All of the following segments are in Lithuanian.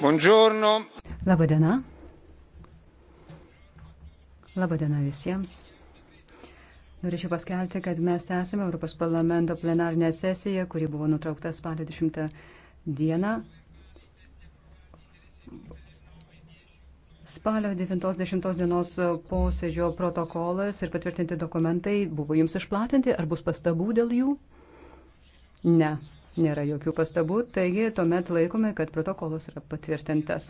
Buongiorno. Labadiena. Labadiena visiems. Norėčiau paskelbti, kad mes esame Europos parlamento plenarinė sesija, kuri buvo nutraukta spalio 10 dieną. Spalio 90 dienos posėdžio protokolas ir patvirtinti dokumentai buvo jums išplatinti, ar bus pastabų dėl jų? Ne. Nėra jokių pastabų, taigi tuomet laikome, kad protokolas yra patvirtintas.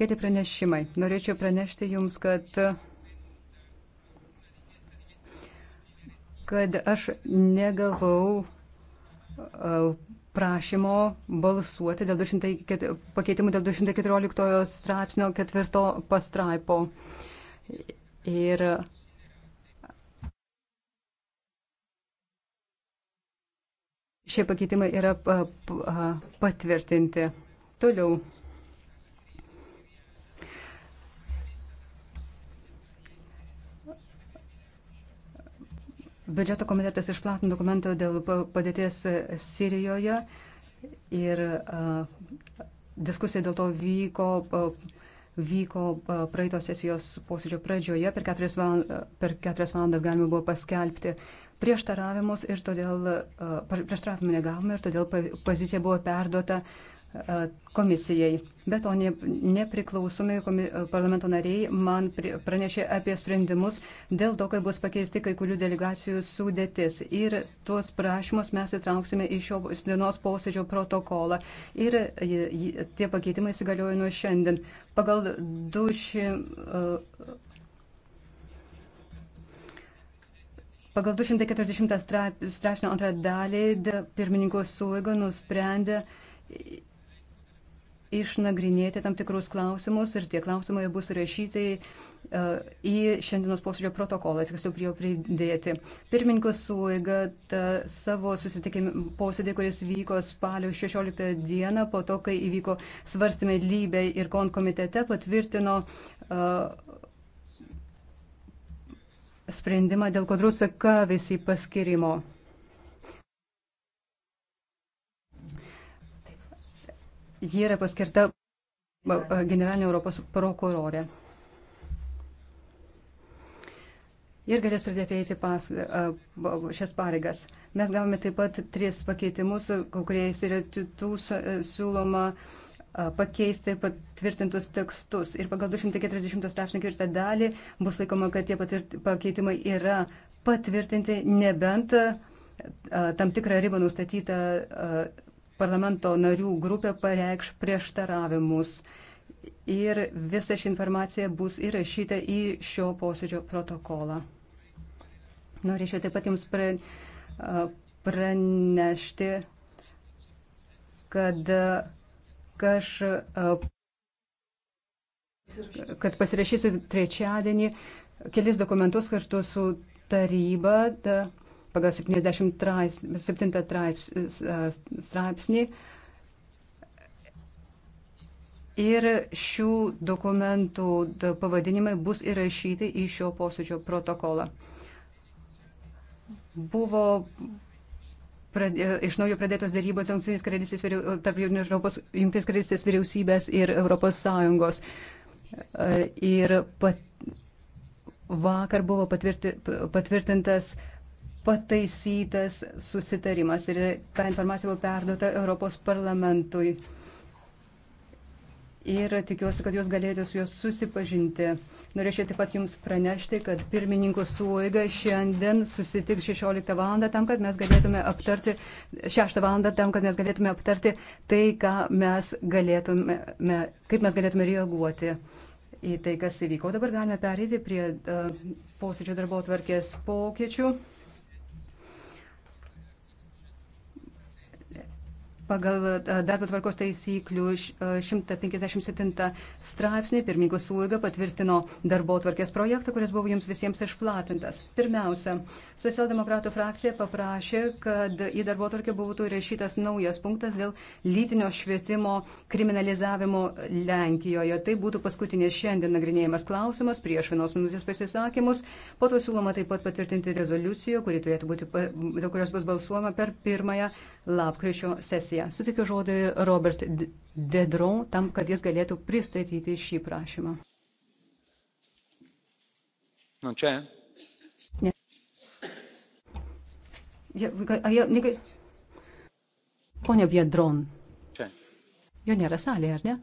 Kiti pranešimai. Norėčiau pranešti Jums, kad, kad aš negavau prašymo balsuoti dėl 200, pakeitimų dėl 214 straipsnio ketvirto pastraipo. Ir Šie pakeitimai yra patvirtinti. Toliau. Biudžeto komitetas išplatino dokumentą dėl padėties Sirijoje ir diskusija dėl to vyko, vyko praeito sesijos posėdžio pradžioje. Per keturias, valandas, per keturias valandas galima buvo paskelbti prieštaravimus ir todėl e, prieštaravimų negavome ir todėl pozicija buvo perduota e, komisijai. Bet o ne, nepriklausomi komi, parlamento nariai man pranešė apie sprendimus dėl to, kai bus pakeisti kai kurių delegacijų sudėtis. Ir tuos prašymus mes įtrauksime į šios dienos posėdžio protokolą. Ir tie pakeitimai įsigalioja nuo šiandien. Pagal 200. Pagal 240 straipsnio antrą dalį pirmininko suėga nusprendė išnagrinėti tam tikrus klausimus ir tie klausimai bus rašyti e, į šiandienos posėdžio protokolą, tiksliau prie jo pridėti. Pirmininko suėga savo posėdį, kuris vyko spalio 16 dieną, po to, kai įvyko svarstymai lybė ir kon komitete, patvirtino uh, sprendimą dėl kodrusa kavėsi paskirimo. Ji yra paskirta generalinė Europos prokurorė. Ir galės pradėti eiti pas, šias pareigas. Mes gavome taip pat tris pakeitimus, kuriais yra tų e, siūloma uh, pakeisti patvirtintus tekstus. Ir pagal 240 straipsnio ketvirtą dalį bus laikoma, kad tie patirt, pakeitimai yra patvirtinti nebent tam tikrą ribą nustatytą parlamento narių grupė pareikš prieštaravimus. Ir visa ši informacija bus įrašyta į šio posėdžio protokolą. Norėčiau taip pat Jums pra, pranešti, kad aš, kad pasirašysiu trečiadienį kelis dokumentus kartu su taryba da, pagal 77 straipsnį. Ir šių dokumentų pavadinimai bus įrašyti į šio posėdžio protokolą. Buvo pradė, e, iš naujo pradėtos darybos e, tarp Junktinės karalystės vyriausybės ir Europos Sąjungos. E, ir pat, vakar buvo patvirti, patvirtintas pataisytas susitarimas ir ta informacija buvo perduota Europos parlamentui. Ir tikiuosi, kad jūs galėjote su juos susipažinti. Norėčiau taip pat Jums pranešti, kad pirmininkų suoiga šiandien susitiks 16 val. tam, kad mes galėtume aptarti, 6 val. tam, kad mes galėtume aptarti tai, ką mes galėtume, kaip mes galėtume reaguoti į tai, kas įvyko. O dabar galime perėti prie uh, posėdžio darbo tvarkės pokyčių. Pagal e, darbo tvarkos taisyklių 157 e, straipsnį pirmininkų suiga patvirtino darbo tvarkės projektą, kuris buvo jums visiems išplatintas. Pirmiausia, socialdemokratų frakcija paprašė, kad į darbo tvarkę būtų rašytas naujas punktas dėl lytinio švietimo kriminalizavimo Lenkijoje. Tai būtų paskutinis šiandien nagrinėjimas klausimas prieš vienos minutės pasisakymus. Po to siūloma taip pat patvirtinti rezoliuciją, kuri turėtų būti, dėl kurios bus balsuojama per pirmąją lapkričio sesiją. Sutikiu žodį Robert Dedron tam, kad jis galėtų pristatyti šį prašymą. Nu čia? Ne. Ja, a, ja, ne Pone Biedron. Čia. Jo nėra salėje, ar ne?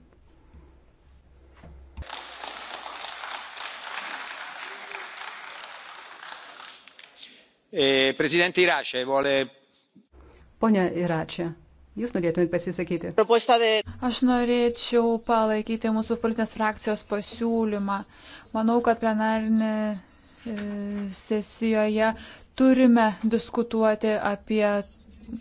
Eh, Presidente Irace vuole Pone Iračia. Jūs norėtumėt pasisakyti? Aš norėčiau palaikyti mūsų politinės frakcijos pasiūlymą. Manau, kad plenarinė e, sesijoje turime diskutuoti apie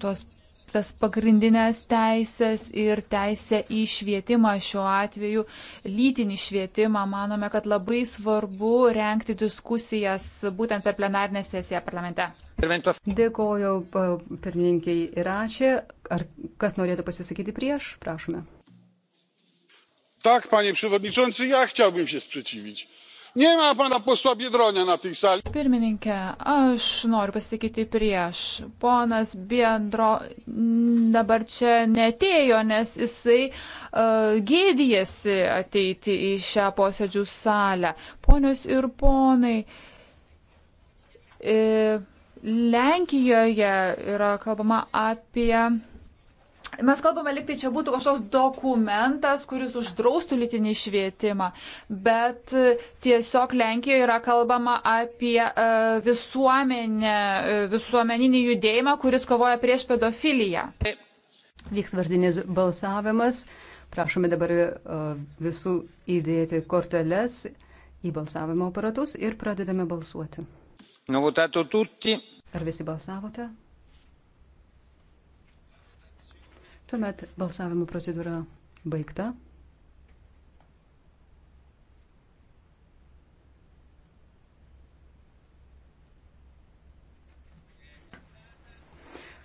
tos, tas pagrindinės teisės ir teisę į švietimą šiuo atveju, lytinį švietimą. Manome, kad labai svarbu renkti diskusijas būtent per plenarinę sesiją parlamente. Dėkoju pirmininkiai Iračė. Ar kas norėtų pasisakyti prieš? Prašome. Tak, panie przewodniczący, ja chciałbym się sprzeciwić. Nie ma pana posła Biedronia na tej sali. Pirmininkė, aš noriu pasakyti prieš. Ponas Biedro dabar čia netėjo, nes jisai uh, gėdijasi ateiti į šią posėdžių salę. Ponios ir ponai. Uh, Lenkijoje yra kalbama apie Mes kalbame, liktai čia būtų kažkoks dokumentas, kuris uždraustų lytinį švietimą, bet tiesiog Lenkijoje yra kalbama apie e, visuomenę, e, visuomeninį judėjimą, kuris kovoja prieš pedofiliją. Vyks vardinis balsavimas. Prašome dabar e, visų įdėti korteles į balsavimo aparatus ir pradedame balsuoti. Votato tutti. Ar visi balsavote? Tuomet balsavimo procedūra baigta.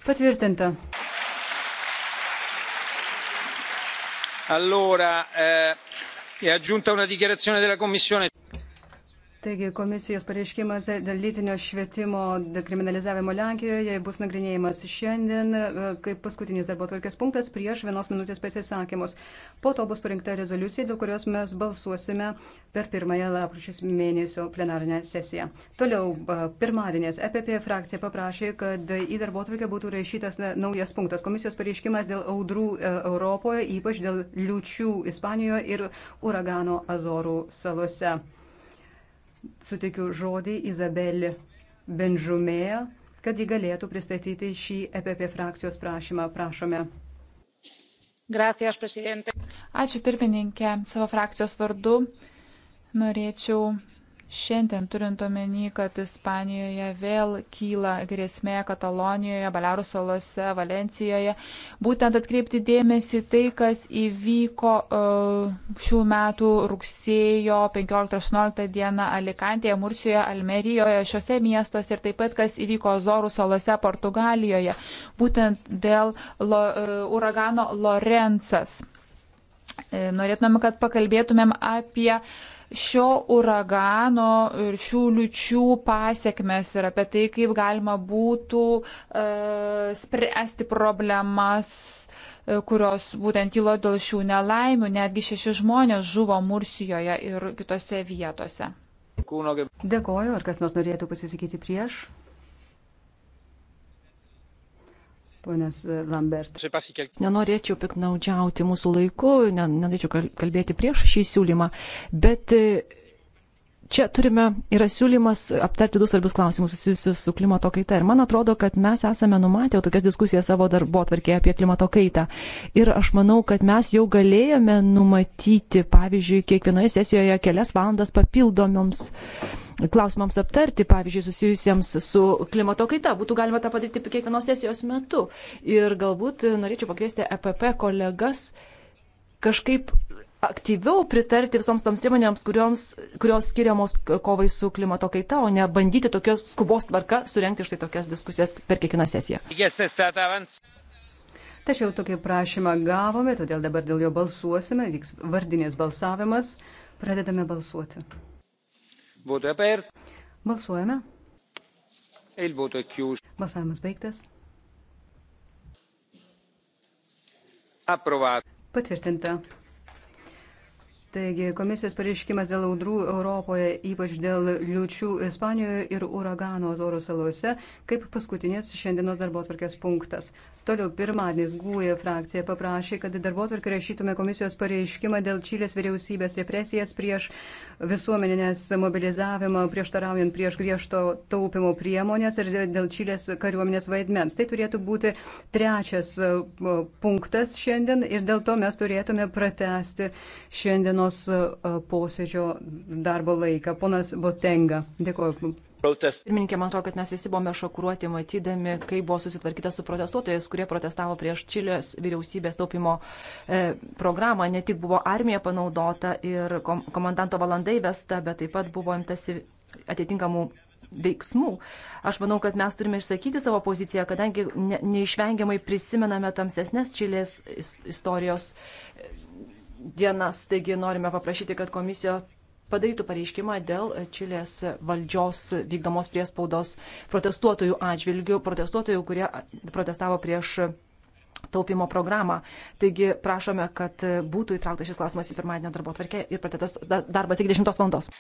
Patvirtinta. Allora, eh, è aggiunta una dichiarazione della Commissione. Taigi komisijos pareiškimas dėl lytinio švietimo dekriminalizavimo Lenkijoje bus nagrinėjimas šiandien e, kaip paskutinis darbo tvarkės punktas prieš vienos minutės pasisakymus. Po to bus parinkta rezoliucija, dėl kurios mes balsuosime per pirmąją lapkričio mėnesio plenarinę sesiją. Toliau, e, pirmadienės EPP frakcija paprašė, kad į darbo tvarkę būtų rašytas naujas punktas. Komisijos pareiškimas dėl audrų e, Europoje, ypač dėl liučių Ispanijoje ir uragano Azorų salose suteikiu žodį Izabelį Benžumėją, kad ji galėtų pristatyti šį EPP frakcijos prašymą. Prašome. Gracias, Ačiū pirmininkė. Savo frakcijos vardu norėčiau Šiandien turint omeny, kad Ispanijoje vėl kyla grėsmė Katalonijoje, Balearų salose, Valencijoje, būtent atkreipti dėmesį tai, kas įvyko uh, šių metų rugsėjo 15-18 dieną Alicantėje, Mursijoje, Almerijoje, šiuose miestuose ir taip pat, kas įvyko Zorų salose Portugalijoje, būtent dėl lo, uh, uragano Lorenzas. E, norėtumėm, kad pakalbėtumėm apie uh, šio uragano ir šių liučių pasiekmes ir apie tai, kaip galima būtų uh, spręsti problemas e, kurios būtent kilo dėl šių nelaimių, netgi šeši žmonės žuvo Mursijoje ir kitose vietose. Dėkoju, ar kas nors norėtų pasisakyti prieš? Ponas Lambert. Nenorėčiau piknaudžiauti mūsų laiku, nenorėčiau kalbėti prieš šį siūlymą, bet čia turime, yra siūlymas aptarti du svarbius klausimus susijusius su klimato kaita. Ir man atrodo, kad mes esame numatę tokias diskusijas savo darbo atvarkėje apie klimato kaitą. Ir aš manau, kad mes jau galėjome numatyti, pavyzdžiui, kiekvienoje sesijoje kelias valandas papildomioms klausimams aptarti, pavyzdžiui, susijusiems su klimato kaita. Būtų galima tą padaryti kiekvienos sesijos metu. Ir galbūt norėčiau pakviesti EPP kolegas kažkaip aktyviau pritarti visoms toms priemonėms, kurioms, kurios skiriamos kovai su klimato kaita, o ne bandyti tokios skubos tvarka surenkti štai tokias diskusijas per kiekvieną sesiją. Tačiau tokį prašymą gavome, todėl dabar dėl jo balsuosime, vyks vardinės balsavimas, pradedame balsuoti. Balsuojame. Balsavimas baigtas. Patvirtinta. Taigi, komisijos pareiškimas dėl audrų Europoje, ypač dėl liučių Ispanijoje ir uragano Azorų salose, kaip paskutinis šiandienos darbo atvarkės punktas. Toliau pirmadienis Gūja e frakcija paprašė, kad darbo atvarkė rašytume komisijos pareiškimą dėl Čilės vyriausybės represijas prieš visuomeninės mobilizavimą, prieštaraujant prieš griežto taupimo priemonės ir dėl Čilės kariuomenės vaidmens. Tai turėtų būti trečias punktas šiandien ir dėl to mes turėtume pratesti šiandienos dienos e, posėdžio darbo laiką. Ponas Botenga, dėkuoju. Protest. Pirmininkė, man atrodo, kad mes visi buvome šokiruoti, matydami, kaip buvo susitvarkyta su protestuotojais, kurie protestavo prieš Čilės vyriausybės taupimo e, programą. Ne tik buvo armija panaudota ir kom komandanto valandai vesta, bet taip pat buvo imtasi atitinkamų veiksmų. Aš manau, kad mes turime išsakyti savo poziciją, kadangi ne, neišvengiamai prisimename tamsesnės Čilės istorijos dienas. Taigi norime paprašyti, kad komisija padarytų pareiškimą dėl Čilės valdžios vykdomos priespaudos protestuotojų atžvilgių, protestuotojų, kurie protestavo prieš taupimo programą. Taigi prašome, kad būtų įtrauktas šis klausimas į pirmadienio darbo tvarkę ir pratėtas darbas iki 10 valandos.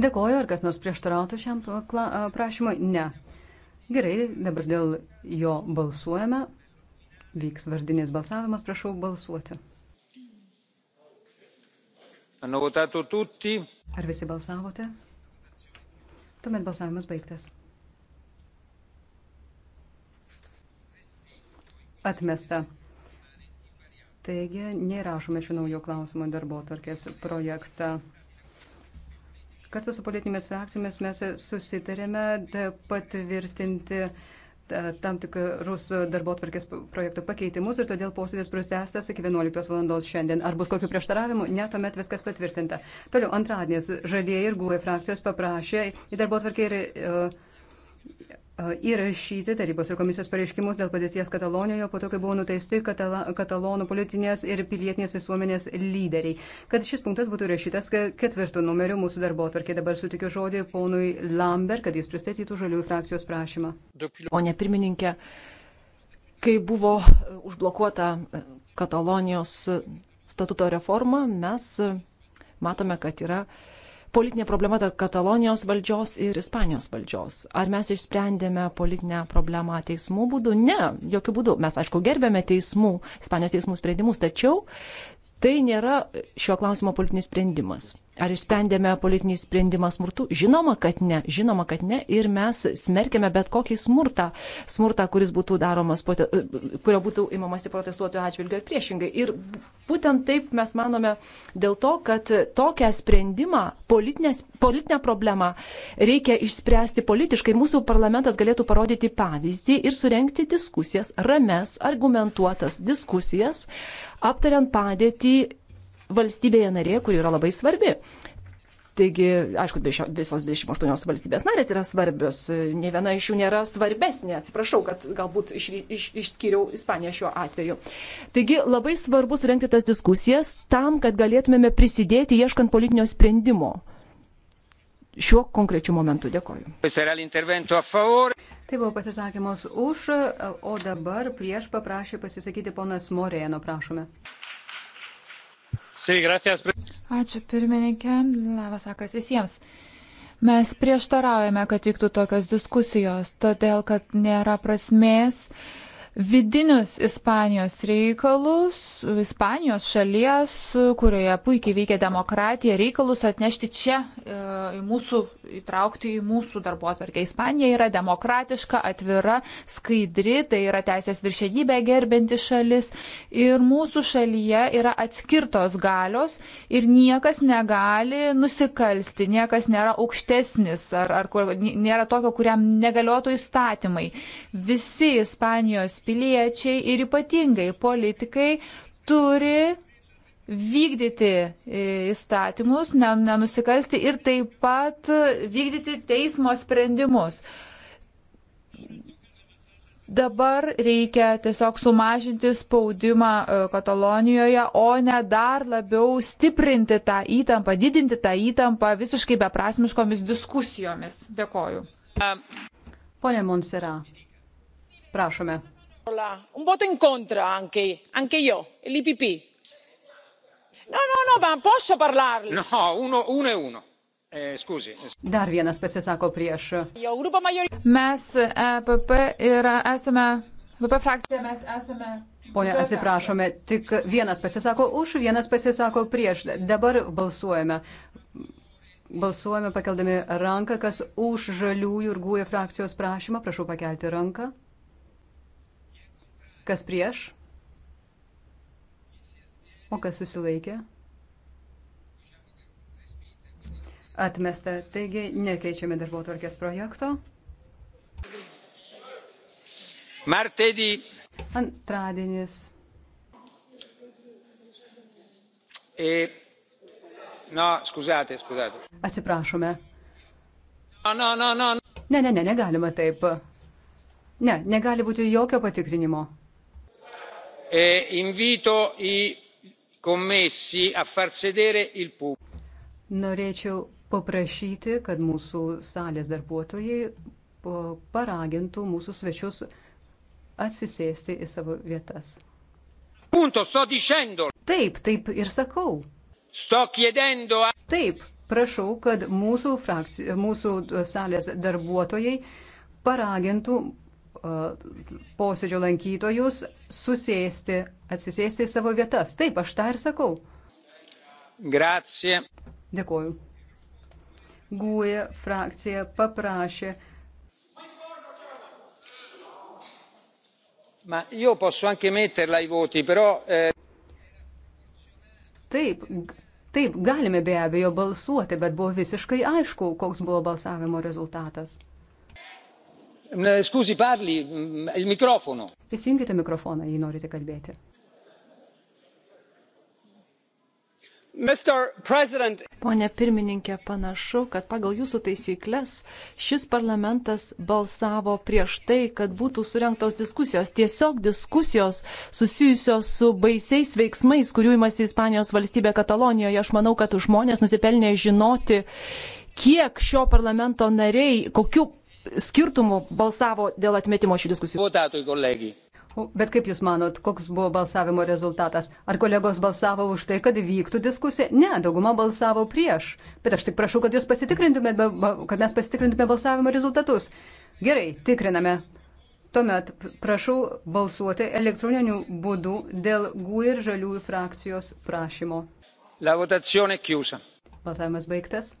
Dėkoju, ar kas nors prieštarautų šiam prašymui? Ne. Gerai, dabar dėl jo balsuojame. Vyks vardinis balsavimas, prašau balsuoti. Hanno votato tutti. Ar visi balsavote? Tuomet balsavimas baigtas. Atmesta. Taigi, nerašome šių naujų klausimų darbo tvarkės projektą. Kartu su politinėmis frakcijomis mes susitarėme patvirtinti tam tikrus darbo atvarkės projektų pakeitimus ir todėl posėdis protestas iki 11 valandos šiandien. Ar bus kokių prieštaravimų? Ne, tuomet viskas patvirtinta. Toliau, antradienis žalieji ir guoja e frakcijos paprašė į darbo atvarkę ir. Uh, E, įrašyti tarybos ir komisijos pareiškimus dėl padėties Katalonijoje, po to, kai buvo nuteisti katala, katalonų politinės ir pilietinės visuomenės lyderiai. Kad šis punktas būtų įrašytas ketvirtų numeriu mūsų darbo atvarkė, dabar sutikiu žodį ponui Lambert, kad jis pristatytų žaliųjų frakcijos prašymą. O ne pirmininkė, kai buvo užblokuota Katalonijos statuto reforma, mes matome, kad yra politinė problema tarp Katalonijos valdžios ir Ispanijos valdžios. Ar mes išsprendėme politinę problemą teismų būdu? Ne, jokių būdų. Mes, aišku, gerbėme teismų, Ispanijos teismų sprendimus, tačiau tai nėra šio klausimo politinis sprendimas. Ar išsprendėme politinį sprendimą smurtu? Žinoma, kad ne. Žinoma, kad ne. Ir mes smerkėme bet kokį smurtą. Smurtą, kuris būtų daromas, kurio būtų imamasi protestuotojų atžvilgiu ir priešingai. Ir būtent taip mes manome dėl to, kad tokią sprendimą, politinę problemą reikia išspręsti politiškai. Mūsų parlamentas galėtų parodyti pavyzdį ir surenkti diskusijas, rames, argumentuotas diskusijas, aptariant padėtį valstybėje narėje, kuri yra labai svarbi. Taigi, aišku, visos 28 valstybės narės yra svarbios, ne viena iš jų nėra svarbesnė, atsiprašau, kad galbūt iš, iš, išskyriau Ispaniją šiuo atveju. Taigi, labai svarbu surenkti tas diskusijas tam, kad galėtumėme prisidėti ieškant politinio sprendimo. Šiuo konkrečiu momentu dėkoju. Tai buvo pasisakymas už, o dabar prieš paprašė pasisakyti ponas Morėno, prašome. Ačiū pirmininkė, labas vakaras visiems. Mes prieštaraujame, kad vyktų tokios diskusijos, todėl kad nėra prasmės uh, vidinius Ispanijos reikalus, Ispanijos šalies, kurioje puikiai veikia demokratija, reikalus atnešti čia, e, į mūsų, įtraukti į mūsų darbo atvarkę. Ispanija yra demokratiška, atvira, skaidri, tai yra teisės viršenybė gerbinti šalis ir mūsų šalyje yra atskirtos galios ir niekas negali nusikalsti, niekas nėra aukštesnis ar, ar kur, nėra tokio, kuriam negaliotų įstatymai. Visi Ispanijos piliečiai ir ypatingai politikai turi vykdyti e, įstatymus, nenusikalsti ir taip pat vykdyti teismo sprendimus. Dabar reikia tiesiog sumažinti spaudimą e, Katalonijoje, o ne dar labiau stiprinti tą įtampą, didinti tą įtampą visiškai beprasmiškomis diskusijomis. Dėkoju. Pone Monsera, prašome un voto in contra anche anche io l'epp. No, no, no, ma posso parlarle? No, uno, uno e uno. Eh, Dar vienas pasisako prieš. Mes EPP ir esame, EPP frakcija mes esame. Pone, atsiprašome, tik vienas pasisako už, vienas pasisako prieš. Dabar balsuojame. Balsuojame pakeldami ranką, kas už žaliųjų ir gųjų e frakcijos prašymą. Prašau pakelti ranką. Kas prieš? O kas susilaikė? Atmesta. Taigi nekeičiame darbo tvarkės projekto. Martedį. Antradienis. E... No, scusate, scusate. Atsiprašome. No, no, no, no. Ne, ne, ne, negalima taip. Ne, negali būti jokio patikrinimo. E invito i commessi a far sedere il pubblico. Norėčiau paprašyti, kad mūsų salės darbuotojai paragintų mūsų svečius atsisėsti į savo vietas. Punto, sto dicendo. Taip, taip ir sakau. Sto chiedendo. A... Taip, prašau, kad mūsų, frakci... mūsų salės darbuotojai paragintų posėdžio lankytojus susėsti, atsisėsti į savo vietas. Taip, aš tą ir sakau. Grazie. Dėkoju. Guoja frakcija paprašė. Ma io posso anche metterla ai voti, però. Eh... Taip, taip, galime be abejo balsuoti, bet buvo visiškai aišku, koks buvo balsavimo rezultatas. Mm, eh, scusi, parli, mm, il mikrofono. Įsijungite mikrofoną, jei norite kalbėti. Pone pirmininkė, panašu, kad pagal jūsų taisyklės šis parlamentas balsavo prieš tai, kad būtų surinktos diskusijos, tiesiog diskusijos susijusios su baisiais veiksmais, kurių imasi Ispanijos valstybė Katalonijoje. Aš manau, kad žmonės nusipelnė žinoti, kiek šio parlamento nariai, kokiu skirtumų balsavo dėl atmetimo šių diskusijų. Votatui, kolegi. Bet kaip Jūs manot, koks buvo balsavimo rezultatas? Ar kolegos balsavo už tai, kad vyktų diskusija? Ne, dauguma balsavo prieš. Bet aš tik prašau, kad, kad mes pasitikrintume balsavimo rezultatus. Gerai, tikriname. Tuomet prašau balsuoti elektroniniu būdu dėl GUI ir žaliųjų frakcijos prašymo. La votazione chiusa. Balsavimas baigtas.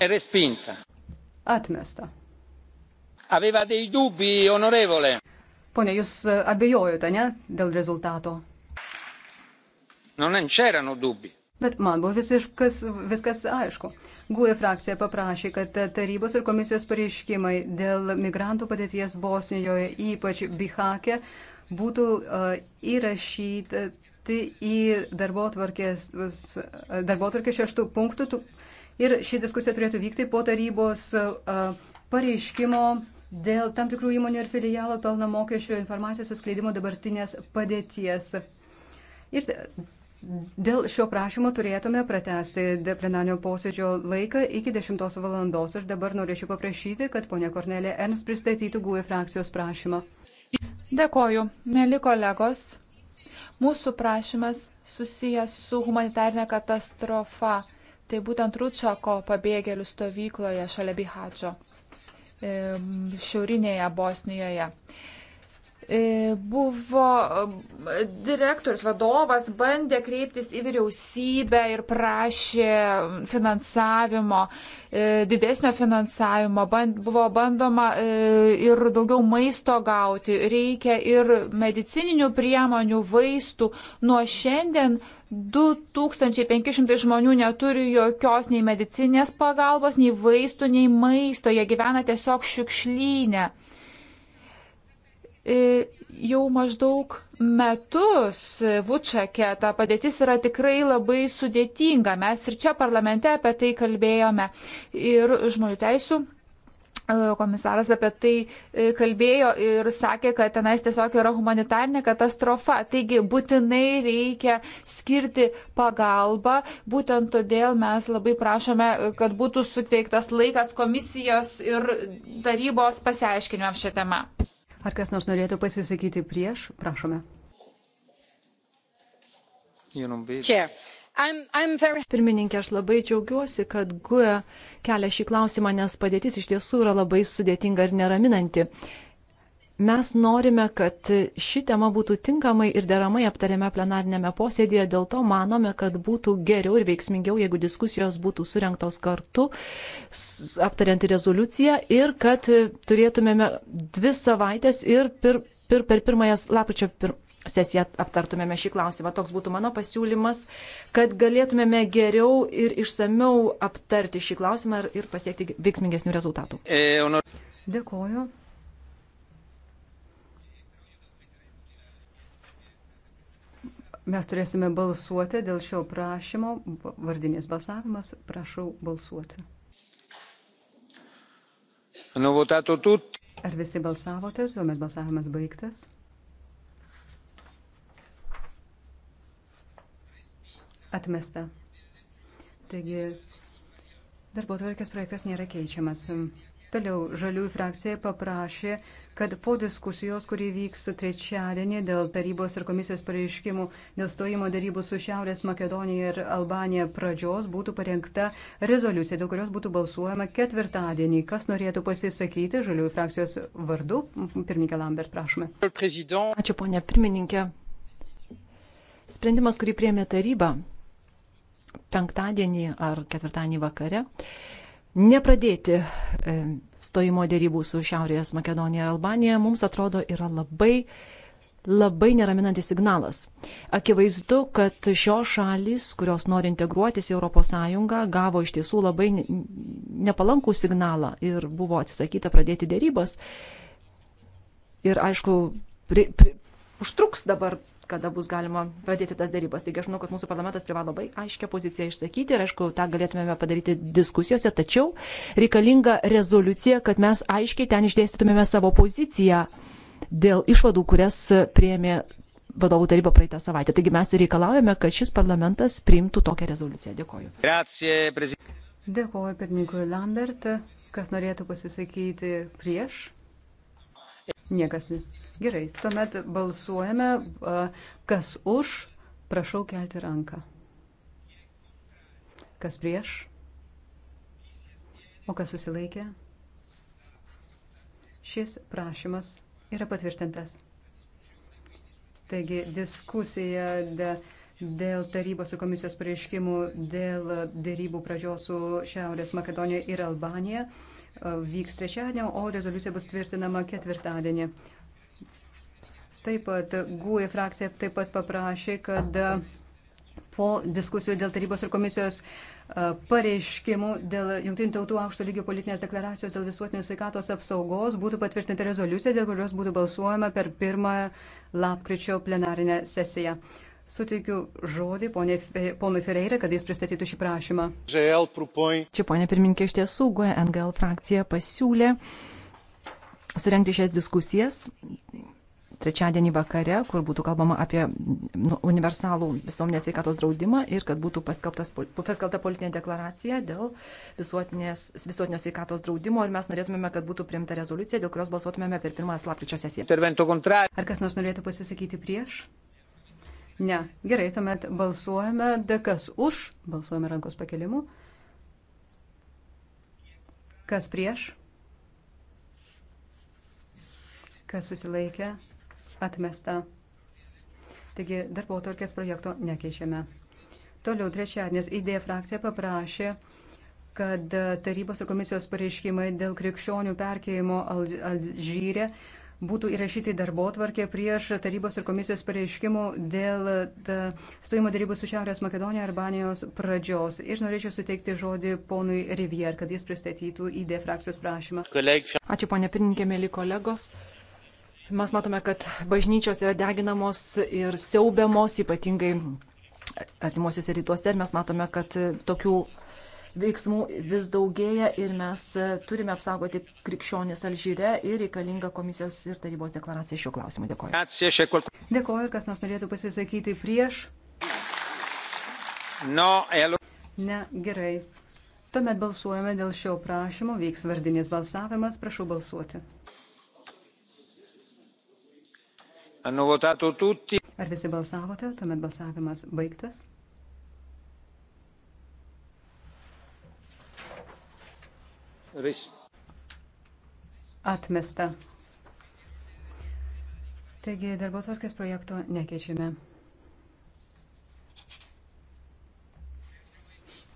È respinta. Atmesta. Aveva dei dubbi, onorevole. Pone, jūs eh, abejojote, ne, dėl rezultato? Non c'erano dubbi. Bet man buvo visiškas, viskas aišku. GUE frakcija paprašė, kad tarybos ir komisijos pareiškimai dėl migrantų padėties Bosnijoje, ypač Bihake, būtų uh, įrašyti į darbo tvarkės šeštų punktų Ir ši diskusija turėtų vykti po tarybos pareiškimo dėl tam tikrų įmonių ir filialo pelno mokesčio informacijos atskleidimo dabartinės padėties. Ir dėl šio prašymo turėtume pratesti plenarnio posėdžio laiką iki 10 valandos. Ir dabar norėčiau paprašyti, kad ponia Kornelė Ernst pristatytų GUE frakcijos prašymą. Dėkoju, mėly kolegos. Mūsų prašymas susijęs su humanitarinė katastrofa Tai būtent Rūčiako pabėgėlių stovykloje šalia Bihadžo, šiaurinėje Bosnijoje. E, buvo direktorius, vadovas, bandė kreiptis į vyriausybę ir prašė finansavimo, e, didesnio finansavimo, band, buvo bandoma e, ir daugiau maisto gauti, reikia ir medicininių priemonių, vaistų. Nuo šiandien 2500 žmonių neturi jokios nei medicinės pagalbos, nei vaistų, nei maisto, jie gyvena tiesiog šiukšlyne. E, jau maždaug metus Vučakė ta padėtis yra tikrai labai sudėtinga. Mes ir čia parlamente apie tai kalbėjome ir žmonių teisų. E, komisaras apie tai e, kalbėjo ir sakė, kad tenais tiesiog yra humanitarnė katastrofa. Taigi būtinai reikia skirti pagalbą. Būtent todėl mes labai prašome, kad būtų suteiktas laikas komisijos ir tarybos pasiaiškinimams šią temą. Ar kas nors norėtų pasisakyti prieš? Prašome. Pirmininkė, aš labai džiaugiuosi, kad GUE kelia šį klausimą, nes padėtis iš tiesų yra labai sudėtinga ir neraminanti. Mes norime, kad ši tema būtų tinkamai ir deramai aptariama plenarinėme posėdėje, dėl to manome, kad būtų geriau ir veiksmingiau, jeigu diskusijos būtų surinktos kartu, aptariant rezoliuciją ir kad turėtumėme dvi savaitės ir pir, pir, per pirmąją lapkričio pir, sesiją aptartumėme šį klausimą. Toks būtų mano pasiūlymas, kad galėtumėme geriau ir išsameu aptarti šį klausimą ir, ir pasiekti veiksmingesnių rezultatų. E, Dėkuoju. Mes turėsime balsuoti dėl šio prašymo. Vardinės balsavimas. Prašau balsuoti. Ar visi balsavote? Tuomet balsavimas baigtas. Atmesta. Taigi, darbo tvarkės projektas nėra keičiamas. Toliau žaliųjų frakcija paprašė, kad po diskusijos, kurį vyks trečiadienį dėl tarybos ir komisijos pareiškimų dėl stojimo darybų su Šiaurės Makedonija ir Albanija pradžios, būtų parengta rezoliucija, dėl kurios būtų balsuojama ketvirtadienį. Kas norėtų pasisakyti žaliųjų frakcijos vardu? Pirmininkė Lambert, prašome. Ačiū, ponė pirmininkė. Sprendimas, kurį priemė taryba penktadienį ar ketvirtadienį vakare, nepradėti e, stojimo dėrybų su Šiaurės Makedonija ir Albanija, mums atrodo, yra labai, labai neraminantis signalas. Akivaizdu, kad šios šalis, kurios nori integruotis į ES, gavo iš tiesų labai nepalankų signalą ir buvo atsisakyta pradėti dėrybas. Ir aišku, pri, pri, užtruks dabar kada bus galima pradėti tas darybas. Taigi aš manau, kad mūsų parlamentas privalo labai aiškę poziciją išsakyti ir aišku, tą galėtumėme padaryti diskusijose, tačiau reikalinga rezoliucija, kad mes aiškiai ten išdėstytumėme savo poziciją dėl išvadų, kurias prieėmė vadovų taryba praeitą savaitę. Taigi mes reikalaujame, kad šis parlamentas priimtų tokią rezoliuciją. Dėkoju. Grazie, Dėkoju pirmininkui Lambert. Kas norėtų pasisakyti prieš? Niekas net. Gerai, tuomet balsuojame, kas už, prašau kelti ranką. Kas prieš? O kas susilaikė? Šis prašymas yra patvirtintas. Taigi diskusija dėl tarybos ir komisijos pareiškimų dėl dėrybų pradžios su Šiaurės Makedonija ir Albanija vyks trečiadienį, o rezoliucija bus tvirtinama ketvirtadienį. Taip pat GUE frakcija taip pat paprašė, kad e, po diskusijų dėl tarybos ir komisijos e, pareiškimų dėl Junktinių tautų aukšto lygio politinės deklaracijos dėl visuotinės sveikatos apsaugos būtų patvirtinta rezoliucija, dėl kurios būtų balsuojama per pirmąją lapkričio plenarinę sesiją. Suteikiu žodį ponė, ponui Ferreira, kad jis pristatytų šį prašymą. Čia ponė pirmininkė iš tiesų, GNGL frakcija pasiūlė surenkti šias diskusijas trečiadienį vakare, kur būtų kalbama apie nu, universalų visuomenės veikatos draudimą ir kad būtų paskelbta politinė deklaracija dėl visuotinio sveikatos draudimo ir mes norėtumėme, kad būtų priimta rezoliucija, dėl kurios balsuotumėme per pirmąją slapkričio sesiją. Ar kas nors norėtų pasisakyti prieš? Ne. Gerai, tuomet balsuojame, kas už, balsuojame rankos pakelimu. Kas prieš? Kas susilaikė? atmesta. Taigi darbo tvarkės projekto nekeičiame. Toliau trečiadienis idėja frakcija paprašė, kad tarybos ir komisijos pareiškimai dėl krikščionių perkėjimo Al Alžyre būtų įrašyti darbo tvarkė prieš tarybos ir komisijos pareiškimų dėl stojimo darybų su Šiaurės Makedonija Arbanijos pradžios. Ir norėčiau suteikti žodį ponui Rivier, kad jis pristatytų ID frakcijos prašymą. Ačiū, ponė pirmininkė, mėly kolegos. Mes matome, kad bažnyčios yra deginamos ir siaubiamos, ypatingai artimuosiuose rytuose, ir mes matome, kad tokių veiksmų vis daugėja ir mes turime apsaugoti krikščionis Alžyre ir reikalingą komisijos ir tarybos deklaraciją šiuo klausimu. Dėkoju. Dėkoju, ir kas nors norėtų pasisakyti prieš? No, elu. Ne, gerai. Tuomet balsuojame dėl šio prašymo, vyks vardinis balsavimas, prašau balsuoti. Hanno votato tutti. Ar visi balsavote? Tuomet balsavimas baigtas. Ris. Atmesta. Taigi darbotvarkės projekto nekeičiame.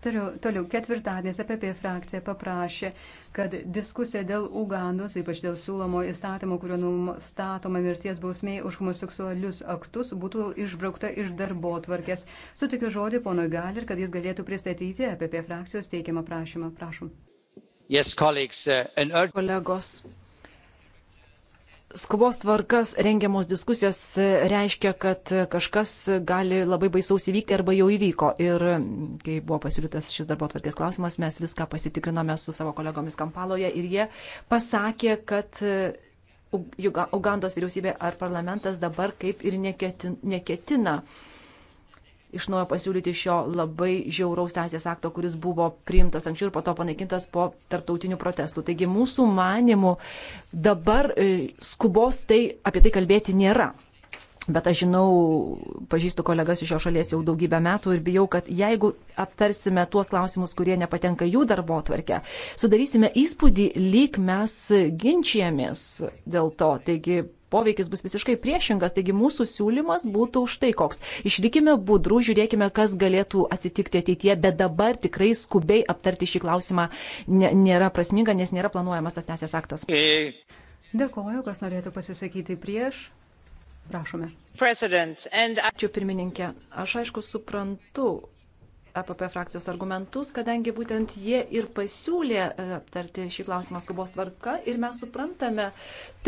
Toliau, toliau ketvirtadienis APP e frakcija paprašė, kad diskusija dėl Ugandos, ypač dėl siūlomo įstatymo, kurio nustatoma mirties bausmiai už homoseksualius aktus, būtų išbraukta iš darbo tvarkės. Sutikiu žodį pono Gal ir kad jis galėtų pristatyti APP e frakcijos teikiamą prašymą. Prašom. Yes, colleagues, uh, an... Kolegos, skubos tvarkas rengiamos diskusijos reiškia, kad kažkas gali labai baisaus įvykti arba jau įvyko. Ir kai buvo pasiūlytas šis darbo tvarkės klausimas, mes viską pasitikrinome su savo kolegomis Kampaloje ir jie pasakė, kad Ugandos vyriausybė ar parlamentas dabar kaip ir neketina iš naujo pasiūlyti šio labai žiauraus teisės akto, kuris buvo priimtas anksčiau ir po to panaikintas po tartautinių protestų. Taigi mūsų manimų dabar e, skubos tai apie tai kalbėti nėra. Bet aš žinau, pažįstu kolegas iš jo šalies jau daugybę metų ir bijau, kad jeigu aptarsime tuos klausimus, kurie nepatenka jų darbo tvarkę, sudarysime įspūdį, lyg mes ginčijamės dėl to. Taigi poveikis bus visiškai priešingas, taigi mūsų siūlymas būtų štai koks. Išlikime budrų, žiūrėkime, kas galėtų atsitikti ateityje, bet dabar tikrai skubiai aptarti šį klausimą nėra prasminga, nes nėra planuojamas tas teisės aktas. Dėkuoju, kas norėtų pasisakyti prieš. Prašome. Ačiū pirmininkė. Aš aišku suprantu APP frakcijos argumentus, kadangi būtent jie ir pasiūlė e, aptarti šį klausimą skubos tvarka ir mes suprantame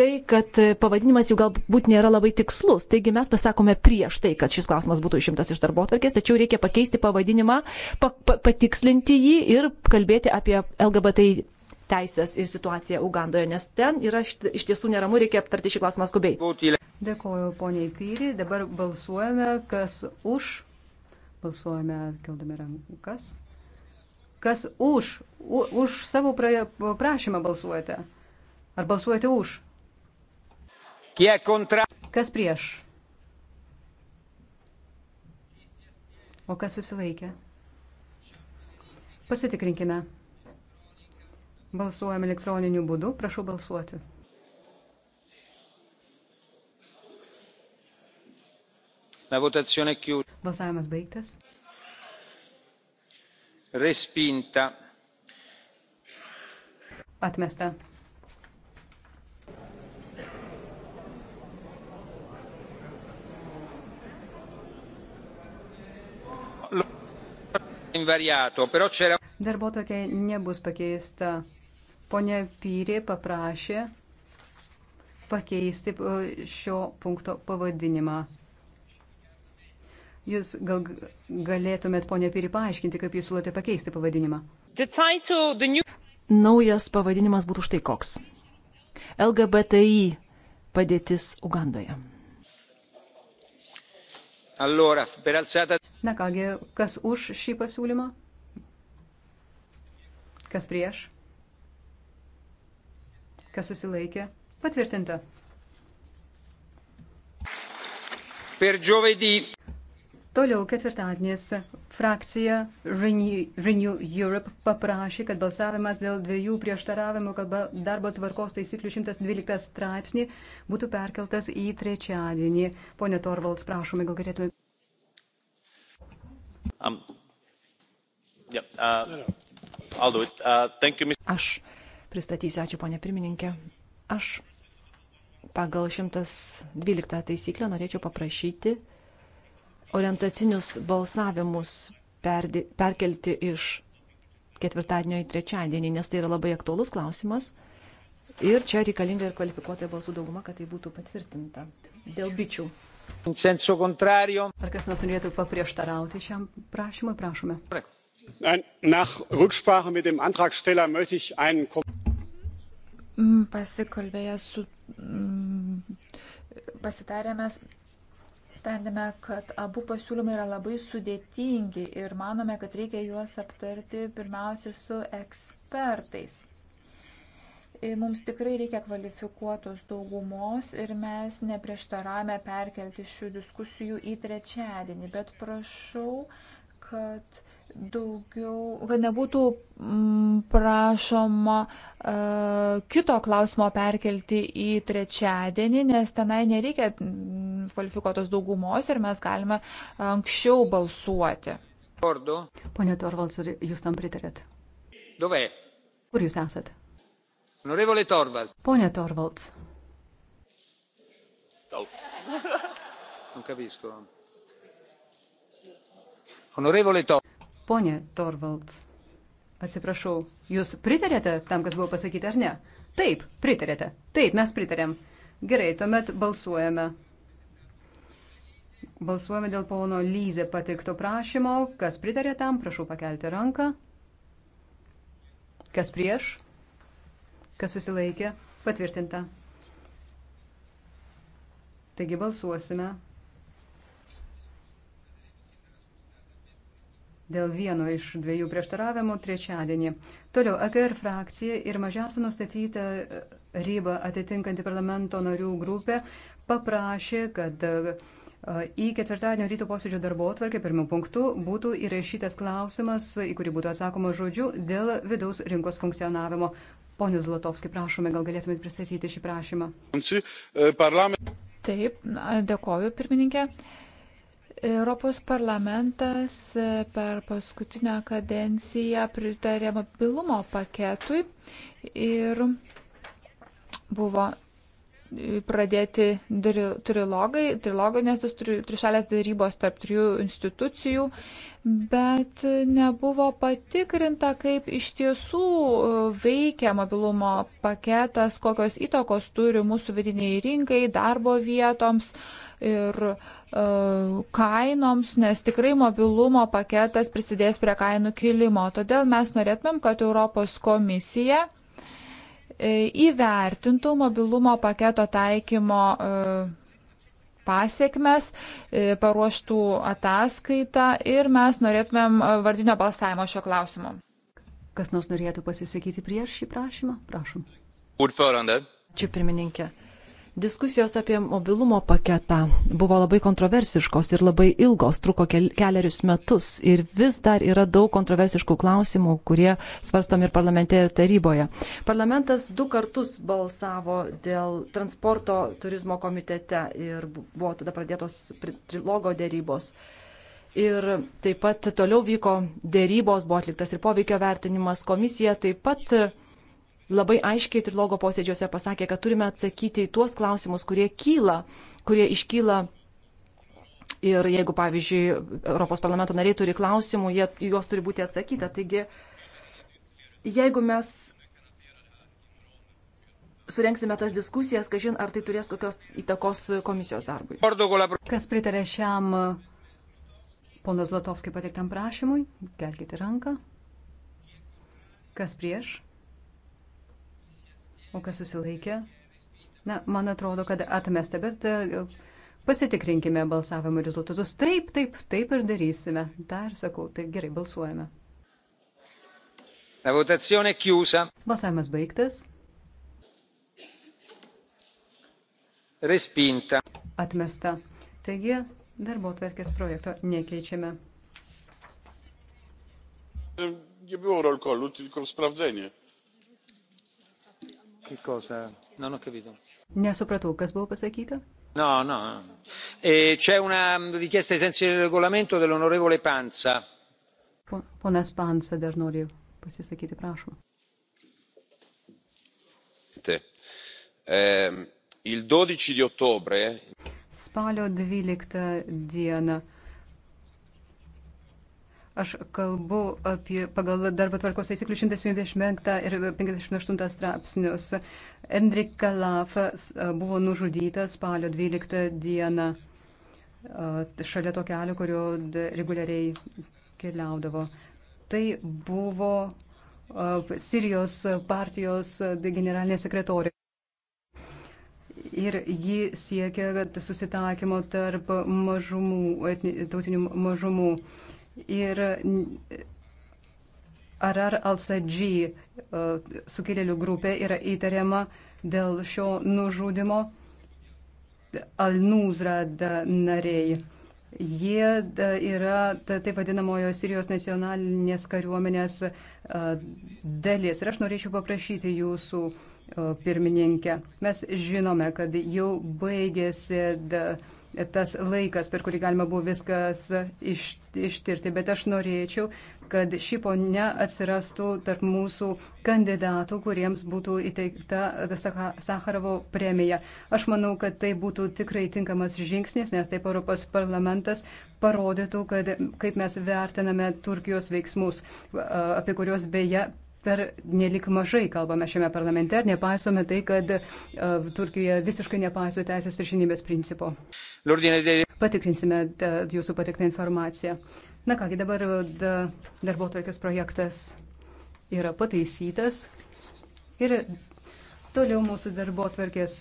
tai, kad e, pavadinimas jų galbūt nėra labai tikslus. Taigi mes pasakome prieš tai, kad šis klausimas būtų išimtas iš darbo atvarkės, tačiau reikia pakeisti pavadinimą, pa pa patikslinti jį ir kalbėti apie LGBT teisės ir situaciją Ugandoje, nes ten yra iš tiesų neramu, reikia aptarti šį klausimą skubiai. Dėkoju, poniai Pyri. Dabar balsuojame, kas už. Balsuojame, keldami rankas. Kas už? U, už savo pra, prašymą balsuojate? Ar balsuojate už? Kas prieš? O kas susilaikė? Pasitikrinkime. Balsuojame elektroniniu būdu. Prašau balsuoti. Balsavimas baigtas. Respinta. Atmesta. Darbotvarkė nebus pakeista Pone Pyrė paprašė pakeisti e, šio punkto pavadinimą. Jūs gal galėtumėt, ponė Piri, paaiškinti, kaip jūs siūlote pakeisti pavadinimą? The title, the new... Naujas pavadinimas būtų štai koks. LGBTI padėtis Ugandoje. Allora, alzata... Na kągi, kas už šį pasiūlymą? Kas prieš? kas susilaikė, patvirtinta. Per giovedį. Toliau ketvirtadienis frakcija Renew, Renew Europe paprašė, kad balsavimas dėl dviejų prieštaravimų kalba darbo tvarkos taisyklių 112 straipsnį būtų perkeltas į trečiadienį. Pone Torvalds, prašome, gal galėtume. Um, yeah, uh, I'll do it. Uh, thank you, Mr. Aš pristatysiu. Ačiū, ponė pirmininkė. Aš pagal 112 taisyklę norėčiau paprašyti orientacinius balsavimus perdi, perkelti iš ketvirtadienio į trečiadienį, nes tai yra labai aktuolus klausimas. Ir čia reikalinga ir kvalifikuota balsų dauguma, kad tai būtų patvirtinta dėl bičių. Ar kas nors norėtų paprieštarauti šiam prašymui? Prašome. Nach Rücksprache mit dem Antragsteller möchte ich einen Mm, pasikalbėję su, mm, pasitarėme, sprendėme, kad abu pasiūlymai yra labai sudėtingi ir manome, kad reikia juos aptarti pirmiausia su ekspertais. Mums tikrai reikia kvalifikuotos daugumos ir mes neprieštarame perkelti šių diskusijų į trečiadienį, bet prašau, kad daugiau, kad nebūtų mm, prašoma e, kito klausimo perkelti į trečiadienį, nes tenai nereikia mm, kvalifikuotos daugumos ir mes galime anksčiau balsuoti. Ordu. Pone Torvalds, jūs tam pritarėt? Dove? Kur jūs esat? Norevole Torvalds. Pone Torvalds. Tau. Non capisco. Onorevole Torvalds. Pone Torvalds, atsiprašau, jūs pritarėte tam, kas buvo pasakyti, ar ne? Taip, pritarėte. Taip, mes pritarėm. Gerai, tuomet balsuojame. Balsuojame dėl pono Lyze patikto prašymo. Kas pritarė tam, prašau pakelti ranką. Kas prieš? Kas susilaikė? Patvirtinta. Taigi balsuosime dėl vieno iš dviejų prieštaravimų trečiadienį. Toliau, AKR e frakcija ir mažiausia nustatyta e, ryba atitinkanti parlamento narių grupė paprašė, kad e, į ketvirtadienio ryto posėdžio darbo atvarkę pirmų punktų būtų įrašytas klausimas, į kurį būtų atsakoma žodžiu dėl vidaus rinkos funkcionavimo. Pone Zlotovski, prašome, gal galėtumėte pristatyti šį prašymą. Taip, dėkoju, pirmininkė. Europos parlamentas e, per paskutinę kadenciją pritarė mobilumo paketui ir buvo e, pradėti trilogai, triloginės trišalės darybos tarp trijų institucijų, bet nebuvo patikrinta, kaip iš tiesų e, veikia mobilumo paketas, kokios įtakos turi mūsų vidiniai rinkai, darbo vietoms, uh, ir e, kainoms, nes tikrai mobilumo paketas prisidės prie kainų kilimo. Todėl mes norėtumėm, kad Europos komisija e, įvertintų mobilumo paketo taikymo. E, pasiekmes, e, paruoštų ataskaitą ir mes norėtumėm e, vardinio balsavimo šio klausimu. Kas nors norėtų pasisakyti prieš šį prašymą? Prašom. Ordförande. Ačiū pirmininkė. Diskusijos apie mobilumo paketą buvo labai kontroversiškos ir labai ilgos, truko keliarius metus ir vis dar yra daug kontroversiškų klausimų, kurie svarstomi ir parlamente ir taryboje. Parlamentas du kartus balsavo dėl transporto turizmo komitete ir buvo tada pradėtos trilogo dėrybos. Ir taip pat toliau vyko dėrybos, buvo atliktas ir poveikio vertinimas, komisija taip pat labai aiškiai trilogo posėdžiuose pasakė, kad turime atsakyti į tuos klausimus, kurie kyla, kurie iškyla. Ir jeigu, pavyzdžiui, Europos parlamento nariai turi klausimų, jie, juos turi būti atsakyta. Taigi, jeigu mes surenksime tas diskusijas, kažin ar tai turės kokios įtakos komisijos darbui. Kas pritarė šiam ponas Latovskai pateiktam prašymui, kelkite ranką. Kas prieš? O kas susilaikė? Na, man atrodo, kad atmesta, bet e, pasitikrinkime balsavimo rezultatus. Taip, taip, taip ir darysime. Dar sakau, tai gerai, balsuojame. La votazione è chiusa. Balsavimas baigtas. Respinta. Atmesta. Taigi, darbo tvarkės projekto nekeičiame. Nie było roll callu, tylko sprawdzenie. Che cosa? Non ho capito. Nesupratau, kas buvo pasakyta? No, no. E c'è una richiesta ai sensi del regolamento dell'onorevole Panza. Ponas Panza dar nori pasisakyti, prašom. Ehm, il 12 di ottobre. Spalio 12 dieną Aš kalbu apie pagal darbo tvarkos taisyklių 175 ir 58 straipsnius. Endrik Kalafas buvo nužudytas spalio 12 dieną šalia to kelio, kurio reguliariai keliaudavo. Tai buvo Sirijos partijos generalinė sekretorė. Ir ji siekia susitaikymo tarp mažumų, tautinių mažumų ir Arar al-Sadži e, sukilėlių grupė yra įtariama dėl šio nužudimo Al-Nuzra nariai. Jie yra taip vadinamojo Sirijos nacionalinės kariuomenės e, dalis. Ir aš norėčiau paprašyti jūsų e, pirmininkę. Mes žinome, kad jau baigėsi. Da, tas laikas, per kurį galima buvo viskas iš, ištirti. Bet aš norėčiau, kad ši ponia atsirastų tarp mūsų kandidatų, kuriems būtų įteikta Sakarovo premija. Aš manau, kad tai būtų tikrai tinkamas žingsnis, nes taip Europos parlamentas parodytų, kad, kaip mes vertiname Turkijos veiksmus, apie kuriuos beje per nelik mažai kalbame šiame parlamente ir nepaisome tai, kad uh, Turkija visiškai nepaiso teisės viršinybės principo. Patikrinsime da, e, jūsų patiktą informaciją. Na kągi, dabar e, da, darbo tvarkės projektas yra pataisytas ir toliau mūsų darbo tvarkės.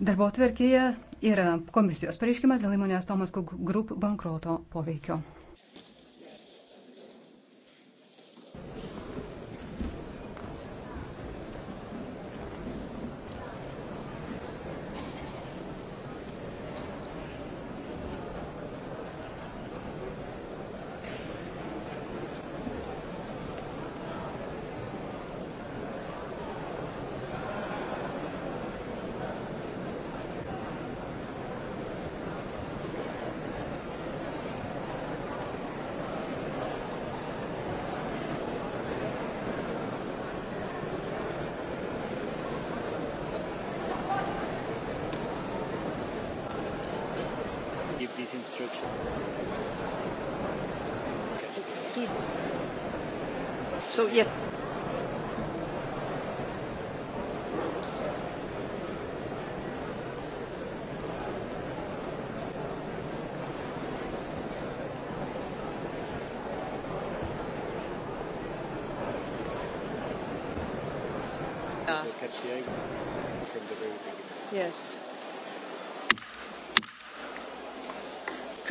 Darbo tvarkėje yra komisijos pareiškimas dėl įmonės Tomas Cook Group bankroto poveikio.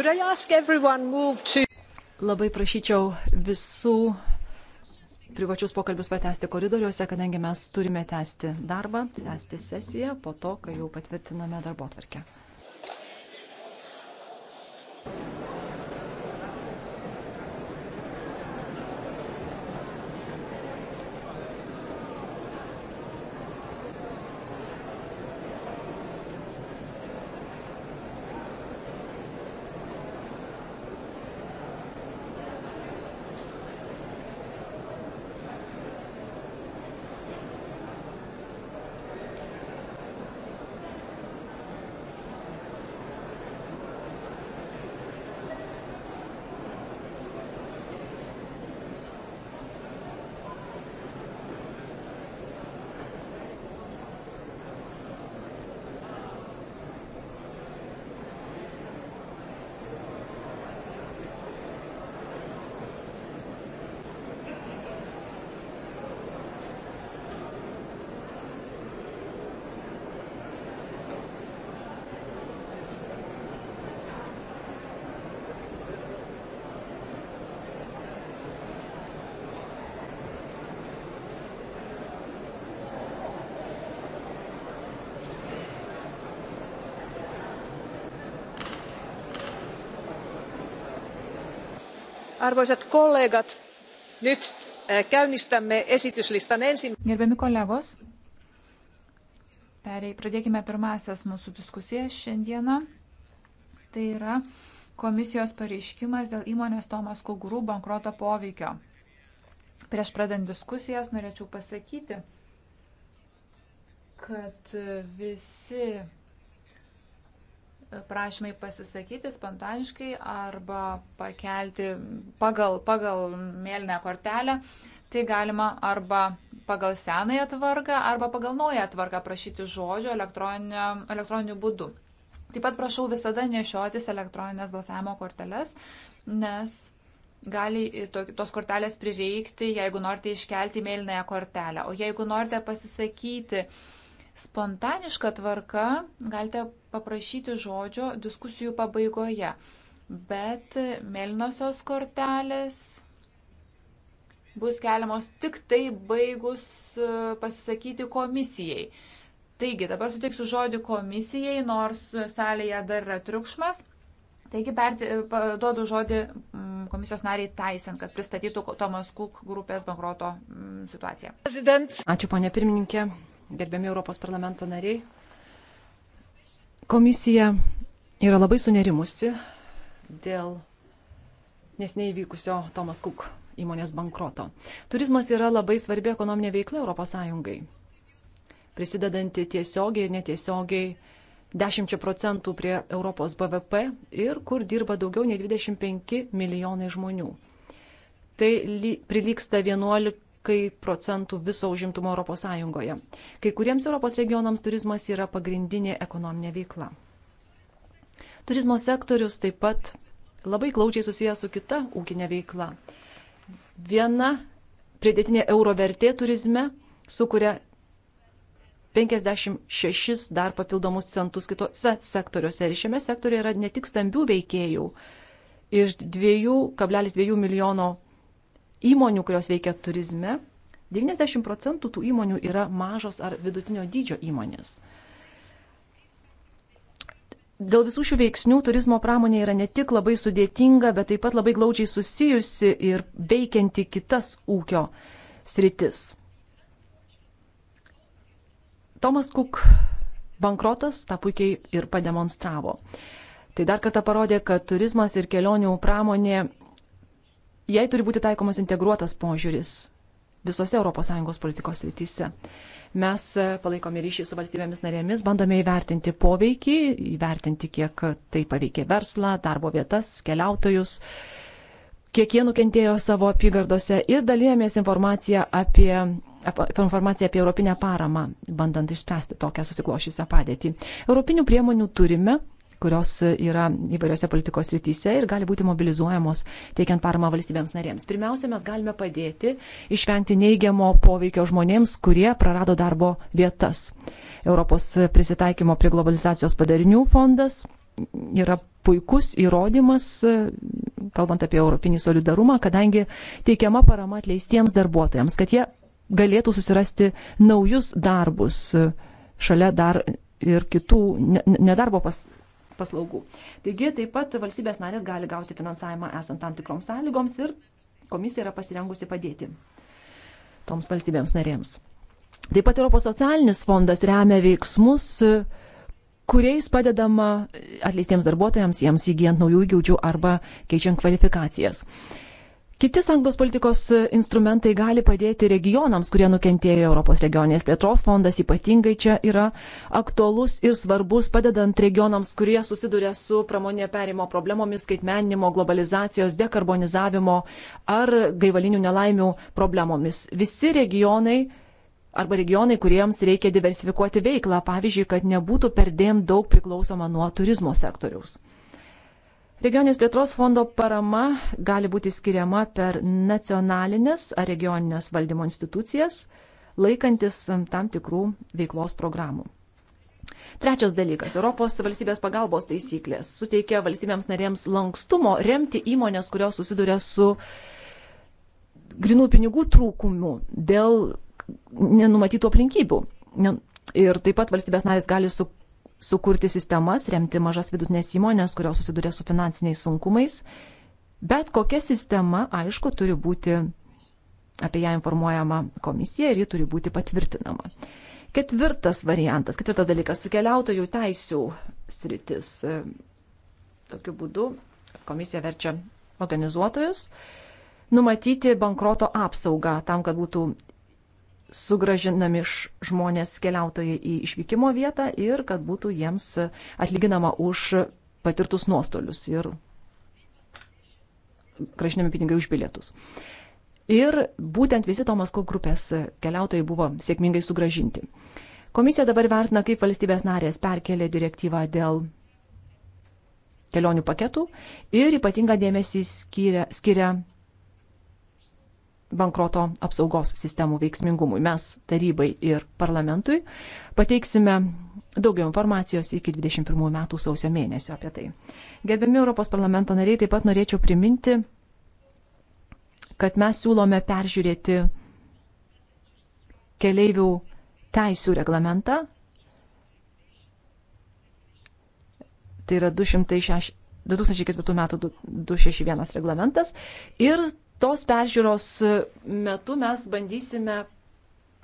To... Labai prašyčiau visų privačius pokalbius patęsti koridoriuose, kadangi mes turime tęsti darbą, tęsti sesiją po to, kai jau patvirtiname darbo tvarkę. Arvoisat kollegat, nyt äh, käynnistämme esityslistan ensimmäisen. Gerbiami kolegos, perėj, pradėkime pirmasias mūsų diskusijas šiandieną. Tai yra komisijos pareiškimas dėl įmonės Tomas Kugurų bankroto poveikio. Prieš pradant diskusijas norėčiau pasakyti, kad visi prašymai pasisakyti spontaniškai arba pakelti pagal, pagal mėlyną kortelę. Tai galima arba pagal senąją tvarką, arba pagal naują tvarką prašyti žodžio elektroniniu būdu. Taip pat prašau visada nešiotis elektroninės balsavimo korteles, nes gali tos kortelės prireikti, jeigu norite iškelti mėlynąją kortelę. O jeigu norite pasisakyti, uh, spontanišką tvarką galite paprašyti žodžio diskusijų pabaigoje, bet mėlynosios kortelės bus keliamos tik tai baigus e, pasisakyti komisijai. Taigi, dabar suteiksiu žodį komisijai, nors salėje dar yra triukšmas. Taigi, e, duodu žodį mm, komisijos nariai Taisen, kad pristatytų Tomas Kuk grupės bankroto mm, situaciją. Ačiū, ponė pirmininkė gerbiami Europos parlamento nariai, komisija yra labai sunerimusi dėl nesnei vykusio Thomas Cook įmonės bankroto. Turizmas yra labai svarbi ekonominė veikla ES, prisidedanti tiesiogiai ir netiesiogiai 10 procentų prie Europos BVP ir kur dirba daugiau nei 25 milijonai žmonių. Tai prilyksta 11 procentų viso užimtumo ES. Kai kuriems Europos regionams turizmas yra pagrindinė ekonominė veikla. Turizmo sektorius taip pat labai glaučiai susijęs su kita ūkinė veikla. Viena pridėtinė euro vertė turizme sukuria 56 dar papildomus centus kitose sektoriuose. Ir šiame sektoriuje yra ne tik stambių veikėjų, iš 2,2 milijono įmonių, kurios veikia turizme, 90 procentų tų įmonių yra mažos ar vidutinio dydžio įmonės. Dėl visų šių veiksnių turizmo pramonė yra ne tik labai sudėtinga, bet taip pat labai glaudžiai susijusi ir veikianti kitas ūkio sritis. Tomas Kuk bankrotas tą puikiai ir pademonstravo. Tai dar kartą parodė, kad turizmas ir kelionių pramonė jai turi būti taikomas integruotas požiūris visose ES politikos rytise. Mes e, palaikome ryšį su valstybėmis narėmis, bandome įvertinti poveikį, įvertinti, kiek tai paveikė verslą, darbo vietas, keliautojus, kiek jie nukentėjo savo apygardose ir dalyjomės informaciją apie informaciją apie europinę paramą, bandant išspręsti tokią susiklošysią padėtį. Europinių priemonių turime, kurios yra įvairiose politikos rytise ir gali būti mobilizuojamos teikiant paramą valstybėms narėms. Pirmiausia, mes galime padėti išvengti neigiamo poveikio žmonėms, kurie prarado darbo vietas. Europos prisitaikymo prie globalizacijos padarinių fondas yra puikus įrodymas, kalbant apie europinį solidarumą, kadangi teikiama parama atleistiems darbuotojams, kad jie galėtų susirasti naujus darbus šalia dar ir kitų nedarbo pas, paslaugų. Taigi taip pat valstybės narės gali gauti finansavimą esant tam tikroms sąlygoms ir komisija yra pasirengusi padėti toms valstybėms narėms. Taip pat Europos socialinis fondas remia veiksmus, kuriais padedama atleistiems darbuotojams, jiems įgyjant naujų įgūdžių arba keičiant kvalifikacijas. Kiti sanglos politikos e, instrumentai gali padėti regionams, kurie nukentėjo Europos regioninės plėtros fondas, ypatingai čia yra aktualus ir svarbus, padedant regionams, kurie susiduria su pramonė perimo problemomis, skaitmeninimo, globalizacijos, dekarbonizavimo ar gaivalinių nelaimių problemomis. Visi regionai arba regionai, kuriems reikia diversifikuoti veiklą, pavyzdžiui, kad nebūtų perdėm daug priklausoma nuo turizmo sektoriaus. Regioninės plėtros fondo parama gali būti skiriama per nacionalinės ar regioninės valdymo institucijas, laikantis um, tam tikrų veiklos programų. Trečias dalykas - Europos valstybės pagalbos taisyklės suteikia valstybėms narėms lankstumo remti įmonės, kurios susiduria su grinų pinigų trūkumu dėl nenumatytų aplinkybių. Ir taip pat valstybės narės gali su sukurti sistemas, remti mažas vidutinės įmonės, kurios susiduria su finansiniais sunkumais. Bet kokia sistema, aišku, turi būti, apie ją informuojama komisija ir ji turi būti patvirtinama. Ketvirtas variantas, ketvirtas dalykas - keliautojų teisų sritis. Tokiu būdu komisija verčia organizuotojus numatyti bankroto apsaugą tam, kad būtų sugražinami žmonės keliautojai į išvykimo vietą ir kad būtų jiems atlyginama už patirtus nuostolius ir gražinami pinigai už bilietus. Ir būtent visi Tomasko grupės keliautojai buvo sėkmingai sugražinti. Komisija dabar vertina, kaip valstybės narės perkelė direktyvą dėl kelionių paketų ir ypatingą dėmesį skiria, skiria bankroto apsaugos sistemų veiksmingumui. Mes tarybai ir parlamentui pateiksime daugiau informacijos iki 21 metų sausio mėnesio apie tai. Gerbiami Europos parlamento nariai, taip pat norėčiau priminti, kad mes siūlome peržiūrėti keleivių teisų reglamentą. Tai yra 204 metų 261 reglamentas ir tos peržiūros metu mes bandysime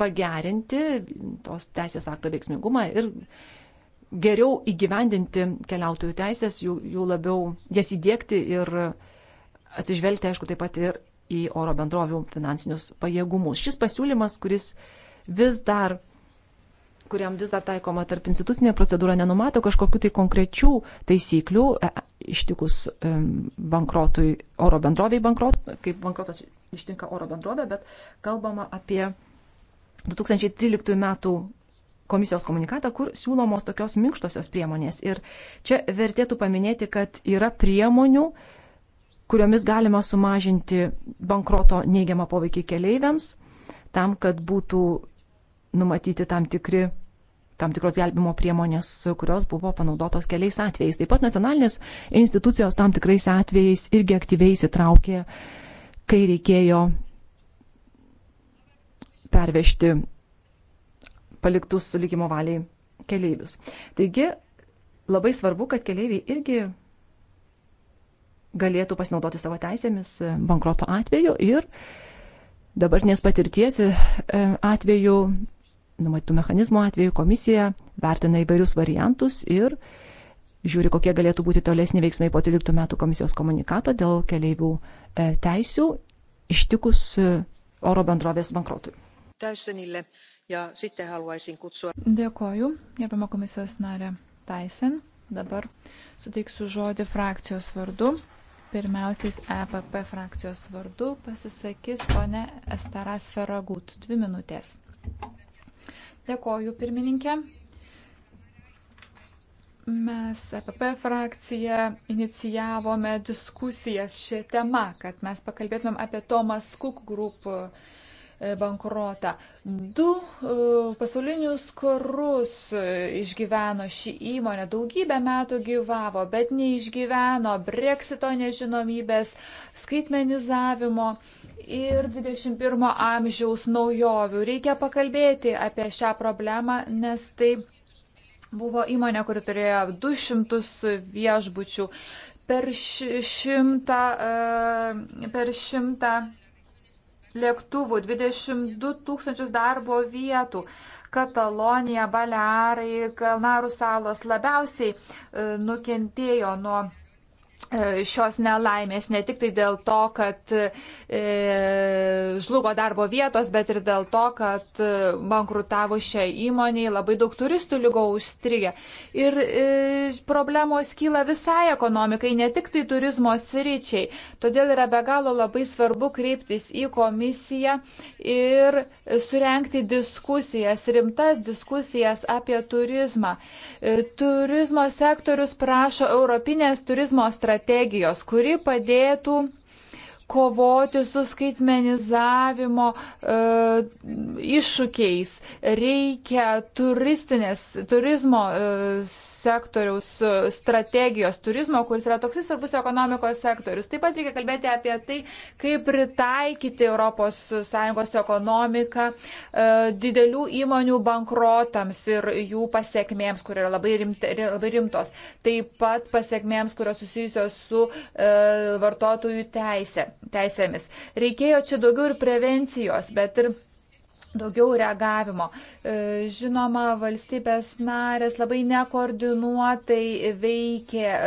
pagerinti tos teisės akto veiksmingumą ir geriau įgyvendinti keliautojų teisės, jų, jų labiau jas įdėkti ir atsižvelgti, aišku, taip pat ir į oro bendrovių finansinius pajėgumus. Šis pasiūlymas, kuris vis dar kuriam vis dar taikoma tarp institucinė procedūra, nenumato kažkokių tai konkrečių taisyklių e, ištikus bankrotui, oro bendroviai bankrot, kaip bankrotas ištinka oro bendrovė, bet kalbama apie 2013 metų komisijos komunikatą, kur siūlomos tokios minkštosios priemonės. Ir čia vertėtų paminėti, kad yra priemonių, kuriomis galima sumažinti bankroto neigiamą poveikį keleiviams, tam, kad būtų numatyti tam tikri tam tikros gelbimo priemonės, kurios buvo panaudotos keliais atvejais. Taip pat nacionalinės institucijos tam tikrais atvejais irgi aktyviai įsitraukė, kai reikėjo pervežti paliktus likimo valiai keleivius. Taigi labai svarbu, kad keleiviai irgi galėtų pasinaudoti savo teisėmis e, bankroto atveju ir dabartinės patirties e, atveju numatytų mechanizmų atveju komisija vertina įvairius variantus ir žiūri, kokie galėtų būti tolesni veiksmai po 13 metų komisijos komunikato dėl keleivių e, teisių ištikus e, oro bendrovės bankrotui. Dėkoju, gerbama komisijos narė Taisen. Dabar suteiksiu žodį frakcijos vardu. Pirmiausiais EPP frakcijos vardu pasisakys ponė Estaras Feragut. Dvi minutės. Dėkoju, pirmininkė. Mes APP e frakcija inicijavome diskusijas šią temą, kad mes pakalbėtumėm apie Thomas Cook Group e, bankrotą. Du e, pasaulinius karus išgyveno šį įmonę, daugybę metų gyvavo, bet neišgyveno Brexito nežinomybės, skaitmenizavimo ir 21 amžiaus naujovių. Reikia pakalbėti apie šią problemą, nes tai buvo įmonė, kuri turėjo 200 viešbučių. Per šimtą, e, per šimtą lėktuvų, 22 tūkstančius darbo vietų. Katalonija, Balearai, Kalnarų salos labiausiai e, nukentėjo nuo E, šios nelaimės, ne tik tai dėl to, kad e, žlugo darbo vietos, bet ir dėl to, kad e, bankrutavo šiai įmoniai, labai daug turistų lygo užstrigę. Ir e, problemos kyla visai ekonomikai, ne tik tai turizmo sričiai. Todėl yra be galo labai svarbu kreiptis į komisiją ir surenkti diskusijas, rimtas diskusijas apie turizmą. E, turizmo sektorius prašo Europinės turizmo strategijos strategijos, kuri padėtų kovoti su skaitmenizavimo e, iššūkiais. Reikia turistinės, turizmo e, sektoriaus e, strategijos turizmo, kuris yra toks svarbus ekonomikos sektorius. Taip pat reikia kalbėti apie tai, kaip pritaikyti ES ekonomiką e, didelių įmonių bankrotams ir jų pasiekmėms, kur yra labai, rimta, labai rimtos. Taip pat pasiekmėms, kurios susijusios su e, vartotojų teisė, teisėmis. Reikėjo čia daugiau ir prevencijos, bet ir daugiau reagavimo. E, žinoma, valstybės narės labai nekoordinuotai veikė e,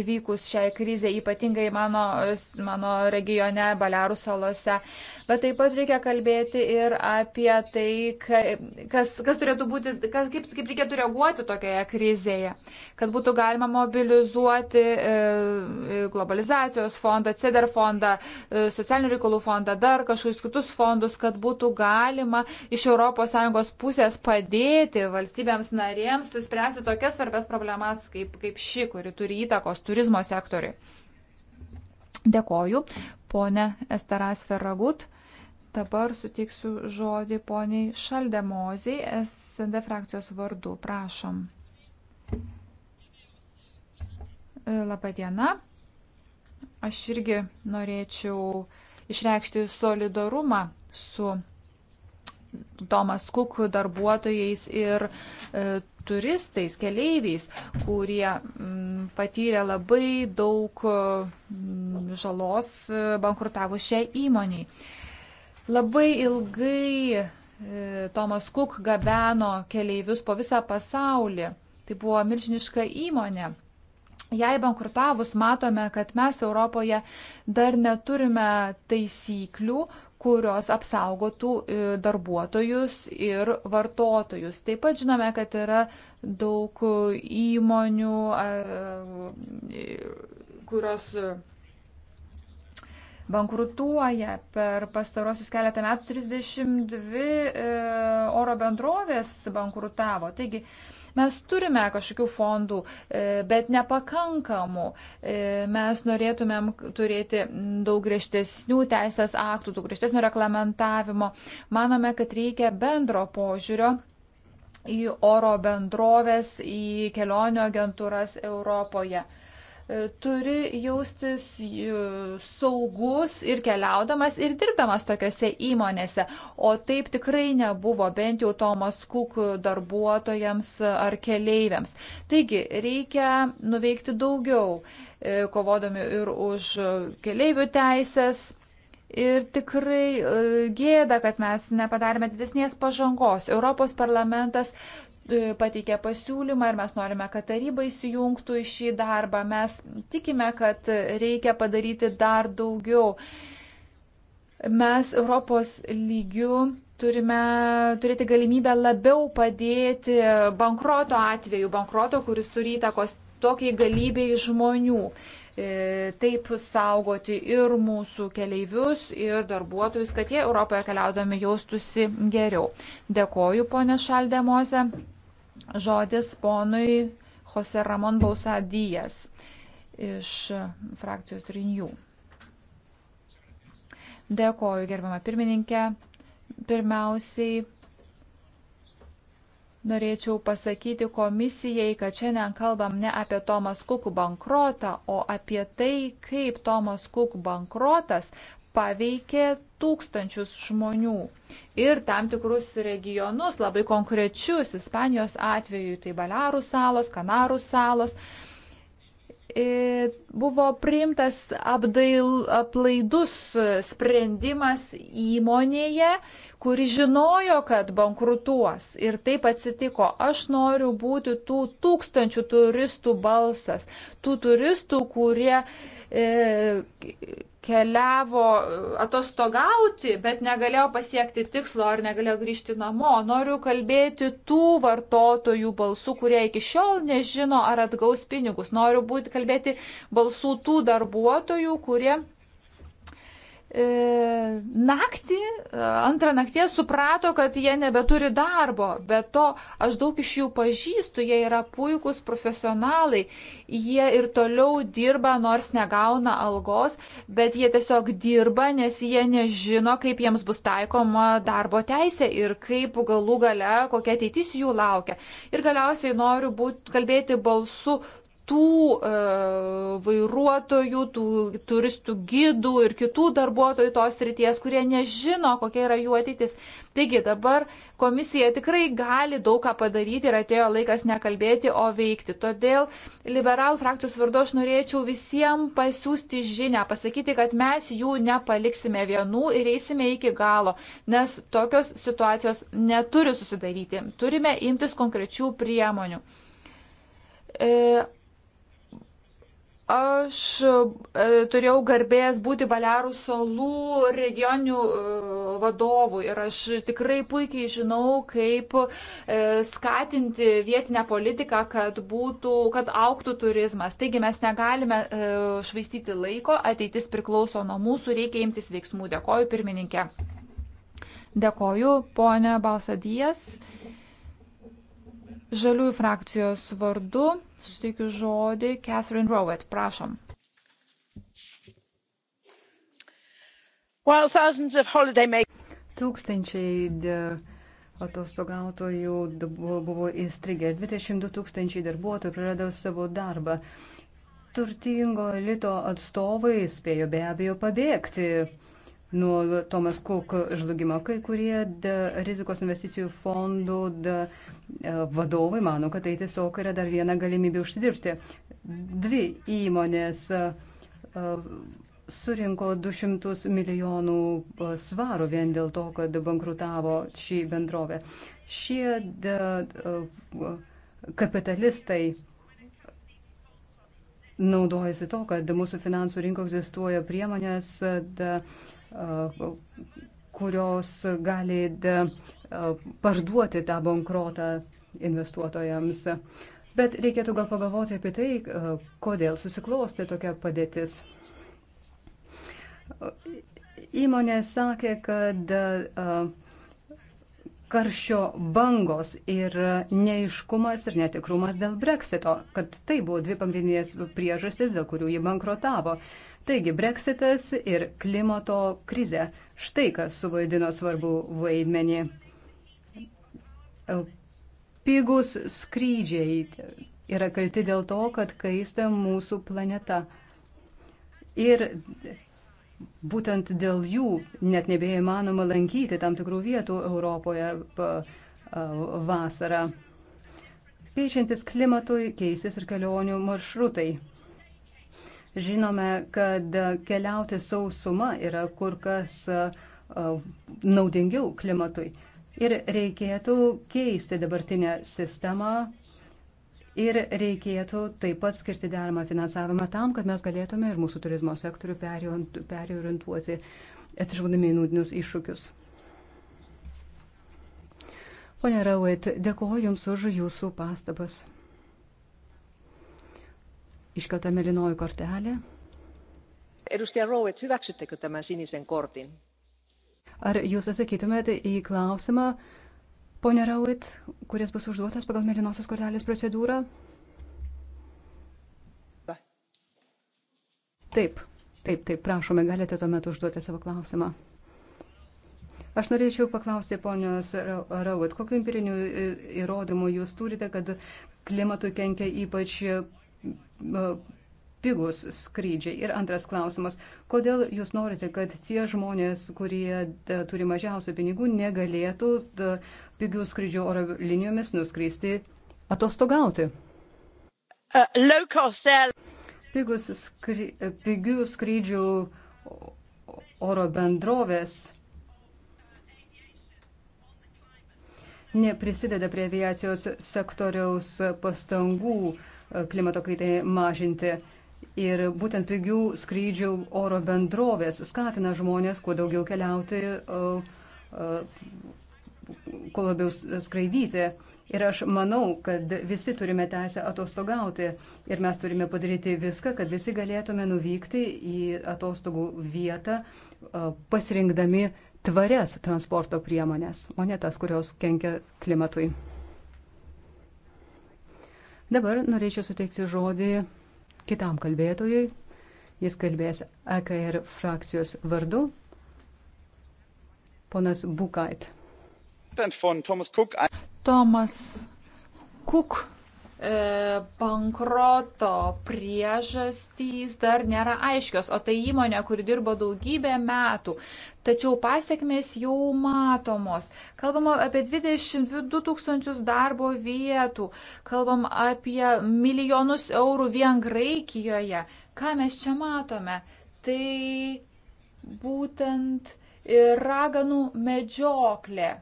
įvykus šiai krizė, ypatingai mano, mano regione, Balearų salose bet taip pat reikia kalbėti ir apie tai, kas, kas turėtų būti, kas, kaip, kaip reikėtų reaguoti tokioje krizėje, kad būtų galima mobilizuoti e, globalizacijos fondą, CEDER fondą, e, socialinių reikalų fondą, dar kažkokius kitus fondus, kad būtų galima iš ES pusės padėti valstybėms narėms spręsti tokias svarbės problemas kaip, kaip ši, kuri turi įtakos turizmo sektoriui. Dėkoju, ponė Estaras Ferragut. Dabar suteiksiu žodį poniai Šaldemoziai SND frakcijos vardu. Prašom. E, Labadiena. Aš irgi norėčiau išreikšti solidarumą su Tomas Kuk darbuotojais ir e, turistais, keleiviais, kurie m, mm, patyrė labai daug m, mm, žalos e, bankrutavus šiai įmoniai. Labai ilgai e, Tomas Cook gabeno keleivius po visą pasaulį. Tai buvo milžiniška įmonė. Jei bankrutavus matome, kad mes Europoje dar neturime taisyklių, kurios apsaugotų e, darbuotojus ir vartotojus. Taip pat žinome, kad yra daug įmonių, e, kurios bankrutuoja. Per pastarosius keletą metų 32 e, oro bendrovės bankrutavo. Taigi mes turime kažkokių fondų, e, bet nepakankamų. E, mes norėtumėm turėti daug griežtesnių teisės aktų, daug griežtesnio reglamentavimo. Manome, kad reikia bendro požiūrio į oro bendrovės, į kelionių agentūras Europoje. E, turi jaustis e, saugus ir keliaudamas ir dirbdamas tokiuose įmonėse. O taip tikrai nebuvo bent jau Tomas Kuk darbuotojams ar keleiviams. Taigi reikia nuveikti daugiau, e, kovodami ir už keleivių teisės. Ir tikrai gėda, kad mes nepadarėme didesnės pažangos. Europos parlamentas E, pateikė pasiūlymą ir mes norime, kad taryba įsijungtų į šį darbą. Mes tikime, kad reikia padaryti dar daugiau. Mes Europos lygių turime turėti galimybę labiau padėti bankroto atveju, bankroto, kuris turi įtakos tokiai galybei žmonių. E, taip saugoti ir mūsų keleivius, ir darbuotojus, kad jie Europoje keliaudami jaustųsi geriau. Dėkoju, ponė Šaldemose žodis ponui Jose Ramon Bausadijas iš frakcijos Rinių. Dėkoju, gerbama pirmininkė. Pirmiausiai Norėčiau pasakyti komisijai, kad šiandien kalbam ne apie Tomas Kuk bankrotą, o apie tai, kaip Tomas Kuk bankrotas paveikė tūkstančius žmonių ir tam tikrus regionus, labai konkrečius, Ispanijos atveju, tai Balearų salos, Kanarų salos. E, buvo priimtas apdail, aplaidus sprendimas įmonėje, kuri žinojo, kad bankrutuos. Ir taip atsitiko. Aš noriu būti tų tūkstančių turistų balsas. Tų turistų, kurie e, keliavo e, atostogauti, bet negalėjo pasiekti tikslo ar negalėjo grįžti namo. Noriu kalbėti tų vartotojų balsų, kurie iki šiol nežino, ar atgaus pinigus. Noriu būti kalbėti balsų tų darbuotojų, kurie E, naktį, e, antrą naktį suprato, kad jie nebeturi darbo. Be to, aš daug iš jų pažįstu, jie yra puikūs profesionalai. Jie ir toliau dirba, nors negauna algos, bet jie tiesiog dirba, nes jie nežino, kaip jiems bus taikoma darbo teisė ir kaip galų gale, kokia ateitis jų laukia. Ir galiausiai noriu būt, kalbėti balsu tų e, vairuotojų, tų turistų gidų ir kitų darbuotojų tos ryties, kurie nežino, kokia yra jų ateitis. Taigi dabar komisija tikrai gali daug ką padaryti ir atėjo laikas nekalbėti, o veikti. Todėl liberal frakcijos vardu aš norėčiau visiems pasiūsti žinę, pasakyti, kad mes jų nepaliksime vienų ir eisime iki galo, nes tokios situacijos neturi susidaryti. Turime imtis konkrečių priemonių e, Aš e, turėjau garbės būti Balearų salų regioninių e, vadovų ir aš tikrai puikiai žinau, kaip e, skatinti vietinę politiką, kad, būtų, kad auktų turizmas. Taigi mes negalime švaistyti laiko, ateitis priklauso nuo mūsų, reikia imtis veiksmų. Dėkoju pirmininkė. Dėkoju, ponė Balsadijas. Žaliųjų frakcijos vardu Suteikiu žodį Catherine Rowett. Prašom. Tūkstančiai e, atostogautojų buvo įstrigę ir 22 tūkstančiai darbuotojų prarado savo darbą. Turtingo elito atstovai spėjo be abejo pabėgti nuo Thomas Cook žlugimo. Kai kurie de, rizikos investicijų fondų de, vadovai mano, kad tai tiesiog yra dar viena galimybė užsidirbti. Dvi įmonės e, e, surinko 200 milijonų e, svarų vien dėl to, kad bankrutavo šį bendrovę. Šie de, de, kapitalistai naudojasi to, kad mūsų finansų rinko egzistuoja priemonės, da, kurios gali parduoti tą bankrotą investuotojams. Bet reikėtų gal pagalvoti apie tai, kodėl susiklosti tokia padėtis. Įmonė sakė, kad karščio bangos ir neiškumas ir netikrumas dėl breksito, kad tai buvo dvi pagrindinės priežastis, dėl kurių jį bankrotavo. Taigi, breksitas ir klimato krize. Štai kas suvaidino svarbu vaidmenį. Pigus skrydžiai yra kalti dėl to, kad kaista mūsų planeta. Ir būtent dėl jų net nebeįmanoma lankyti tam tikrų vietų Europoje vasarą. Keičiantis klimatui keisis ir kelionių maršrutai. Žinome, kad keliauti sausuma yra kur kas naudingiau klimatui. Ir reikėtų keisti dabartinę sistemą ir reikėtų taip pat skirti deramą finansavimą tam, kad mes galėtume ir mūsų turizmo sektorių periorientuoti, atsižvodami į nūdinius iššūkius. Pone Rauit, dėkuoju Jums už Jūsų pastabas. Iškelta melinoji kortelė. Edustaja Rowett, hyväksyttekö tämän sinisen kortin? Ar jūs atsakytumėte į klausimą, ponia Rowett, kuris bus užduotas pagal melinosios kortelės procedūrą? Taip, taip, taip, prašome, galite tuomet užduoti savo klausimą. Aš norėčiau paklausti ponios Rauvat, kokiu empiriniu e, įrodymu jūs turite, kad klimatui kenkia ypač E, pigus skrydžiai. Ir antras klausimas, kodėl jūs norite, kad tie žmonės, kurie da, e, turi mažiausią pinigų, negalėtų da, e, pigių skrydžių oro linijomis nuskristi atostogauti? Uh, pigus skry, pigių skrydžių oro bendrovės neprisideda prie aviacijos sektoriaus pastangų uh, klimato kaitai mažinti. Ir būtent pigių skrydžių oro bendrovės skatina žmonės kuo daugiau keliauti, kuo labiau skraidyti. Ir aš manau, kad visi turime teisę atostogauti ir mes turime padaryti viską, kad visi galėtume nuvykti į atostogų vietą, pasirinkdami tvarias transporto priemonės, o ne tas, kurios kenkia klimatui. Dabar norėčiau suteikti žodį kitam kalbėtojui. Jis kalbės AKR frakcijos vardu. Ponas Bukait. Tomas Cook. Tomas Cook E, bankroto priežastys dar nėra aiškios, o tai įmonė, kuri dirbo daugybę metų. Tačiau pasiekmes jau matomos. Kalbam apie 22 tūkstančius darbo vietų, kalbam apie milijonus eurų vien Graikijoje. Ką mes čia matome? Tai būtent raganų medžioklė.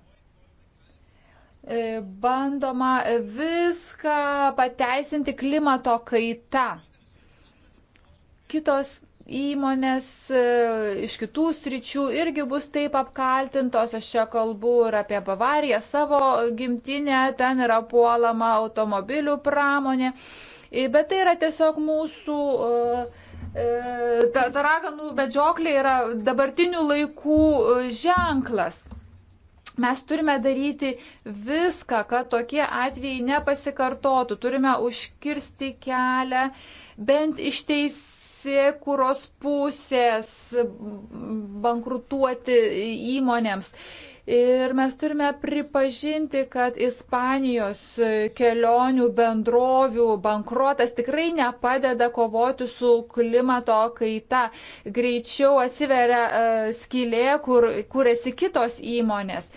E, bandoma viską pateisinti klimato kaita. Kitos įmonės e, iš kitų sričių irgi bus taip apkaltintos, aš čia kalbu ir apie Bavariją, savo gimtinę, ten yra puolama automobilių pramonė, e, bet tai yra tiesiog mūsų taraganų ta bedžioklė yra dabartinių laikų ženklas. Mes turime daryti viską, kad tokie atvejai nepasikartotų. Turime užkirsti kelią bent iš teisėkuros pusės bankrutuoti įmonėms. Ir mes turime pripažinti, kad Ispanijos kelionių bendrovių bankrotas tikrai nepadeda kovoti su klimato kaita. Greičiau atsiveria e, skylė, kur, kuriasi kitos įmonės.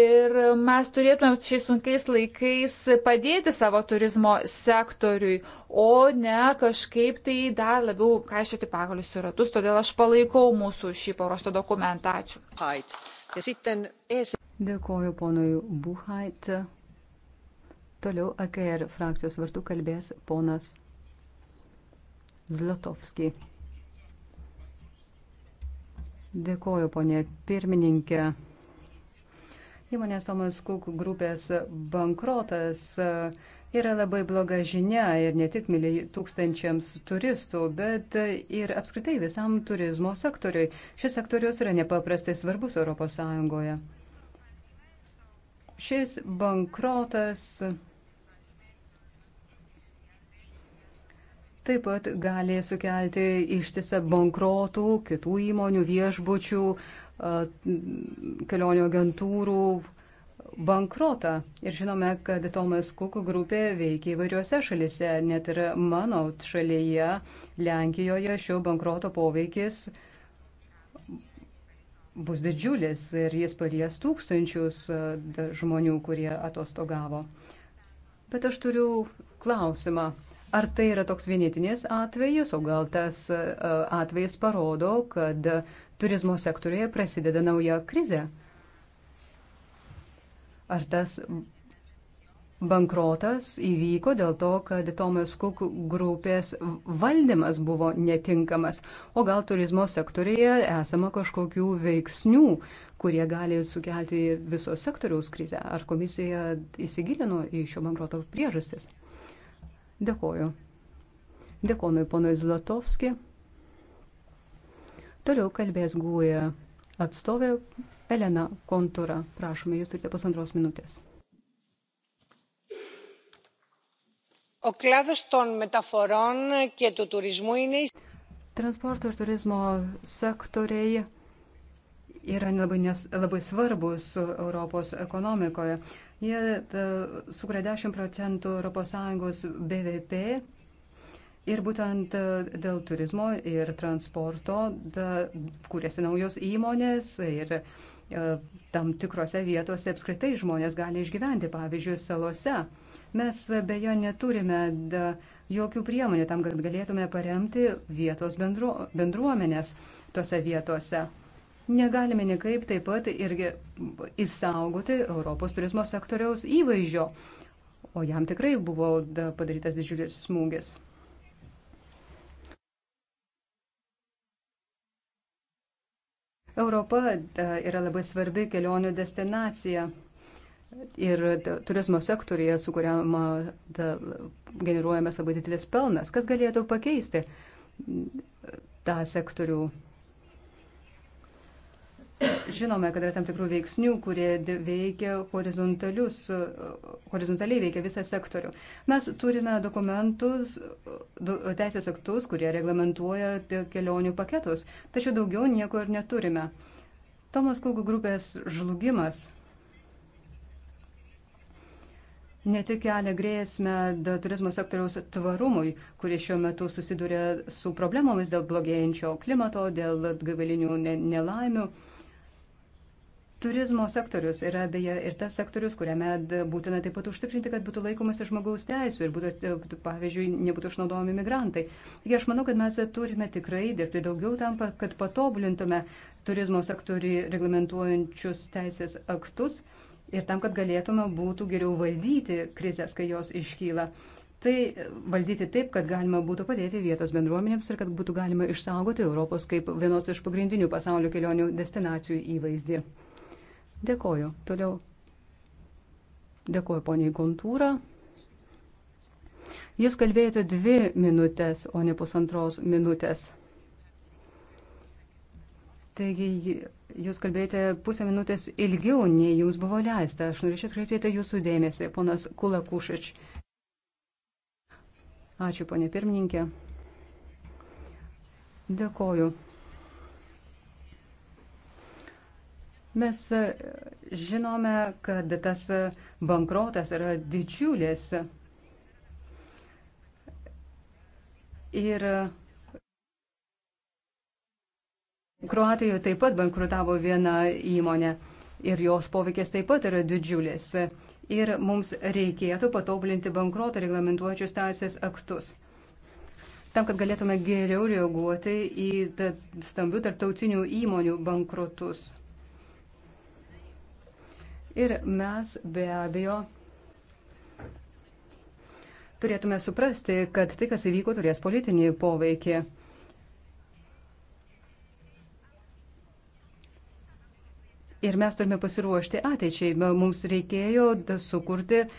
Ir mes turėtume šiais sunkiais laikais padėti savo turizmo sektoriui, o ne kažkaip tai dar labiau kaišyti pagalius į ratus. Todėl aš palaikau mūsų šį paruoštą dokumentą. Ačiū. Heit. Dėkoju ponui Buhait. Toliau AKR frakcijos vartų kalbės ponas Zlotovski. Dėkoju, ponė pirmininkė. Įmonės Tomas Kuk grupės bankrotas uh, yra labai bloga žinia ir ne tik tūkstančiams turistų, bet ir apskritai visam turizmo sektoriui. Šis sektorius yra nepaprastai svarbus ES. Šis bankrotas taip pat gali sukelti ištisą bankrotų, kitų įmonių, viešbučių, kelionių agentūrų, bankrotą. Ir žinome, kad Tomas Kukų grupė veikia įvairiuose šalise, net ir mano šalyje, Lenkijoje, šio bankroto poveikis bus didžiulis ir jis palies tūkstančius e, žmonių, kurie atostogavo. Bet aš turiu klausimą. Ar tai yra toks vienetinis atvejis, o gal tas e, atvejis parodo, kad turizmo sektorėje prasideda nauja krizė? Ar tas bankrotas įvyko dėl to, kad Thomas Cook grupės valdymas buvo netinkamas, o gal turizmo sektorėje esama kažkokių veiksnių, kurie gali sukelti viso sektoriaus krizę. Ar komisija įsigilino į šio bankroto priežastis? Dėkoju. Dėkoju ponui Zlatovski. Toliau kalbės guoja e atstovė Elena Kontūra. Prašome, jūs turite pusantros minutės. Ο κλάδος των μεταφορών και του τουρισμού είναι... Transporto ir turizmo sektoriai yra labai, nes, labai svarbus Europos ekonomikoje. Jie e, sukuria 10 procentų ES BVP Ir būtent e, dėl turizmo ir transporto kūrėsi naujos įmonės ir uh, E, tam tikrose vietose apskritai žmonės gali išgyventi, pavyzdžiui, salose. Mes beje neturime jokių priemonių tam, kad galėtume paremti vietos bendru, bendruomenės tose vietose. Negalime niekaip taip pat irgi įsaugoti Europos turizmo sektoriaus įvaizdžio, o jam tikrai buvo padarytas didžiulis smūgis. Europa e, yra labai svarbi kelionių destinacija. Ir turizmo sektorija, su kuriam generuojamas labai didelis pelnas, kas galėtų pakeisti tą sektorių žinome, kad yra tam tikrų veiksnių, kurie veikia horizontaliai veikia visą sektorių. Mes turime dokumentus, du, teisės aktus, kurie reglamentuoja kelionių paketus, tačiau daugiau nieko ir neturime. Tomas Kūgų grupės žlugimas ne tik kelia grėsmę turizmo sektoriaus tvarumui, kuris šiuo metu susiduria su problemomis dėl blogėjančio klimato, dėl gaivalinių nelaimių. Ne Turizmo sektorius yra beje ir tas sektorius, kuriame būtina taip pat užtikrinti, kad būtų laikomasi žmogaus teisų ir, e, būtų, pavyzdžiui, nebūtų išnaudojami migrantai. Taigi aš manau, kad mes turime tikrai dirbti daugiau tam, kad patobulintume turizmo sektorių reglamentuojančius teisės aktus ir tam, kad galėtume būtų geriau valdyti krizės, kai jos iškyla. Tai e, valdyti taip, kad galima būtų padėti vietos bendruomenėms ir kad būtų galima išsaugoti Europos kaip vienos iš pagrindinių pasaulio kelionių destinacijų įvaizdį. Dėkoju. Toliau. Dėkoju poniai Kontūra. Jūs kalbėjote dvi minutės, o ne pusantros minutės. Taigi, jūs kalbėjote pusę minutės ilgiau, nei jums buvo leista. Aš norėčiau atkreipti tai jūsų dėmesį, ponas Kulakušič. Ačiū, ponė pirmininkė. Dėkoju. Mes e, žinome, kad tas e, bankrotas yra didžiulis. Ir e, Kroatijoje taip pat bankrutavo viena įmonė ir jos poveikis taip pat yra didžiulis. Ir mums reikėtų patobulinti bankruoto reglamentuojančius teisės aktus. Tam, kad galėtume geriau reaguoti į stambių tarptautinių įmonių bankrotus. Ir mes be abejo turėtume suprasti, kad tai, kas įvyko, turės politinį poveikį. Ir mes turime pasiruošti ateičiai. Mums reikėjo sukurti uh,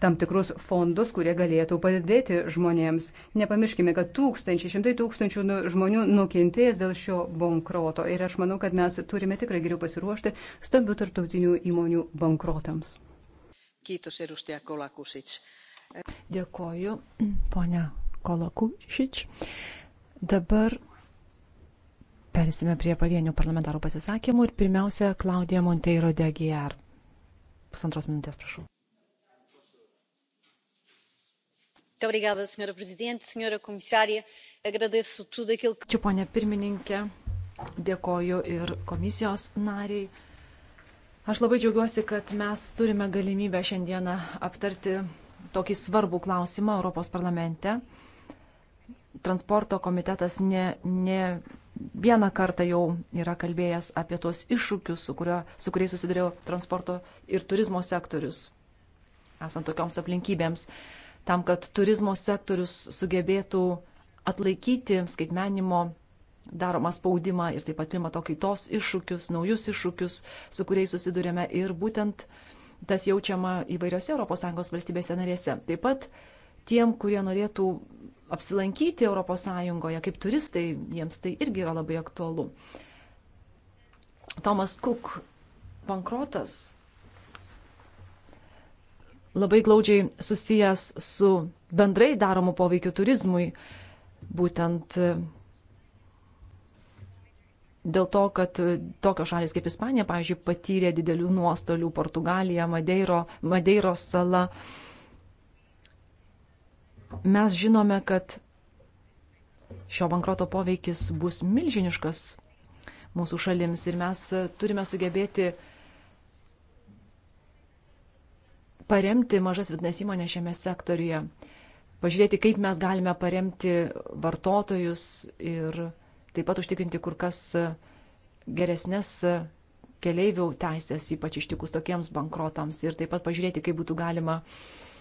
tam tikrus fondus, kurie galėtų padėti žmonėms. Nepamirškime, kad tūkstančiai, šimtai tūkstančių nu, žmonių nukentės dėl šio bankroto. Ir aš manau, kad mes turime tikrai geriau pasiruošti stambių tarptautinių įmonių bankrotams. Kiitos, edustaja Kolakusic. Dėkoju, ponia Kolakusic. Dabar persime prie pavienių parlamentarų pasisakymų ir pirmiausia, Klaudija Monteiro de Aguiar. Pusantros minutės, prašau. Senora senora aquilo... Čia ponė pirmininkė, dėkoju ir komisijos nariai. Aš labai džiaugiuosi, kad mes turime galimybę šiandieną aptarti tokį svarbų klausimą Europos parlamente. Transporto komitetas ne, ne vieną kartą jau yra kalbėjęs apie tos iššūkius, su, kurio, su kuriais susidurėjo transporto ir turizmo sektorius, esant tokioms aplinkybėms tam, kad turizmo sektorius sugebėtų atlaikyti skaitmenimo daromą spaudimą ir taip pat klimato kaitos iššūkius, naujus iššūkius, su kuriais susidurėme ir būtent tas jaučiama įvairiose ES valstybėse narėse. Taip pat tiem, kurie norėtų apsilankyti ES kaip turistai, jiems tai irgi yra labai aktualu. Tomas Cook bankrotas labai glaudžiai susijęs su bendrai daromu poveikiu turizmui, būtent e, dėl to, kad tokios šalis kaip Ispanija, pavyzdžiui, patyrė didelių nuostolių Portugalija, Madeiro, Madeiro sala. Mes žinome, kad šio bankroto poveikis bus milžiniškas mūsų šalims ir mes turime sugebėti uh, paremti mažas vidinės įmonės šiame sektoriuje, pažiūrėti, kaip mes galime paremti vartotojus ir taip pat užtikrinti kur kas geresnės keleivių teisės, ypač ištikus tokiems bankrotams ir taip pat pažiūrėti, kaip būtų galima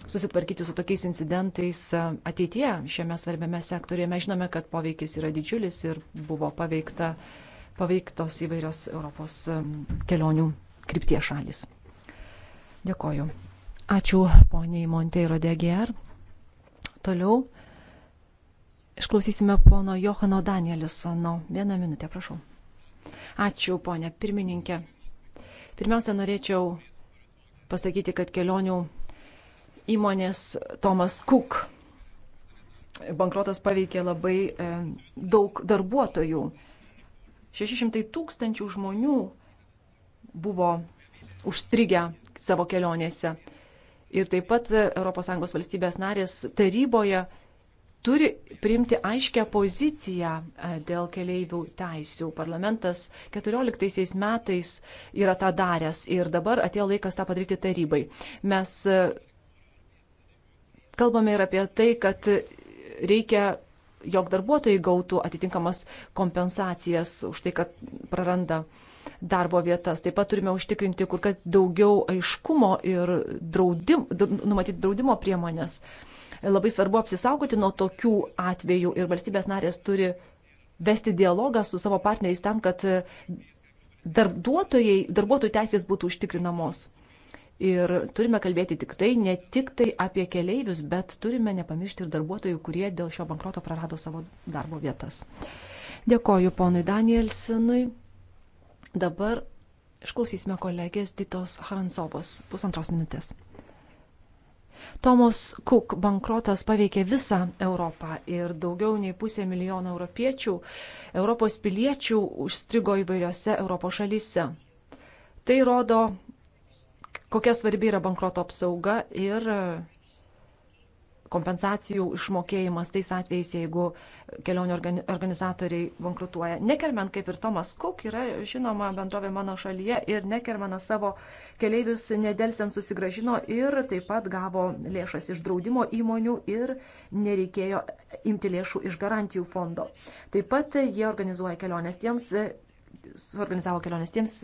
susitvarkyti su tokiais incidentais ateitie šiame svarbiame sektorėje. Mes žinome, kad poveikis yra didžiulis ir buvo paveikta, paveiktos įvairios Europos mm, kelionių kryptie šalis. Dėkoju. Ačiū poniai Monteiro Degier. Toliau išklausysime pono Johano Danielisono. Vieną minutę, prašau. Ačiū, ponė pirmininkė. Pirmiausia, norėčiau pasakyti, kad kelionių įmonės Thomas Cook bankrotas paveikė labai e, daug darbuotojų. 600 tūkstančių žmonių buvo užstrigę savo kelionėse ir taip pat ES valstybės narės taryboje turi priimti aiškę poziciją e, dėl keleivių teisių. Parlamentas 14 metais yra tą daręs ir dabar atėjo laikas tą padaryti tarybai. Mes e, kalbame ir apie tai, kad reikia jog darbuotojai gautų atitinkamas kompensacijas už tai, kad praranda uh, darbo vietas. Taip pat turime užtikrinti kur kas daugiau aiškumo ir draudim, numatyti draudimo priemonės. Labai svarbu apsisaugoti nuo tokių atvejų ir valstybės narės turi vesti dialogą su savo partneriais tam, kad darbuotojų teisės būtų užtikrinamos. Ir turime kalbėti tik tai, ne tik tai apie keleivius, bet turime nepamiršti ir darbuotojų, kurie dėl šio bankroto prarado savo darbo vietas. Dėkoju ponui Danielsinui. Dabar išklausysime kolegės Ditos Haransovos pusantros minutės. Tomas Cook bankrotas paveikė visą Europą ir daugiau nei pusė milijono europiečių, Europos piliečių užstrigo įvairiose Europos šalyse. Tai rodo, kokia svarbi yra bankroto apsauga ir kompensacijų išmokėjimas tais atvejais, jeigu kelionių organizatoriai bankrutuoja. Nekermen, kaip ir Tomas Cook, yra žinoma bendrovė mano šalyje ir Nekermenas savo keleivius nedelsiant susigražino ir taip pat gavo lėšas iš draudimo įmonių ir nereikėjo imti lėšų iš garantijų fondo. Taip pat jie organizuoja keliones tiems suorganizavo keliones tiems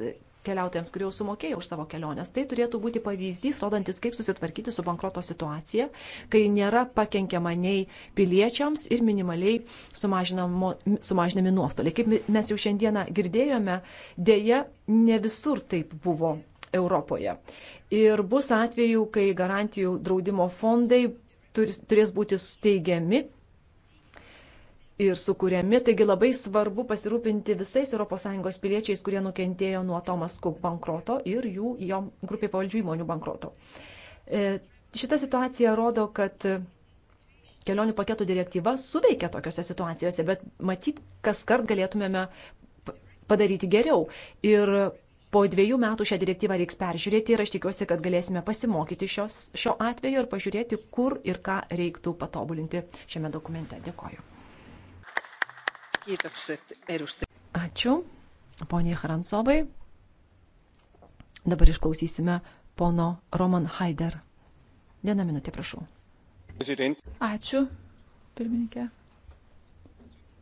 keliautojams, kurie jau sumokėjo už savo keliones. Tai turėtų būti pavyzdys, rodantis, kaip susitvarkyti su bankroto situacija, kai nėra pakenkiama nei piliečiams ir minimaliai sumažinami nuostoliai. Kaip mes jau šiandieną girdėjome, dėja ne visur taip buvo Europoje. Ir bus atvejų, kai garantijų draudimo fondai turės būti steigiami ir sukūrėmi. Taigi labai svarbu pasirūpinti visais ES piliečiais, kurie nukentėjo nuo Thomas Cook bankroto ir jų jo grupė pavaldžių įmonių bankroto. E, šita situacija rodo, kad kelionių paketų direktyva suveikia tokiuose situacijose, bet matyt, kas kart galėtumėme padaryti geriau. Ir po dviejų metų šią direktyvą reiks peržiūrėti ir aš tikiuosi, kad galėsime pasimokyti šios, šio atveju ir pažiūrėti, kur ir ką reiktų patobulinti šiame dokumente. Dėkoju. Kiitokset, edustaja. Ačiū, poniai Harancovai. Dabar išklausysime pono Roman Haider. Vieną minutę, prašau. President. Ačiū, pirmininkė.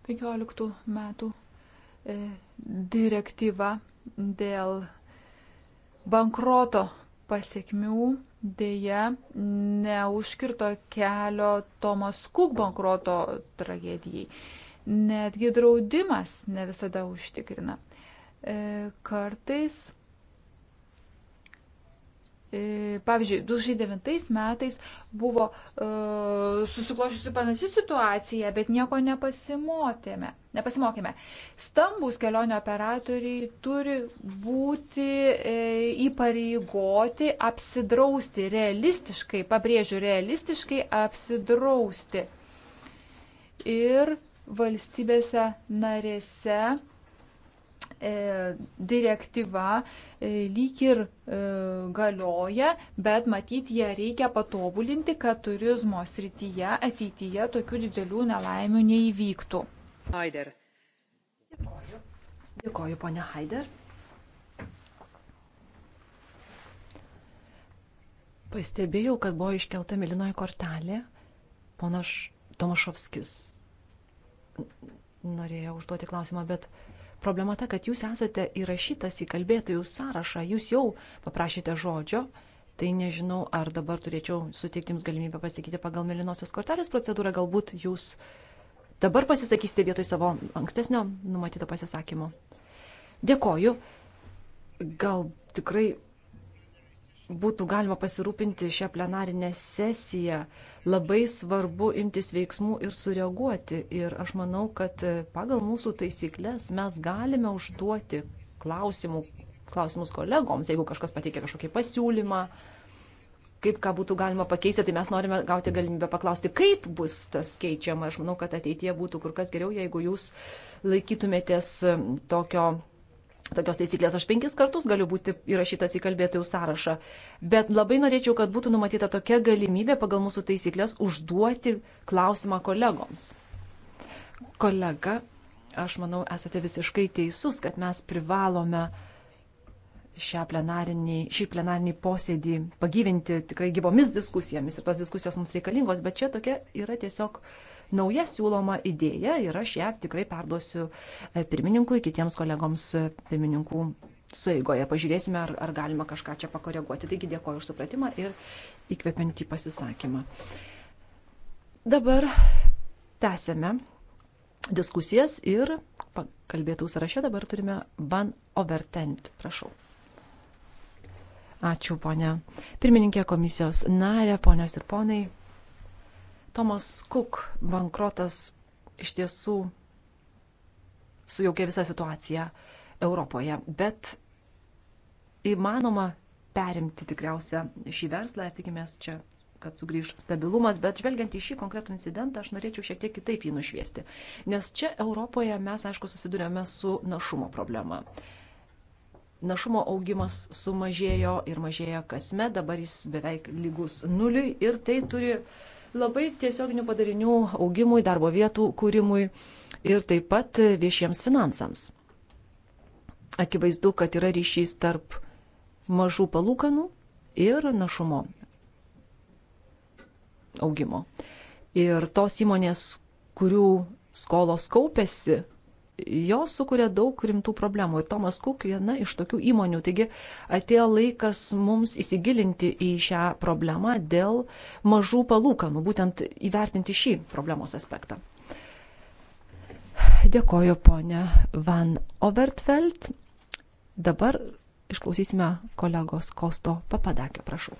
15 metų e, direktyva dėl bankroto pasiekmių dėja neužkirto kelio Tomas Kuk bankroto tragedijai. Netgi draudimas ne visada užtikrina. E, kartais, e, pavyzdžiui, 2009 metais buvo e, susiklošusi panaši situacija, bet nieko nepasimokėme. Nepasimokėme. Stambus kelionio operatoriai turi būti e, įpareigoti apsidrausti realistiškai, pabrėžiu, realistiškai apsidrausti. Ir valstybėse narėse e, direktyva e, lyg ir e, galioja, bet matyti ją reikia patobulinti, kad turizmo srityje ateityje tokių didelių nelaimių neįvyktų. Haider. Dėkoju. Dėkoju, ponia Haider. Pastebėjau, kad buvo iškelta milinoji kortelė. Ponas Tomašovskis norėjau užduoti klausimą, bet problema ta, kad jūs esate įrašytas į kalbėtojų sąrašą, jūs jau paprašėte žodžio, tai nežinau, ar dabar turėčiau suteikti jums galimybę pasakyti pagal melinosios kortelės procedūrą, galbūt jūs dabar pasisakysite vietoj savo ankstesnio numatyto pasisakymo. Dėkoju. Gal tikrai būtų galima pasirūpinti šią plenarinę sesiją labai svarbu imtis veiksmų ir sureaguoti. Ir aš manau, kad e, pagal mūsų taisyklės mes galime užduoti klausimų, klausimus kolegoms, jeigu kažkas pateikia kažkokį pasiūlymą, kaip ką būtų galima pakeisti, tai mes norime gauti galimybę paklausti, kaip bus tas keičiama. Aš manau, kad ateitie būtų kur kas geriau, jeigu jūs laikytumėtės tokio tokios taisyklės. Aš penkis kartus galiu būti įrašytas į kalbėtojų sąrašą, bet labai norėčiau, kad būtų numatyta tokia galimybė pagal mūsų taisyklės užduoti klausimą kolegoms. Kolega, aš manau, esate visiškai teisus, kad mes privalome plenarinį, šį plenarinį posėdį pagyvinti tikrai gyvomis diskusijomis ir tos diskusijos mums reikalingos, bet čia tokia yra tiesiog uh, nauja siūloma idėja ir aš ją tikrai perduosiu e, pirmininkui, kitiems kolegoms e, pirmininkų sueigoje. Pažiūrėsime, ar, ar galima kažką čia pakoreguoti. Taigi dėkoju už supratimą ir įkvepiantį pasisakymą. Dabar tęsėme diskusijas ir kalbėtų sąraše dabar turime Van Overtent. Prašau. Ačiū, ponė. Pirmininkė komisijos narė, ponios ir ponai. Tomas Cook bankrotas iš tiesų sujaukė visą situaciją Europoje, bet įmanoma perimti tikriausia šį verslą ir tikimės čia, kad sugrįž stabilumas, bet žvelgiant į šį konkretų incidentą, aš norėčiau šiek tiek kitaip jį nušviesti, nes čia Europoje mes, aišku, susidurėme su našumo problema. Našumo augimas sumažėjo ir mažėjo kasme, dabar jis beveik lygus nuliui ir tai turi uh, labai tiesioginių padarinių augimui, darbo vietų kūrimui ir taip pat viešiems finansams. Akivaizdu, kad yra ryšys tarp mažų palūkanų ir našumo augimo. Ir tos įmonės, kurių skolos kaupėsi, jos sukuria daug rimtų problemų. Ir Tomas Cook viena iš tokių įmonių. Taigi atėjo laikas mums įsigilinti į šią problemą dėl mažų palūkanų, būtent įvertinti šį problemos aspektą. Dėkoju, ponė Van Overtveld. Dabar išklausysime kolegos Kosto Papadakio, prašau.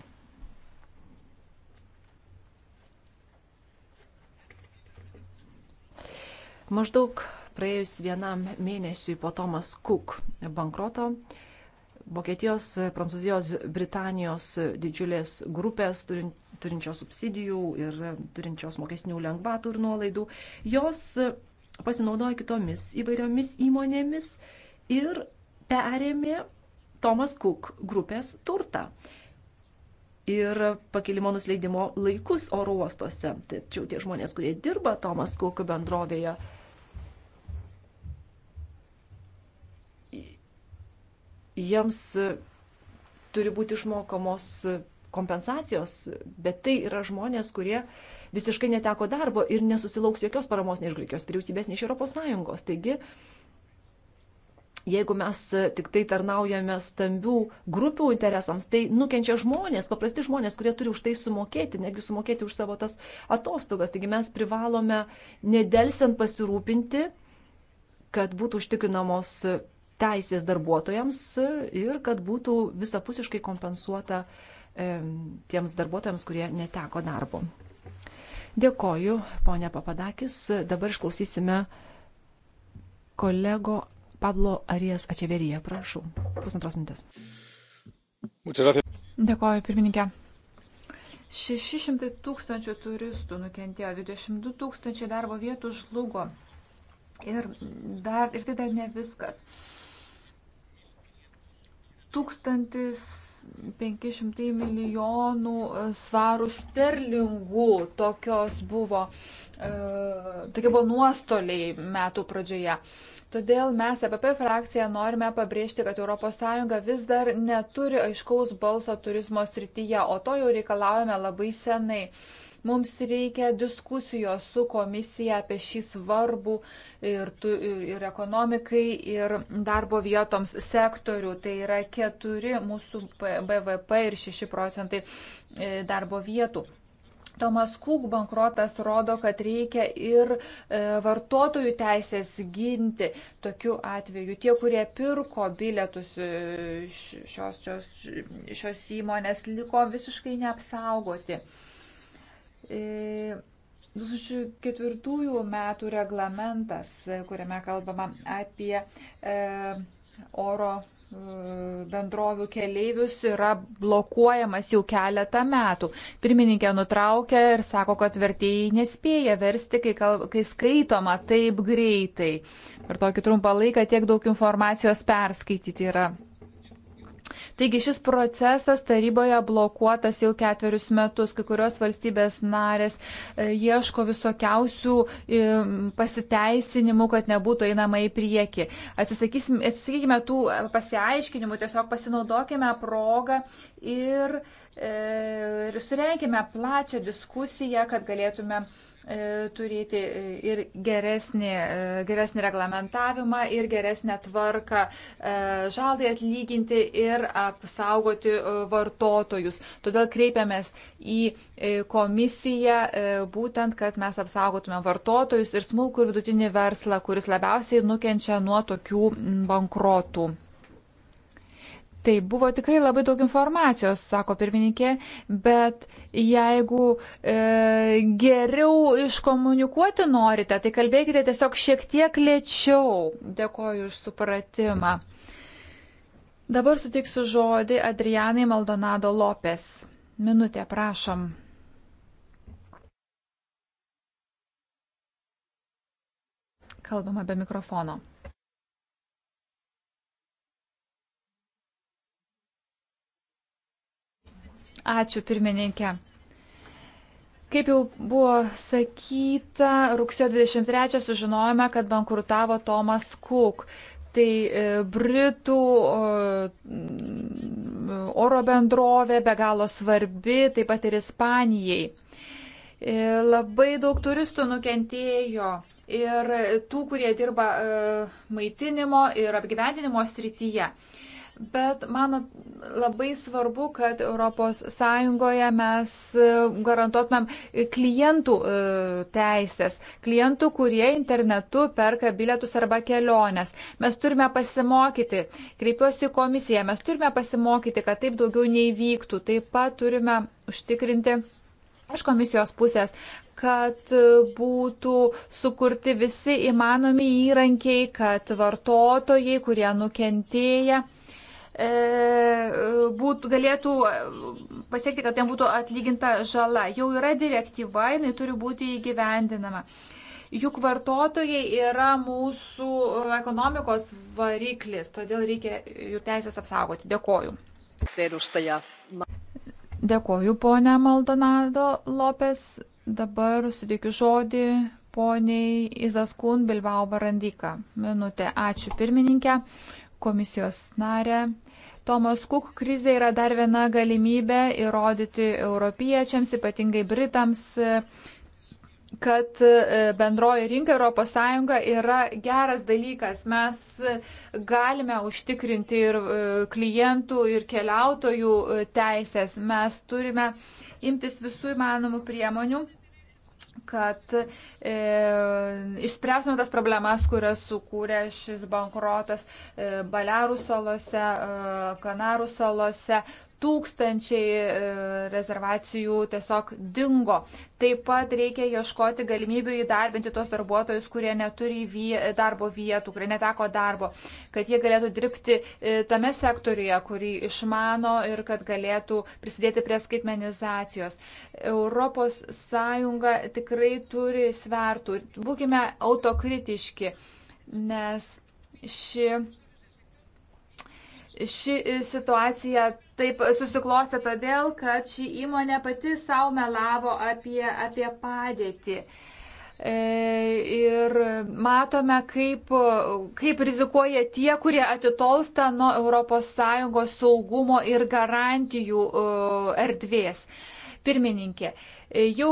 Maždaug praėjus vienam mėnesiui po Thomas Cook bankroto. Vokietijos, Prancūzijos, Britanijos didžiulės grupės turinčios subsidijų ir turinčios mokesnių lengvatų ir nuolaidų, jos pasinaudojo kitomis įvairiomis įmonėmis ir perėmė Thomas Cook grupės turtą ir pakilimo nusileidimo laikus oro uostuose. Tačiau tie žmonės, kurie dirba Thomas Cook bendrovėje, jiems e, turi būti išmokamos e, kompensacijos, bet tai yra žmonės, kurie visiškai neteko darbo ir nesusilauks jokios paramos nei iš Graikijos vyriausybės, nei iš ES. Taigi, jeigu mes e, tik tai tarnaujame stambių grupių interesams, tai nukenčia žmonės, paprasti žmonės, kurie turi už tai sumokėti, netgi sumokėti už savo tas atostogas. Taigi mes privalome nedelsiant pasirūpinti, kad būtų užtikrinamos teisės darbuotojams ir kad būtų visapusiškai kompensuota tiems darbuotojams, kurie neteko darbo. Dėkoju, ponė Papadakis. Dabar išklausysime kolego Pablo Arijas Ačeverija. Prašau, pusantros minutės. Dėkoju, pirmininkė. 600 tūkstančių turistų nukentėjo, 22 tūkstančiai darbo vietų žlugo. Ir, dar, ir tai dar ne viskas. 1500 milijonų e, svarų sterlingų tokios buvo, e, tokie buvo nuostoliai metų pradžioje. Todėl mes APP e frakcija norime pabrėžti, kad ES vis dar neturi aiškaus balso turizmo srityje, o to jau reikalavome labai senai. Mums reikia diskusijos su komisija apie šį svarbų ir, tu, ir ekonomikai, ir darbo vietoms sektorių. Tai yra 4 mūsų BVP ir 6 procentai e, darbo vietų. Tomas Kūk bankrotas rodo, kad reikia ir e, vartotojų teisės ginti. Tokiu atveju tie, kurie pirko bilietus e, šios, šios, šios įmonės, liko visiškai neapsaugoti. E, 2004 e, metų reglamentas, kuriame kalbama apie e, oro e, bendrovių keleivius yra blokuojamas jau keletą metų. Pirmininkė nutraukia ir sako, kad vertėjai nespėja versti, kai, kalb, kai skaitoma taip greitai. Per tokį trumpą laiką tiek daug informacijos perskaityti yra Taigi šis procesas taryboje blokuotas jau ketverius metus, kai kurios valstybės narės e, ieško visokiausių e, pasiteisinimų, kad nebūtų einama į priekį. Atsisakykime tų e, pasiaiškinimų, tiesiog pasinaudokime progą ir, ir surenkime plačią diskusiją, kad galėtume E, turėti e, ir geresnį, e, geresnį reglamentavimą, ir geresnę tvarką žalai atlyginti ir apsaugoti vartotojus. Todėl kreipiamės į komisiją būtent, kad mes apsaugotume vartotojus ir smulkų ir vidutinį verslą, kuris labiausiai nukenčia nuo tokių bankrotų. Tai buvo tikrai labai daug informacijos, sako pirmininkė, bet jeigu e, geriau iškomunikuoti norite, tai kalbėkite tiesiog šiek tiek lėčiau. Dėkoju už supratimą. Dabar sutiksiu žodį Adrianai Maldonado Lopes. Minutė, prašom. Kalbama be mikrofono. Ačiū pirmininkė. Kaip jau buvo sakyta, rugsėjo 23 sužinojome, kad bankrutavo Tomas Cook. Tai e, Britų oro bendrovė be galo svarbi, taip pat ir Ispanijai. E, labai daug turistų nukentėjo ir tų, kurie dirba e, maitinimo ir apgyvendinimo srityje. Bet man labai svarbu, kad ES mes e, garantuotumėm klientų e, teisės, klientų, kurie internetu perka bilietus arba keliones. Mes turime pasimokyti, kreipiuosi į komisiją, mes turime pasimokyti, kad taip daugiau neįvyktų. Taip pat turime užtikrinti iš komisijos pusės, kad būtų sukurti visi įmanomi įrankiai, kad vartotojai, kurie nukentėja, E, būt, galėtų pasiekti, kad jam būtų atlyginta žala. Jau yra direktyva, jinai turi būti įgyvendinama. Juk vartotojai yra mūsų ekonomikos variklis, todėl reikia jų teisės apsaugoti. Dėkoju. Dėkoju, ponia Maldonado Lopes. Dabar suteikiu žodį poniai Izaskun Bilbao Barandyka. Minutė. Ačiū pirmininkė komisijos narę. Tomas Kuk krizė yra dar viena galimybė įrodyti europiečiams, ypatingai Britams, kad e, bendroji rinka ES yra geras dalykas. Mes galime užtikrinti ir e, klientų, ir keliautojų e, teisės. Mes turime imtis visų įmanomų priemonių kad e, išspręsime tas problemas, kurias sukūrė šis bankrotas e, Balearų salose, e, Kanarų salose tūkstančiai e, rezervacijų tiesiog dingo. Taip pat reikia ieškoti galimybių įdarbinti tos darbuotojus, kurie neturi darbo vietų, kurie neteko darbo, kad jie galėtų dirbti e, tame sektoriuje, kurį išmano ir kad galėtų prisidėti prie skaitmenizacijos. Europos Sąjunga tikrai turi svertų. Būkime autokritiški, nes ši ši e, situacija taip susiklostė todėl, kad ši įmonė pati savo melavo apie, apie padėtį. E, ir matome, kaip, kaip rizikuoja tie, kurie atitolsta nuo ES saugumo ir garantijų e, erdvės. Pirmininkė, E, jau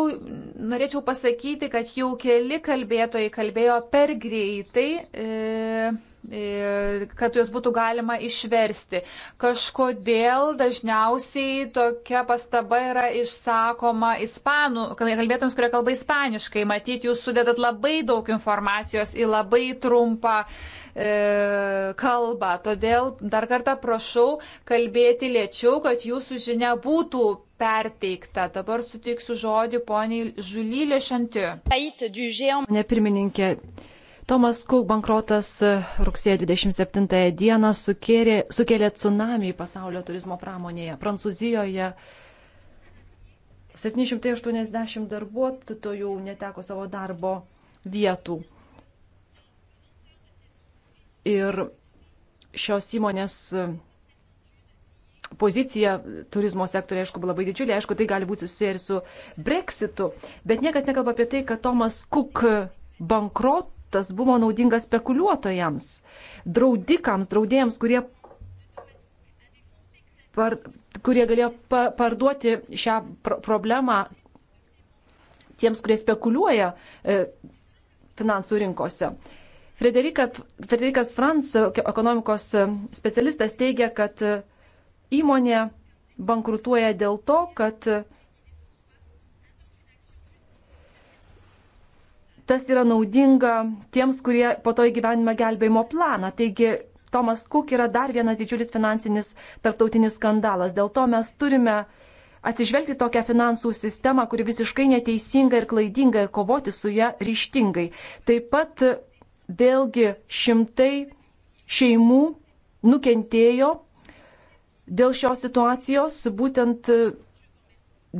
norėčiau pasakyti, kad jau keli kalbėtojai kalbėjo per greitai. E, e, kad juos būtų galima išversti. Kažkodėl dažniausiai tokia pastaba yra išsakoma ispanų, kalbėtams, kurie kalba ispaniškai. Matyt, jūs sudedat labai daug informacijos į labai trumpą e, kalbą. Todėl dar kartą prašau kalbėti lėčiau, kad jūsų žinia būtų perteikta. Dabar suteiksiu žodį poniai Žulylė Šantė. Ne pirmininkė. Tomas Kuk bankrotas e, rugsėjo 27 dieną sukėlė, sukėlė tsunami pasaulio turizmo pramonėje. Prancūzijoje 780 darbuotojų neteko savo darbo vietų. Ir šios įmonės pozicija turizmo sektoriai, aišku, buvo labai didžiulė, aišku, tai gali būti susiję ir su breksitu, bet niekas nekalba apie tai, kad Tomas Cook bankrotas buvo naudingas spekuliuotojams, draudikams, draudėjams, kurie, par, kurie galėjo pa, parduoti šią pr problemą tiems, kurie spekuliuoja e, finansų rinkose. Frederikas Frans, ekonomikos e, specialistas, teigia, kad e, įmonė bankrutuoja dėl to, kad tas yra naudinga tiems, kurie po to įgyvenime gelbėjimo planą. Taigi Tomas Cook yra dar vienas didžiulis finansinis tarptautinis skandalas. Dėl to mes turime atsižvelgti tokią finansų sistemą, kuri visiškai neteisinga ir klaidinga ir kovoti su ją ryštingai. Taip pat vėlgi šimtai šeimų nukentėjo dėl šios situacijos, būtent e,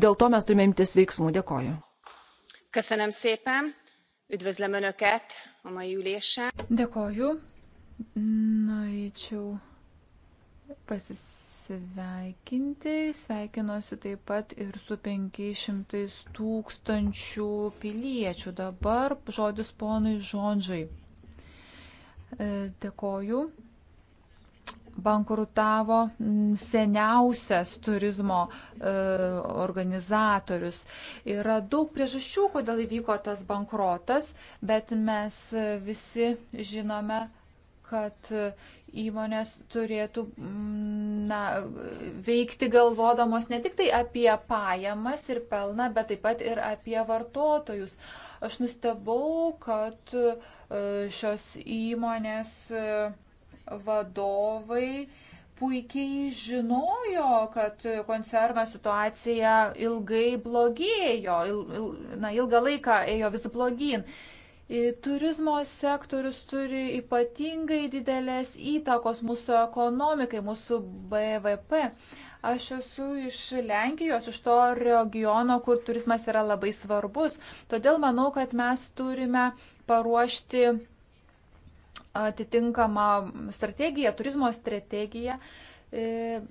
dėl to mes turime imtis veiksmų. Dėkoju. Köszönöm szépen, üdvözlöm Önöket a mai ülésen. Dėkoju, norėčiau pasisveikinti, sveikinuosi taip pat ir su 500 tūkstančių piliečių. Dabar žodis ponui Žonžai. E, dėkoju bankrutavo mm, seniausias turizmo e, organizatorius. Yra daug priežasčių, kodėl įvyko tas bankrotas, bet mes visi žinome, kad įmonės turėtų mm, na, veikti galvodamos ne tik tai apie pajamas ir pelną, bet taip pat ir apie vartotojus. Aš nustebau, kad e, šios įmonės vadovai puikiai žinojo, kad koncerno situacija ilgai blogėjo, il, il, na, ilgą laiką ėjo vis blogyn. Turizmo sektorius turi ypatingai didelės įtakos mūsų ekonomikai, mūsų BVP. Aš esu iš Lenkijos, iš to regiono, kur turizmas yra labai svarbus. Todėl manau, kad mes turime paruošti atitinkamą strategiją, turizmo strategiją. E,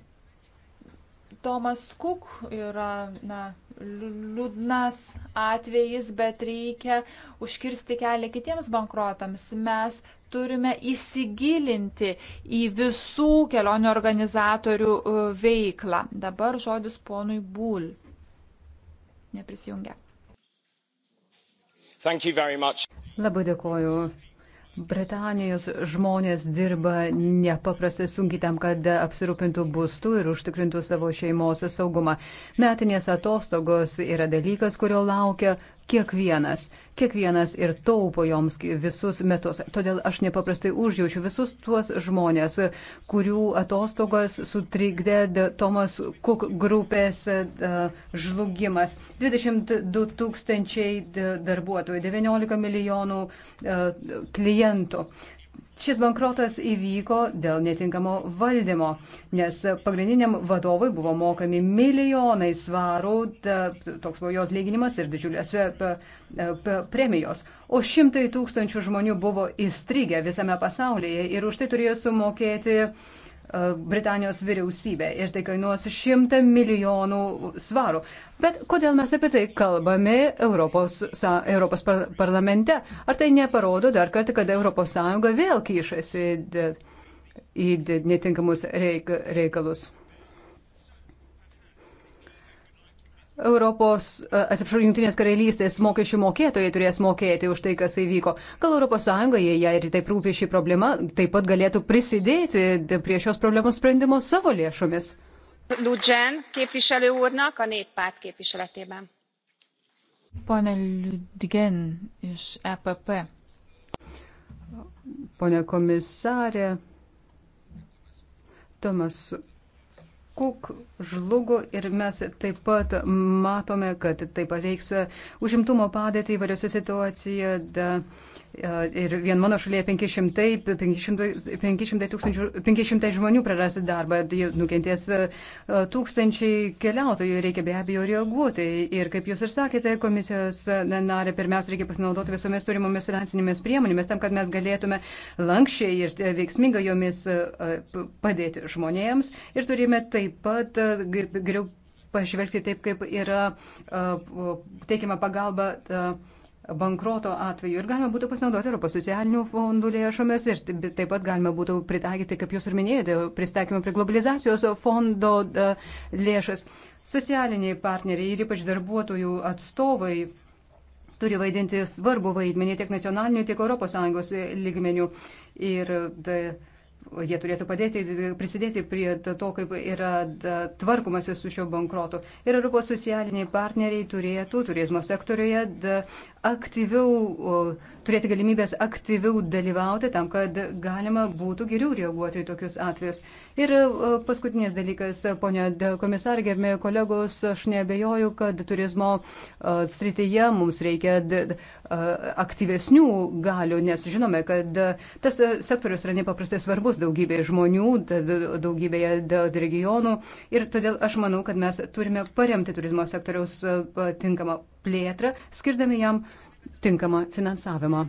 Tomas Kuk yra na, liūdnas atvejis, bet reikia užkirsti kelią kitiems bankruotams. Mes turime įsigilinti į visų kelionių organizatorių e, veiklą. Dabar žodis ponui Būl. Neprisijungia. Labai dėkoju. Britanijos žmonės dirba nepaprastai sunkiai tam, kad apsirūpintų būstų ir užtikrintų savo šeimos saugumą. Metinės atostogos yra dalykas, kurio laukia kiekvienas, kiekvienas ir taupo joms visus metus. Todėl aš nepaprastai užjaučiu visus tuos žmonės, kurių atostogas sutrikdė Tomas Cook grupės e, žlugimas. 22 tūkstančiai darbuotojų, 19 milijonų e, klientų. Šis bankrotas įvyko dėl netinkamo valdymo, nes pagrindiniam vadovui buvo mokami milijonai svarų, toks buvo jo atlyginimas ir didžiulės e, e, premijos. O šimtai tūkstančių žmonių buvo įstrigę visame pasaulyje ir už tai turėjo sumokėti uh, Britanijos vyriausybė ir tai kainuos 100 milijonų svarų. Bet kodėl mes apie tai kalbame Europos, Europos parlamente? Ar tai neparodo dar kartą, kad ES vėl kišasi į netinkamus reikalus? Europos, e, atsiprašau, Junktinės karalystės mokesčių mokėtojai turės mokėti už tai, kas įvyko. Gal ES, jei jai ir taip rūpė šį problemą, taip pat galėtų prisidėti prie šios problemos sprendimo savo lėšomis. Lūdžen, képviselő úrnak a néppárt képviseletében. Pone Liudgen iš EPP. Pone komisarė, Tomas Kuk žlugo ir mes taip pat matome, kad tai paveiks užimtumo padėtį įvairiose situacijose. Ir vien mano šalyje 500, 500, 500, tūkstančių, 500 žmonių praras darbą, nukentės e, tūkstančiai keliautojų, reikia be abejo reaguoti. Ir kaip jūs ir sakėte, komisijos narė, pirmiausia, reikia pasinaudoti visomis turimomis finansinėmis priemonėmis, tam, kad mes galėtume lankščiai ir veiksmingai jomis e, padėti žmonėms. Ir turime taip pat yra geriau pažvelgti taip, kaip yra teikiama pagalba bankroto atveju. Ir galima būtų pasinaudoti Europos socialinių fondų lėšomis ir taip pat galima būtų pritaikyti, kaip jūs ir minėjote, pristaikymą prie globalizacijos fondo lėšas. Socialiniai partneriai ir ypač darbuotojų atstovai turi vaidinti svarbu vaidmenį tiek nacionaliniu, tiek ES lygmeniu. Ir tai, Jie turėtų padėti, prisidėti prie to, kaip yra tvarkomasi su šio bankrotu. Ir Europos socialiniai partneriai turėtų turizmo sektoriuje aktyviau, turėti galimybės aktyviau dalyvauti tam, kad galima būtų geriau reaguoti į tokius atvejus. Ir paskutinis dalykas, ponia komisarė, gerbėjai kolegos, aš nebejoju, kad turizmo srityje mums reikia aktyvesnių galių, nes žinome, kad tas e, sektorius yra nepaprastai svarbus daugybėje žmonių, daugybėje regionų ir todėl aš manau, kad mes turime paremti turizmo sektoriaus e, tinkamą plėtrą, skirdami jam tinkamą finansavimą.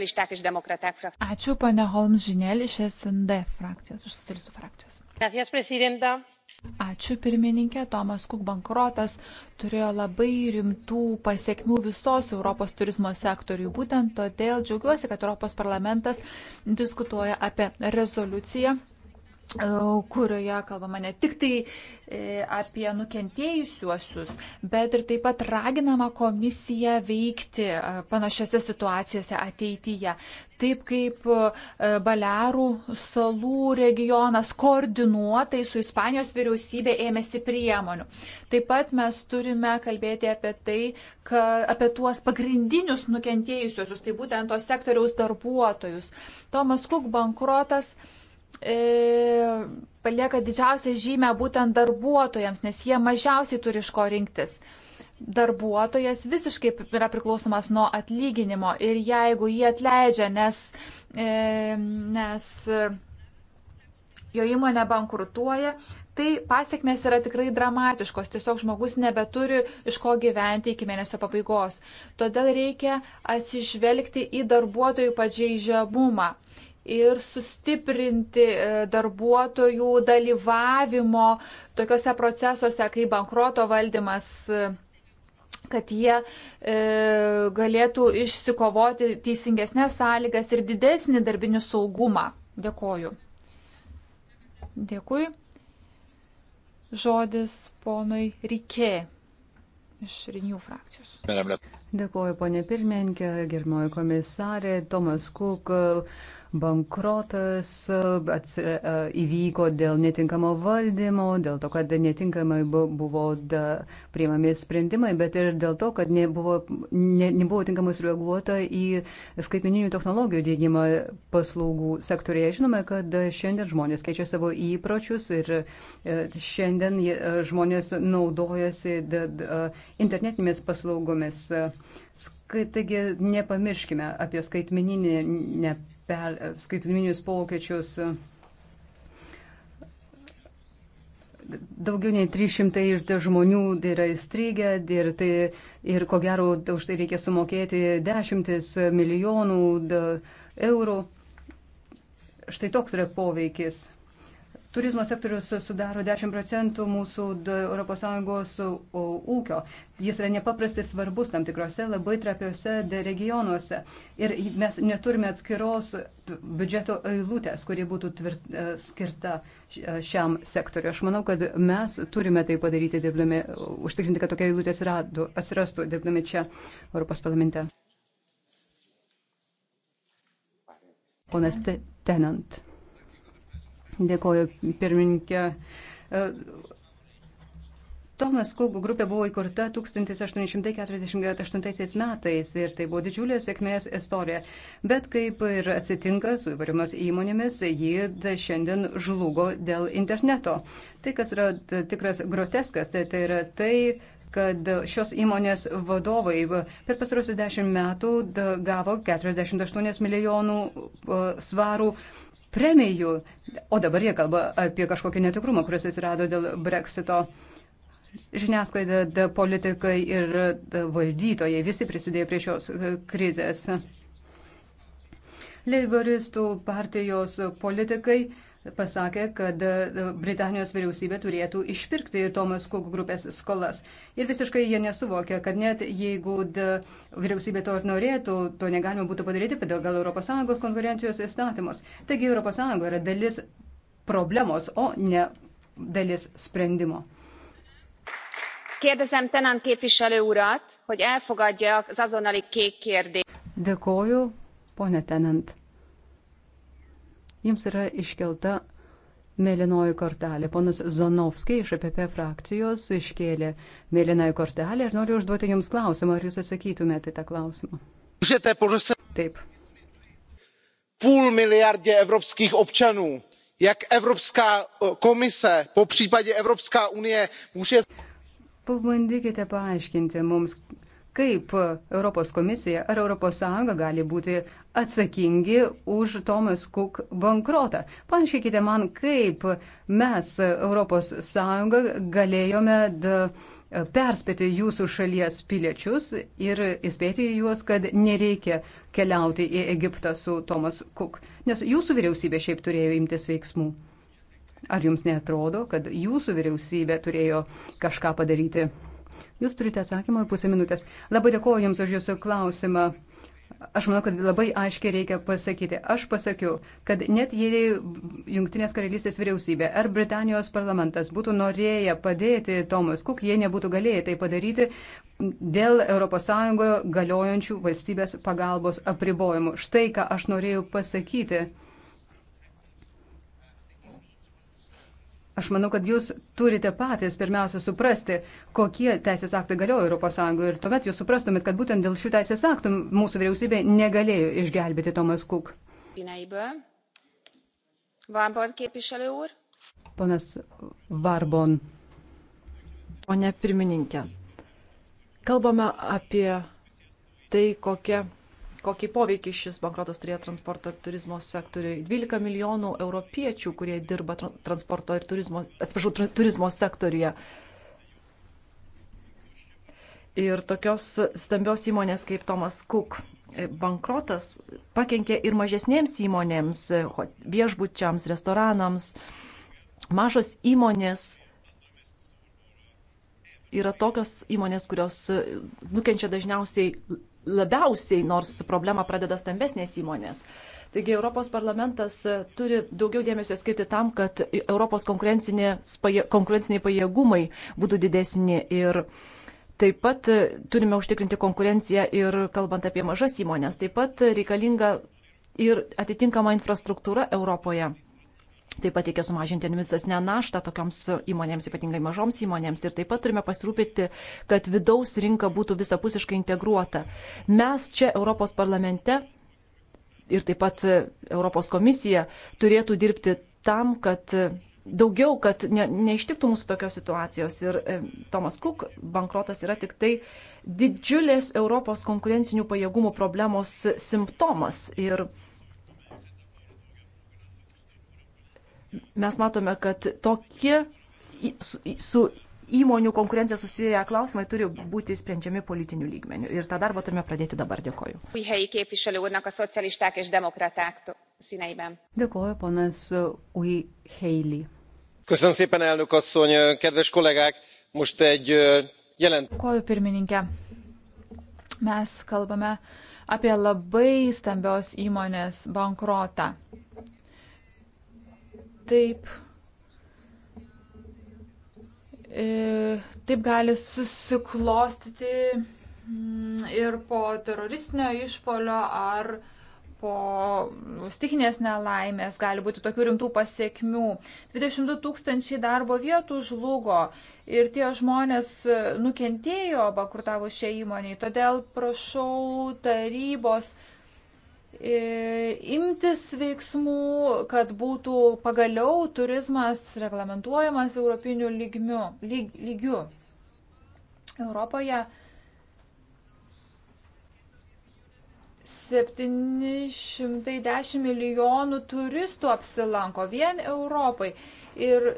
Ačiū, pane Holmes Žinėlį iš SND frakcijos, iš socialistų frakcijos. Gracias, Ačiū pirmininkė, Tomas Kuk bankrotas turėjo labai rimtų pasiekmių visos Europos turizmo sektoriui. Būtent todėl džiaugiuosi, kad Europos parlamentas diskutuoja apie rezoliuciją E, kurioje kalbama ne tik tai e, apie nukentėjusiuosius, bet ir taip pat raginama komisija veikti e, panašiose situacijose ateityje. Taip kaip Balearų salų regionas koordinuotai su Ispanijos vyriausybė ėmėsi priemonių. Taip pat mes turime kalbėti apie tai, apie tuos pagrindinius nukentėjusiuosius, tai būtent tos sektoriaus darbuotojus. Tomas Kuk bankrotas e, palieka didžiausią žymę būtent darbuotojams, nes jie mažiausiai turi iš ko rinktis. Darbuotojas visiškai yra priklausomas nuo atlyginimo ir jeigu jį atleidžia, nes, e, nes e, jo įmonė bankrutuoja, tai pasiekmes yra tikrai dramatiškos. Tiesiog žmogus nebeturi iš ko gyventi iki mėnesio pabaigos. Todėl reikia atsižvelgti į darbuotojų pažeidžiamumą ir sustiprinti e, darbuotojų dalyvavimo tokiuose procesuose kaip bankroto valdymas e, kad jie e, galėtų išsikovoti teisingesnės sąlygas ir didesnį darbinį saugumą. Dėkoju. Dėkui. Žodis ponui Rikė iš Rinių frakcijos. Dėkoju, ponė pirmininkė, germoji komisarė, Tomas Kuk. Uh, bankrotas e, e, įvyko dėl netinkamo valdymo, dėl to, kad netinkamai buvo priimami sprendimai, bet ir dėl to, kad nebuvo, ne, nebuvo tinkamai sureaguota į skaitmeninių technologijų dėgymą paslaugų sektorėje. Žinome, kad šiandien žmonės keičia savo įpročius ir e, šiandien žmonės naudojasi internetinėmis paslaugomis. Taigi nepamirškime apie skaitmeninę skaitmeninius pokyčius. Daugiau nei 300 iš žmonių yra įstrigę ir, tai, ir ko gero už tai reikia sumokėti dešimtis milijonų eurų. Štai toks yra poveikis. Turizmo sektorius sudaro 10 procentų mūsų ES ūkio. Jis yra nepaprastai svarbus tam tikrose labai trapiose regionuose. Ir mes neturime atskiros biudžeto eilutės, kuri būtų tvirt, e, skirta e, šiam sektoriu. Aš manau, kad mes turime tai padaryti, dirbdami, e, užtikrinti, kad tokia eilutė atsirastų, dirbdami čia Europos parlamente. Ponas Tenant. Dėkoju, pirmininkė. E, Tomas Kuk grupė buvo įkurta 1848 metais ir tai buvo didžiulė sėkmės istorija. Bet kaip ir atsitinka su įvairiomis įmonėmis, ji šiandien žlugo dėl interneto. Tai, kas yra tikras groteskas, tai, tai yra tai, kad šios įmonės vadovai per pasarosius dešimt metų gavo 48 milijonų e, svarų premijų, o dabar jie kalba apie kažkokį netikrumą, kuris atsirado dėl breksito. Žiniasklaida, politikai ir valdytojai visi prisidėjo prie šios e, krizės. Leiboristų partijos politikai pasakė, kad e, Britanijos vyriausybė turėtų išpirkti Thomas Cook grupės skolas. Ir visiškai jie nesuvokė, kad net jeigu vyriausybė to ir norėtų, to negalima būtų padaryti pagal ES konkurencijos įstatymus. Taigi ES yra dalis problemos, o ne dalis sprendimo. Kérdezem Tenant képviselő urat, hogy elfogadja az azonnali kék kérdést. Dėkoju, ponė Tenant. Jums yra iškelta mėlynoji kortelė. Ponas Zonovskiai iš APP e frakcijos iškėlė mėlynąją kortelę ir noriu užduoti Jums klausimą, ar Jūs atsakytumėte tą klausimą. Taip. Půl miliardě evropských občanů. Jak Evropská komise, po případě Evropská unie může. Pabandykite paaiškinti mums, kaip Europos komisija ar ES gali būti atsakingi už Thomas Cook bankrotą. Paaiškite man, kaip mes ES galėjome perspėti jūsų šalies piliečius ir įspėti juos, kad nereikia keliauti į Egiptą su Thomas Cook, nes jūsų vyriausybė šiaip turėjo imtis veiksmų. Ar jums netrodo, kad jūsų vyriausybė turėjo kažką padaryti? Jūs turite atsakymą pusę minutės. Labai dėkuoju Jums už Jūsų klausimą. Aš manau, kad labai aiškiai reikia pasakyti. Aš pasakiau, kad net jei Junktinės karalystės vyriausybė ar Britanijos parlamentas būtų norėję padėti Tomas Kuk, jie nebūtų galėję tai padaryti dėl ES galiojančių valstybės pagalbos apribojimų. Štai ką aš norėjau pasakyti. Aš manau, kad jūs turite patys pirmiausia suprasti, kokie teisės aktai galioja ES ir tuomet jūs suprastumėt, kad būtent dėl šių teisės aktų mūsų vyriausybė negalėjo išgelbėti Tomas Cook. Ponas Varbon. Pone pirmininkė, kalbame apie tai, kokia kokį poveikį šis bankrotas turėjo transporto ir turizmo sektoriui. 12 milijonų europiečių, kurie dirba transporto ir turizmo, atsiprašau, turizmo sektoriuje. Ir tokios stambios įmonės kaip Thomas Cook e, bankrotas pakenkė ir mažesnėms įmonėms, e, viešbučiams, restoranams. Mažos įmonės yra tokios įmonės, kurios e, nukenčia dažniausiai labiausiai, nors problemą pradeda stambesnės įmonės. Taigi Europos parlamentas turi daugiau dėmesio skirti tam, kad Europos konkurenciniai pajėgumai būtų didesni ir taip pat turime užtikrinti konkurenciją ir kalbant apie mažas įmonės. Taip pat reikalinga ir atitinkama infrastruktūra Europoje Taip pat reikia sumažinti administracinę naštą tokioms įmonėms, ypatingai mažoms įmonėms. Ir taip pat turime pasirūpinti, kad vidaus rinka būtų visapusiškai integruota. Mes čia Europos parlamente ir taip pat Europos komisija turėtų dirbti tam, kad daugiau, kad ne, neištiktų mūsų tokios situacijos. Ir e, Tomas Cook bankrotas yra tik tai didžiulės Europos konkurencinių pajėgumų problemos simptomas. Ir e, mes matome, kad tokie su įmonių konkurencija susiję klausimai turi būti sprendžiami politiniu lygmeniu. Ir tą darbą turime pradėti dabar. Dėkoju. Dėkoju, ponas Ui Heili. Köszönöm szépen, elnök asszony, kedves kollégák! Most egy jelent. Dėkoju, pirmininkė. Mes kalbame apie labai stambios įmonės bankrotą. Taip. E, taip gali susiklostyti mm, ir po teroristinio išpolio ar po nu, stikinės nelaimės gali būti tokių rimtų pasiekmių. 22 tūkstančiai darbo vietų žlugo ir tie žmonės nukentėjo, bakurtavo šią įmonę. Todėl prašau tarybos E, imtis veiksmų, kad būtų pagaliau turizmas reglamentuojamas europiniu lygmiu, lyg, lygiu. Europoje 710 milijonų turistų apsilanko vien Europai. Ir e,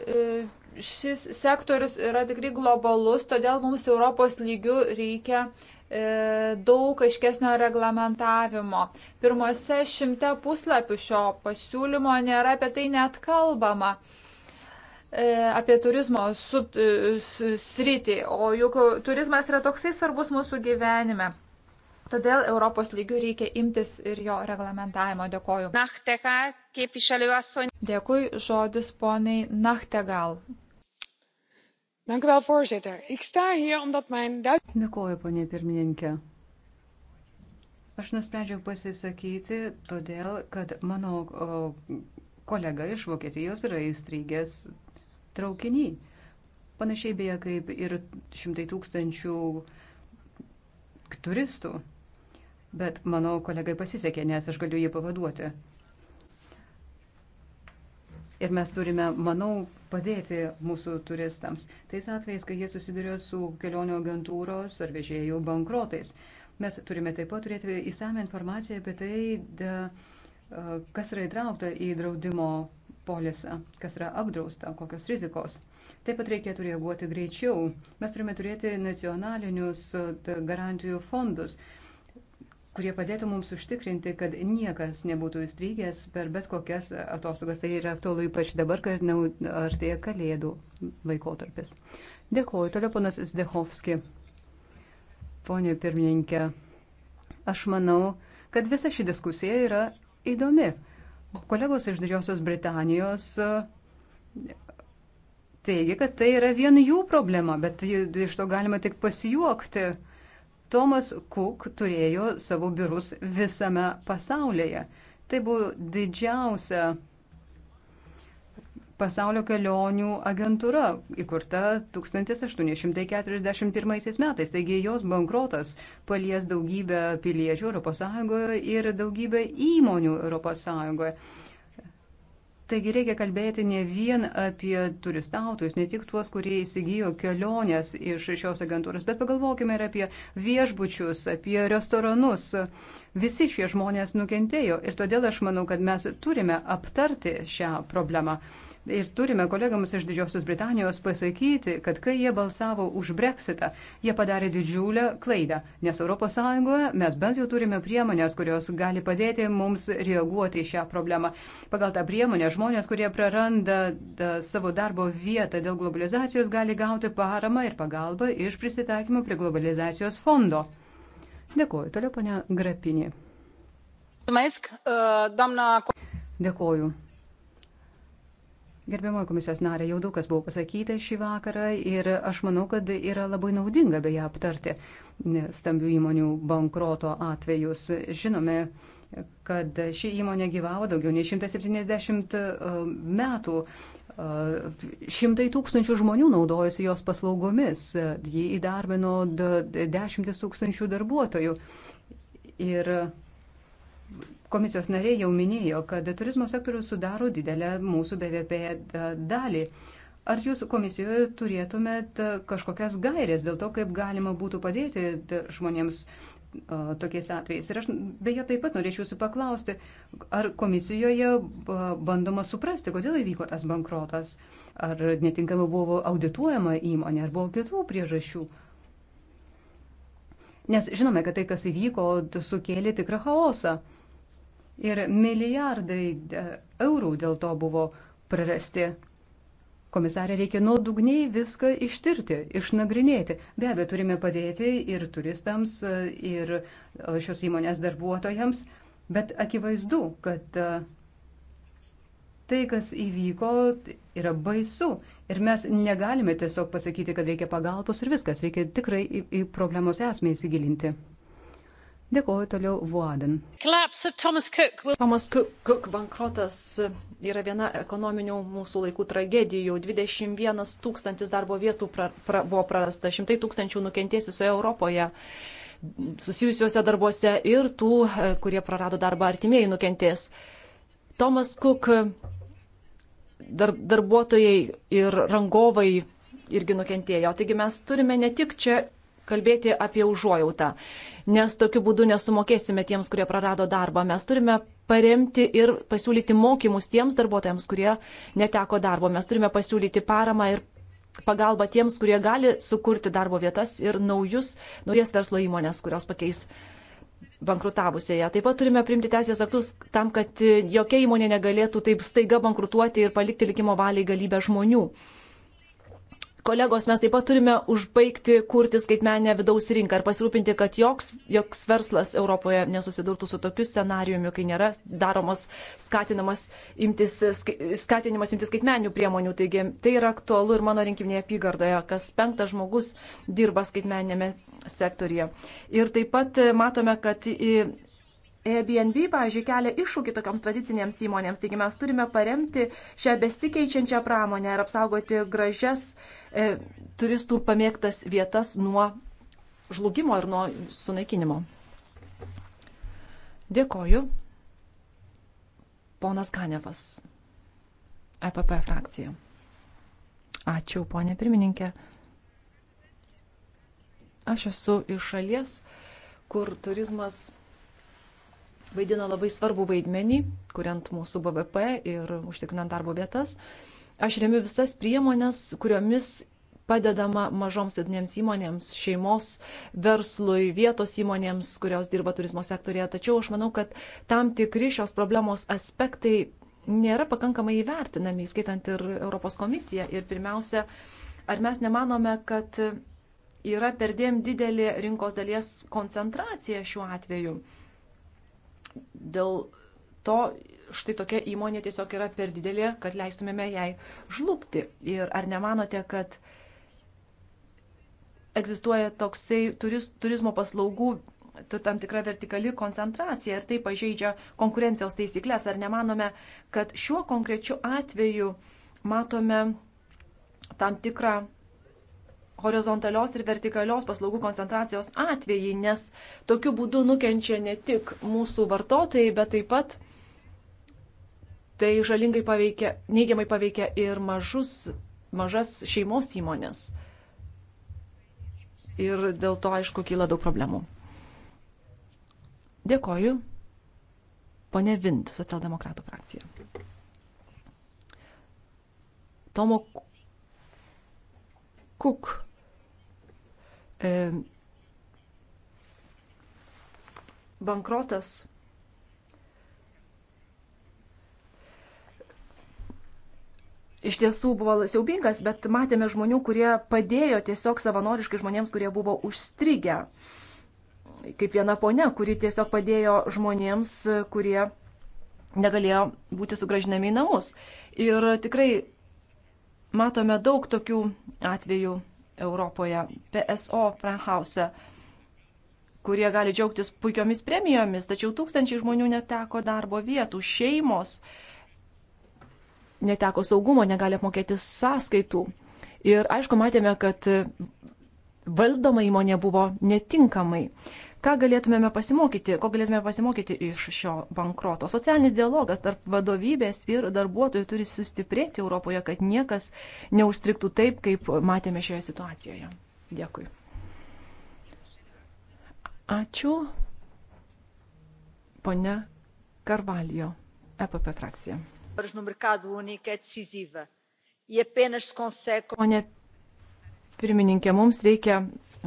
šis sektorius yra tikrai globalus, todėl mums Europos lygių reikia uh, E, daug aiškesnio reglamentavimo. Pirmose šimte puslapių šio pasiūlymo nėra apie tai net kalbama e, apie turizmo su, e, su, sritį, o juk turizmas yra toksai svarbus mūsų gyvenime. Todėl Europos lygių reikia imtis ir jo reglamentavimo. Dėkoju. Nachtega, kaip išaliuosiu. Dėkui, žodis poniai Nachtegal voorzitter ik sta hier omdat mijn duitse. dėkoju ponia pirmininke. Aš nusprendžiau pasisakyti todėl, kad mano o, kolega iš Vokietijos yra įstrigęs traukiny. Panašiai beje kaip ir šimtai tūkstančių turistų. Bet mano kolegai pasisekė, nes aš galiu jį pavaduoti. Ir mes turime, manau, padėti mūsų turistams. Tais atvejais, kai jie susiduria su kelionio agentūros ar vežėjų bankrotais. Mes turime taip pat turėti įsame informaciją apie tai, da, kas yra įtraukta į draudimo polisą, kas yra apdrausta, kokios rizikos. Taip pat reikėtų reaguoti greičiau. Mes turime turėti nacionalinius garantijų fondus. Uh, kurie padėtų mums užtikrinti, kad niekas nebūtų įstrigęs per bet kokias atostogas. Tai yra aktualu ypač dabar, kai artėja kalėdų laikotarpis. Dėkuoju. Toliau ponas Zdehovski. Pone pirmininkė, aš manau, kad visa ši diskusija yra įdomi. Kolegos iš Didžiosios Britanijos e, teigia, kad tai yra vien jų problema, bet iš to galima tik pasijuokti. Tomas Cook turėjo savo biurus visame pasaulyje. Tai buvo didžiausia pasaulio kelionių agentūra, įkurta 1841 metais. Taigi jos bankrotas palies daugybę piliečių ES ir daugybę įmonių ES. Taigi reikia kalbėti ne vien apie turistautojus, ne tik tuos, kurie įsigijo keliones iš šios agentūros, bet pagalvokime ir apie viešbučius, apie restoranus. Visi šie žmonės nukentėjo ir todėl aš manau, kad mes turime aptarti šią problemą. Ir turime kolegams iš Didžiosios Britanijos pasakyti, kad kai jie balsavo už Brexitą, jie padarė didžiulę klaidą, nes ES mes bent jau turime priemonės, kurios gali padėti mums reaguoti į šią problemą. Pagal tą priemonę žmonės, kurie praranda da, savo darbo vietą dėl globalizacijos, gali gauti paramą ir pagalbą iš prisitaikymo prie globalizacijos fondo. Dėkuoju. Toliau ponia Grapinė. Uh, Dėkuoju. Gerbiamoji komisijos narė, jau daug kas buvo pasakyta šį vakarą ir aš manau, kad yra labai naudinga beje aptarti stambių įmonių bankroto atvejus. Žinome, kad ši įmonė gyvavo daugiau nei 170 e, metų. E, šimtai tūkstančių žmonių naudojasi jos paslaugomis. Ji įdarbino dešimtis tūkstančių darbuotojų. Ir komisijos nariai jau minėjo, kad turizmo sektorius sudaro didelę mūsų BVP dalį. Ar jūs komisijoje turėtumėt e, kažkokias gairės dėl to, kaip galima būtų padėti žmonėms e, tokiais atvejais? Ir aš beje taip pat norėčiau jūsų paklausti, ar komisijoje e, bandoma suprasti, kodėl įvyko tas bankrotas, ar netinkama buvo audituojama įmonė, ar buvo kitų priežasčių? Nes žinome, kad tai, kas įvyko, sukėlė tikrą chaosą ir milijardai e, eurų dėl to buvo prarasti. Komisarė reikia nuodugniai viską ištirti, išnagrinėti. Be abejo, turime padėti ir turistams, e, ir e, šios įmonės darbuotojams, bet akivaizdu, kad tai, kas įvyko, yra baisu. Ir mes negalime tiesiog pasakyti, kad reikia pagalbos ir viskas. Reikia tikrai į, į problemos esmę įsigilinti. Dėkuoju toliau Vuoden. Thomas Cook, Cook bankrotas e, yra viena ekonominių mūsų laikų tragedijų. 21 tūkstantis darbo vietų pra, pra, buvo prarasta, šimtai tūkstančių nukentės visoje Europoje susijusiuose darbuose ir tų, e, kurie prarado darbą artimieji nukentės. Thomas Cook e, dar, darbuotojai ir rangovai irgi nukentėjo. Taigi mes turime ne tik čia kalbėti apie užuojautą nes tokiu būdu nesumokėsime tiems, kurie prarado darbą. Mes turime paremti ir pasiūlyti mokymus tiems darbuotojams, kurie neteko darbo. Mes turime pasiūlyti paramą ir pagalbą tiems, kurie gali sukurti darbo vietas ir naujus, naujas verslo įmonės, kurios pakeis bankrutavusiąją. Taip pat turime priimti teisės aktus tam, kad jokia įmonė negalėtų taip staiga bankrutuoti ir palikti likimo valiai galybę žmonių. Kolegos, mes taip pat turime užbaigti kurti skaitmenę vidaus rinką ir pasirūpinti, kad joks, joks verslas Europoje nesusidurtų su tokiu scenariumi, kai nėra daromas skatinamas imtis, skatinimas imtis skaitmeninių priemonių. Taigi tai yra aktualu ir mano rinkiminėje apygardoje, kas penktas žmogus dirba skaitmeninėme sektorija. Ir taip pat matome, kad Airbnb, pavyzdžiui, kelia iššūkį tokioms tradicinėms įmonėms, taigi mes turime paremti šią besikeičiančią pramonę ir apsaugoti gražias E, turistų pamėgtas vietas nuo žlugimo ir nuo sunaikinimo. Dėkoju. Ponas Kanevas, EPP frakcija. Ačiū, ponė pirmininkė. Aš esu iš šalies, kur turizmas vaidina labai svarbų vaidmenį, kuriant mūsų BVP ir užtikrinant darbo vietas. Uh, Aš remiu visas priemonės, kuriomis padedama mažoms didinėms įmonėms, šeimos verslui, vietos įmonėms, kurios dirba turizmo sektorėje. Tačiau aš manau, kad tam tikri šios problemos aspektai nėra pakankamai įvertinami, įskaitant ir Europos komisiją. Ir pirmiausia, ar mes nemanome, kad yra perdėm didelė rinkos dalies koncentracija šiuo atveju? Dėl to štai tokia įmonė tiesiog yra per didelė, kad leistumėme jai žlugti. Ir ar nemanote, kad egzistuoja toksai turis, turizmo paslaugų tam tikra vertikali koncentracija ir tai pažeidžia konkurencijos taisyklės. Ar nemanome, kad šiuo konkrečiu atveju matome tam tikrą horizontalios ir vertikalios paslaugų koncentracijos atvejį, nes tokiu būdu nukenčia ne tik mūsų vartotojai, bet taip pat uh, Tai žalingai paveikia, neigiamai paveikia ir mažus, mažas šeimos įmonės. Ir dėl to, aišku, kyla daug problemų. Dėkoju. Pone Vint, socialdemokratų frakcija. Tomo Kuk. E, bankrotas iš tiesų buvo siaubingas, bet matėme žmonių, kurie padėjo tiesiog savanoriškai žmonėms, kurie buvo užstrigę. Kaip viena ponia, kuri tiesiog padėjo žmonėms, kurie negalėjo būti sugražinami į namus. Ir tikrai matome daug tokių atvejų Europoje. PSO Franhause kurie gali džiaugtis puikiomis premijomis, tačiau tūkstančiai žmonių neteko darbo vietų, šeimos uh, neteko saugumo, negali apmokėti sąskaitų. Ir aišku, matėme, kad valdoma įmonė buvo netinkamai. Ką galėtumėme pasimokyti, ko galėtume pasimokyti iš šio bankroto? Socialinis dialogas tarp vadovybės ir darbuotojų turi sustiprėti Europoje, kad niekas neužstriktų taip, kaip matėme šioje situacijoje. Dėkui. Ačiū. Pone Karvalijo, EPP frakcija. E Pone pirmininkė, mums reikia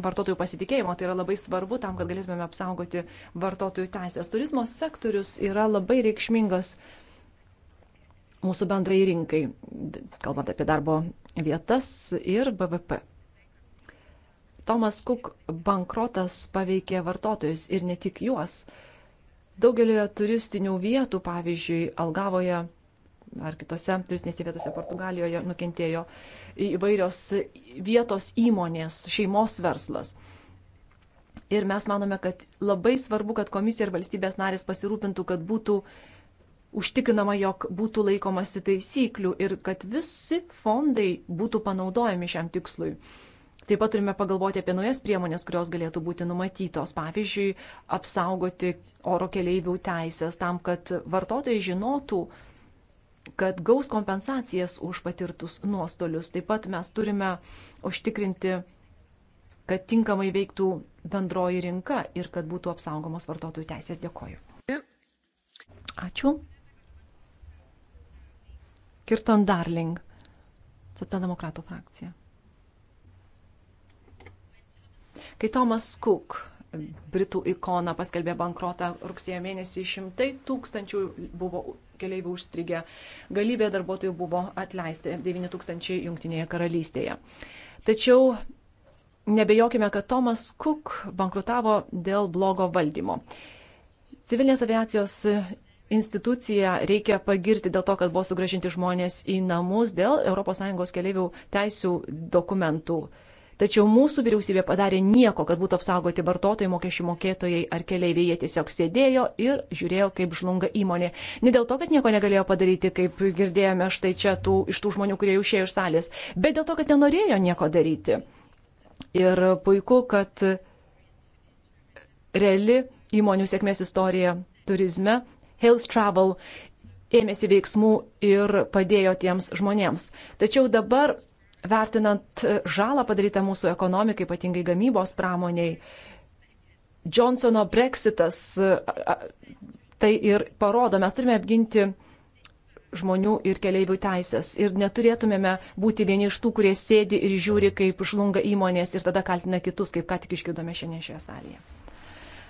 vartotojų pasitikėjimo, tai yra labai svarbu tam, kad galėtumėme apsaugoti vartotojų teisės. Turizmo sektorius yra labai reikšmingas mūsų bendrai rinkai, kalbant apie darbo vietas ir BVP. Tomas Cook bankrotas paveikė vartotojus ir ne tik juos. Daugelioje turistinių vietų, pavyzdžiui, Algavoje ar kitose turistinėse vietose Portugalijoje nukentėjo įvairios vietos įmonės, šeimos verslas. Ir mes manome, kad labai svarbu, kad komisija ir valstybės narės pasirūpintų, kad būtų užtikrinama, jog būtų laikomasi taisyklių ir kad visi fondai būtų panaudojami šiam tikslui. Taip pat turime pagalvoti apie naujas priemonės, kurios galėtų būti numatytos. Pavyzdžiui, apsaugoti oro keleivių teisės tam, kad vartotojai žinotų, uh, kad gaus kompensacijas už patirtus nuostolius. Taip pat mes turime užtikrinti, kad tinkamai veiktų bendroji rinka ir kad būtų apsaugomos vartotojų teisės. Dėkoju. Ačiū. Kirton Darling, socialdemokratų frakcija. Kai Tomas Cook Britų ikona paskelbė bankrotą rugsėjo mėnesį, šimtai tūkstančių buvo keleivių užstrigę. Galybė darbuotojų buvo atleisti 9000 Junktinėje karalystėje. Tačiau nebejokime, kad Tomas Cook bankrutavo dėl blogo valdymo. Civilinės aviacijos instituciją reikia pagirti dėl to, kad buvo sugražinti žmonės į namus dėl ES keliaivių teisų dokumentų Tačiau mūsų vyriausybė padarė nieko, kad būtų apsaugoti vartotojai, mokesčių mokėtojai ar keliaiviai. Jie tiesiog sėdėjo ir žiūrėjo, kaip žlunga įmonė. Ne dėl to, kad nieko negalėjo padaryti, kaip girdėjome štai čia tų, iš tų žmonių, kurie išėjo iš salės, bet dėl to, kad nenorėjo nieko daryti. Ir puiku, kad reali įmonių sėkmės istorija turizme. Hills Travel ėmėsi veiksmų ir padėjo tiems žmonėms. Tačiau dabar vertinant žalą padarytą mūsų ekonomikai, ypatingai gamybos pramoniai, Johnsono breksitas tai ir parodo, mes turime apginti žmonių ir keliaivių teisės ir neturėtumėme būti vieni iš tų, kurie sėdi ir žiūri, kaip žlunga įmonės ir tada kaltina kitus, kaip ką tik išgirdome šiandien šioje salėje.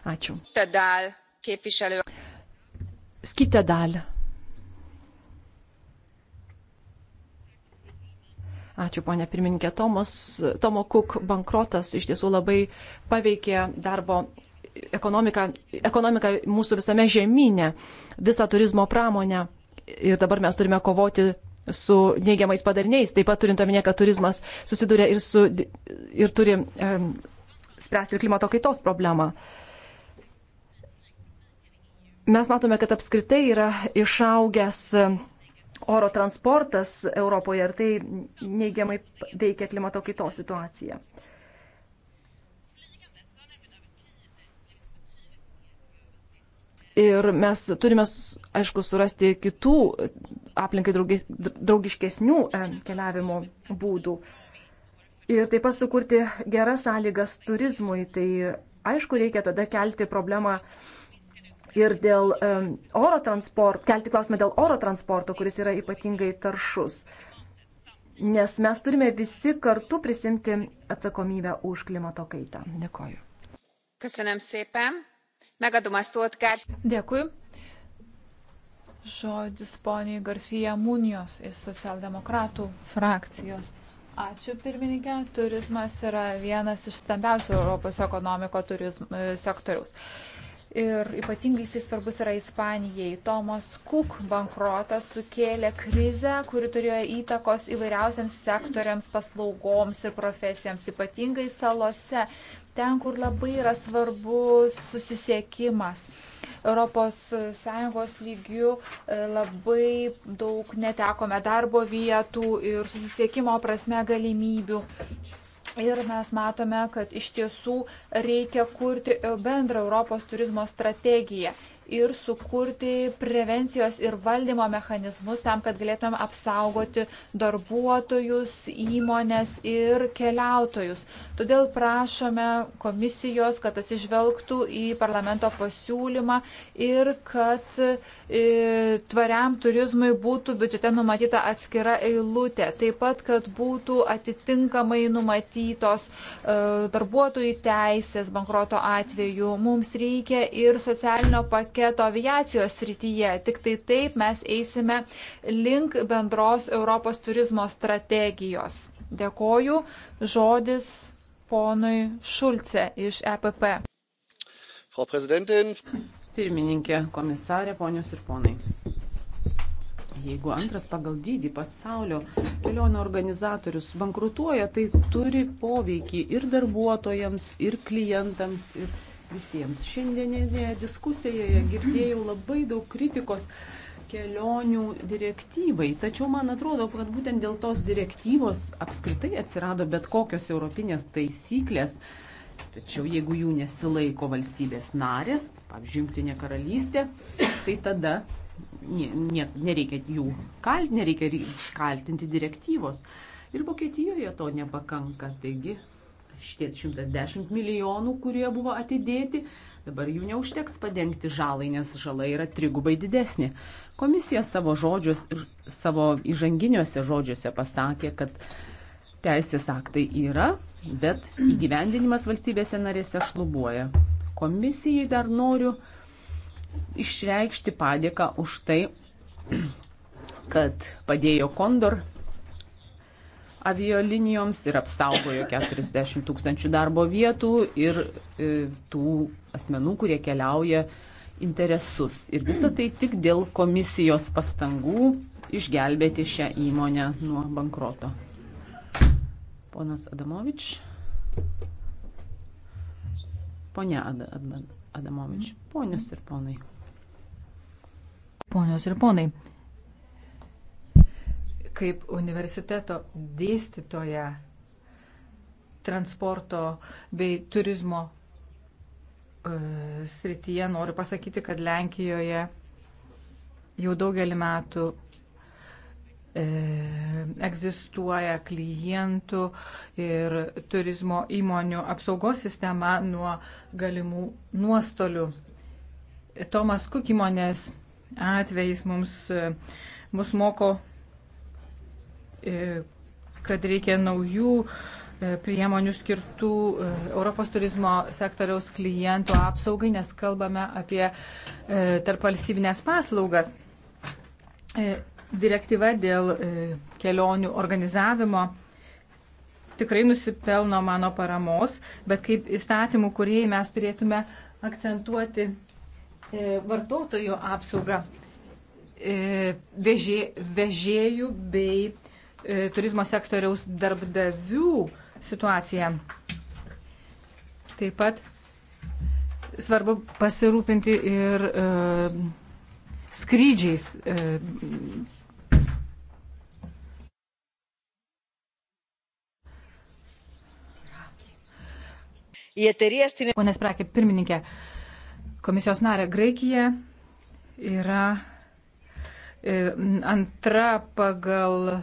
Ačiū. Tada, kaip išaliu. Skite dalį. Ačiū, ponė pirmininkė. Tomas, Tomo Cook bankrotas iš tiesų labai paveikė darbo ekonomiką, ekonomiką mūsų visame žemynė, visą turizmo pramonę. Ir dabar mes turime kovoti su neigiamais padariniais. Taip pat turint omenyje, kad turizmas susiduria ir, su, ir turi e, spręsti ir klimato kaitos problemą. Mes matome, kad apskritai yra išaugęs oro transportas Europoje ir tai neigiamai veikia klimato kaitos situaciją. Ir mes turime, aišku, surasti kitų aplinkai draugis, draugiškesnių e, keliavimo būdų. Ir taip pat sukurti geras sąlygas turizmui. Tai aišku, reikia tada kelti problemą uh, ir dėl oro transporto, kelti klausimą dėl oro transporto, kuris yra ypatingai taršus. Nes mes turime visi kartu prisimti atsakomybę už klimato kaitą. Dėkoju. Dėkui. Žodis poniai Garfija Munijos iš socialdemokratų frakcijos. Ačiū pirmininkė. Turizmas yra vienas iš stambiausių Europos ekonomiko turizm, e, sektoriaus ir ypatingai jis svarbus yra Ispanijai. Tomas Cook bankrotas sukėlė krizę, kuri turėjo įtakos įvairiausiams sektoriams, paslaugoms ir profesijams, ypatingai salose, ten, kur labai yra svarbus susisiekimas. ES lygių e, labai daug netekome darbo vietų ir susisiekimo prasme galimybių. Ir mes matome, kad iš tiesų reikia kurti bendrą Europos turizmo strategiją ir sukurti prevencijos ir valdymo mechanizmus tam, kad galėtumėm apsaugoti darbuotojus, įmonės ir keliautojus. Todėl prašome komisijos, kad atsižvelgtų į parlamento pasiūlymą ir kad e, tvariam turizmui būtų biudžete numatyta atskira eilutė. Taip pat, kad būtų atitinkamai numatytos e, darbuotojų teisės bankroto atveju. Mums reikia ir socialinio pakeitimo paketo aviacijos srityje. Tik tai taip mes eisime link bendros Europos turizmo strategijos. Dėkoju. Žodis ponui Šulce iš EPP. Frau Präsidentin. Pirmininkė, komisarė, ponios ir ponai. Jeigu antras pagal dydį pasaulio kelionio organizatorius bankrutuoja, tai turi poveikį ir darbuotojams, ir klientams, ir visiems. Šiandieninėje diskusijoje girdėjau labai daug kritikos kelionių direktyvai. Tačiau man atrodo, kad būtent dėl tos direktyvos apskritai atsirado bet kokios europinės taisyklės. Tačiau jeigu jų nesilaiko valstybės narės, pavyzdžiui, Junktinė karalystė, tai tada ne, ne, nereikia jų kalt, nereikia kaltinti direktyvos. Ir Vokietijoje to nepakanka. Taigi šitie 110 milijonų, kurie buvo atidėti, dabar jų neužteks padengti žalai, nes žala yra trigubai didesnė. Komisija savo, žodžios, savo įžanginiuose žodžiuose pasakė, kad teisės aktai yra, bet įgyvendinimas valstybėse narėse šlubuoja. Komisijai dar noriu išreikšti padėką už tai, kad padėjo Kondor aviolinijoms ir apsaugojo 40 tūkstančių darbo vietų ir e, tų asmenų, kurie keliauja interesus. Ir visa tai tik dėl komisijos pastangų išgelbėti šią įmonę nuo bankroto. Ponas Adamovič. Pone Ad Ad Adamovič. Ponios ir ponai. Ponios ir ponai kaip universiteto dėstytoja transporto bei turizmo e, srityje noriu pasakyti, kad Lenkijoje jau daugelį metų e, egzistuoja klientų ir turizmo įmonių apsaugos sistema nuo galimų nuostolių. Tomas Kuk įmonės atvejais mums, e, mus moko E, kad reikia naujų e, priemonių skirtų e, Europos turizmo sektoriaus klientų apsaugai, nes kalbame apie tarp valstybinės paslaugas. Direktyva dėl kelionių organizavimo tikrai nusipelno mano paramos, bet kaip įstatymų kuriejai mes turėtume akcentuoti vartotojų apsaugą vežė, vežėjų bei E, turizmo sektoriaus darbdavių situaciją. Taip pat svarbu pasirūpinti ir e, skrydžiais. E, Pone Sprakė, pirmininkė, komisijos narė Graikija yra e, antra pagal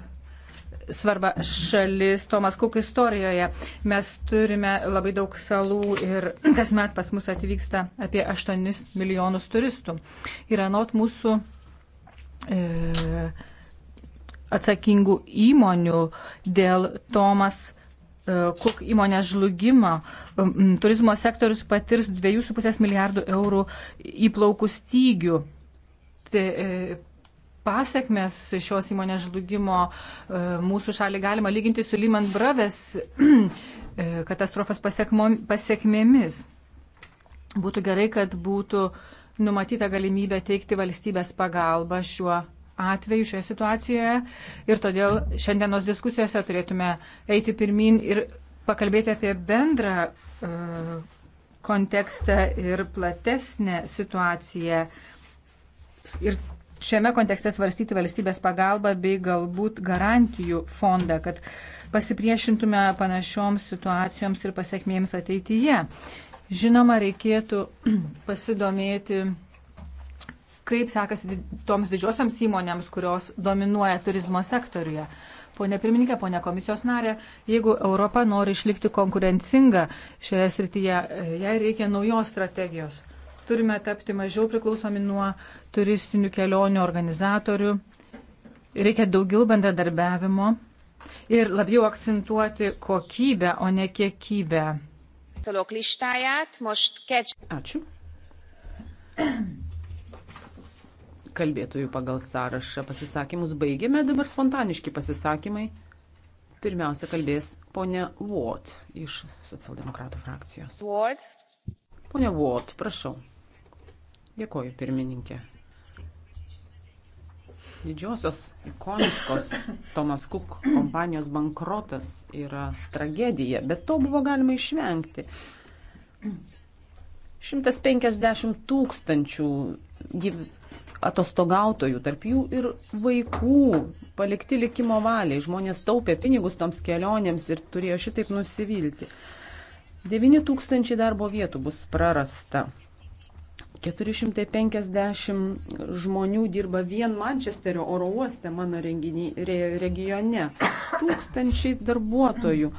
svarbą šalis Tomas Kuk istorijoje. Mes turime labai daug salų ir kasmet pas mus atvyksta apie 8 milijonus turistų. Ir anot mūsų e, atsakingų įmonių dėl Tomas Kuk e, įmonės žlugimo, turizmo sektorius patirs 2,5 milijardų eurų įplaukų stygių. Tai, e, pasiekmes šios įmonės žlugimo e, mūsų šalį galima lyginti su Lehman Brothers e, katastrofos pasiekmėmis. Būtų gerai, kad būtų numatyta galimybė teikti valstybės pagalbą šiuo atveju šioje situacijoje ir todėl šiandienos diskusijose turėtume eiti pirmin ir pakalbėti apie bendrą uh, kontekstą ir platesnę situaciją ir šiame kontekste svarstyti valstybės pagalbą bei galbūt garantijų fondą, kad pasipriešintume panašioms situacijoms ir pasiekmėms ateityje. Žinoma, reikėtų pasidomėti kaip sekasi toms didžiosiams įmonėms, kurios dominuoja turizmo sektoriuje. Pone pirmininkė, pone komisijos narė, jeigu Europa nori išlikti konkurencinga šioje srityje, e, jai reikia naujos strategijos. Turime tapti mažiau priklausomi nuo turistinių kelionių organizatorių. Reikia daugiau bendradarbiavimo ir labiau akcentuoti kokybę, o ne kiekybę. Ačiū. Kalbėtojų pagal sąrašą pasisakymus baigėme, dabar spontaniški pasisakymai. Pirmiausia kalbės ponė Watt iš socialdemokratų frakcijos. Watt. Ponė Watt, prašau. Dėkoju, pirmininkė. Didžiosios ikoniškos Thomas Cook kompanijos bankrotas yra tragedija, bet to buvo galima išvengti. 150 tūkstančių gyv... atostogautojų, tarp jų ir vaikų, palikti likimo valiai. Žmonės taupė pinigus toms kelionėms ir turėjo šitaip nusivilti. 9 tūkstančiai darbo vietų bus prarasta 450 žmonių dirba vien Mančesterio oro uoste mano renginį, re, regione. Tūkstančiai darbuotojų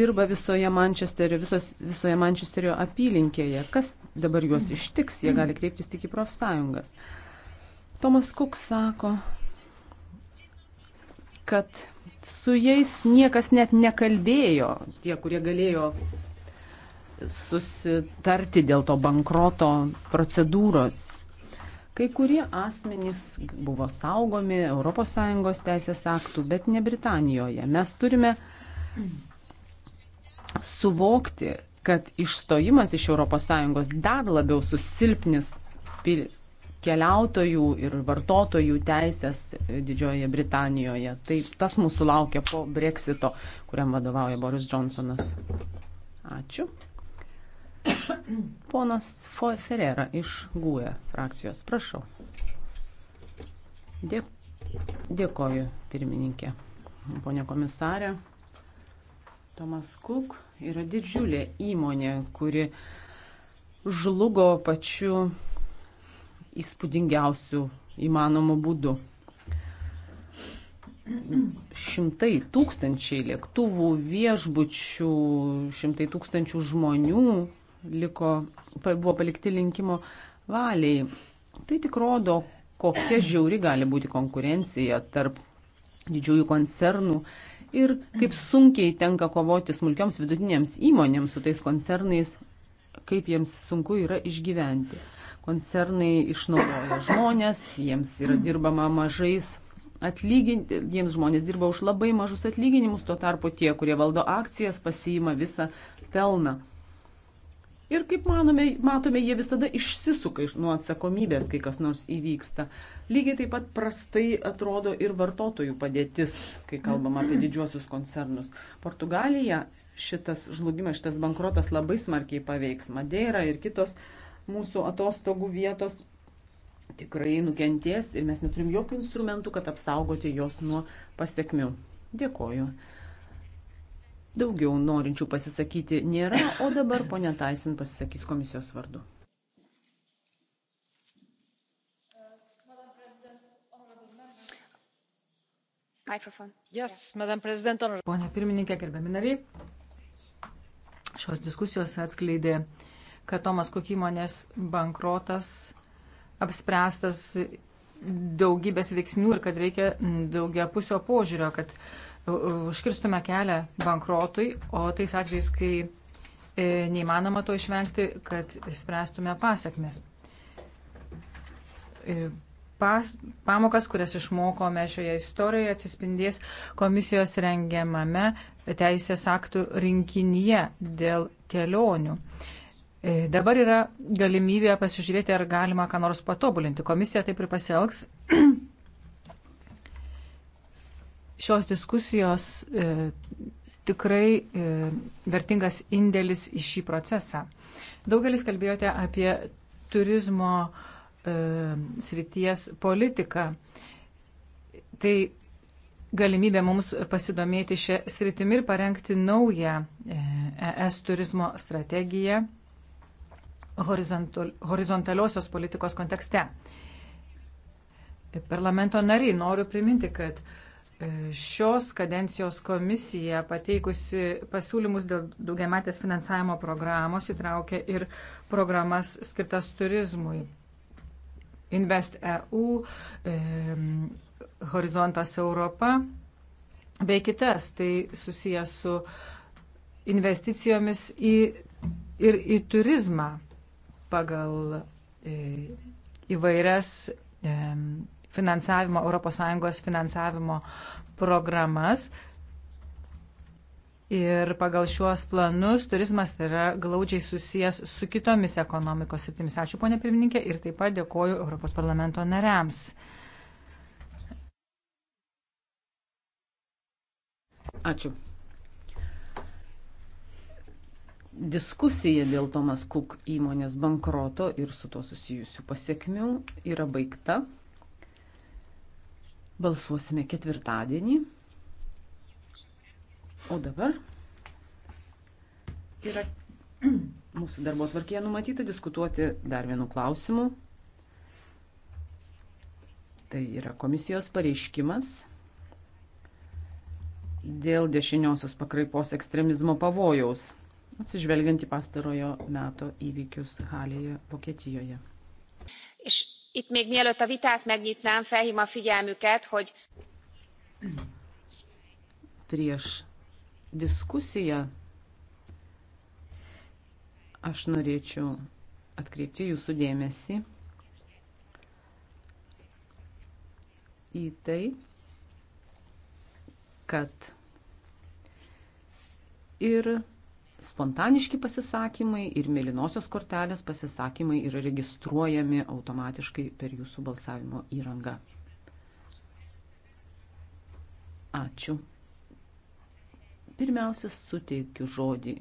dirba visoje Mančesterio, visos, visoje Mančesterio apylinkėje. Kas dabar juos ištiks, jie gali kreiptis tik į profsąjungas. Tomas Kuk sako, kad su jais niekas net nekalbėjo, tie, kurie galėjo susitarti dėl to bankroto procedūros. Kai kurie asmenys buvo saugomi ES teisės aktų, bet ne Britanijoje. Mes turime suvokti, kad išstojimas iš ES dar labiau susilpnis keliautojų ir vartotojų teisės Didžiojoje Britanijoje. Tai tas mūsų laukia po Brexito, kuriam vadovauja Boris Johnsonas. Ačiū. Ponas Ferrera iš GUE frakcijos, prašau. Dėk, dėkoju, pirmininkė. Pone komisarė, Tomas Kuk yra didžiulė įmonė, kuri žlugo pačiu įspūdingiausių įmanomų būdų šimtai tūkstančiai lėktuvų, viešbučių, šimtai tūkstančių žmonių liko, buvo palikti linkimo valiai. Tai tik rodo, kokia žiauri gali būti konkurencija tarp didžiųjų koncernų ir kaip sunkiai tenka kovoti smulkioms vidutinėms įmonėms su tais koncernais, kaip jiems sunku yra išgyventi. Koncernai išnaudoja žmonės, jiems yra dirbama mažais atlyginti, jiems žmonės dirba už labai mažus atlyginimus, tuo tarpu tie, kurie valdo akcijas, pasiima visą pelną. Ir kaip manome, matome, jie visada išsisuka iš nuo atsakomybės, kai kas nors įvyksta. Lygiai taip pat prastai atrodo ir vartotojų padėtis, kai kalbam apie didžiuosius koncernus. Portugalija šitas žlugimas, šitas bankrotas labai smarkiai paveiks. Madeira ir kitos mūsų atostogų vietos tikrai nukenties ir mes neturim jokių instrumentų, kad apsaugoti jos nuo pasiekmių. Dėkoju. Daugiau norinčių pasisakyti nėra, o dabar ponia Taisin pasisakys komisijos vardu. Yes, Pone pirmininkė, gerbiami nariai, šios diskusijos atskleidė, kad Tomas Kuk įmonės bankrotas apspręstas daugybės veiksnių ir kad reikia daugia pusio požiūrio, kad uh, užkirstume kelią bankrotui, o tais atvejais, kai e, neįmanoma to išvengti, kad spręstume pasiekmes. E, pas, pamokas, kurias išmokome šioje istorijoje, atsispindės komisijos rengiamame teisės aktų rinkinyje dėl kelionių. E, dabar yra galimybė pasižiūrėti, ar galima ką nors patobulinti. Komisija taip ir pasielgs šios diskusijos e, tikrai e, vertingas indėlis į šį procesą. Daugelis kalbėjote apie turizmo e, srities politiką. Tai galimybė mums pasidomėti šią sritimį ir parengti naują ES e turizmo strategiją horizontaliosios politikos kontekste. Parlamento nariai noriu priminti, kad e, E, šios kadencijos komisija pateikusi pasiūlymus dėl daugiamatės finansavimo programos įtraukia ir programas skirtas turizmui. Invest EU, e, Horizontas Europa bei kitas. Tai susijęs su investicijomis į, ir į turizmą pagal e, įvairias e, finansavimo, ES finansavimo programas. Ir pagal šiuos planus turizmas yra glaudžiai susijęs su kitomis ekonomikos sritimis. Ačiū, ponė pirmininkė, ir taip pat dėkoju Europos parlamento nariams. Ačiū. Diskusija dėl Tomas Cook įmonės bankroto ir su tuo susijusių pasiekmių yra baigta. Balsuosime ketvirtadienį. O dabar yra mūsų darbo tvarkėje numatyta diskutuoti dar vienu klausimu. Tai yra komisijos pareiškimas dėl dešiniosios pakraipos ekstremizmo pavojaus, atsižvelgiant į pastarojo meto įvykius Halėje, Vokietijoje. Iš itt még mielőtt a vitát megnyitnám felhvom a figyelmüket hogy prieš diskusiją aš norėčiau atkreipti jūsų dėmesį į tai, kad ir spontaniški pasisakymai ir mėlynosios kortelės pasisakymai yra registruojami automatiškai per jūsų balsavimo įrangą. Ačiū. Pirmiausia, suteikiu žodį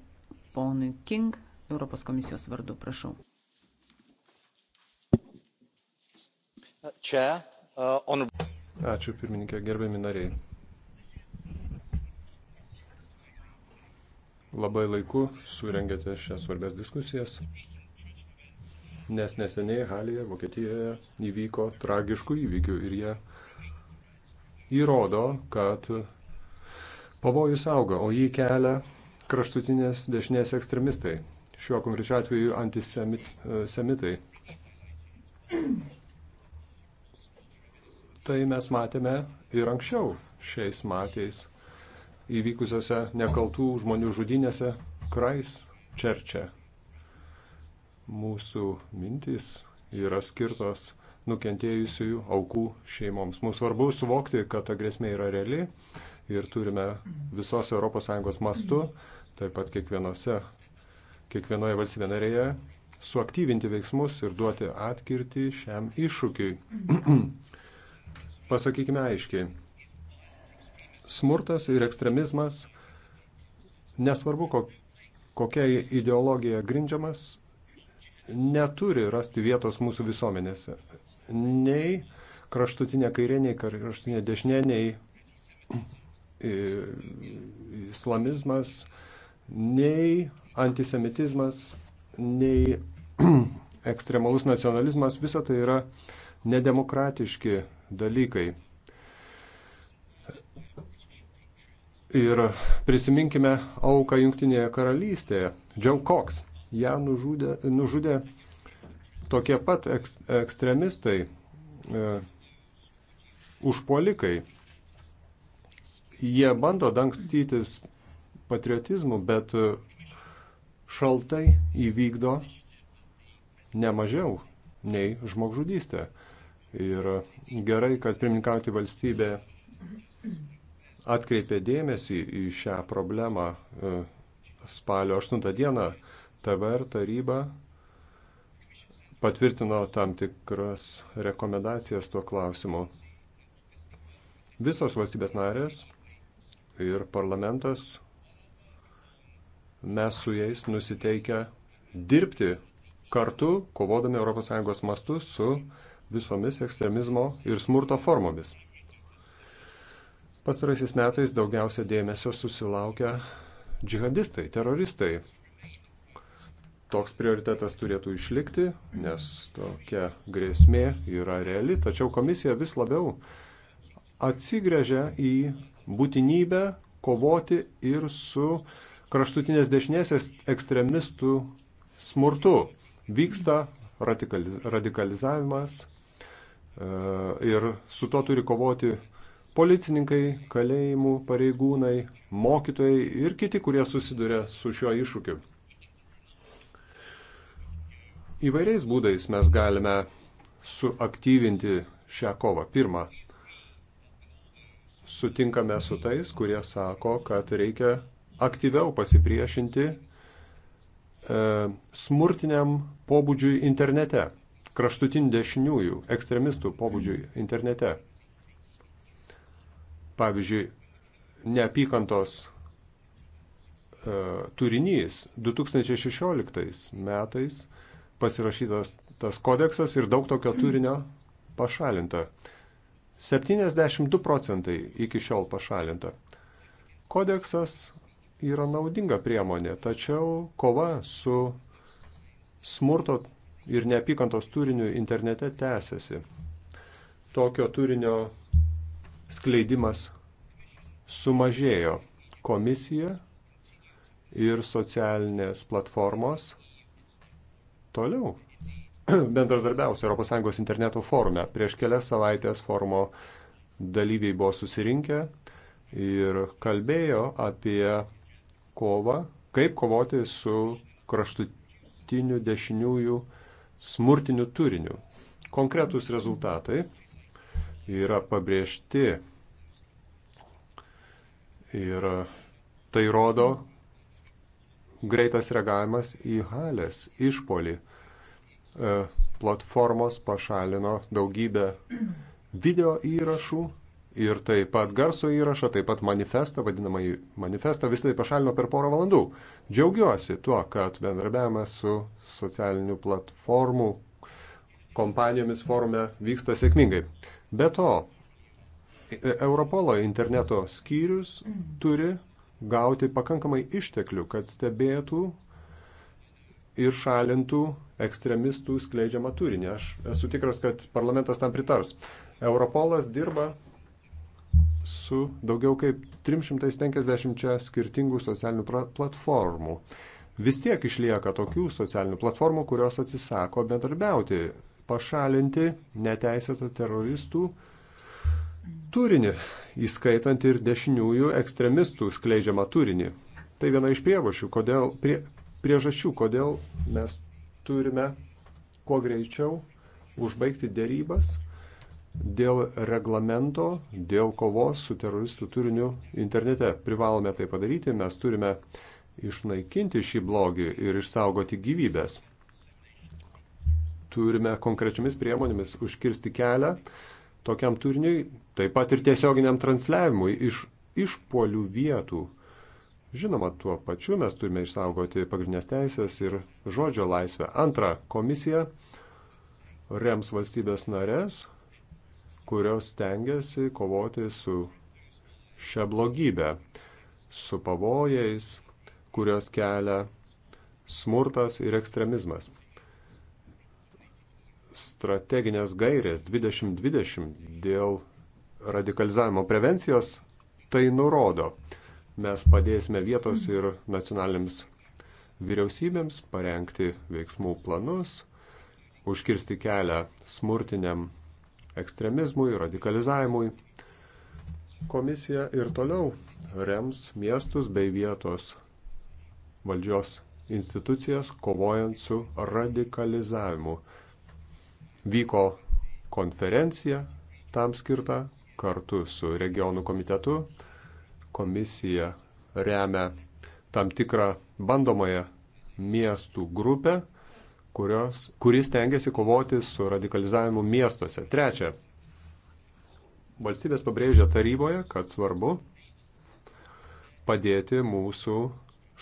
ponui King Europos komisijos vardu. Prašau. Čia. Uh, on... Ačiū pirmininkė, gerbiami nariai labai laiku surengėte šias svarbės diskusijas, nes neseniai Halėje, Vokietijoje įvyko tragiškų įvykių ir jie įrodo, kad pavojus auga, o jį kelia kraštutinės dešinės ekstremistai, šiuo konkrečiu atveju antisemitai. Tai mes matėme ir anksčiau šiais matais įvykusiose nekaltų žmonių žudynėse Christchurche. Mūsų mintys yra skirtos nukentėjusiųjų aukų šeimoms. Mums svarbu suvokti, kad ta grėsmė yra reali ir turime visos ES mastu, taip pat kiekvienose, kiekvienoje valstybė narėje, suaktyvinti veiksmus ir duoti atkirti šiam iššūkiui. Pasakykime aiškiai, smurtas ir ekstremizmas, nesvarbu kokia ideologija grindžiamas, neturi rasti vietos mūsų visuomenėse. Nei kraštutinė kairė, nei kraštutinė dešinė, nei e, islamizmas, nei antisemitizmas, nei ekstremalus nacionalizmas, visa tai yra nedemokratiški dalykai. Ir prisiminkime auką Junktinėje karalystėje. Joe Cox. Ją nužudė, nužudė tokie pat eks, ekstremistai, e, užpolikai. Jie bando dangstytis patriotizmu, bet e, šaltai įvykdo nemažiau nei žmogžudystė. Ir gerai, kad pirmininkauti valstybė atkreipė dėmesį į šią problemą e, spalio 8 dieną. TVR taryba patvirtino tam tikras rekomendacijas tuo klausimu. Visos valstybės narės ir parlamentas mes su jais nusiteikę dirbti kartu, kovodami ES mastu su visomis ekstremizmo ir smurto formomis. Pastaraisiais metais daugiausia dėmesio susilaukia džihadistai, teroristai. Toks prioritetas turėtų išlikti, nes tokia grėsmė yra reali, tačiau komisija vis labiau atsigręžia į būtinybę kovoti ir su kraštutinės dešinės ekstremistų smurtu. Vyksta radikalizavimas e, ir su to turi kovoti Policininkai, kalėjimų pareigūnai, mokytojai ir kiti, kurie susiduria su šiuo iššūkiu. Įvairiais būdais mes galime suaktyvinti šią kovą. Pirma, sutinkame su tais, kurie sako, kad reikia aktyviau pasipriešinti e, smurtiniam pobūdžiui internete, kraštutinių dešiniųjų ekstremistų pobūdžiui internete. Pavyzdžiui, neapykantos e, turinys 2016 metais pasirašytas tas kodeksas ir daug tokio turinio pašalinta. 72 procentai iki šiol pašalinta. Kodeksas yra naudinga priemonė, tačiau kova su smurto ir neapykantos turiniu internete tęsiasi. Tokio turinio skleidimas sumažėjo. Komisija ir socialinės platformos toliau bendradarbiausia ES interneto forume. Prieš kelias savaitės forumo dalyviai buvo susirinkę ir kalbėjo apie kovą, kaip kovoti su kraštutiniu dešiniųjų smurtiniu turiniu. Konkretūs rezultatai yra pabrėžti. Ir tai rodo greitas reagavimas į Halės išpolį. E, platformos pašalino daugybę video įrašų ir taip pat garso įrašą, taip pat manifestą, vadinamąjį manifestą, visą tai pašalino per porą valandų. Džiaugiuosi tuo, kad bendrabiavimas su socialinių platformų kompanijomis forume vyksta sėkmingai. Be to, e, Europolo interneto skyrius turi gauti pakankamai išteklių, kad stebėtų ir šalintų ekstremistų skleidžiamą turinį. Aš esu tikras, kad parlamentas tam pritars. Europolas dirba su daugiau kaip 350 skirtingų socialinių platformų. Vis tiek išlieka tokių socialinių platformų, kurios atsisako bendarbiauti pašalinti neteisėtą teroristų turinį, įskaitant ir dešiniųjų ekstremistų skleidžiamą turinį. Tai viena iš priežasčių, kodėl, prie, priežasčių, kodėl mes turime kuo greičiau užbaigti dėrybas dėl reglamento, dėl kovos su teroristų turiniu internete. Privalome tai padaryti, mes turime išnaikinti šį blogį ir išsaugoti gyvybės turime konkrečiamis priemonėmis užkirsti kelią tokiam turiniui, taip pat ir tiesioginiam transliavimui iš išpolių vietų. Žinoma, tuo pačiu mes turime išsaugoti pagrindinės teisės ir žodžio laisvę. Antra, komisija rems valstybės narės, kurios tengiasi kovoti su šią blogybę, su pavojais, kurios kelia smurtas ir ekstremizmas strateginės gairės 2020 dėl radikalizavimo prevencijos tai nurodo. Mes padėsime vietos ir nacionalinėms vyriausybėms parengti veiksmų planus, užkirsti kelią smurtiniam ekstremizmui, radikalizavimui. Komisija ir toliau rems miestus bei vietos valdžios institucijas kovojant su radikalizavimu Vyko konferencija tam skirta kartu su regionų komitetu. Komisija remia tam tikrą bandomąją miestų grupę, kurios, kuris tengiasi kovoti su radikalizavimu miestuose. Trečia, valstybės pabrėžia taryboje, kad svarbu padėti mūsų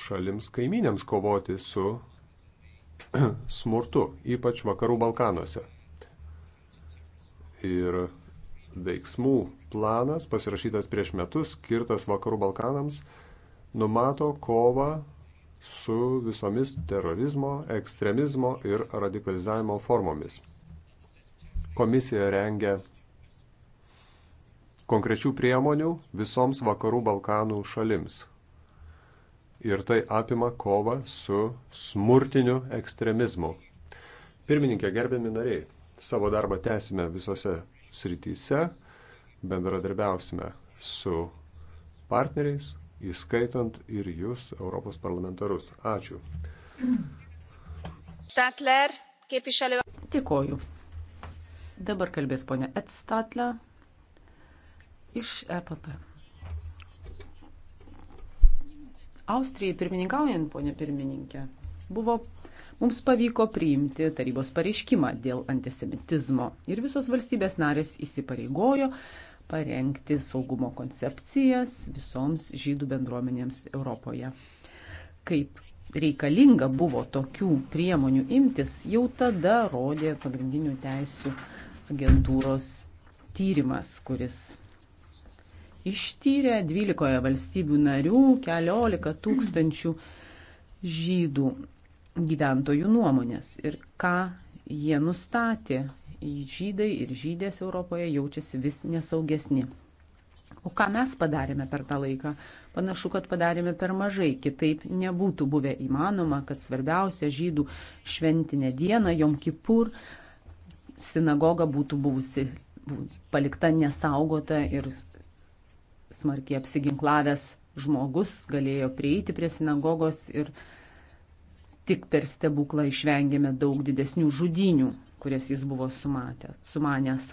šalims kaiminėms kovoti su smurtu, ypač vakarų Balkanuose ir veiksmų planas, pasirašytas prieš metus, skirtas Vakarų Balkanams, numato kovą su visomis terorizmo, ekstremizmo ir radikalizavimo formomis. Komisija rengia konkrečių priemonių visoms Vakarų Balkanų šalims. Ir tai apima kovą su smurtiniu ekstremizmu. Pirmininkė, gerbiami nariai, Savo darbą tęsime visose srityse, bendradarbiausime su partneriais, įskaitant ir jūs, Europos parlamentarus. Ačiū. Statler, kaip išaliu. Dėkoju. Dabar kalbės ponia Edstatler iš EPP. Austrijai pirmininkaujant, ponia pirmininkė, buvo mums pavyko priimti tarybos pareiškimą dėl antisemitizmo ir visos valstybės narės įsipareigojo parengti saugumo koncepcijas visoms žydų bendruomenėms Europoje. Kaip reikalinga buvo tokių priemonių imtis, jau tada rodė pagrindinių teisų agentūros tyrimas, kuris ištyrė 12 valstybių narių 14 tūkstančių žydų gyventojų nuomonės ir ką jie nustatė. Žydai ir žydės Europoje jaučiasi vis nesaugesni. O ką mes padarėme per tą laiką? Panašu, kad padarėme per mažai, kitaip nebūtų buvę įmanoma, kad svarbiausia žydų šventinė diena, Jom Kipur, sinagoga būtų buvusi palikta nesaugota ir smarkiai apsiginklavęs žmogus galėjo prieiti prie sinagogos ir tik per stebuklą išvengėme daug didesnių žudinių, kurias jis buvo sumatę, sumanęs.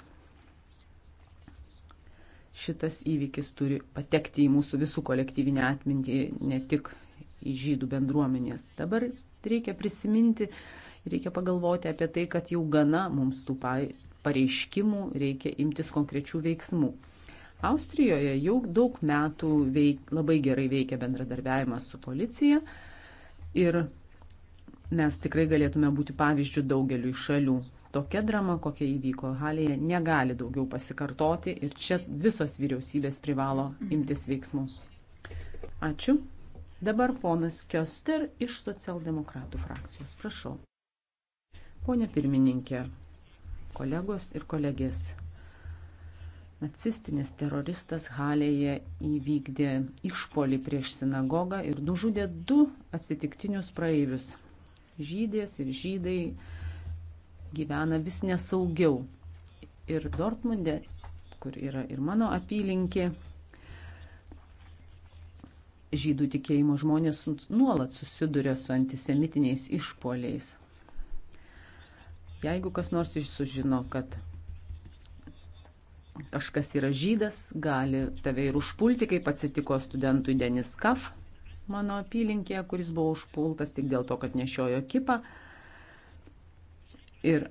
Šitas įvykis turi patekti į mūsų visų kolektyvinę atmintį, ne tik į žydų bendruomenės. Dabar reikia prisiminti, reikia pagalvoti apie tai, kad jau gana mums tų pareiškimų reikia imtis konkrečių veiksmų. Austrijoje jau daug metų veik, labai gerai veikia bendradarbiavimas su policija ir mes tikrai galėtume būti pavyzdžių daugeliu šalių. Tokia drama, kokia įvyko Halėje, negali daugiau pasikartoti ir čia visos vyriausybės privalo imtis veiksmų. Ačiū. Dabar ponas Kjoster iš socialdemokratų frakcijos. Prašau. Pone pirmininkė, kolegos ir kolegės, nacistinis teroristas Halėje įvykdė išpolį prieš sinagogą ir nužudė du atsitiktinius praeivius žydės ir žydai gyvena vis nesaugiau. Ir Dortmunde, kur yra ir mano apylinkė, žydų tikėjimo žmonės nuolat susiduria su antisemitiniais išpoliais. Jeigu kas nors sužino, kad kažkas yra žydas, gali tave ir užpulti, kaip atsitiko studentui Denis Kaf, mano apylinkėje, kuris buvo užpultas tik dėl to, kad nešiojo kipą. Ir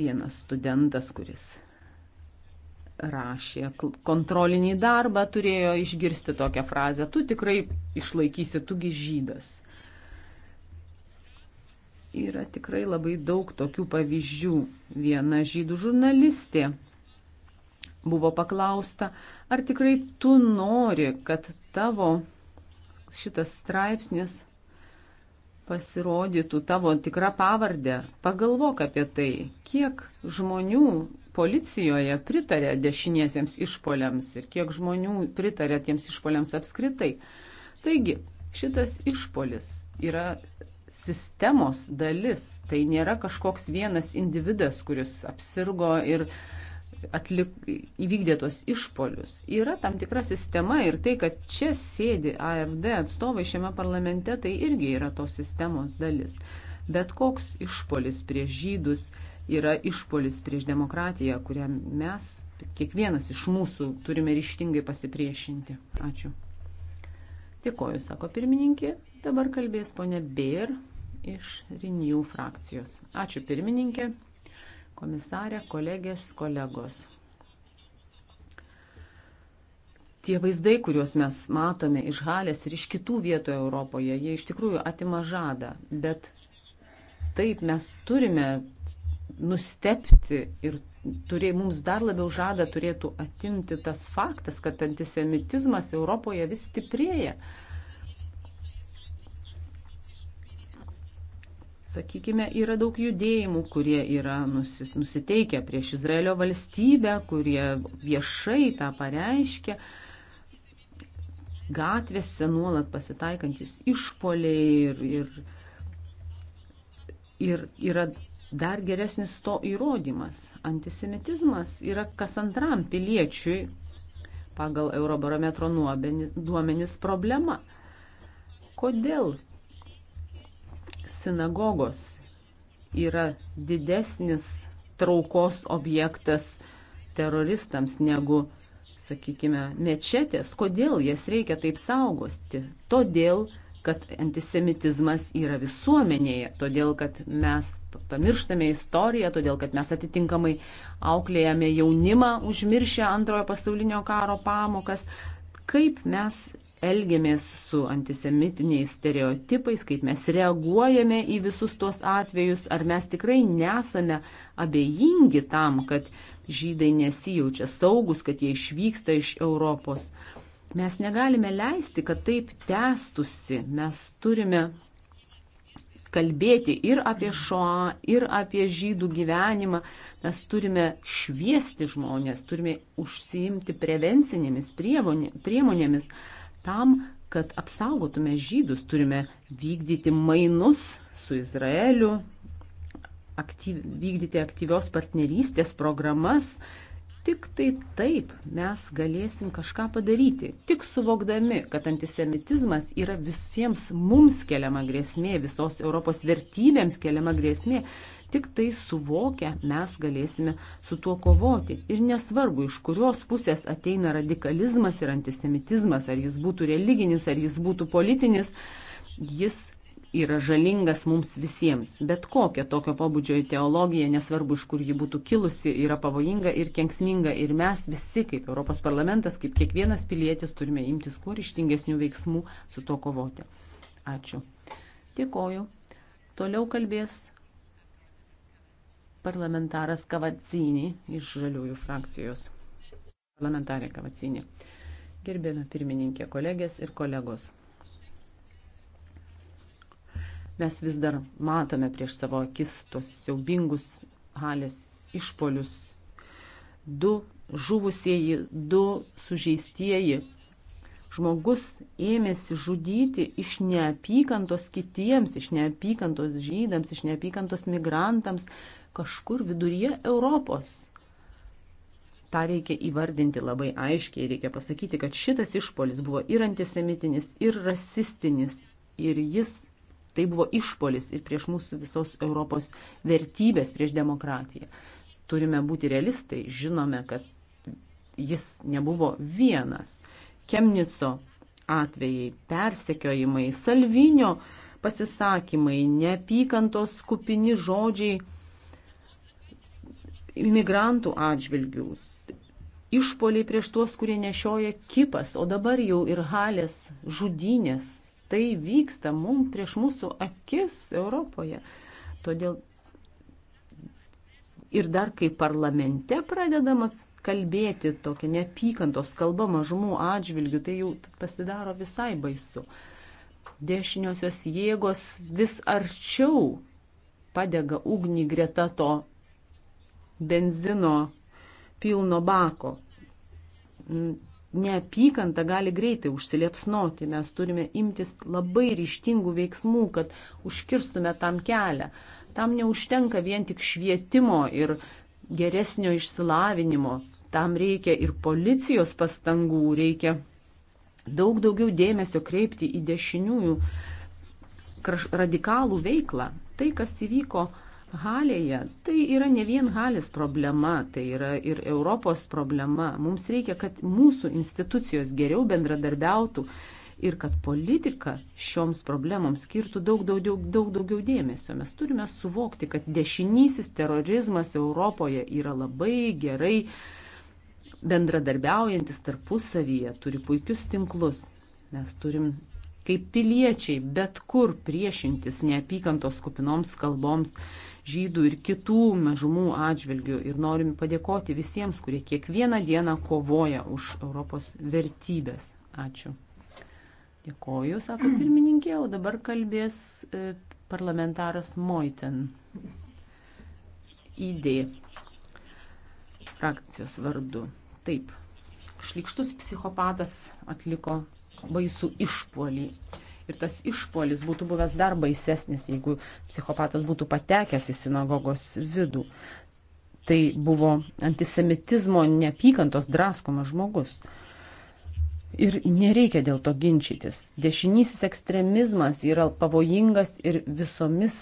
vienas studentas, kuris rašė kontrolinį darbą, turėjo išgirsti tokią frazę, tu tikrai išlaikysi, tugi žydas. Yra tikrai labai daug tokių pavyzdžių. Viena žydų žurnalistė buvo paklausta, ar tikrai tu nori, kad tavo šitas straipsnis pasirodytų tavo tikrą pavardę. Pagalvok apie tai, kiek žmonių policijoje pritarė dešiniesiems išpoliams ir kiek žmonių pritarė tiems išpoliams apskritai. Taigi, šitas išpolis yra sistemos dalis, tai nėra kažkoks vienas individas, kuris apsirgo ir atlik, įvykdė tuos išpolius. Yra tam tikra sistema ir tai, kad čia sėdi AFD atstovai šiame parlamente, tai irgi yra tos sistemos dalis. Bet koks išpolis prieš žydus yra išpolis prieš demokratiją, kurią mes, kiekvienas iš mūsų, turime ryštingai pasipriešinti. Ačiū. Dėkoju, sako pirmininkė. Dabar kalbės ponė Bėr iš Renew frakcijos. Ačiū pirmininkė komisarė, kolegės, kolegos. Tie vaizdai, kuriuos mes matome iš Halės ir iš kitų vietų Europoje, jie iš tikrųjų atima žadą, bet taip mes turime nustepti ir turė, mums dar labiau žada turėtų atimti tas faktas, kad antisemitizmas Europoje vis stiprėja. sakykime, yra daug judėjimų, kurie yra nusiteikę prieš Izraelio valstybę, kurie viešai tą pareiškia. Gatvėse nuolat pasitaikantis išpoliai ir, ir, ir yra dar geresnis to įrodymas. Antisemitizmas yra kas antram piliečiui pagal Eurobarometro duomenis problema. Kodėl sinagogos yra didesnis traukos objektas teroristams negu, sakykime, mečetės. Kodėl jas reikia taip saugosti? Todėl, kad antisemitizmas yra visuomenėje, todėl, kad mes pamirštame istoriją, todėl, kad mes atitinkamai auklėjame jaunimą užmiršę antrojo pasaulinio karo pamokas. Kaip mes elgiamės su antisemitiniais stereotipais, kaip mes reaguojame į visus tuos atvejus, ar mes tikrai nesame abejingi tam, kad žydai nesijaučia saugus, kad jie išvyksta iš Europos. Mes negalime leisti, kad taip tęstusi. Mes turime kalbėti ir apie šoą, ir apie žydų gyvenimą. Mes turime šviesti žmonės, turime užsiimti prevencinėmis priemonėmis tam, kad apsaugotume žydus, turime vykdyti mainus su Izraeliu, aktyv, vykdyti aktyvios partnerystės programas, uh, Tik tai taip mes galėsim kažką padaryti, tik suvokdami, kad antisemitizmas yra visiems mums keliama grėsmė, visos Europos vertybėms keliama grėsmė, tik tai suvokę mes galėsime su tuo kovoti. Ir nesvarbu, iš kurios pusės ateina radikalizmas ir antisemitizmas, ar jis būtų religinis, ar jis būtų politinis, jis yra žalingas mums visiems. Bet kokia tokio pobūdžio ideologija, nesvarbu iš kur ji būtų kilusi, yra pavojinga ir kenksminga. Ir mes visi, kaip Europos parlamentas, kaip kiekvienas pilietis, turime imtis kuo ryštingesnių veiksmų su to kovoti. Ačiū. Dėkoju. Toliau kalbės parlamentaras Kavacinį iš Žaliųjų frakcijos. Parlamentarė Kavacinį. Gerbėme pirmininkė, kolegės ir kolegos. Mes vis dar matome prieš savo akis tos siaubingus halės išpolius. Du žuvusieji, du sužeistieji. Žmogus ėmėsi žudyti iš neapykantos kitiems, iš neapykantos žydams, iš neapykantos migrantams kažkur viduryje Europos. Ta reikia įvardinti labai aiškiai, reikia pasakyti, kad šitas išpolis buvo ir antisemitinis, ir rasistinis, ir jis Tai buvo išpolis ir prieš mūsų visos Europos vertybės, prieš demokratiją. Turime būti realistai, žinome, kad jis nebuvo vienas. Kemniso atvejai, persekiojimai, Salvinio pasisakymai, neapykantos kupini žodžiai imigrantų atžvilgių, išpoliai prieš tuos, kurie nešioja kipas, o dabar jau ir halės žudynės tai vyksta mum prieš mūsų akis Europoje. Todėl ir dar kai parlamente pradedama kalbėti tokią neapykantos kalbą mažumų atžvilgių, tai jau pasidaro visai baisu. Dešiniosios jėgos vis arčiau padega ugnį greta to benzino pilno bako neapykanta gali greitai užsiliepsnoti. Mes turime imtis labai ryštingų veiksmų, kad užkirstume tam kelią. Tam neužtenka vien tik švietimo ir geresnio išsilavinimo. Tam reikia ir policijos pastangų, reikia daug daugiau dėmesio kreipti į dešiniųjų radikalų veiklą. Tai, kas įvyko Halėje tai yra ne vien Halės problema, tai yra ir Europos problema. Mums reikia, kad mūsų institucijos geriau bendradarbiautų ir kad politika šioms problemoms skirtų daug, daugiau, daug daugiau dėmesio. Mes turime suvokti, kad dešinysis terorizmas Europoje yra labai gerai bendradarbiaujantis tarpusavyje, turi puikius tinklus. Mes turim kaip piliečiai bet kur priešintis neapykantos kupinoms kalboms, žydų ir kitų mažumų atžvilgių. Ir norim padėkoti visiems, kurie kiekvieną dieną kovoja už Europos vertybės. Ačiū. Dėkoju, sako pirmininkė, o dabar kalbės e, parlamentaras Moiten. ID frakcijos vardu. Taip, šlikštus psichopatas atliko baisų išpuolį ir tas išpolis būtų buvęs dar baisesnis, jeigu psichopatas būtų patekęs į sinagogos vidų. Tai buvo antisemitizmo neapykantos draskomas žmogus. Ir nereikia dėl to ginčytis. Dešinysis ekstremizmas yra pavojingas ir visomis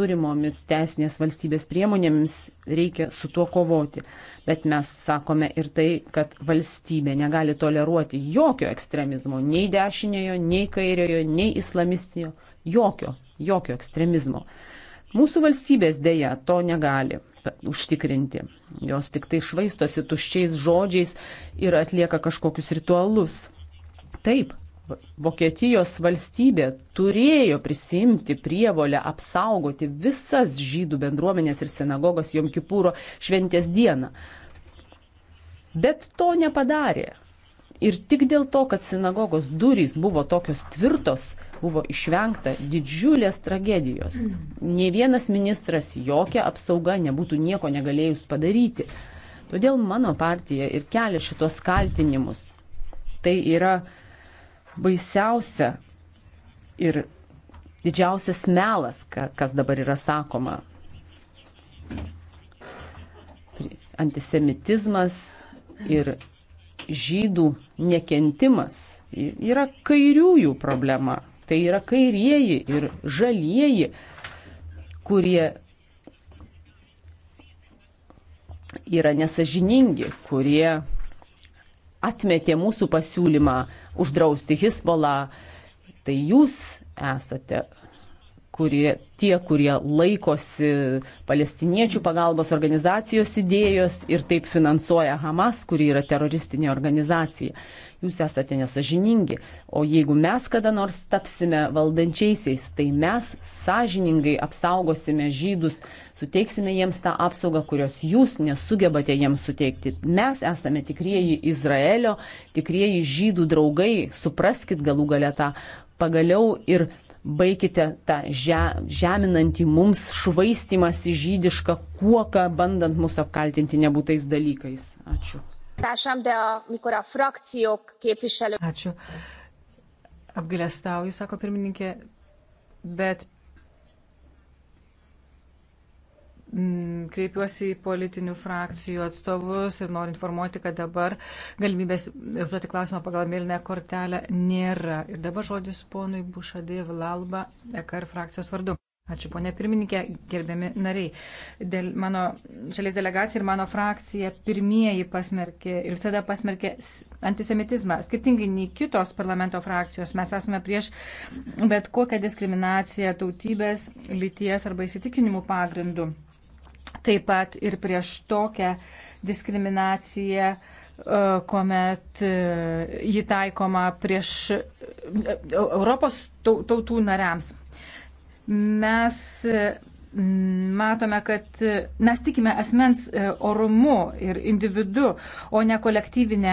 turimomis teisinės valstybės priemonėmis reikia su tuo kovoti. Bet mes sakome ir tai, kad valstybė negali toleruoti jokio ekstremizmo, nei dešiniojo, nei kairiojo, nei islamistinio, jokio, jokio ekstremizmo. Mūsų valstybės dėja to negali užtikrinti. Jos tik tai švaistosi tuščiais žodžiais ir atlieka kažkokius ritualus. Taip, Vokietijos valstybė turėjo prisimti prievolę apsaugoti visas žydų bendruomenės ir sinagogas Jom Kipūro šventės dieną. Bet to nepadarė. Ir tik dėl to, kad sinagogos durys buvo tokios tvirtos, buvo išvengta didžiulės tragedijos. Ne vienas ministras jokia apsauga nebūtų nieko negalėjus padaryti. Todėl mano partija ir kelia šitos kaltinimus. Tai yra baisiausia ir didžiausias melas, kas dabar yra sakoma. Antisemitizmas ir žydų nekentimas yra kairiųjų problema. Tai yra kairieji ir žalieji, kurie yra nesažiningi, kurie atmetė mūsų pasiūlymą uždrausti Hisbolą, tai jūs esate kurie, tie, kurie laikosi palestiniečių pagalbos organizacijos idėjos ir taip finansuoja Hamas, kuri yra teroristinė organizacija. Jūs esate nesažiningi, o jeigu mes kada nors tapsime valdančiaisiais, tai mes sąžiningai apsaugosime žydus, suteiksime jiems tą apsaugą, kurios jūs nesugebate jiems suteikti. Mes esame tikrieji Izraelio, tikrieji žydų draugai, supraskite galų galę tą pagaliau ir baikite tą žeminantį mums švaistimas į žydišką kuoką, bandant mus apkaltinti nebūtais dalykais. Ačiū. Ačiū. Apgailestauju, sako pirmininkė, bet Mm, kreipiuosi į politinių frakcijų atstovus ir noriu informuoti, kad dabar galimybės užduoti klausimą pagal mėlynę kortelę nėra. Ir dabar žodis ponui Bušadė Vlalba, EKR frakcijos vardu. Ačiū, ponė pirmininkė, gerbiami nariai. Dėl mano šalies delegacija ir mano frakcija pirmieji pasmerkė ir visada pasmerkė antisemitizmą. Skirtingai nei kitos parlamento frakcijos, mes esame prieš bet kokią diskriminaciją tautybės, lyties arba įsitikinimų pagrindų taip pat ir prieš tokią diskriminaciją, e, kuomet e, ji taikoma prieš e, Europos tautų nariams. Mes matome, kad mes tikime asmens orumu ir individu, o ne kolektyvinė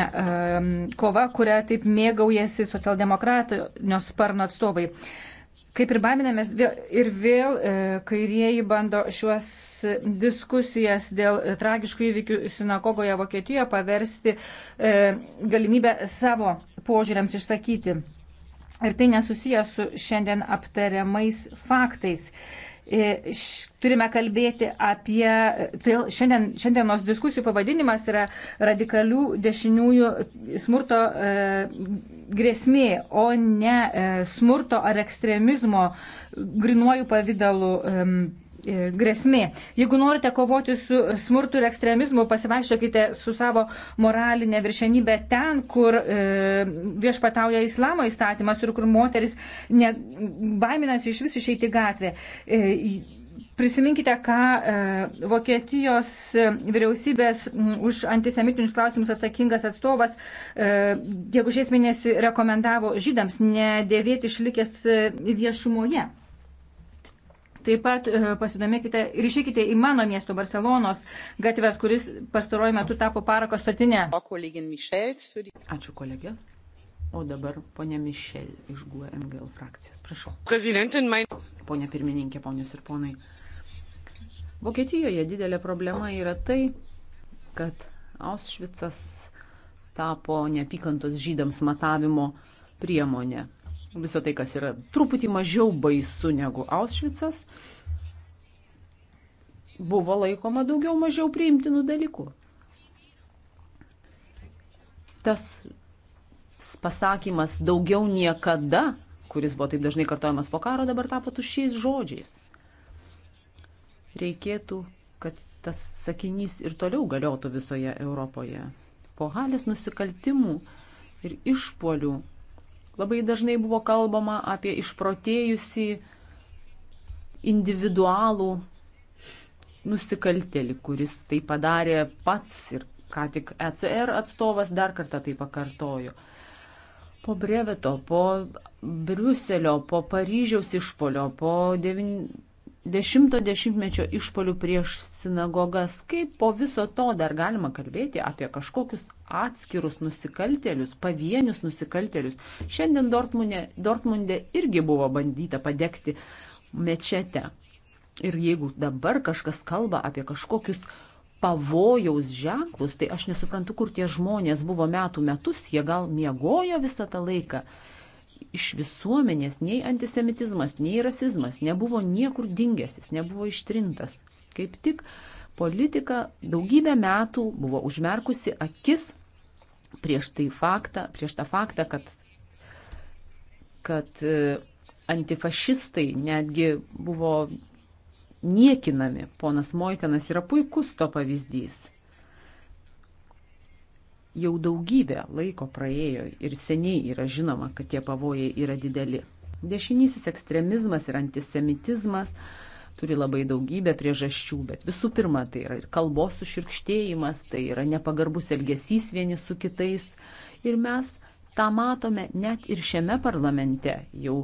kova, kurią taip mėgaujasi socialdemokratinio sparno atstovai. Kaip ir baiminamės, ir vėl e, kairieji bando šiuos diskusijas dėl e, tragiškų įvykių sinagogoje Vokietijoje paversti e, galimybę savo požiūriams išsakyti. Ir tai nesusijęs su šiandien aptariamais faktais. E, turime kalbėti apie, tai šiandien, šiandienos diskusijų pavadinimas yra radikalių dešiniųjų smurto e, grėsmė, o ne e, smurto ar ekstremizmo grinuojų pavydalų. E, E, grėsmė. Jeigu norite kovoti su smurtu ir ekstremizmu, pasivaikščiokite su savo moralinė viršenybė ten, kur e, viešpatauja islamo įstatymas ir kur moteris ne, baiminasi iš vis išeiti gatvę. E, Prisiminkite, ką e, Vokietijos e, vyriausybės m, už antisemitinius klausimus atsakingas atstovas, e, jeigu šiais mėnesį rekomendavo žydams nedėvėti išlikęs e, viešumoje. Taip pat e, pasidomėkite ir išėkite į mano miesto Barcelonos gatves, kuris pastaruoju metu tapo parako statinė. Ačiū kolegė. O dabar ponė Mišel iš GUNGL e frakcijos. Prašau. Mein... Pone pirmininkė, ponios ir ponai. Vokietijoje didelė problema yra tai, kad Aušvicas tapo neapykantos žydams matavimo priemonė visą tai, kas yra truputį mažiau baisu negu Auschwitzas, buvo laikoma daugiau mažiau priimtinų dalykų. Tas pasakymas daugiau niekada, kuris buvo taip dažnai kartojamas po karo, dabar tapo tuščiais žodžiais. Reikėtų, kad tas sakinys ir toliau galiotų visoje Europoje. Po halės nusikaltimų ir išpolių Labai dažnai buvo kalbama apie išprotėjusi individualų nusikaltėlį, kuris tai padarė pats ir ką tik ECR atstovas dar kartą tai pakartojo. Po Breveto, po Briuselio, po Paryžiaus išpolio, po 9 dešimto dešimtmečio išpolių prieš sinagogas, kaip po viso to dar galima kalbėti apie kažkokius atskirus nusikaltelius, pavienius nusikaltelius. Šiandien Dortmunde, Dortmunde irgi buvo bandyta padegti mečetę. Ir jeigu dabar kažkas kalba apie kažkokius pavojaus ženklus, tai aš nesuprantu, kur tie žmonės buvo metų metus, jie gal miegojo visą tą laiką iš visuomenės nei antisemitizmas, nei rasizmas nebuvo niekur dingęsis, nebuvo ištrintas. Kaip tik politika daugybę metų buvo užmerkusi akis prieš, tai faktą, prieš tą faktą, kad, kad e, antifašistai netgi buvo niekinami. Ponas Moitenas yra puikus to pavyzdys jau daugybę laiko praėjo ir seniai yra žinoma, kad tie pavojai yra dideli. Dešinysis ekstremizmas ir antisemitizmas turi labai daugybę priežasčių, bet visų pirma tai yra ir kalbos suširkštėjimas, tai yra nepagarbus elgesys vieni su kitais ir mes tą matome net ir šiame parlamente jau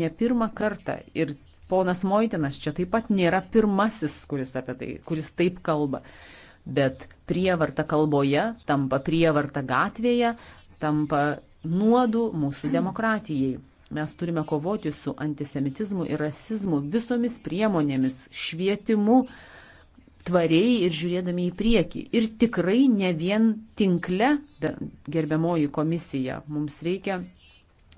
ne pirmą kartą ir ponas Moitinas čia taip pat nėra pirmasis, kuris apie tai, kuris taip kalba. Bet prievarta kalboje, tampa prievarta gatvėje, tampa nuodu mūsų demokratijai. Mes turime kovoti su antisemitizmu ir rasizmu visomis priemonėmis, švietimu, tvariai ir žiūrėdami į priekį. Ir tikrai ne vien tinkle, gerbiamoji komisija, mums reikia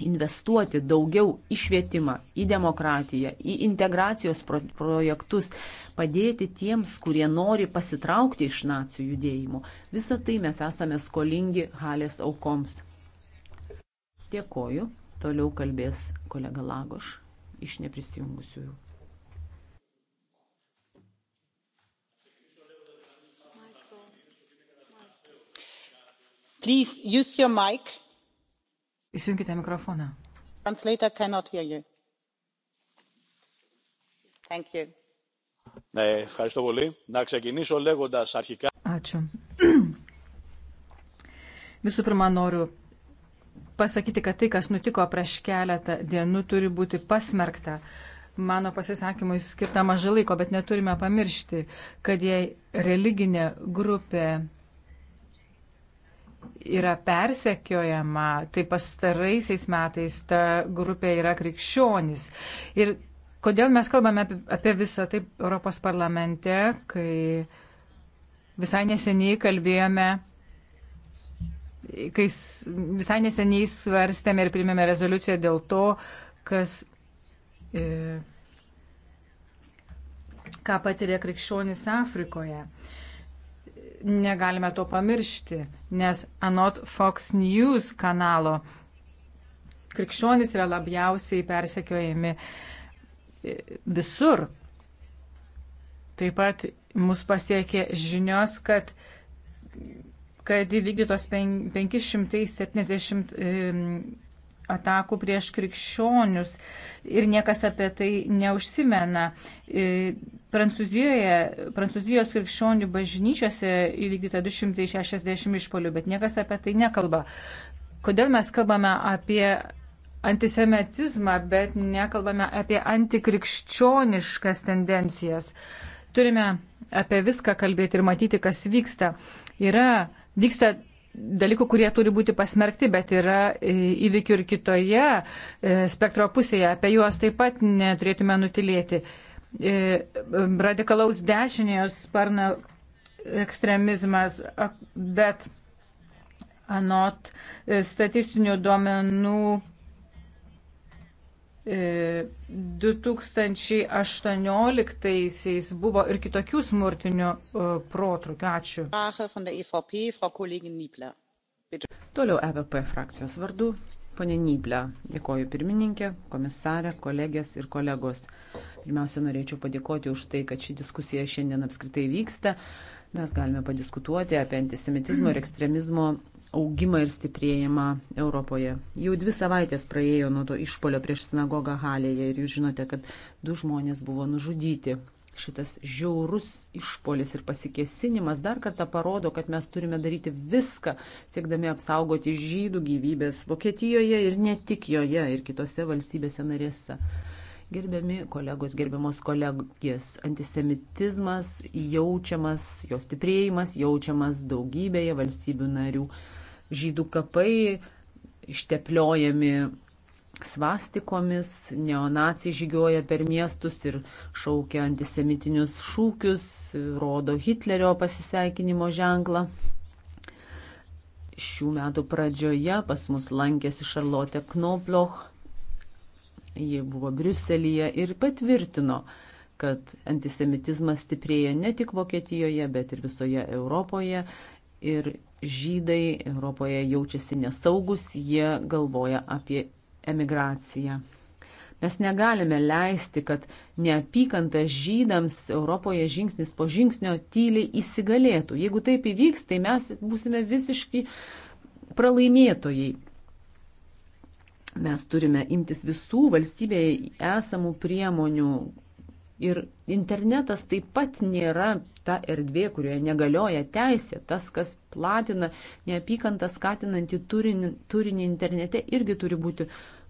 investuoti daugiau į švietimą, į demokratiją, į integracijos projektus, padėti tiems, kurie nori pasitraukti iš nacijų judėjimų. Visą tai mes esame skolingi Halės aukoms. Dėkoju. Toliau kalbės kolega Lagoš iš neprisijungusiųjų. Please use your mic. Įsijunkite mikrofoną. Translator cannot hear you. Thank you. Ναι, ευχαριστώ πολύ. Να ξεκινήσω λέγοντας αρχικά. Ačiū. Visų pirma, noriu pasakyti, kad tai, kas nutiko prieš keletą dienų, turi būti pasmerkta. Mano pasisakymui skirta mažai laiko, bet neturime pamiršti, kad jei religinė grupė yra persekiojama, tai pastaraisiais metais ta grupė yra krikščionys. Ir kodėl mes kalbame apie, apie visą tai Europos parlamente, kai visai neseniai kalbėjome, kai visai neseniai svarstėme ir primėme rezoliuciją dėl to, kas. E, ką patiria krikščionys Afrikoje. E, negalime to pamiršti, nes anot Fox News kanalo krikščionys yra labiausiai persekiojami e, visur. Taip pat mus pasiekė žinios, kad kad įvykdytos 570 atakų prieš krikščionius ir niekas apie tai neužsimena. E, Prancūzijoje, Prancūzijos krikščionių bažnyčiose įvykdyta 260 išpolių, bet niekas apie tai nekalba. Kodėl mes kalbame apie antisemitizmą, bet nekalbame apie antikrikščioniškas tendencijas? Turime apie viską kalbėti ir matyti, kas vyksta. Yra, vyksta dalykų, kurie turi būti pasmerkti, bet yra e, įvykių ir kitoje e, spektro pusėje, apie juos taip pat neturėtume nutilėti. E, radikalaus dešinėjo sparno ekstremizmas, bet anot statistinių duomenų 2018 e, buvo ir kitokių smurtinių e, protrukių. Ačiū. E Toliau EVP frakcijos vardu. Pone Nyblė, dėkoju pirmininkė, komisarė, kolegės ir kolegos. Pirmiausia, norėčiau padėkoti už tai, kad ši diskusija šiandien apskritai vyksta. Mes galime padiskutuoti apie antisemitizmo ir ekstremizmo augimą ir stiprėjimą Europoje. Jau dvi savaitės praėjo nuo to išpolio prieš sinagogą Halėje ir jūs žinote, kad du žmonės buvo nužudyti. Šitas žiaurus išpolis ir pasikesinimas dar kartą parodo, kad mes turime daryti viską, siekdami apsaugoti žydų gyvybės Vokietijoje ir ne tik joje ir kitose valstybėse narėse. Gerbiami kolegos, gerbiamos kolegės, antisemitizmas jaučiamas, jo stiprėjimas jaučiamas daugybėje valstybių narių žydų kapai ištepliojami svastikomis, neonacijai žygioja per miestus ir šaukia antisemitinius šūkius, rodo Hitlerio pasiseikinimo ženklą. Šių metų pradžioje pas mus lankėsi Šarlotė Knobloch, ji buvo Briuselyje ir patvirtino, kad antisemitizmas stiprėja ne tik Vokietijoje, bet ir visoje Europoje ir žydai Europoje jaučiasi nesaugus, jie galvoja apie emigraciją. Mes negalime leisti, kad neapykanta žydams Europoje žingsnis po žingsnio tyliai įsigalėtų. Jeigu taip įvyks, tai mes būsime visiškai pralaimėtojai. Mes turime imtis visų valstybėje esamų priemonių. Ir internetas taip pat nėra ta erdvė, kurioje negalioja teisė, tas, kas platina neapykantą skatinantį turinį, turinį internete, irgi turi būti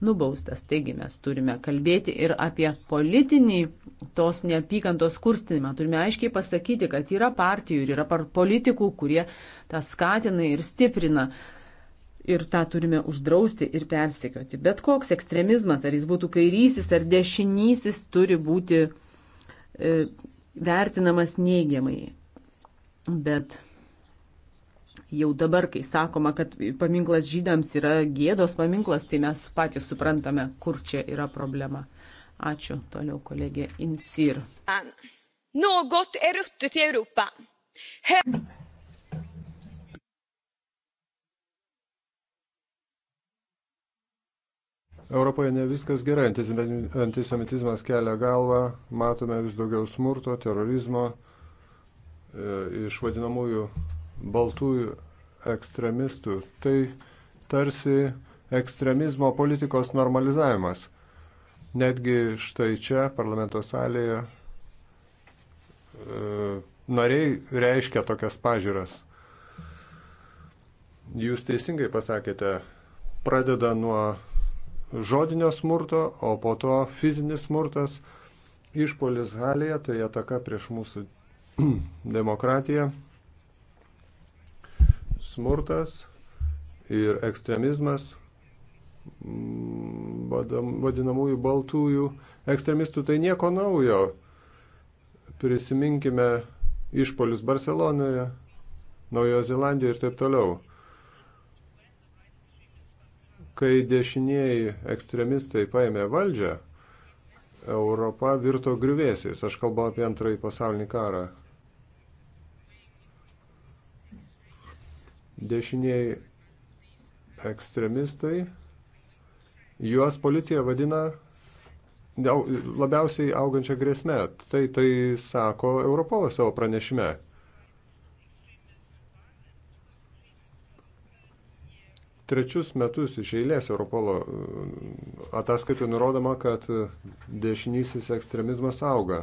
nubaustas. Taigi mes turime kalbėti ir apie politinį tos neapykantos kurstinimą. Turime aiškiai pasakyti, kad yra partijų ir yra politikų, kurie tą skatina ir stiprina. Ir tą turime uždrausti ir persekioti. Bet koks ekstremizmas, ar jis būtų kairysis ar dešinysis, turi būti e, vertinamas neigiamai. Bet jau dabar, kai sakoma, kad paminklas žydams yra gėdos paminklas, tai mes patys suprantame, kur čia yra problema. Ačiū toliau kolegė Incir. Något är ruttet i Europa. He Europoje ne viskas gerai, antisemitizmas kelia galvą, matome vis daugiau smurto, terorizmo, e, iš vadinamųjų baltųjų ekstremistų. Tai tarsi ekstremizmo politikos normalizavimas. Netgi štai čia, parlamento salėje, e, nariai reiškia tokias pažiūras. Jūs teisingai pasakėte, pradeda nuo žodinio smurto, o po to fizinis smurtas, išpolis galėje, tai ataka prieš mūsų demokratiją, smurtas ir ekstremizmas mm, vadinamųjų baltųjų ekstremistų, tai nieko naujo. Prisiminkime išpolius Barcelonoje, Naujojo Zelandijoje ir taip toliau kai dešinieji ekstremistai paėmė valdžią, Europa virto griuvėsiais. Aš kalbu apie antrąjį pasaulinį karą. Dešinieji ekstremistai, juos policija vadina labiausiai augančią grėsmę. Tai tai sako Europolas savo pranešime. Trečius metus iš eilės Europolo e, ataskaitoje nurodoma, kad dešinysis ekstremizmas auga.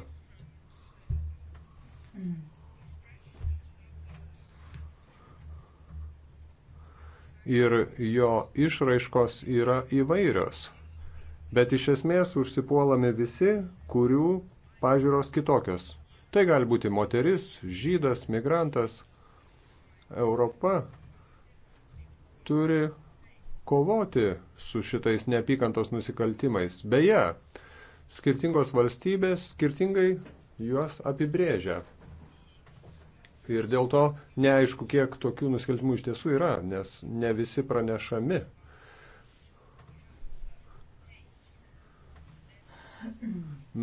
Ir jo išraiškos yra įvairios. Bet iš esmės užsipuolami visi, kurių pažiūros kitokios. Tai gali būti moteris, žydas, migrantas. Europa turi kovoti su šitais neapykantos nusikaltimais. Beje, skirtingos valstybės skirtingai juos apibrėžia. Ir dėl to neaišku, kiek tokių nusikaltimų iš tiesų yra, nes ne visi pranešami.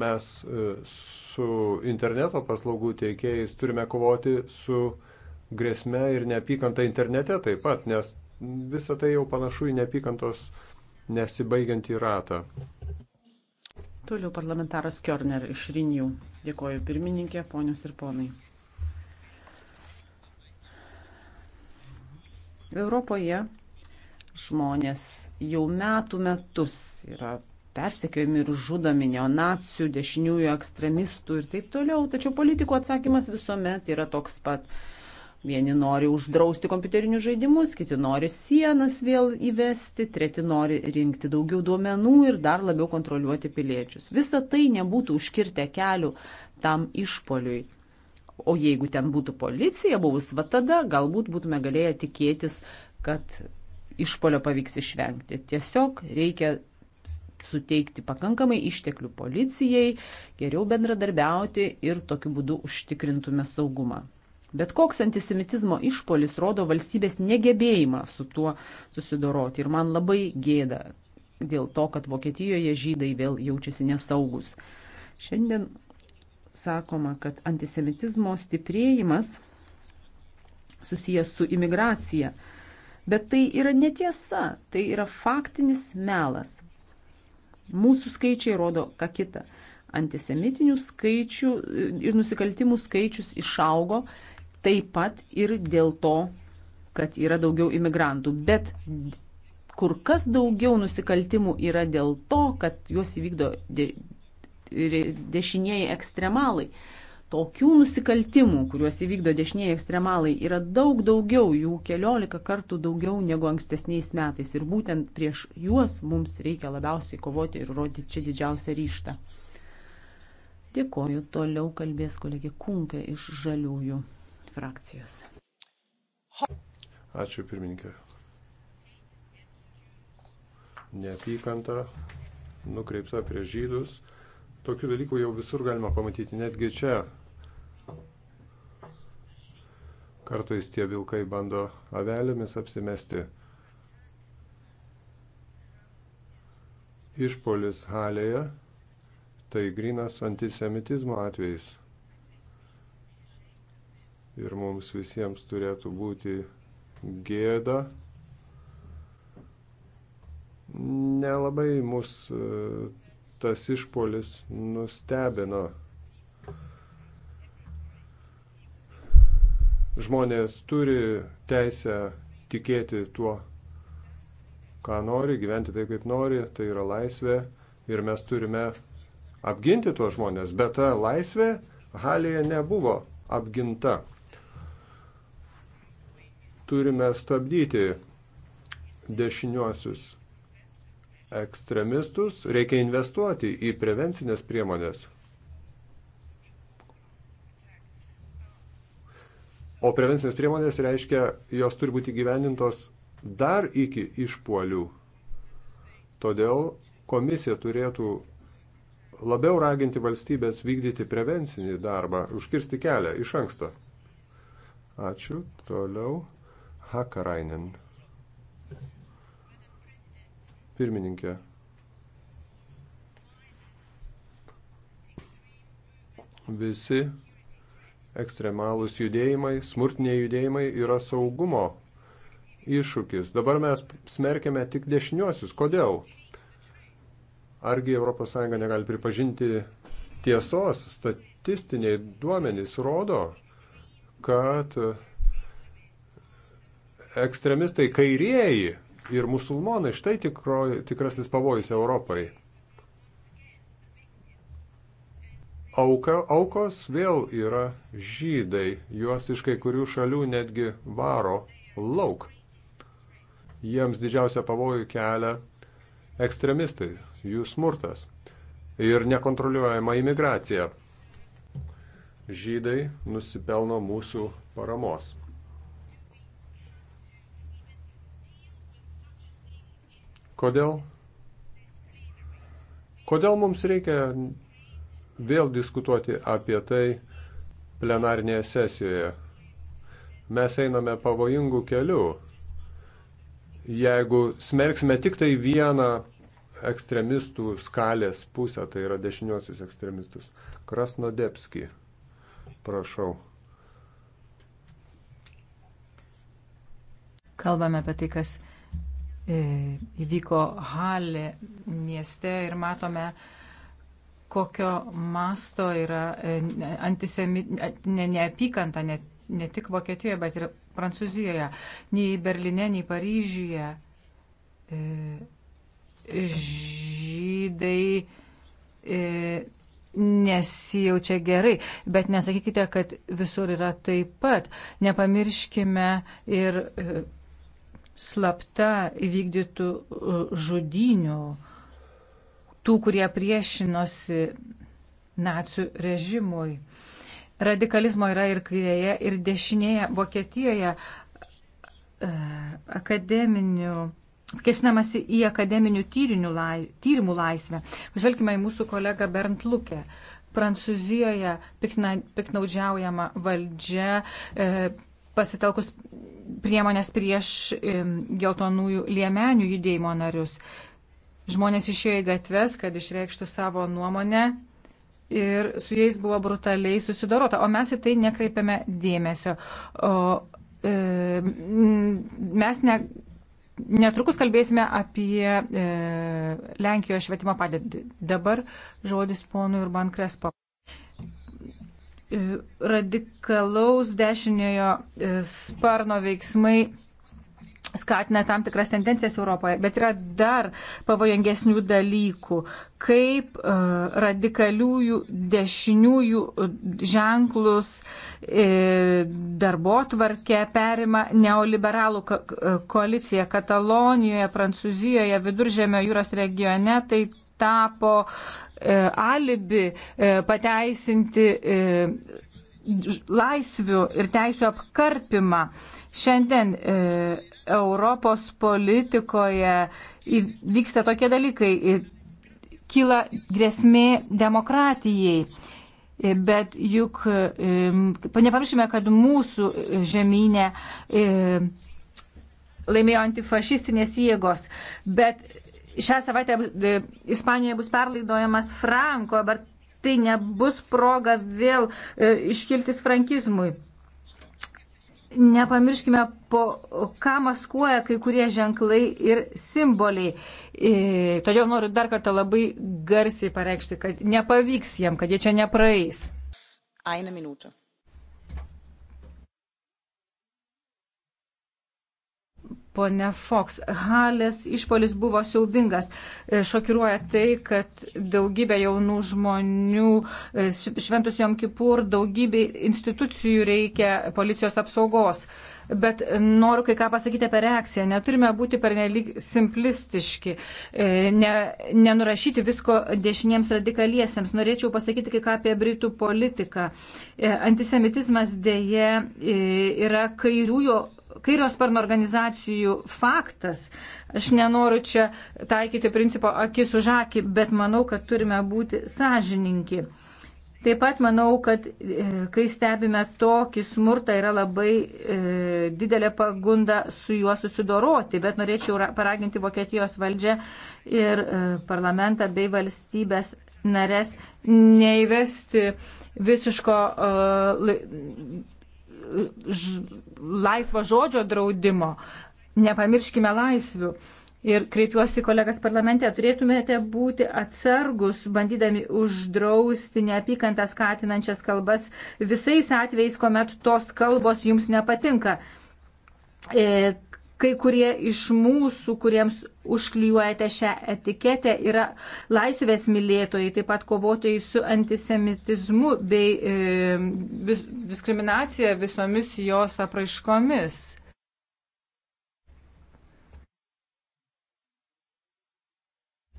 Mes e, su interneto paslaugų teikėjais turime kovoti su grėsme ir neapykanta internete taip pat, nes Visą tai jau panašu į neapykantos nesibaigiantį ratą. Toliau parlamentaras Kjörner iš Rinių. Dėkoju pirmininkė, ponios ir ponai. Europoje žmonės jau metų metus yra persekiojami ir žudomi neonacijų, dešiniųjų ekstremistų ir taip toliau. Tačiau politikų atsakymas visuomet yra toks pat Vieni nori uždrausti kompiuterinius žaidimus, kiti nori sienas vėl įvesti, treti nori rinkti daugiau duomenų ir dar labiau kontroliuoti piliečius. Visa tai nebūtų užkirtę kelių tam išpoliui. O jeigu ten būtų policija buvus, va tada galbūt būtume galėję tikėtis, kad išpolio pavyks išvengti. Tiesiog reikia suteikti pakankamai išteklių policijai, geriau bendradarbiauti ir tokiu būdu užtikrintume saugumą. Bet koks antisemitizmo išpolis rodo valstybės negebėjimą su tuo susidoroti. Ir man labai gėda dėl to, kad Vokietijoje žydai vėl jaučiasi nesaugus. Šiandien sakoma, kad antisemitizmo stiprėjimas susijęs su imigracija. Bet tai yra netiesa, tai yra faktinis melas. Mūsų skaičiai rodo ką kitą. Antisemitinių skaičių ir nusikaltimų skaičius išaugo taip pat ir dėl to, kad yra daugiau imigrantų. Bet kur kas daugiau nusikaltimų yra dėl to, kad juos įvykdo de, dešinieji ekstremalai. Tokių nusikaltimų, kuriuos įvykdo dešinieji ekstremalai, yra daug daugiau, jų keliolika kartų daugiau negu ankstesniais metais. Ir būtent prieš juos mums reikia labiausiai kovoti ir rodyti čia didžiausią ryštą. Dėkoju, toliau kalbės kolegė Kunkė iš Žaliųjų frakcijos. Ačiū pirmininkė. Neapykanta nukreipta prie žydus. Tokių dalykų jau visur galima pamatyti, netgi čia. Kartais tie vilkai bando avelėmis apsimesti. Išpolis halėje tai grinas antisemitizmo atvejais ir mums visiems turėtų būti gėda. Nelabai mus e, tas išpolis nustebino. Žmonės turi teisę tikėti tuo, ką nori, gyventi taip, kaip nori, tai yra laisvė ir mes turime apginti tuos žmonės, bet ta laisvė Halėje nebuvo apginta turime stabdyti dešiniuosius ekstremistus, reikia investuoti į prevencinės priemonės. O prevencinės priemonės reiškia, jos turi būti gyvenintos dar iki išpuolių. Todėl komisija turėtų labiau raginti valstybės vykdyti prevencinį darbą, užkirsti kelią iš anksto. Ačiū. Toliau. Hakarainen. Pirmininkė. Visi ekstremalūs judėjimai, smurtiniai judėjimai yra saugumo iššūkis. Dabar mes smerkiame tik dešiniuosius. Kodėl? Argi ES negali pripažinti tiesos, statistiniai duomenys rodo, kad ekstremistai kairieji ir musulmonai, štai tikro, tikrasis pavojus Europai. Auka, aukos vėl yra žydai, juos iš kai kurių šalių netgi varo lauk. Jiems didžiausia pavojų kelia ekstremistai, jų smurtas ir nekontroliuojama imigracija. Žydai nusipelno mūsų paramos. Kodėl? Kodėl mums reikia vėl diskutuoti apie tai plenarinėje sesijoje? Mes einame pavojingų kelių. Jeigu smerksime tik tai vieną ekstremistų skalės pusę, tai yra dešiniosius ekstremistus. Krasnodepski, prašau. Kalbame apie tai, kas E, įvyko Halė mieste ir matome, kokio masto yra e, antisemitinė neapykanta ne, ne tik Vokietijoje, bet ir Prancūzijoje, nei Berline, nei Paryžiuje. E, žydai nesijaučia gerai, bet nesakykite, kad visur yra taip pat. Nepamirškime ir slapta įvykdytų uh, žudynių, tų, kurie priešinosi nacių režimui. Radikalizmo yra ir kairėje, ir dešinėje Vokietijoje uh, akademinių, kesinamasi į akademinių lai, tyrimų laisvę. Pažvelkime į mūsų kolegą Bernd Luke. Prancūzijoje pikna, piknaudžiaujama valdžia, e, pasitelkus priemonės prieš geltonųjų liemenių judėjimo narius. Žmonės išėjo į gatves, kad išreikštų savo nuomonę ir su jais buvo brutaliai susidorota, o mes į tai nekreipiame dėmesio. O, e, mes ne, netrukus kalbėsime apie e, Lenkijoje švietimo padėtį. Dabar žodis ponui Urban Krespo. E, radikalaus dešiniojo e, sparno veiksmai skatina tam tikras tendencijas Europoje, bet yra dar pavojingesnių dalykų, kaip uh, radikaliųjų dešiniųjų ženklus uh, darbo tvarkė perima neoliberalų ka koalicija Katalonijoje, Prancūzijoje, Viduržėmio jūros regione, tai tapo E, alibi e, pateisinti e, laisvių ir teisų apkarpimą. Šiandien e, Europos politikoje vyksta tokie dalykai, kyla grėsmė demokratijai. Bet juk e, nepamiršime, kad mūsų žemynė e, laimėjo antifašistinės jėgos, bet Šią savaitę e, Ispanijoje bus perlaidojamas Franko, bet tai nebus proga vėl e, iškiltis frankizmui. Nepamirškime, po, ką maskuoja kai kurie ženklai ir simboliai. E, todėl noriu dar kartą labai garsiai pareikšti, kad nepavyks jiem, kad jie čia nepraeis. Eine minutė. Pone Fox, Halės išpolis buvo siaubingas. E, šokiruoja tai, kad daugybė jaunų žmonių e, šventus jom kipur, daugybė institucijų reikia policijos apsaugos. Bet noriu kai ką pasakyti apie reakciją. Neturime būti pernelyg simplistiški, e, ne, nenurašyti visko dešiniems radikaliesiems. Norėčiau pasakyti kai ką apie Britų politiką. Antisemitizmas dėje yra kairiųjo kairio sparno organizacijų faktas. Aš nenoriu čia taikyti principo akis už akį, bet manau, kad turime būti sąžininki. Taip pat manau, kad e, kai stebime tokį smurtą, yra labai e, didelė pagunda su juo susidoroti, bet norėčiau paraginti Vokietijos valdžią ir e, parlamentą bei valstybės narės neįvesti visiško e, ž, laisvo žodžio draudimo. Nepamirškime laisvių. Ir kreipiuosi kolegas parlamente, turėtumėte būti atsargus, bandydami uždrausti neapykantą skatinančias kalbas visais atvejais, kuomet tos kalbos jums nepatinka. E, kai kurie iš mūsų, kuriems užklijuojate šią etiketę, yra laisvės mylėtojai, taip pat kovotojai su antisemitizmu bei e, vis, diskriminacija visomis jos apraiškomis.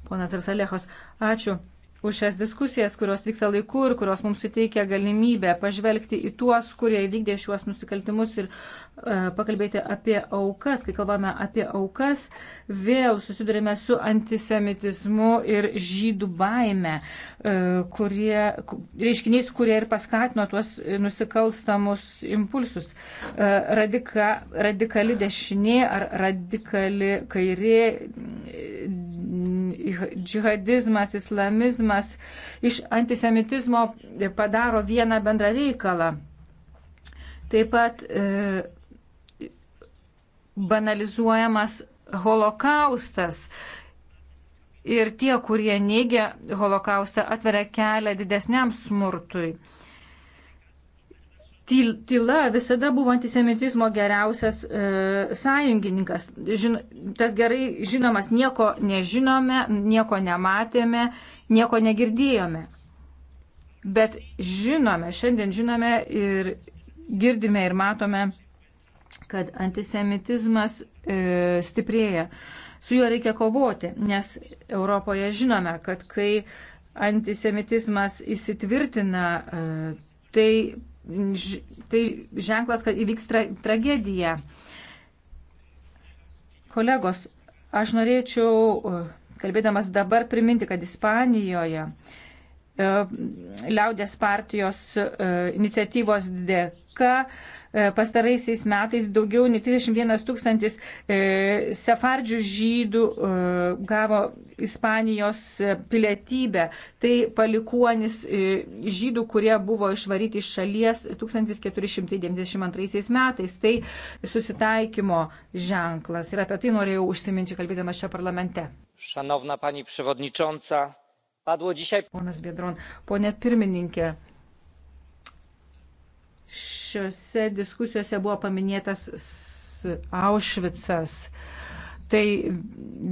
Ponas Arsalėchos, ačiū už šias diskusijas, kurios vyksta laiku ir kurios mums suteikia galimybę pažvelgti į tuos, kurie įvykdė šiuos nusikaltimus ir e, pakalbėti apie aukas. Kai kalbame apie aukas, vėl susidurime su antisemitizmu ir žydų baime, e, kurie, reiškiniais, kurie ir paskatino tuos nusikalstamus impulsus. E, radika, radikali dešinė ar radikali kairė, e, džihadizmas, islamizmas, atmetimas iš antisemitizmo padaro vieną bendrą reikalą. Taip pat e, banalizuojamas holokaustas. Ir tie, kurie neigia holokaustą, atveria kelią didesniam smurtui. Tyla visada buvo antisemitizmo geriausias e, sąjungininkas. Žin, tas gerai žinomas, nieko nežinome, nieko nematėme nieko negirdėjome. Bet žinome, šiandien žinome ir girdime ir matome, kad antisemitizmas e, stiprėja. Su juo reikia kovoti, nes Europoje žinome, kad kai antisemitizmas įsitvirtina, e, tai, ž, tai ženklas, kad įvyks tra, tragedija. Kolegos, aš norėčiau e, kalbėdamas dabar priminti, kad Ispanijoje e, liaudės partijos e, iniciatyvos dėka E, pastaraisiais metais daugiau nei 31 tūkstantis e, sefardžių žydų e, gavo Ispanijos pilietybę. Tai palikuonis žydų, kurie buvo išvaryti iš šalies 1492 metais. Tai susitaikymo ženklas. Ir apie tai norėjau užsiminti kalbėdamas čia parlamente. Šanovna pani przewodnicząca, padło dzisiaj. Ponas Biedron, ponė pirmininkė. Šiuose diskusijose buvo paminėtas Aušvicas. Tai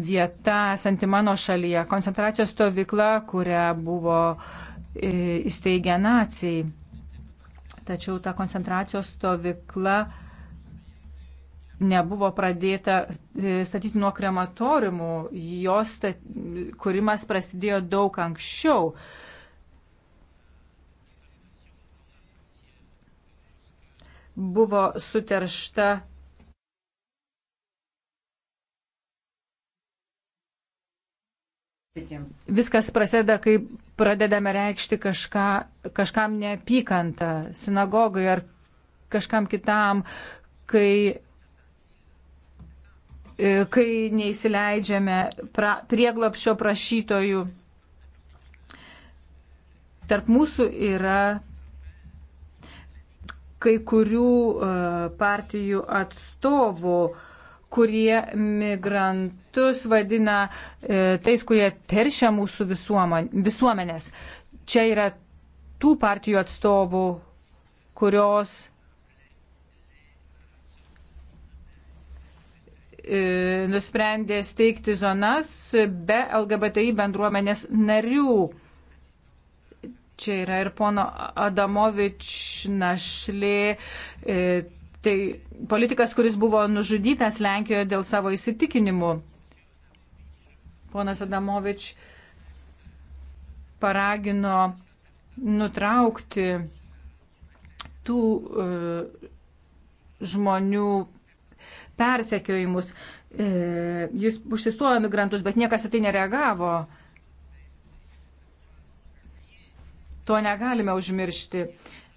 vieta esanti mano šalyje, koncentracijos stovykla, kurią buvo e, įsteigę nacijai. Tačiau ta koncentracijos stovykla nebuvo pradėta e, statyti nuo krematoriumų, jos stat... kūrimas prasidėjo daug anksčiau. buvo suteršta Viskas prasideda, kai pradedame reikšti kažką, kažkam neapykantą, sinagogai ar kažkam kitam, kai, e, kai neįsileidžiame pra, prieglapšio prašytojų. Tarp mūsų yra kai kurių e, partijų atstovų, kurie migrantus vadina e, tais, kurie teršia mūsų visuomenės. Čia yra tų partijų atstovų, kurios e, nusprendė steigti zonas be LGBTI bendruomenės narių čia yra ir pono Adamovič našlė. E, tai politikas, kuris buvo nužudytas Lenkijoje dėl savo įsitikinimų. Ponas Adamovič paragino nutraukti tų e, žmonių persekiojimus. E, jis užsistojo migrantus, bet niekas į tai nereagavo. E, To negalime užmiršti.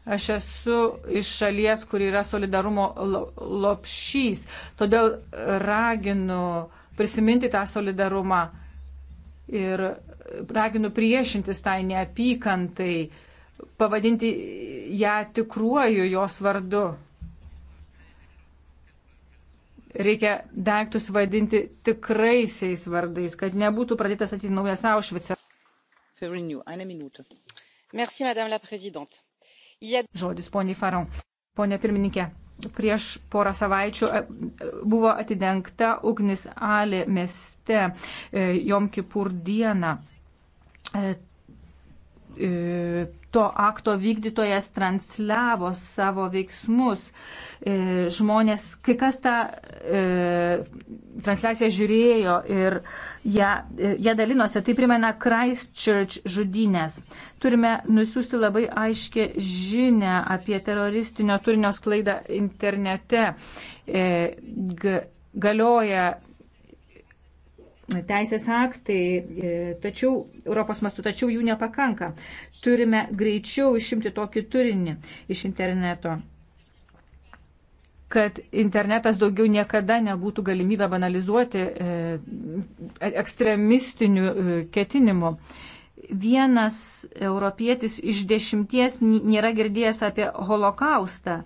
Aš esu iš šalies, kur yra solidarumo lopšys, todėl raginu prisiminti tą solidarumą ir raginu priešintis tai neapykantai, pavadinti ją tikruoju jos vardu reikia daiktus vadinti tikraisiais vardais, kad nebūtų pradėtas ateiti naujas Aušvicas. Merci, Žodis poniai Farau. Pone pirmininkė, prieš porą savaičių e, e, buvo atidengta ugnis Ali mieste e, Jomkipur dieną to akto vykdytojas transliavo savo veiksmus. E, žmonės, kai kas tą e, transliaciją žiūrėjo ir ją, e, ją dalinosi, tai primena Christchurch žudynės. Turime nusiųsti labai aiškę žinę apie teroristinio turinio sklaidą internete. E, galioja teisės aktai, e, tačiau Europos mastu, tačiau jų nepakanka. Turime greičiau išimti tokį turinį iš interneto kad internetas daugiau niekada nebūtų galimybę banalizuoti e, e, ekstremistinių e, ketinimų. Vienas europietis iš dešimties nėra girdėjęs apie holokaustą.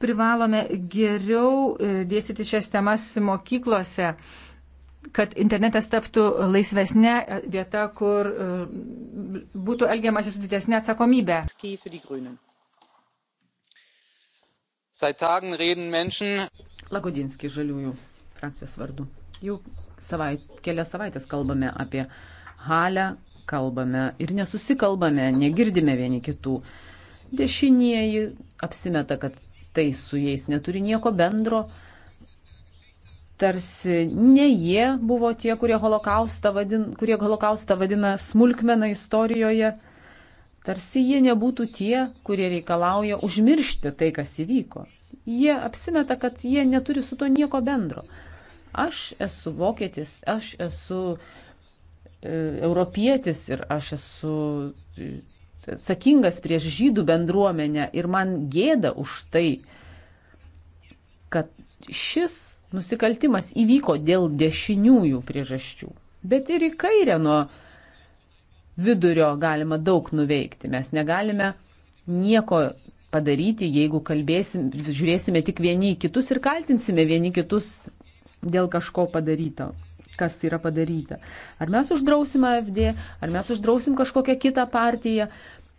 Privalome geriau e, dėstyti šias temas mokyklose. E, kad internetas taptų laisvesnė vieta, kur e, būtų elgiamasi su didesnė atsakomybė. Lagodinski žaliųjų frakcijos vardu. Jau savait, kelias savaitės kalbame apie halę, kalbame ir nesusikalbame, negirdime vieni kitų. Dešinieji apsimeta, kad tai su jais neturi nieko bendro tarsi ne jie buvo tie, kurie holokaustą, vadin, kurie holokaustą vadina smulkmeną istorijoje, tarsi jie nebūtų tie, kurie reikalauja užmiršti tai, kas įvyko. Jie apsimeta, kad jie neturi su to nieko bendro. Aš esu vokietis, aš esu e, europietis ir aš esu e, atsakingas prieš žydų bendruomenę ir man gėda už tai, kad šis nusikaltimas įvyko dėl dešiniųjų priežasčių. Bet ir į kairę nuo vidurio galima daug nuveikti. Mes negalime nieko padaryti, jeigu kalbėsim, žiūrėsime tik vieni į kitus ir kaltinsime vieni kitus dėl kažko padaryto kas yra padaryta. Ar mes uždrausim AFD, ar mes uždrausim kažkokią kitą partiją,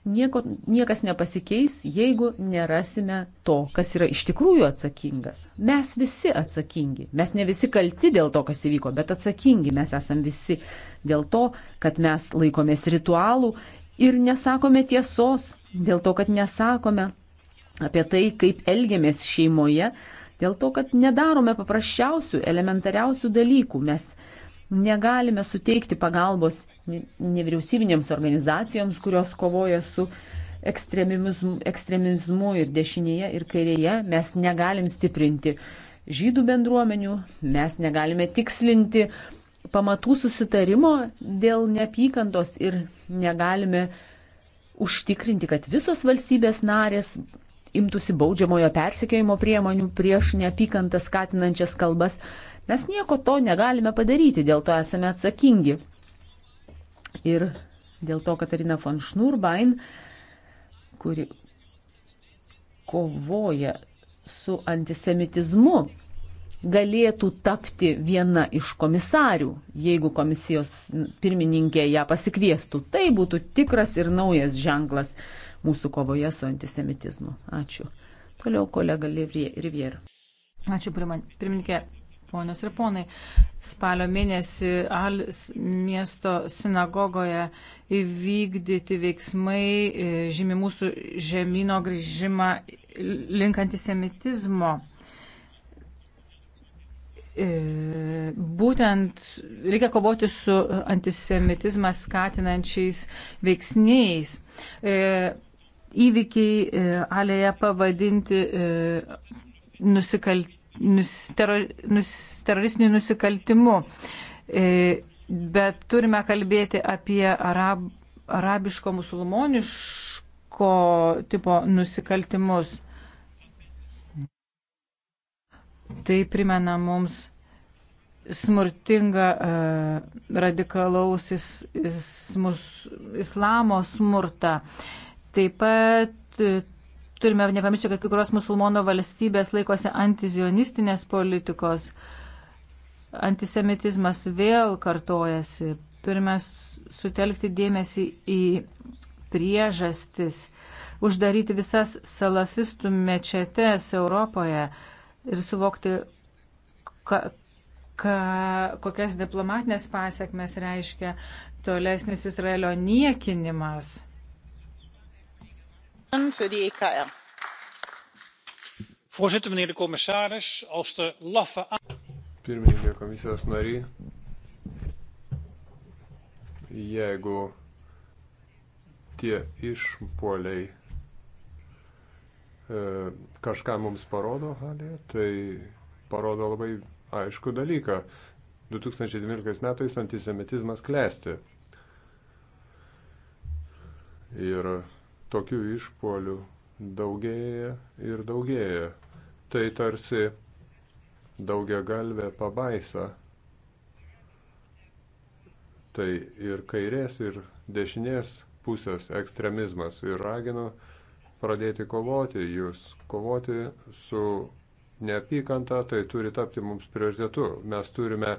nieko, niekas nepasikeis, jeigu nerasime to, kas yra iš tikrųjų atsakingas. Mes visi atsakingi. Mes ne visi kalti dėl to, kas įvyko, bet atsakingi mes esam visi dėl to, kad mes laikomės ritualų ir nesakome tiesos, dėl to, kad nesakome apie tai, kaip elgiamės šeimoje, dėl to, kad nedarome paprasčiausių, elementariausių dalykų. Mes Negalime suteikti pagalbos nevyriausybinėms organizacijoms, kurios kovoja su ekstremizmu, ekstremizmu ir dešinėje, ir kairėje. Mes negalim stiprinti žydų bendruomenių, mes negalime tikslinti pamatų susitarimo dėl neapykantos ir negalime užtikrinti, kad visos valstybės narės imtųsi baudžiamojo persikėjimo priemonių prieš neapykantą skatinančias kalbas Mes nieko to negalime padaryti, dėl to esame atsakingi. Ir dėl to Katarina von Schnurbein, kuri kovoja su antisemitizmu, galėtų tapti viena iš komisarių, jeigu komisijos pirmininkė ją pasikviestų. Tai būtų tikras ir naujas ženklas mūsų kovoje su antisemitizmu. Ačiū. Toliau kolega Rivier. Ačiū, pirmininkė ponios ir ponai. Spalio mėnesį Al miesto sinagogoje įvykdyti veiksmai e, žymi mūsų žemynų grįžimą link antisemitizmo. E, būtent reikia kovoti su antisemitizmą skatinančiais veiksniais e, įvykiai alėje pavadinti nusikalt, nus, teror, nus, teroristiniu nusikaltimu. E, bet turime kalbėti apie arab, arabiško musulmoniško tipo nusikaltimus. Tai primena mums smurtingą e, radikalaus is, is, mus, islamo smurtą. Taip pat turime nepamiršti, kad kai kurios musulmonų valstybės laikosi antizionistinės politikos. Antisemitizmas vėl kartojasi. Turime sutelkti dėmesį į priežastis, uždaryti visas salafistų mečetes Europoje ir suvokti, ka, ka, kokias diplomatinės pasiekmes reiškia tolesnis Izraelio niekinimas. E voorzitter mijnheer de commissaris als de laffe. pirmininke komisijos nary jeigu tie išpuoliai e, kažką mums parodo halėje tai parodo labai aišku dalyką 2012 metais antisemitizmas klesti ir tokių išpolių daugėja ir daugėja. Tai tarsi daugia galvė pabaisa. Tai ir kairės, ir dešinės pusės ekstremizmas. Ir raginu pradėti kovoti jūs, kovoti su neapykanta, tai turi tapti mums prioritetu. Mes turime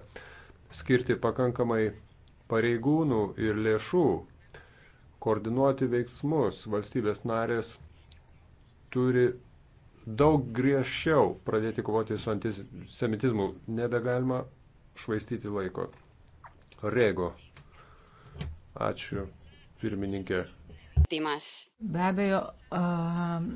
skirti pakankamai pareigūnų ir lėšų koordinuoti veiksmus. Valstybės narės turi daug griežčiau pradėti kovoti su antisemitizmu. Nebegalima švaistyti laiko. Rego. Ačiū, pirmininkė. Be abejo, um,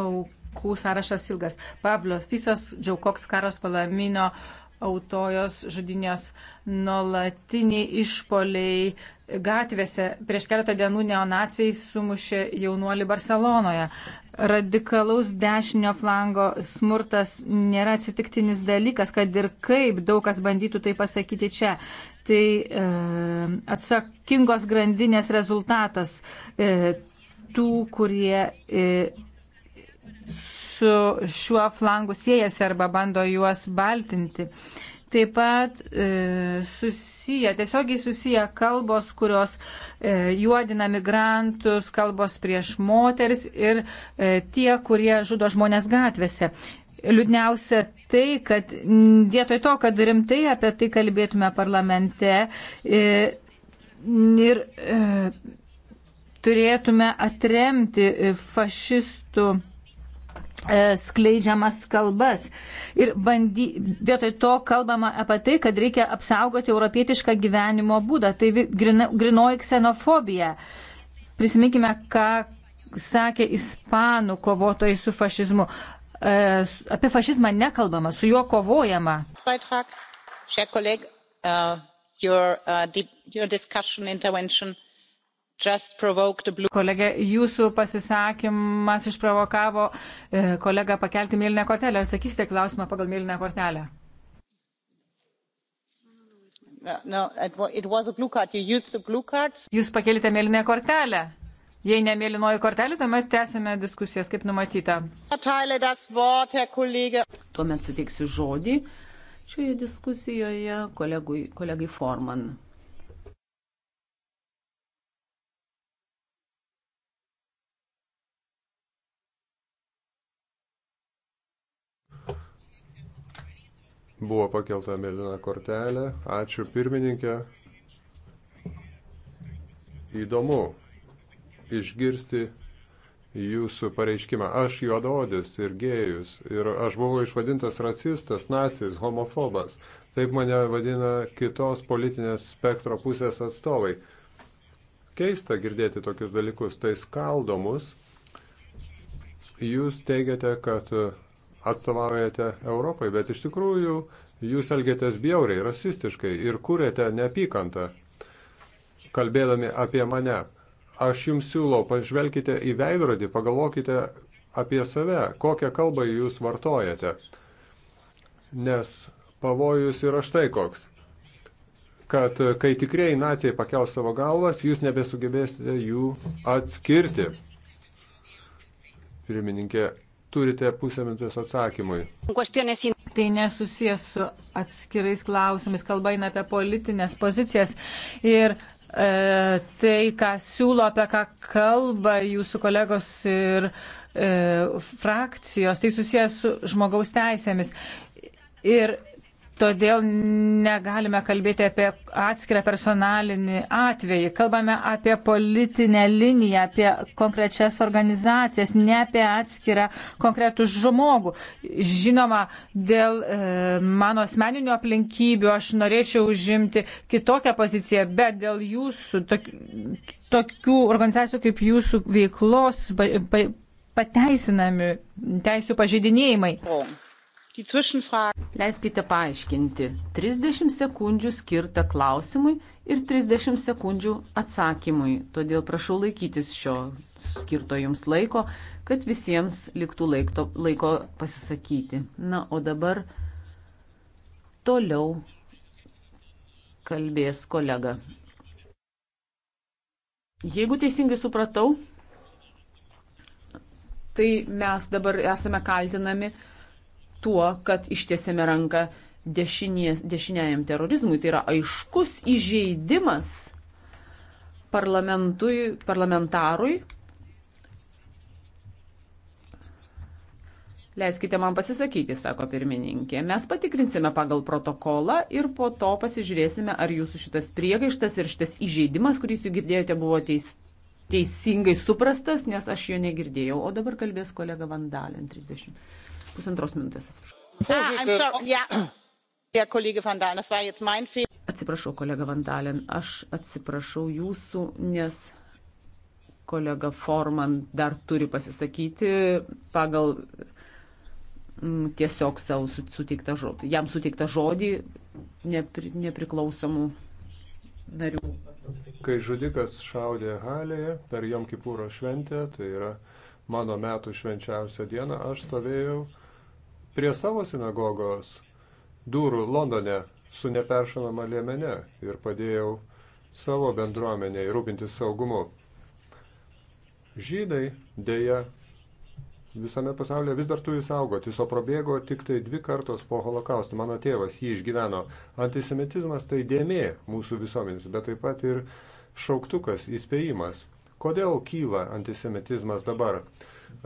aukų sąrašas ilgas. Pablo Fisos, Džiaukoks Karos Palamino, uh, autojos žudinės nuolatiniai išpoliai gatvėse. Prieš keletą dienų neonacijai sumušė jaunuolį Barcelonoje. Radikalaus dešinio flango smurtas nėra atsitiktinis dalykas, kad ir kaip daug kas bandytų tai pasakyti čia. Tai e, atsakingos grandinės rezultatas e, tų, kurie e, su šiuo flangu siejasi arba bando juos baltinti. Taip pat e, susiję, tiesiogiai susiję kalbos, kurios e, juodina migrantus, kalbos prieš moteris ir e, tie, kurie žudo žmonės gatvėse. Liūdniausia tai, kad vietoj to, kad rimtai apie tai kalbėtume parlamente e, ir e, turėtume atremti fašistų E, skleidžiamas kalbas. Ir bandy, vietoj to kalbama apie tai, kad reikia apsaugoti europietišką gyvenimo būdą. Tai grina, grinoji ksenofobija. Prisiminkime, ką sakė ispanų kovotojai su fašizmu. E, apie fašizmą nekalbama, su juo kovojama. Beitrag, Blue... Kolegė, jūsų pasisakymas išprovokavo e, kolegą pakelti mėlyną kortelę. Ar sakysite klausimą pagal mėlyną kortelę? No, Jūs pakelite mėlyną kortelę. Jei nemėlynoji kortelė, tuomet tęsime diskusijas, kaip numatyta. Tuomet suteiksiu žodį šioje diskusijoje kolegui, kolegai Forman. Buvo pakelta mėlyna kortelė. Ačiū pirmininkė. Įdomu išgirsti jūsų pareiškimą. Aš juododis ir gėjus. Ir aš buvau išvadintas racistas, nacis, homofobas. Taip mane vadina kitos politinės spektro pusės atstovai. Keista girdėti tokius dalykus. Tai skaldomus. Jūs teigiate, kad atstovaujate Europai, bet iš tikrųjų jūs elgėtės bjauriai, rasistiškai ir kūrėte neapykantą, kalbėdami apie mane. Aš jums siūlau, pažvelkite į veidrodį, pagalvokite apie save, kokią kalbą jūs vartojate. Nes pavojus yra štai koks kad kai tikrieji nacijai pakels savo galvas, jūs nebesugebėsite jų atskirti. Pirmininkė turite pusę minutės atsakymui. Tai nesusijęs su atskirais klausimais, kalba eina apie politinės pozicijas ir e, tai, ką siūlo, apie ką kalba jūsų kolegos ir e, frakcijos, tai susijęs su žmogaus teisėmis. Ir Todėl negalime kalbėti apie atskirą personalinį atvejį. Kalbame apie politinę liniją, apie konkrečias organizacijas, ne apie atskirą konkretų žmogų. Žinoma, dėl e, mano asmeninių aplinkybių aš norėčiau užimti kitokią poziciją, bet dėl jūsų, tok, tokių organizacijų kaip jūsų veiklos pa, pa, pateisinami teisų pažeidinėjimai. O. Leiskite paaiškinti. 30 sekundžių skirta klausimui ir 30 sekundžių atsakymui. Todėl prašau laikytis šio skirto jums laiko, kad visiems liktų laiko, laiko pasisakyti. Na, o dabar toliau kalbės kolega. Jeigu teisingai supratau, tai mes dabar esame kaltinami tuo, kad ištiesėme ranką dešinės, dešiniajam terorizmui. Tai yra aiškus įžeidimas parlamentarui. Leiskite man pasisakyti, sako pirmininkė. Mes patikrinsime pagal protokolą ir po to pasižiūrėsime, ar jūsų šitas priegaištas ir šitas įžeidimas, kurį jūs girdėjote, buvo teis, teisingai suprastas, nes aš jo negirdėjau. O dabar kalbės kolega Vandalin 30 pusantros minutės. Atsiprašau. Ah, atsiprašau, kolega Vandalen, aš atsiprašau jūsų, nes kolega Forman dar turi pasisakyti pagal m, mm, tiesiog savo suteiktą žodį, jam suteiktą žodį nepri, nepriklausomų narių. Kai žudikas šaudė Halėje per Jom Kipūro šventę, tai yra mano metų švenčiausią dieną, aš stovėjau prie savo sinagogos durų Londone su neperšalama liemene ir padėjau savo bendruomeniai rūpintis saugumu. Žydai dėja visame pasaulyje vis dar turi saugotis, o prabėgo tik tai dvi kartos po holokausto. Mano tėvas jį išgyveno. Antisemitizmas tai dėmė mūsų visuomenės, bet taip pat ir šauktukas, įspėjimas. Kodėl kyla antisemitizmas dabar?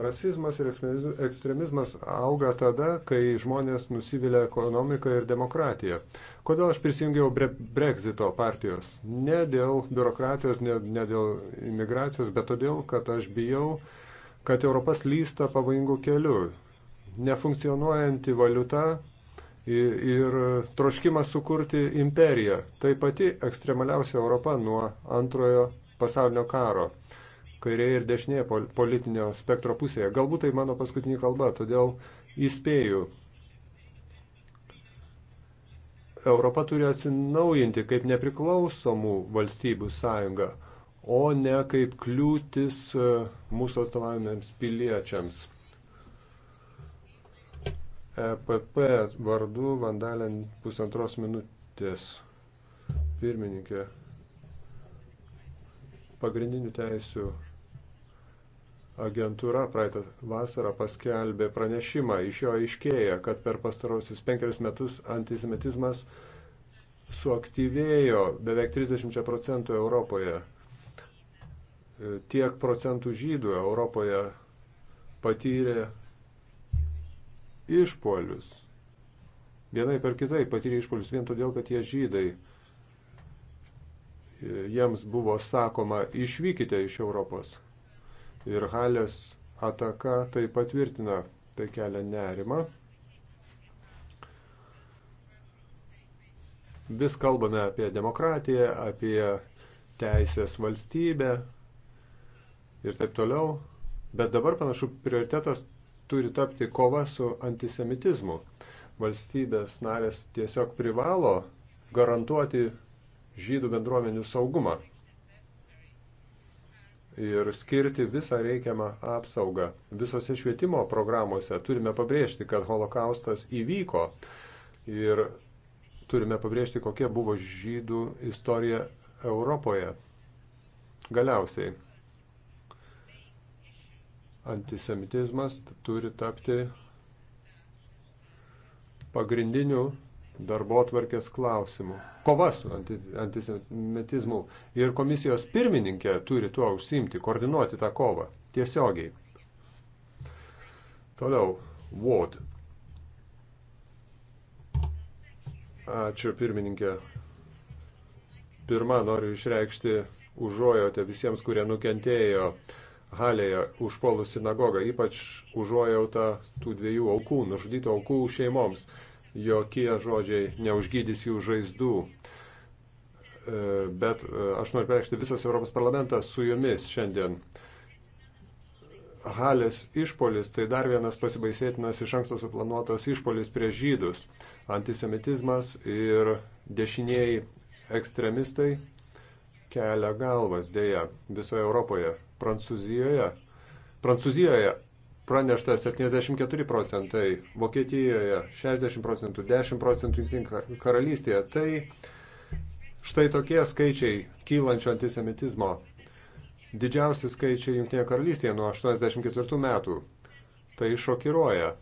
Rasizmas ir ekstremizmas auga tada, kai žmonės nusivilia ekonomiką ir demokratiją. Kodėl aš prisijungiau bre Brexito partijos? Ne dėl biurokratijos, ne, ne dėl imigracijos, bet todėl, kad aš bijau, kad Europas lysta pavojingų kelių. Nefunkcionuojanti valiuta ir, ir troškimas sukurti imperiją. Tai pati ekstremaliausia Europa nuo antrojo pasaulinio karo kairėje ir dešinėje politinio spektro pusėje. Galbūt tai mano paskutinė kalba, todėl įspėju. Europa turi atsinaujinti kaip nepriklausomų valstybių sąjunga, o ne kaip kliūtis e, mūsų atstovavimėms piliečiams. EPP vardu Vandalen pusantros minutės pirmininkė pagrindinių teisių agentūra praeitą vasarą paskelbė pranešimą. Iš jo aiškėja, kad per pastarosius penkerius metus antisemitizmas suaktyvėjo beveik 30 procentų Europoje. Tiek procentų žydų Europoje patyrė išpolius. Vienai per kitai patyrė išpolius vien todėl, kad jie žydai. Jiems buvo sakoma, išvykite iš Europos ir Halės ataka tai patvirtina, tai kelia nerima. Vis kalbame apie demokratiją, apie teisės valstybę ir taip toliau, bet dabar panašu prioritetas turi tapti kova su antisemitizmu. Valstybės narės tiesiog privalo garantuoti žydų bendruomenių saugumą ir skirti visą reikiamą apsaugą. Visose švietimo programuose turime pabrėžti, kad holokaustas įvyko ir turime pabrėžti, kokia buvo žydų istorija Europoje. Galiausiai, antisemitizmas turi tapti pagrindiniu darbo atvarkės klausimų, kova su antisemitizmu. Ir komisijos pirmininkė turi tuo užsimti, koordinuoti tą kovą tiesiogiai. Toliau, Ward. Ačiū pirmininkė. Pirma, noriu išreikšti užuojautę visiems, kurie nukentėjo Halėje užpolus sinagogą, ypač užuojautą tų dviejų aukų, nužudytų aukų šeimoms jokie žodžiai neužgydys jų žaizdų. E, bet e, aš noriu pareikšti visas Europos parlamentas su jumis šiandien. Halės išpolis tai dar vienas pasibaisėtinas iš anksto suplanuotas išpolis prieš žydus. Antisemitizmas ir dešinieji ekstremistai kelia galvas dėja visoje Europoje. Prancūzijoje, Prancūzijoje pranešta 74 procentai, Vokietijoje 60 procentų, 10 procentų karalystėje. Tai štai tokie skaičiai kylančio antisemitizmo. Didžiausi skaičiai Junktinėje karalystėje nuo 84 metų. Tai šokiruoja.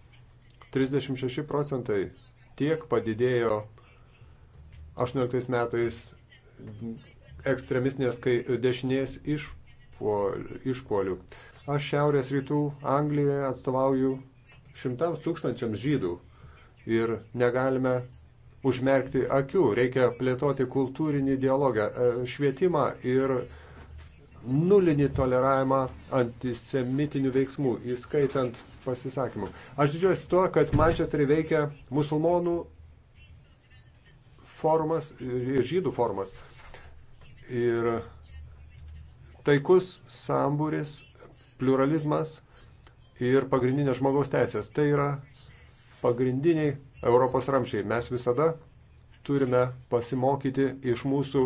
36 procentai tiek padidėjo 18 metais ekstremistinės dešinės išpolių. Iš Aš Šiaurės rytų Anglijoje atstovauju šimtams tūkstančiams žydų ir negalime užmerkti akių, reikia plėtoti kultūrinį dialogą, e, švietimą ir nulinį toleravimą antisemitinių veiksmų, įskaitant pasisakymų. Aš didžiuojuosi tuo, kad Mančesterį veikia musulmonų formas ir žydų formas. Ir taikus sambūris pluralizmas ir pagrindinės žmogaus teisės. Tai yra pagrindiniai Europos ramšiai. Mes visada turime pasimokyti iš mūsų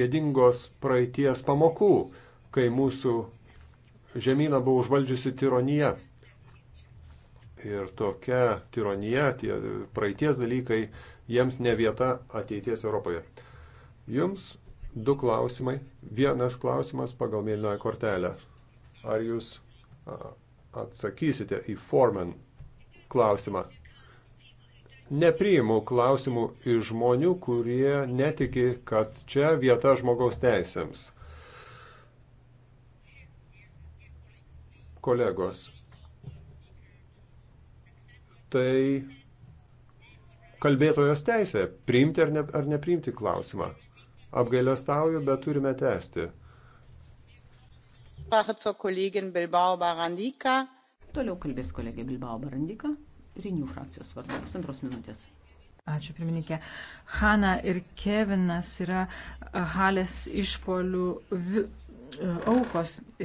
gedingos praeities pamokų, kai mūsų žemyną buvo užvaldžiusi tironija. Ir tokia tironija, tie praeities dalykai, jiems ne vieta ateities Europoje. Jums du klausimai. Vienas klausimas pagal mėlynoją kortelę. Ar jūs atsakysite į Forman klausimą? Nepriimu klausimų iš žmonių, kurie netiki, kad čia vieta žmogaus teisėms. Kolegos, tai kalbėtojos teisė priimti ar, ne, ar nepriimti klausimą. Apgailestauju, bet turime tęsti. Toliau kalbės kolegė Bilbao Barandika, Rinių frakcijos vardu, pusantros minutės. Ačiū, pirmininkė. Hanna ir Kevinas yra e, Halės išpolių vi, e, aukos. E,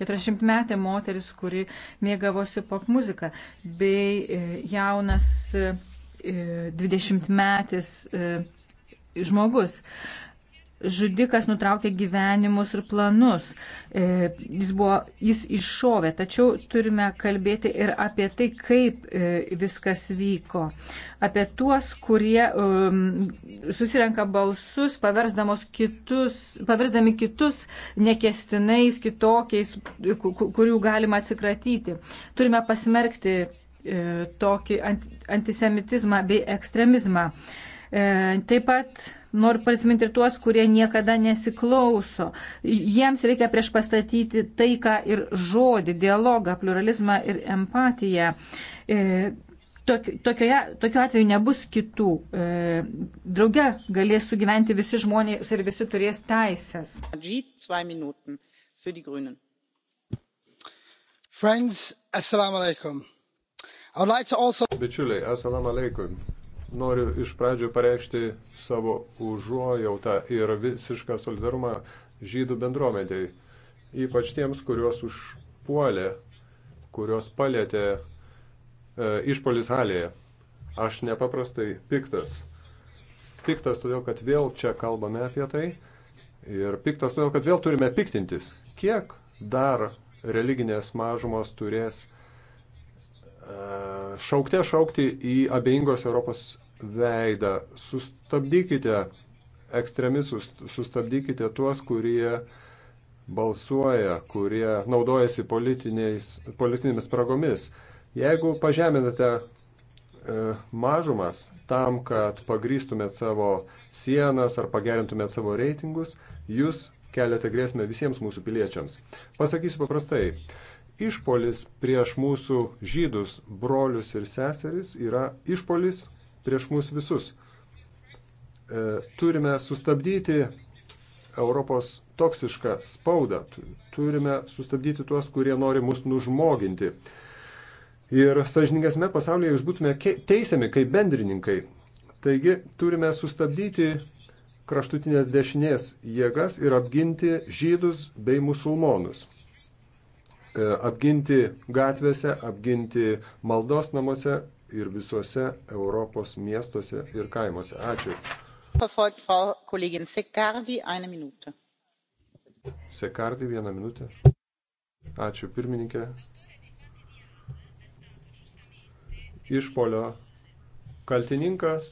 40 metė moteris, kuri mėgavosi popmuziką, bei e, jaunas 20 metis žmogus. E, žudikas nutraukė gyvenimus ir planus. E, jis, buvo, jis iššovė, tačiau turime kalbėti ir apie tai, kaip e, viskas vyko. Apie tuos, kurie e, susirenka balsus, kitus, paversdami kitus nekestinais, kitokiais, kurių galima atsikratyti. Turime pasmerkti e, tokį antisemitizmą bei ekstremizmą. E, taip pat Noriu prisiminti ir tuos, kurie niekada nesiklauso. Jiems reikia prieš pastatyti taiką ir žodį, dialogą, pluralizmą ir empatiją. E, tokioje, tokiu atveju nebus kitų. E, drauge galės sugyventi visi žmonės ir visi turės teisės. Friends, assalamu alaikum. Like also... Bičiuliai, assalamu alaikum noriu iš pradžio pareikšti savo užuojautą ir visišką solidarumą žydų bendruomeniai, ypač tiems, kuriuos užpuolė, kuriuos palėtė e, išpolis halėje. Aš nepaprastai piktas. Piktas todėl, kad vėl čia kalbame apie tai ir piktas todėl, kad vėl turime piktintis. Kiek dar religinės mažumos turės e, šaukte šaukti į abejingos Europos veidą. Sustabdykite ekstremistus, sustabdykite tuos, kurie balsuoja, kurie naudojasi politinėmis spragomis. Jeigu pažeminate e, mažumas tam, kad pagrįstumėt savo sienas ar pagerintumėt savo reitingus, jūs keliate grėsmę visiems mūsų piliečiams. Pasakysiu paprastai, išpolis prieš mūsų žydus, brolius ir seseris yra išpolis prieš mus visus. E, turime sustabdyti Europos toksišką spaudą, turime sustabdyti tuos, kurie nori mus nužmoginti. Ir sažiningesnė pasaulyje jūs būtume teisiami kaip bendrininkai. Taigi turime sustabdyti kraštutinės dešinės jėgas ir apginti žydus bei musulmonus. E, apginti gatvėse, apginti maldos namuose, ir visuose Europos miestuose ir kaimuose. Ačiū. Sekardi vieną minutę. Ačiū pirmininkė. Išpolio kaltininkas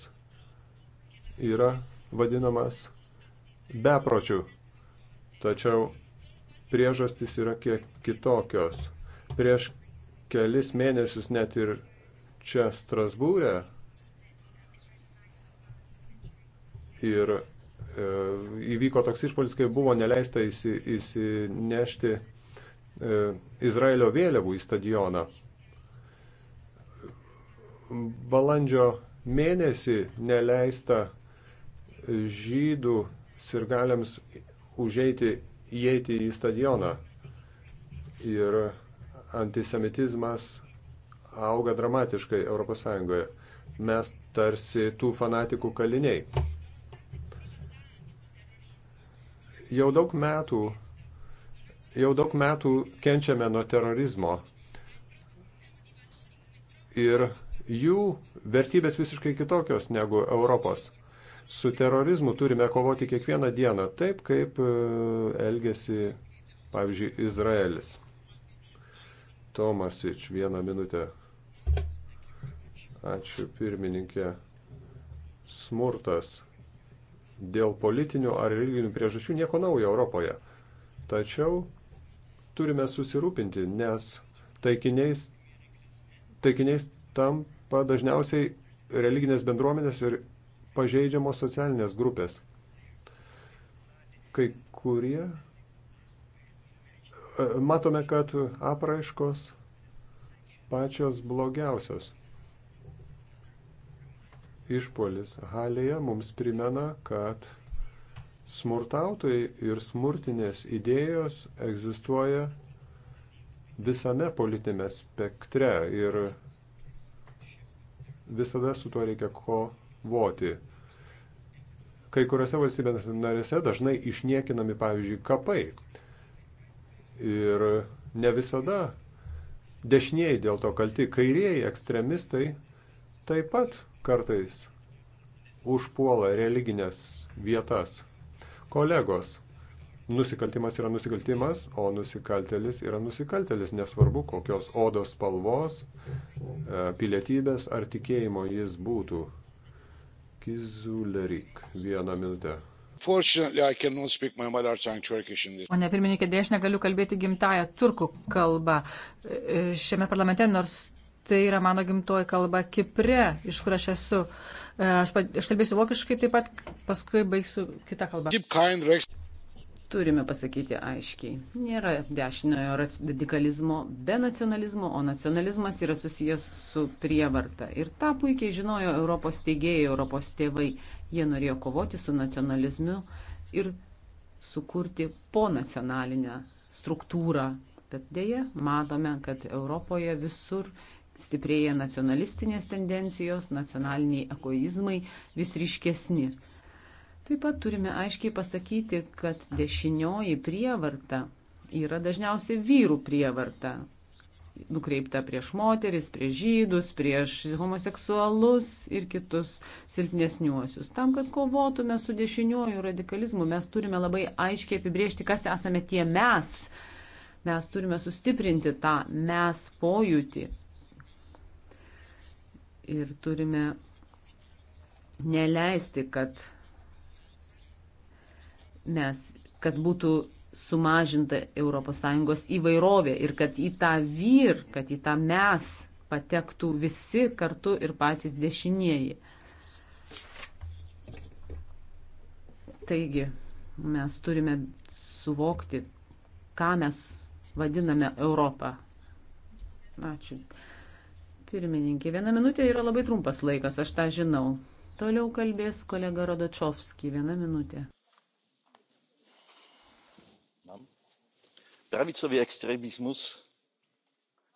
yra vadinamas bepročių, tačiau priežastys yra kiek kitokios. Prieš kelis mėnesius net ir čia Strasbūrė ir e, įvyko toks išpolis, kai buvo neleista įsi, įsinešti e, Izraelio vėliavų į stadioną. Balandžio mėnesį neleista žydų sirgaliams užeiti, įeiti į stadioną. Ir antisemitizmas auga dramatiškai ES. Mes tarsi tų fanatikų kaliniai. Jau daug metų, jau daug metų kenčiame nuo terorizmo. Ir jų vertybės visiškai kitokios negu Europos su terorizmu turime kovoti kiekvieną dieną, taip kaip e, elgesi, pavyzdžiui, Izraelis. Tomasič, vieną minutę Ačiū pirmininkė. Smurtas dėl politinių ar religinių priežasčių nieko naujo Europoje. Tačiau turime susirūpinti, nes taikiniais, taikiniais tampa dažniausiai religinės bendruomenės ir pažeidžiamos socialinės grupės. Kai kurie e, matome, kad apraiškos pačios blogiausios išpolis Halėje mums primena, kad smurtautojai ir smurtinės idėjos egzistuoja visame politinėme spektre ir visada su tuo reikia kovoti. Kai kuriuose valstybės narėse dažnai išniekinami, pavyzdžiui, kapai. Ir ne visada dešiniai dėl to kalti, kairieji ekstremistai taip pat kartais užpuola religinės vietas. Kolegos, nusikaltimas yra nusikaltimas, o nusikaltelis yra nusikaltelis, nesvarbu kokios odos spalvos, e, pilietybės ar tikėjimo jis būtų. Kizulerik, vieną minutę. Pone pirmininkė, dėja aš negaliu kalbėti gimtają turkų kalbą. E, e, šiame parlamente, nors Tai yra mano gimtoji kalba Kipre, iš kur aš esu. E, aš, aš kalbėsiu vokiškai taip pat, paskui baigsiu kitą kalbą. Turime pasakyti aiškiai, nėra dešiniojo radikalizmo be nacionalizmo, o nacionalizmas yra susijęs su prievarta. Ir tą puikiai žinojo Europos teigėjai, Europos tėvai. Jie norėjo kovoti su nacionalizmu ir sukurti po nacionalinę struktūrą. Bet dėje matome, kad Europoje visur stiprėja nacionalistinės tendencijos, nacionaliniai egoizmai vis ryškesni. Taip pat turime aiškiai pasakyti, kad dešinioji prievarta yra dažniausiai vyrų prievarta, nukreipta prieš moteris, prieš žydus, prieš homoseksualus ir kitus silpnesniuosius. Tam, kad kovotume su dešiniuoju radikalizmu, mes turime labai aiškiai apibriežti, kas esame tie mes. Mes turime sustiprinti tą mes pojūtį, ir turime neleisti, kad mes, kad būtų sumažinta ES įvairovė ir kad į tą vyr, kad į tą mes patektų visi kartu ir patys dešinieji. Taigi, mes turime suvokti, ką mes vadiname Europą. Ačiū. Pirmininkė, viena minutė yra labai trumpas laikas, aš tą žinau. Toliau kalbės kolega Rodočovski, viena minutė. Pravicový extrémismus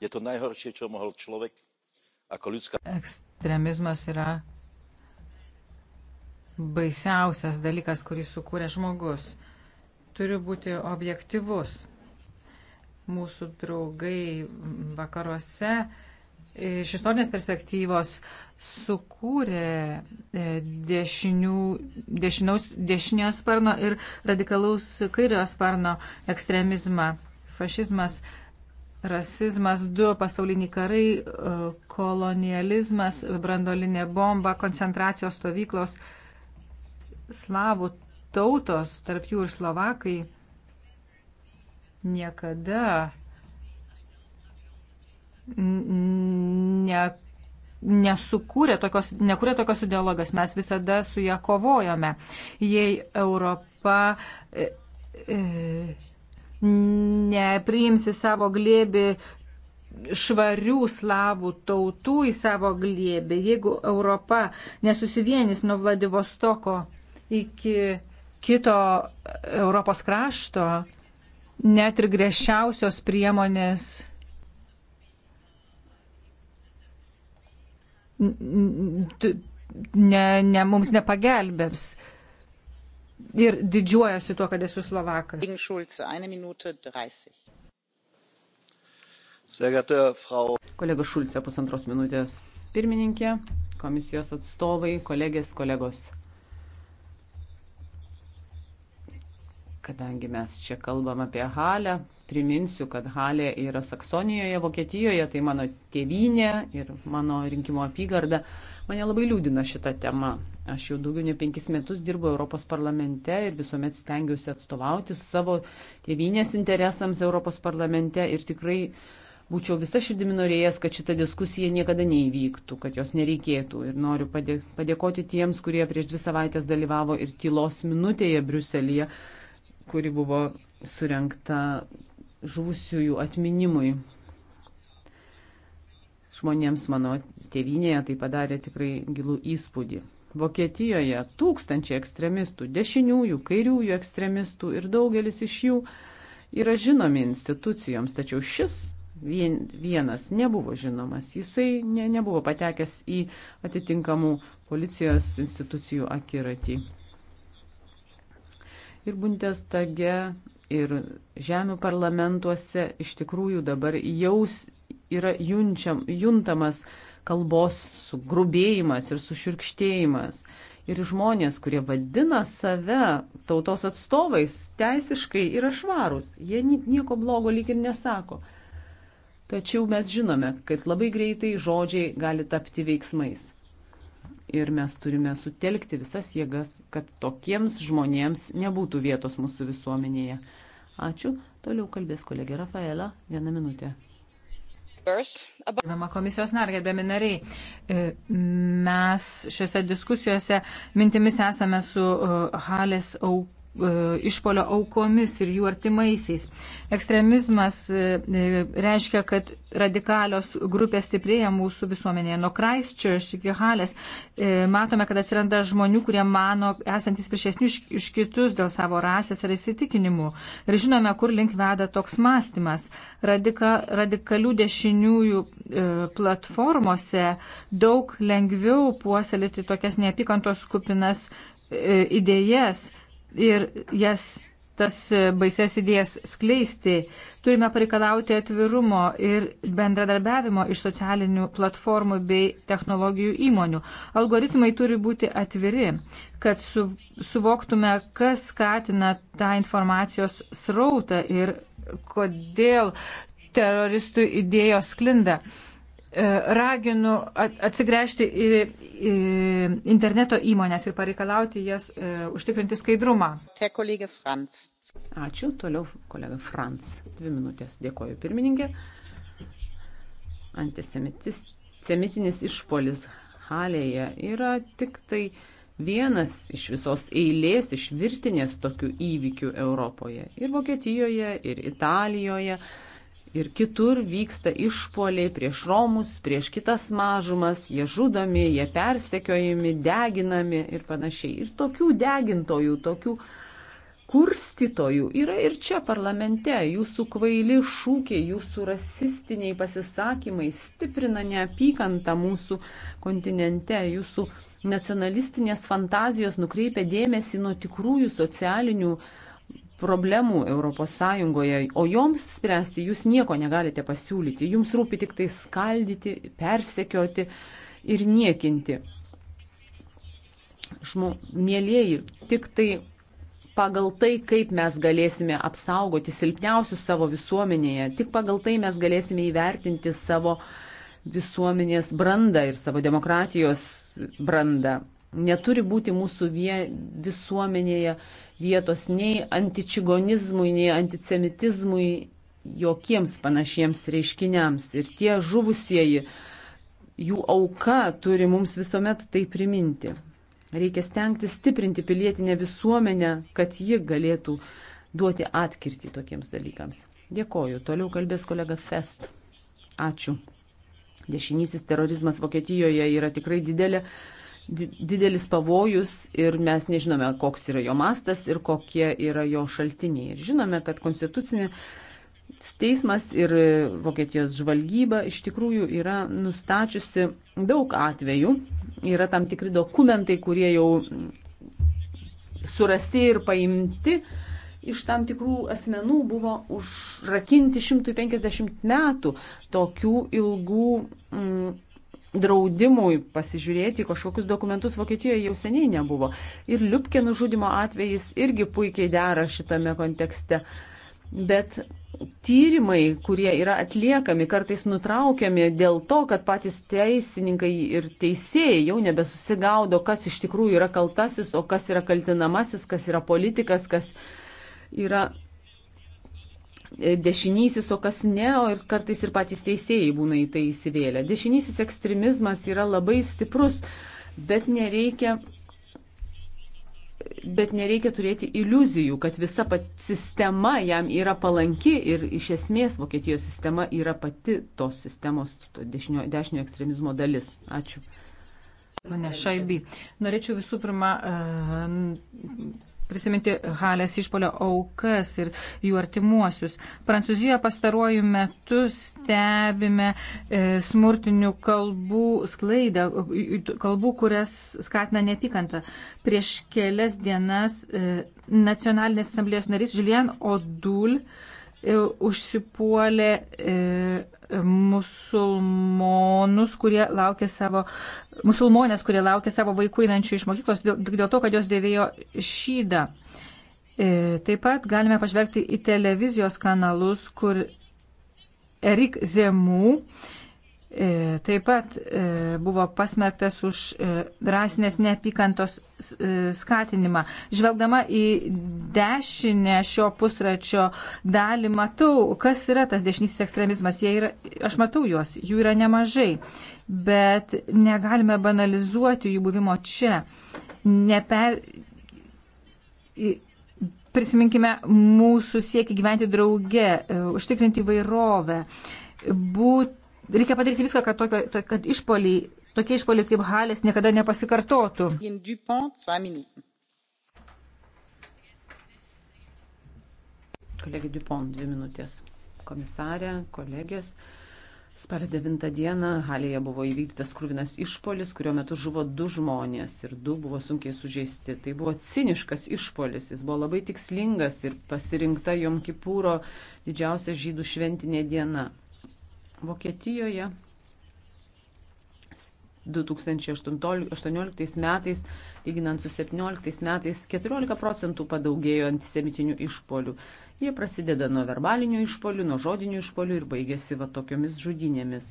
je to najhoršie, čo mohol človek ako ľudská. Extremizmas yra baisiausias dalykas, kurį sukūrė žmogus. Turi būti objektivus. Mūsų draugai vakaruose iš istorinės perspektyvos sukūrė e, dešinių, dešinaus, dešinio sparno ir radikalaus kairio sparno ekstremizmą. Fašizmas, rasizmas, du pasauliniai karai, e, kolonializmas, brandolinė bomba, koncentracijos stovyklos, slavų tautos, tarp jų ir slovakai, niekada ne, nesukūrė tokios, nekūrė tokios ideologijos. Mes visada su ją kovojome. Jei Europa e, e, nepriimsi savo glėbi švarių slavų tautų į savo glėbį, jeigu Europa nesusivienys nuo Vladivostoko iki kito Europos krašto, net ir grėžčiausios priemonės ne, ne, mums nepagelbės. Ir didžiuojasi tuo, kad esu Slovakas. Kolega Šulce, pusantros minutės. Pirmininkė, komisijos atstovai, kolegės, kolegos. Kadangi mes čia kalbam apie Halę, priminsiu, kad Halė yra Saksonijoje, Vokietijoje, tai mano tėvynė ir mano rinkimo apygarda. Mane labai liūdina šita tema. Aš jau daugiau nei penkis metus dirbu Europos parlamente ir visuomet stengiuosi atstovauti savo tėvynės interesams Europos parlamente ir tikrai būčiau visą širdimi norėjęs, kad šita diskusija niekada neįvyktų, kad jos nereikėtų. Ir noriu padėkoti tiems, kurie prieš dvi savaitės dalyvavo ir tylos minutėje Briuselėje kuri buvo surenkta žuvusiųjų atminimui. Žmonėms mano tėvinėje tai padarė tikrai gilų įspūdį. Vokietijoje tūkstančiai ekstremistų, dešiniųjų, kairiųjų ekstremistų ir daugelis iš jų yra žinomi institucijoms, tačiau šis vien, vienas nebuvo žinomas, jisai ne, nebuvo patekęs į atitinkamų policijos institucijų akiratį ir Bundestage, ir žemių parlamentuose iš tikrųjų dabar jaus yra junčiam, juntamas kalbos sugrubėjimas ir suširkštėjimas. Ir žmonės, kurie vadina save tautos atstovais, teisiškai yra švarūs. Jie nieko blogo lyg ir nesako. Tačiau mes žinome, kad labai greitai žodžiai gali tapti veiksmais ir mes turime sutelkti visas jėgas, kad tokiems žmonėms nebūtų vietos mūsų visuomenėje. Ačiū. Toliau kalbės kolegė Rafaela. Vieną minutę. Gerbiama komisijos narė, gerbiami nariai, e, mes šiuose diskusijose mintimis esame su e, Halės auka E, išpolio aukomis ir jų artimaisiais. Ekstremizmas e, e, reiškia, kad radikalios grupės stiprėja mūsų visuomenėje. Nuo Christchurch iki Halės matome, kad atsiranda žmonių, kurie mano esantis priešesnių iš kitus dėl savo rasės ar įsitikinimų. Ir žinome, kur link veda toks mąstymas. Radika, radikalių dešiniųjų platformose daug lengviau puoselėti tokias neapykantos kupinas idėjas ir jas tas baises idėjas skleisti. Turime pareikalauti atvirumo ir bendradarbiavimo iš socialinių platformų bei technologijų įmonių. Algoritmai turi būti atviri, kad su, suvoktume, kas skatina tą informacijos srautą ir kodėl teroristų idėjos sklinda. E, raginu atsigręžti į, į interneto įmonės ir pareikalauti jas e, užtikrinti skaidrumą. Ačiū. Toliau kolega Franz. Dvi minutės. Dėkoju pirmininkė. Antisemitinis išpolis Halėje yra tik tai vienas iš visos eilės, iš virtinės tokių įvykių Europoje. Ir Vokietijoje, ir Italijoje ir kitur vyksta išpoliai prieš Romus, prieš kitas mažumas, jie žudomi, jie persekiojami, deginami ir panašiai. Ir tokių degintojų, tokių kurstytojų yra ir čia parlamente. Jūsų kvaili šūkiai, jūsų rasistiniai pasisakymai stiprina neapykantą mūsų kontinente, jūsų nacionalistinės fantazijos nukreipia dėmesį nuo tikrųjų socialinių problemų ES, o joms spręsti jūs nieko negalite pasiūlyti. Jums rūpi tik tai skaldyti, persekioti ir niekinti. Žmo, mėlėjai, tik tai pagal tai, kaip mes galėsime apsaugoti silpniausius savo visuomenėje, tik pagal tai mes galėsime įvertinti savo visuomenės brandą ir savo demokratijos brandą. Neturi būti mūsų vie, visuomenėje vietos nei antičigonizmui, nei antisemitizmui, jokiems panašiems reiškiniams. Ir tie žuvusieji, jų auka turi mums visuomet tai priminti. Reikia stengti stiprinti pilietinę visuomenę, kad ji galėtų duoti atkirti tokiems dalykams. Dėkoju. Toliau kalbės kolega Fest. Ačiū. Dešinysis terorizmas Vokietijoje yra tikrai didelė didelis pavojus ir mes nežinome, koks yra jo mastas ir kokie yra jo šaltiniai. Ir žinome, kad konstitucinė teismas ir Vokietijos žvalgyba iš tikrųjų yra nustačiusi daug atvejų. Yra tam tikri dokumentai, kurie jau surasti ir paimti iš tam tikrų asmenų buvo užrakinti 150 metų tokių ilgų. Mm, draudimui pasižiūrėti kažkokius dokumentus Vokietijoje jau seniai nebuvo. Ir Liupke nužudimo atvejis irgi puikiai dera šitame kontekste. Bet tyrimai, kurie yra atliekami, kartais nutraukiami dėl to, kad patys teisininkai ir teisėjai jau nebesusigaudo, kas iš tikrųjų yra kaltasis, o kas yra kaltinamasis, kas yra politikas, kas yra dešinysis, o kas ne, o ir kartais ir patys teisėjai būna į tai įsivėlę. Dešinysis ekstremizmas yra labai stiprus, bet nereikia. Bet nereikia turėti iliuzijų, kad visa sistema jam yra palanki ir iš esmės Vokietijos sistema yra pati tos sistemos to dešinio, dešinio ekstremizmo dalis. Ačiū. Mane šaibi. Norėčiau visų pirma prisiminti Halės išpolio aukas ir jų artimuosius. Prancūzijoje pastaruoju metu stebime e, smurtinių kalbų sklaidą, e, kalbų, kurias skatina neapykanta. Prieš kelias dienas e, nacionalinės asamblėjos narys Žilien Odul e, E, užsipuolė e, musulmonus, kurie laukė savo, musulmonės, kurie laukė savo vaikų einančių iš mokyklos dėl, dėl to, kad jos dėvėjo šydą. E, taip pat galime pažvelgti į televizijos kanalus, kur Erik Zemų, E, taip pat e, buvo pasmerktas už e, rasinės neapykantos skatinimą. Žvelgdama į dešinę šio pustračio dalį, matau, kas yra tas dešinysis ekstremizmas. Jie yra, aš matau juos, jų yra nemažai, bet negalime banalizuoti jų buvimo čia. Neper... Prisiminkime mūsų siekį gyventi drauge, užtikrinti įvairovę, būti Reikia padaryti viską, kad, tokio, to, kad išpoliai, tokie išpoliai kaip Halės niekada nepasikartotų. Kolegė Dupont, dvi minutės. Komisarė, kolegės. Spalio 9 dieną Halėje buvo įvykdytas krūvinas išpolis, kurio metu žuvo du žmonės ir du buvo sunkiai sužeisti. Tai buvo ciniškas išpolis, jis buvo labai tikslingas ir pasirinkta Jom Kipūro didžiausia žydų šventinė diena. Vokietijoje 2018 metais, lyginant su 2017 metais, 14 procentų padaugėjo antisemitinių išpolių. Jie prasideda nuo verbalinių išpolių, nuo žodinių išpolių ir baigėsi va tokiomis žudinėmis.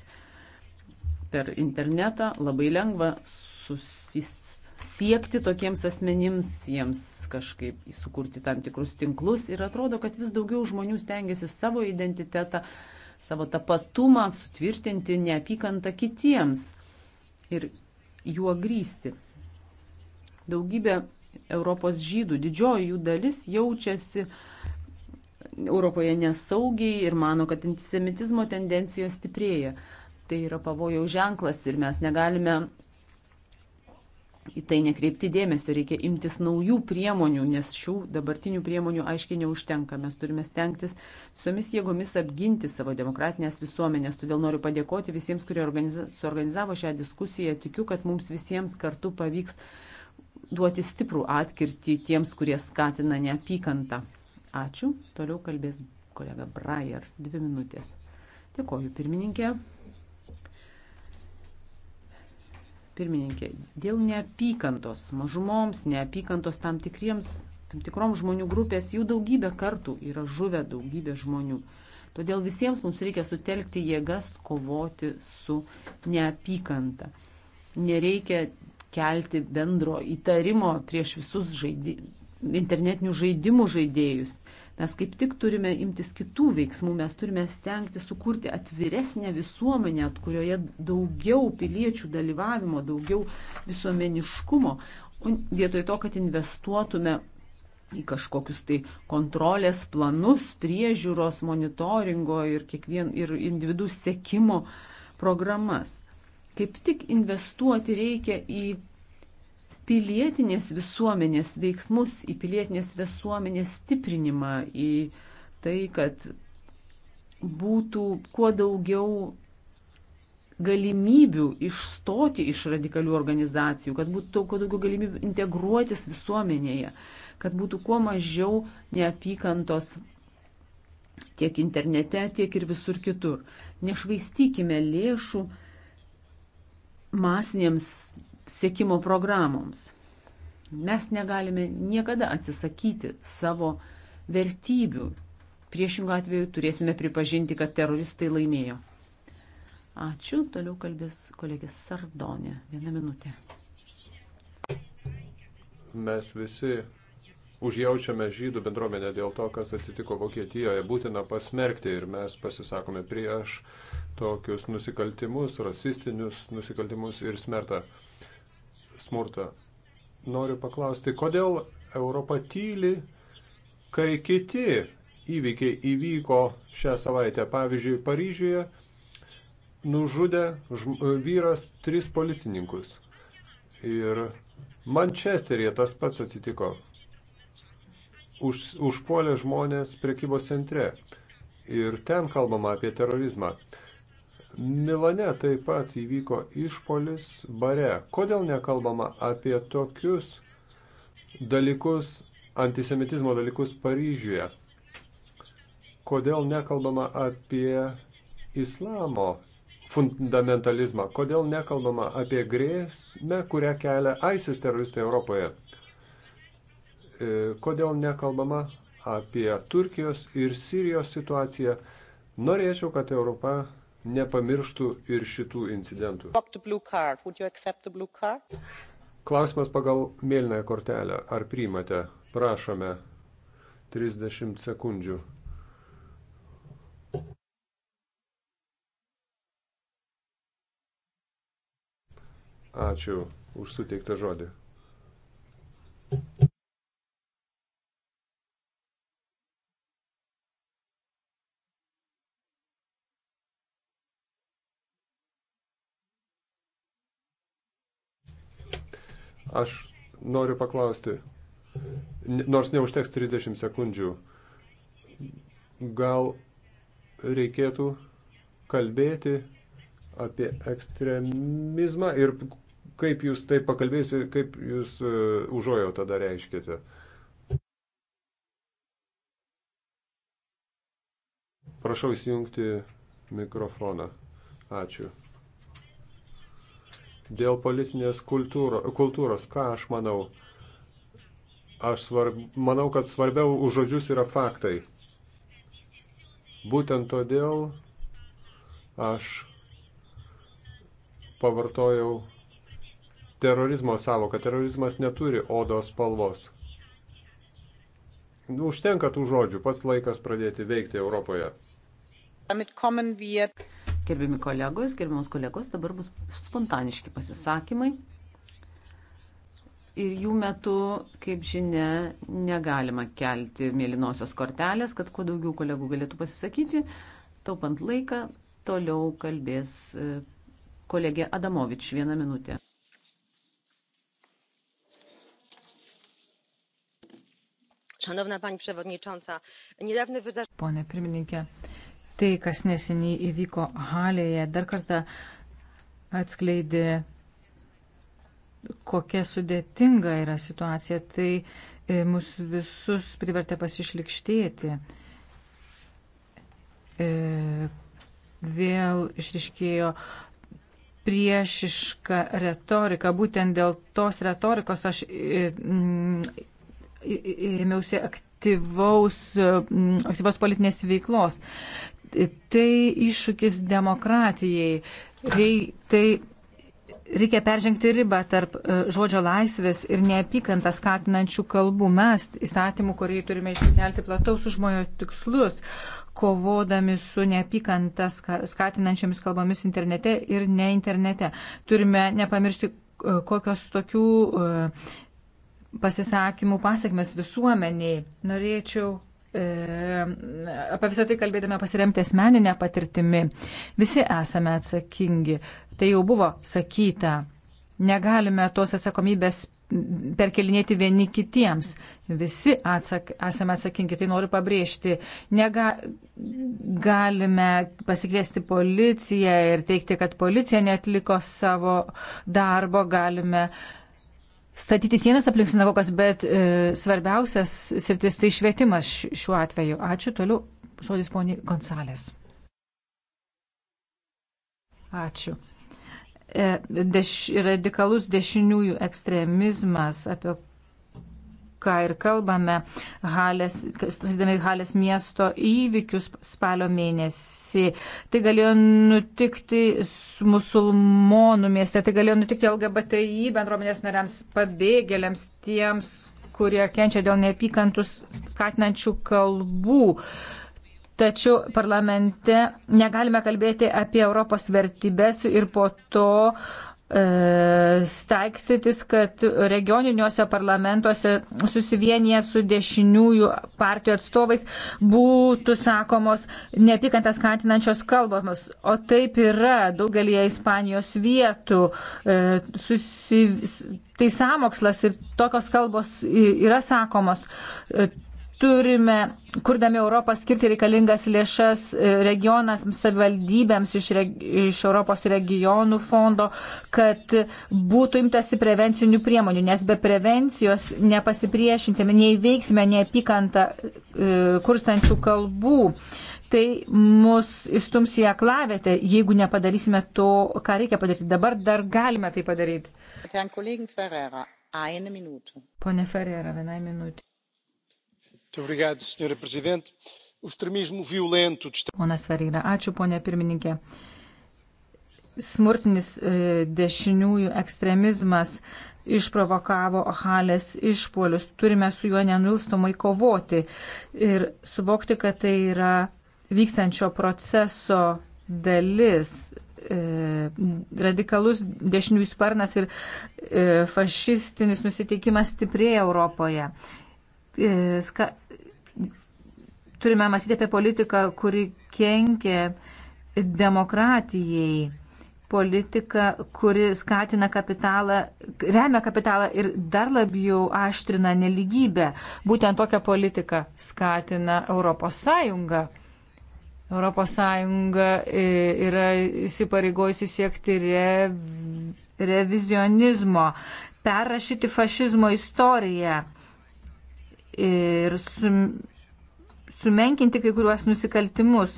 Per internetą labai lengva susisiekti tokiems asmenims, jiems kažkaip sukurti tam tikrus tinklus ir atrodo, kad vis daugiau žmonių stengiasi savo identitetą uh, savo tapatumą, sutvirtinti neapykantą kitiems ir juo grįsti. Daugybė Europos žydų, didžioji jų dalis jaučiasi Europoje nesaugiai ir mano, kad antisemitizmo tendencijos stiprėja. Tai yra pavojaus ženklas ir mes negalime į tai nekreipti dėmesio, reikia imtis naujų priemonių, nes šių dabartinių priemonių aiškiai neužtenka. Mes turime stengtis visomis jėgomis apginti savo demokratinės visuomenės. Todėl noriu padėkoti visiems, kurie organiza, suorganizavo šią diskusiją. Tikiu, kad mums visiems kartu pavyks duoti stiprų atkirtį tiems, kurie skatina neapykantą. Ačiū. Toliau kalbės kolega Brajer. Dvi minutės. Dėkoju, pirmininkė. Pirmininkė, dėl neapykantos mažumoms, neapykantos tam, tikriems, tam tikrom žmonių grupės jau daugybę kartų yra žuvę daugybė žmonių. Todėl visiems mums reikia sutelkti jėgas kovoti su neapykanta. Nereikia kelti bendro įtarimo prieš visus žaidi... internetinių žaidimų žaidėjus. Mes kaip tik turime imtis kitų veiksmų, mes turime stengti sukurti atviresnę visuomenę, kurioje daugiau piliečių dalyvavimo, daugiau visuomeniškumo, vietoj to, kad investuotume į kažkokius tai kontrolės planus, priežiūros, monitoringo ir, kiekvien, ir individų sekimo programas. Kaip tik investuoti reikia į pilietinės visuomenės veiksmus, į pilietinės visuomenės stiprinimą, į tai, kad būtų kuo daugiau galimybių išstoti iš radikalių organizacijų, kad būtų kuo daugiau galimybių integruotis visuomenėje, kad būtų kuo mažiau neapykantos tiek internete, tiek ir visur kitur. Nešvaistykime lėšų masinėms sėkimo programoms. Mes negalime niekada atsisakyti savo vertybių. Priešingų atveju turėsime pripažinti, kad teroristai laimėjo. Ačiū. Toliau kalbės kolegis Sardonė. Vieną minutę. Mes visi užjaučiame žydų bendruomenę dėl to, kas atsitiko Vokietijoje. Būtina pasmerkti ir mes pasisakome prieš tokius nusikaltimus, rasistinius nusikaltimus ir smertą smurtą. Noriu paklausti, kodėl Europa tyli, kai kiti įvykiai įvyko šią savaitę. Pavyzdžiui, Paryžiuje nužudė vyras tris policininkus. Ir Mančesterėje tas pats atsitiko. Už, užpuolė žmonės prekybos centre. Ir ten kalbama apie terorizmą. Milane taip pat įvyko išpolis bare. Kodėl nekalbama apie tokius dalykus, antisemitizmo dalykus Paryžiuje? Kodėl nekalbama apie islamo fundamentalizmą? Kodėl nekalbama apie grėsmę, kurią kelia ISIS teroristai Europoje? E, kodėl nekalbama apie Turkijos ir Sirijos situaciją? Norėčiau, kad Europa nepamirštų ir šitų incidentų. Klausimas pagal mėlynąją kortelę. Ar priimate? Prašome. 30 sekundžių. Ačiū už suteiktą žodį. Aš noriu paklausti, nors neužteks 30 sekundžių, gal reikėtų kalbėti apie ekstremizmą ir kaip jūs tai pakalbėjusi, kaip jūs e, užuojo tada reiškite. Prašau įsijungti mikrofoną. Ačiū. Dėl politinės kultūro, kultūros, ką aš manau? Aš svarb, manau, kad svarbiau už žodžius yra faktai. Būtent todėl aš pavartojau terorizmo savoką. Terorizmas neturi odos spalvos. Užtenka tų žodžių, pats laikas pradėti veikti Europoje. Damit kommen wir Gerbiami kolegos, gerbiamos kolegos, dabar bus spontaniški pasisakymai. Ir jų metu, kaip žinia, negalima kelti mėlynosios kortelės, kad kuo daugiau kolegų galėtų pasisakyti. Taupant laiką, toliau kalbės e, kolegė Adamovič vieną minutę. Szanowna Pani Przewodnicząca, niedawne wydarzenia. Panie Pirmininkė, tai, kas neseniai įvyko Halėje, dar kartą atskleidė, kokia sudėtinga yra situacija. Tai e, mus visus privertė pasišlikštėti. E, vėl išriškėjo priešiška retorika. Būtent dėl tos retorikos aš e, mm, ėmiausi aktyvaus, aktyvos politinės veiklos. Tai iššūkis demokratijai. Rei, tai reikia peržengti ribą tarp e, žodžio laisvės ir neapykantą skatinančių kalbų. Mes įstatymų, kurie turime išsikelti plataus užmojo tikslus, kovodami su neapykantą skatinančiomis kalbomis internete ir ne internete. Turime nepamiršti, e, kokios tokių e, pasisakymų pasiekmes visuomeniai. Norėčiau E, apie visą tai kalbėdame pasiremti asmeninę patirtimi. Visi esame atsakingi. Tai jau buvo sakyta. Negalime tos atsakomybės perkelinėti vieni kitiems. Visi atsak, esame atsakingi, tai noriu pabrėžti. Nega, galime pasikviesti policiją ir teikti, kad policija netliko savo darbo, galime statyti sienas aplink sinagogas, bet e, svarbiausias sritis tai švietimas šiuo atveju. Ačiū. Toliau žodis poniai Gonsalės. Ačiū. E, deš, radikalus dešiniųjų ekstremizmas, apie ką ir kalbame, Halės, statydami Halės miesto įvykius spalio mėnesį. Tai galėjo nutikti musulmonų mieste, tai galėjo nutikti LGBTI bendruomenės nariams, pabėgėliams, tiems, kurie kenčia dėl neapykantus skatinančių kalbų. Tačiau parlamente negalime kalbėti apie Europos vertybės ir po to E, staikstytis, kad regioniniuose parlamentuose susivienyje su dešiniųjų partijų atstovais būtų sakomos neapykantą skatinančios kalbamos. O taip yra daugelie Ispanijos vietų. E, susi... Tai samokslas ir tokios kalbos yra sakomos e, turime, kurdami Europą, skirti reikalingas lėšas e, regionams, savivaldybėms iš, reg, iš Europos regionų fondo, kad būtų imtasi prevencinių priemonių, nes be prevencijos nepasipriešintėme, neįveiksime neapykantą e, kurstančių kalbų. Tai mus įstums į aklavėtę, jeigu nepadarysime to, ką reikia padaryti. Dabar dar galime tai padaryti. Pone Ferrera, vienai minutė. Ponas Vereira, ačiū ponė pirmininkė. Smurtinis e, dešiniųjų ekstremizmas išprovokavo Ohalės išpolius. Turime su juo nenulstomai kovoti ir suvokti, kad tai yra vykstančio proceso dalis. E, radikalus dešiniųjų sparnas ir e, fašistinis nusiteikimas stiprėja Europoje. E, ska, turime mąstyti apie politiką, kuri kenkia demokratijai, politiką, kuri skatina kapitalą, remia kapitalą ir dar labiau aštrina neligybę. Būtent tokią politiką skatina Europos Sąjunga. Europos Sąjunga e, yra įsipareigojusi siekti re, revizionizmo, perrašyti fašizmo istoriją ir sumenkinti kai kuriuos nusikaltimus.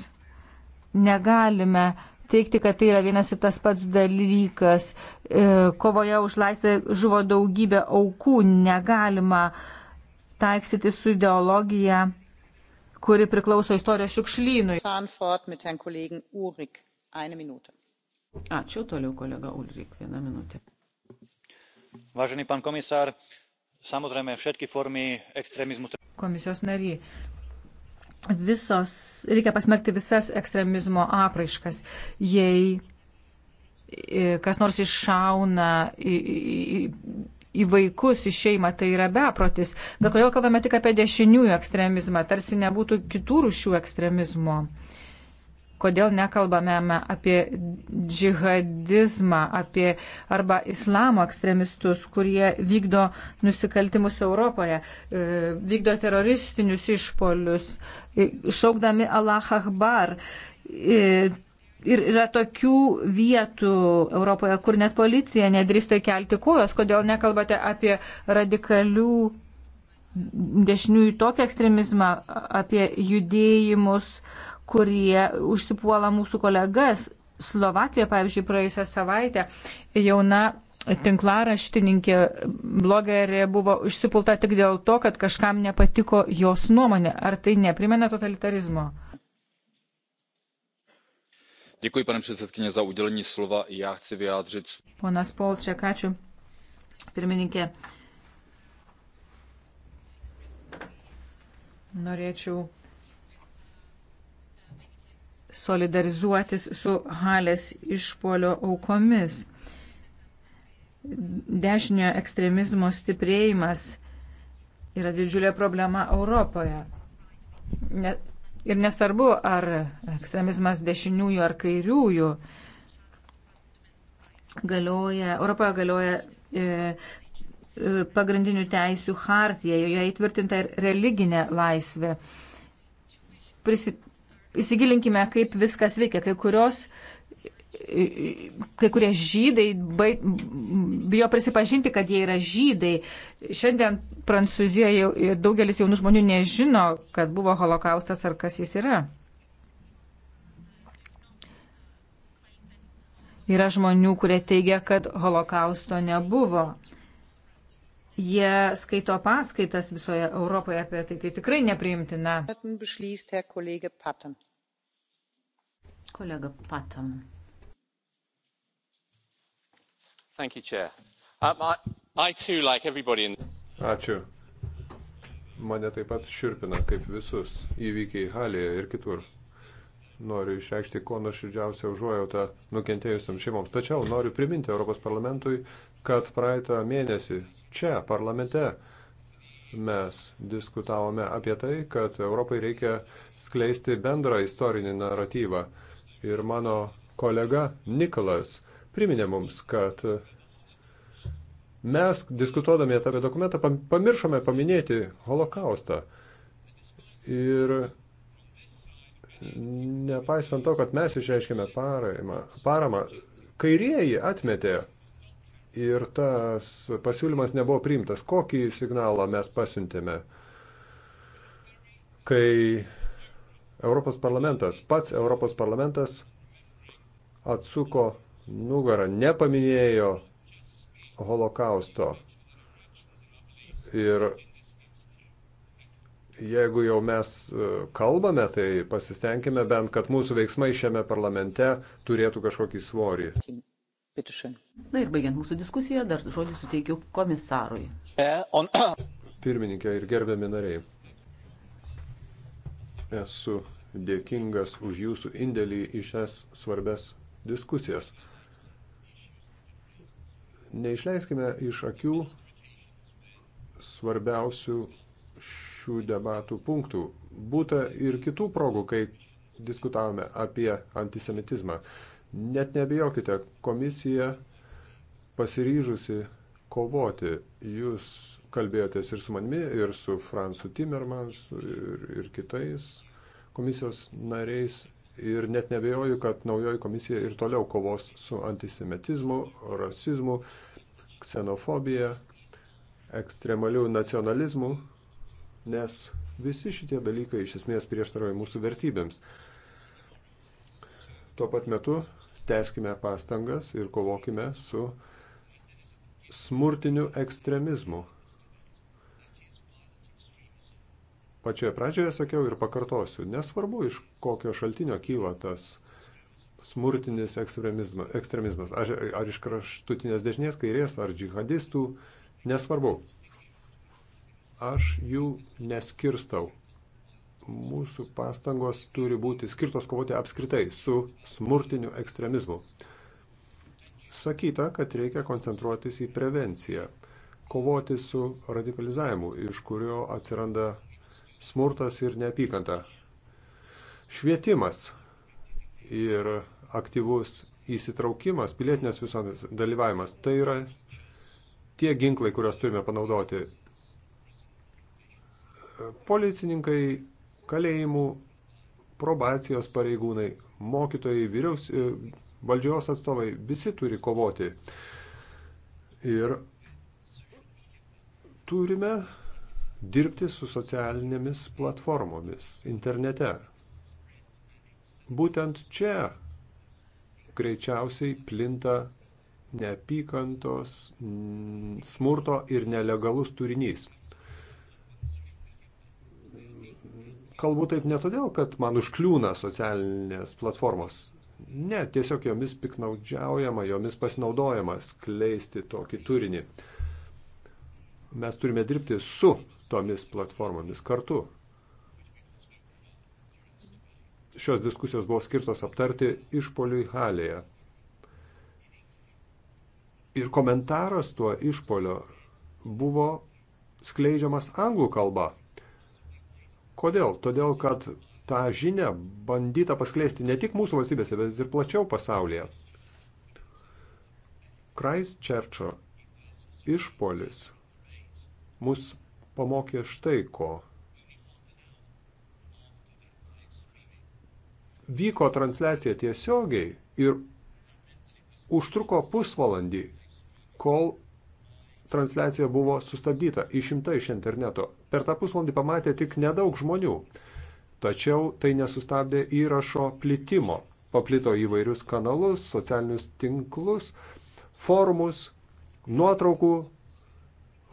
Negalime teikti, kad tai yra vienas ir tas pats dalykas. E, kovoje už laisvę žuvo daugybė aukų, negalima taiksyti su ideologija, kuri priklauso istorijos šiukšlynui. Ačiū toliau kolega Ulrik, vieną minutę. Vážený pán komisár, samozrejme všetky formy extrémizmu. Komisijos nariai. Visos, reikia pasmerkti visas ekstremizmo apraiškas. Jei e, kas nors iššauna į, į, į vaikus, į šeimą, tai yra beprotis. Bet kodėl kalbame tik apie dešiniųjų ekstremizmą, tarsi nebūtų kitų rušių ekstremizmo? Uh, Kodėl nekalbame apie džihadizmą, apie arba islamo ekstremistus, kurie vykdo nusikaltimus Europoje, e, vykdo teroristinius išpolius, šaukdami Allah Akbar. Ir yra tokių vietų Europoje, kur net policija nedrįsta kelti kojos. Kodėl nekalbate apie radikalių dešiniųjų tokį ekstremizmą, apie judėjimus, uh, kurie užsipuola mūsų kolegas. Slovakijoje, pavyzdžiui, praėjusią savaitę jauna tinklaraštininkė blogerė buvo išsipulta tik dėl to, kad kažkam nepatiko jos nuomonė. Ar tai neprimena totalitarizmo? Děkuji, pane předsedkyně, za udělení slova. Já chci vyjádřit. Ponas Polček, ačiū. Pirmininkė. Norėčiau solidarizuotis su Halės išpolio aukomis. Dešinio ekstremizmo stiprėjimas yra didžiulė problema Europoje. Ne, ir nesvarbu, ar ekstremizmas dešiniųjų ar kairiųjų galioja, Europoje galioja e, e pagrindinių teisių hartija, joje įtvirtinta ir religinė laisvė. Prisi, įsigilinkime, kaip viskas veikia. Kai kurios kai kurie žydai bai, bijo prisipažinti, kad jie yra žydai. Šiandien Prancūzijoje daugelis jaunų žmonių nežino, kad buvo holokaustas ar kas jis yra. Yra žmonių, kurie teigia, kad holokausto nebuvo jie skaito paskaitas visoje Europoje apie tai. Tai tikrai nepriimtina. Kolega Patam. Thank you, Chair. Um, I, I too, like everybody in... Ačiū. Mane taip pat širpina, kaip visus įvykiai Halėje ir kitur. Noriu išreikšti kuo nuoširdžiausią užuojautą nukentėjusiam šeimoms. Tačiau noriu priminti Europos parlamentui, kad praeitą mėnesį Čia, parlamente, mes diskutavome apie tai, kad Europai reikia skleisti bendrą istorinį naratyvą. Ir mano kolega Nikolas priminė mums, kad mes diskutuodami apie dokumentą pamiršome paminėti holokaustą. Ir nepaisant to, kad mes išreiškėme paramą, paramą kairieji atmetė ir tas pasiūlymas nebuvo priimtas. Kokį signalą mes pasiuntėme, kai Europos parlamentas, pats Europos parlamentas atsuko nugarą, nepaminėjo holokausto. Ir jeigu jau mes e, kalbame, tai pasistengime bent, kad mūsų veiksmai šiame parlamente turėtų kažkokį svorį. Pitišin. Na ir baigiant mūsų diskusiją, dar žodį suteikiu komisarui. E, Pirmininkė ir gerbiami nariai, esu dėkingas už jūsų indėlį į šias svarbes diskusijas. Neišleiskime iš akių svarbiausių šių debatų punktų. Būta ir kitų progų, kai diskutavome apie antisemitizmą. Net nebijokite, komisija pasiryžusi kovoti. Jūs kalbėjotės ir su manimi, ir su Fransu Timmermans, ir, ir kitais komisijos nariais. Ir net nebejoju, kad naujoji komisija ir toliau kovos su antisemitizmu, rasizmu, ksenofobija, ekstremalių nacionalizmų, nes visi šitie dalykai iš esmės prieštarauja mūsų vertybėms. Tuo pat metu teskime pastangas ir kovokime su smurtiniu ekstremizmu. Pačioje pradžioje sakiau ir pakartosiu, nesvarbu iš kokio šaltinio kyla tas smurtinis ekstremizmas, ekstremizmas ar, ar iš kraštutinės dešinės, kairės, ar džihadistų, nesvarbu. Aš jų neskirstau mūsų pastangos turi būti skirtos kovoti apskritai su smurtiniu ekstremizmu. Sakyta, kad reikia koncentruotis į prevenciją, kovoti su radikalizavimu, iš kurio atsiranda smurtas ir neapykanta. Švietimas ir aktyvus įsitraukimas, pilietinės visuomenės dalyvavimas, tai yra tie ginklai, kuriuos turime panaudoti policininkai kalėjimų, probacijos pareigūnai, mokytojai, vyriaus, e, valdžios atstovai, visi turi kovoti. Ir turime dirbti su socialinėmis platformomis internete. Būtent čia greičiausiai plinta neapykantos, smurto ir nelegalus turinys. kalbu taip ne todėl, kad man užkliūna socialinės platformos. Ne, tiesiog jomis piknaudžiaujama, jomis pasinaudojama skleisti tokį turinį. Mes turime dirbti su tomis platformomis kartu. Šios diskusijos buvo skirtos aptarti išpoliui halėje. Ir komentaras tuo išpolio buvo skleidžiamas anglų kalba. Kodėl? Todėl, kad tą žinią bandyta paskleisti ne tik mūsų valstybėse, bet ir plačiau pasaulyje. Christchurcho išpolis mus pamokė štai ko. Vyko transliacija tiesiogiai ir užtruko pusvalandį, kol transliacija buvo sustabdyta, išimta iš interneto per tą pusvalandį pamatė tik nedaug žmonių. Tačiau tai nesustabdė įrašo plitimo. Paplito įvairius kanalus, socialinius tinklus, forumus, nuotraukų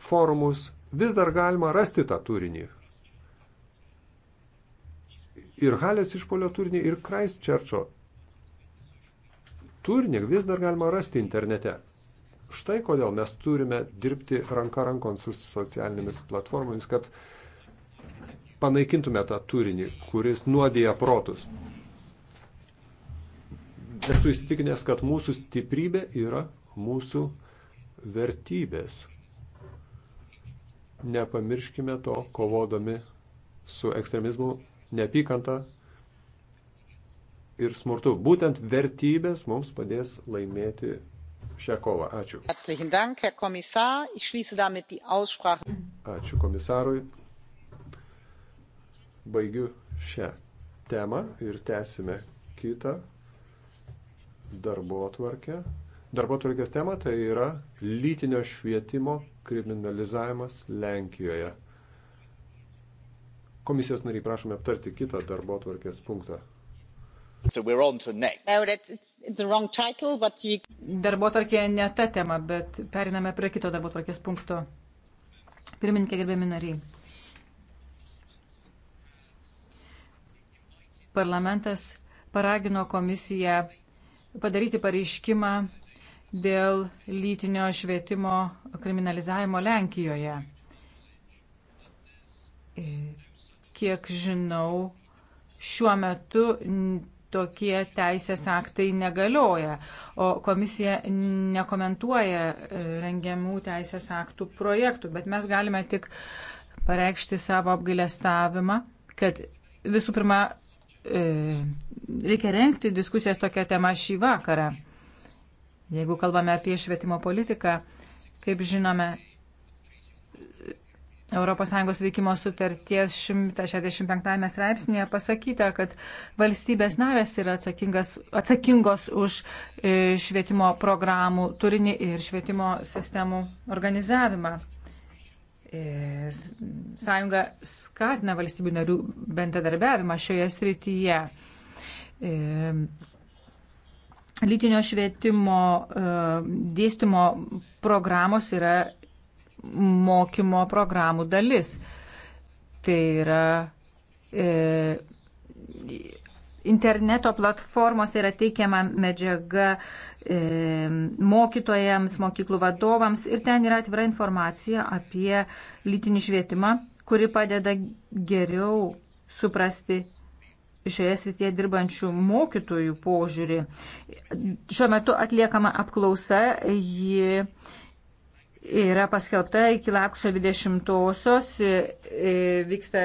forumus. Vis dar galima rasti tą turinį. Ir Halės išpolio turinį, ir Christchurcho turinį vis dar galima rasti internete. Štai kodėl mes turime dirbti ranka rankon su socialinėmis platformomis, kad panaikintume tą turinį, kuris nuodėja protus. Esu įsitikinęs, kad mūsų stiprybė yra mūsų vertybės. Nepamirškime to, kovodami su ekstremizmu, neapykanta ir smurtu. Būtent vertybės mums padės laimėti šią kovą. Ačiū. Ačiū komisarui. Baigiu šią temą ir tęsime kitą darbo atvarkę. Darbo atvarkės tema tai yra lytinio švietimo kriminalizavimas Lenkijoje. Komisijos nariai prašome aptarti kitą darbo atvarkės punktą. So you... Darbo tarkėje ne ta tema, bet periname prie kito darbo tarkės punkto. Pirmininkė, gerbėmi nariai. Parlamentas paragino komisiją padaryti pareiškimą dėl lytinio švietimo kriminalizavimo Lenkijoje. Kiek žinau, šiuo metu tokie teisės aktai negalioja, o komisija nekomentuoja e, rengiamų teisės aktų projektų, bet mes galime tik pareikšti savo apgailestavimą, kad visų pirma e, reikia renkti diskusijas tokią temą šį vakarą. Jeigu kalbame apie švietimo politiką, kaip žinome, ES veikimo sutarties 165 straipsnėje pasakyta, kad valstybės narės yra atsakingos už e, švietimo programų turinį ir švietimo sistemų organizavimą. E, sąjunga skatina valstybių narių bendradarbiavimą šioje srityje. E, lytinio švietimo dėstymo programos yra mokymo programų dalis. Tai yra e, interneto platformose yra teikiama medžiaga e, mokytojams, mokyklų vadovams ir ten yra atvira informacija apie lytinį švietimą, kuri padeda geriau suprasti šioje srityje dirbančių mokytojų požiūrį. Šiuo metu atliekama apklausa, ji yra paskelbta iki lapkričio 20-osios, e, e, vyksta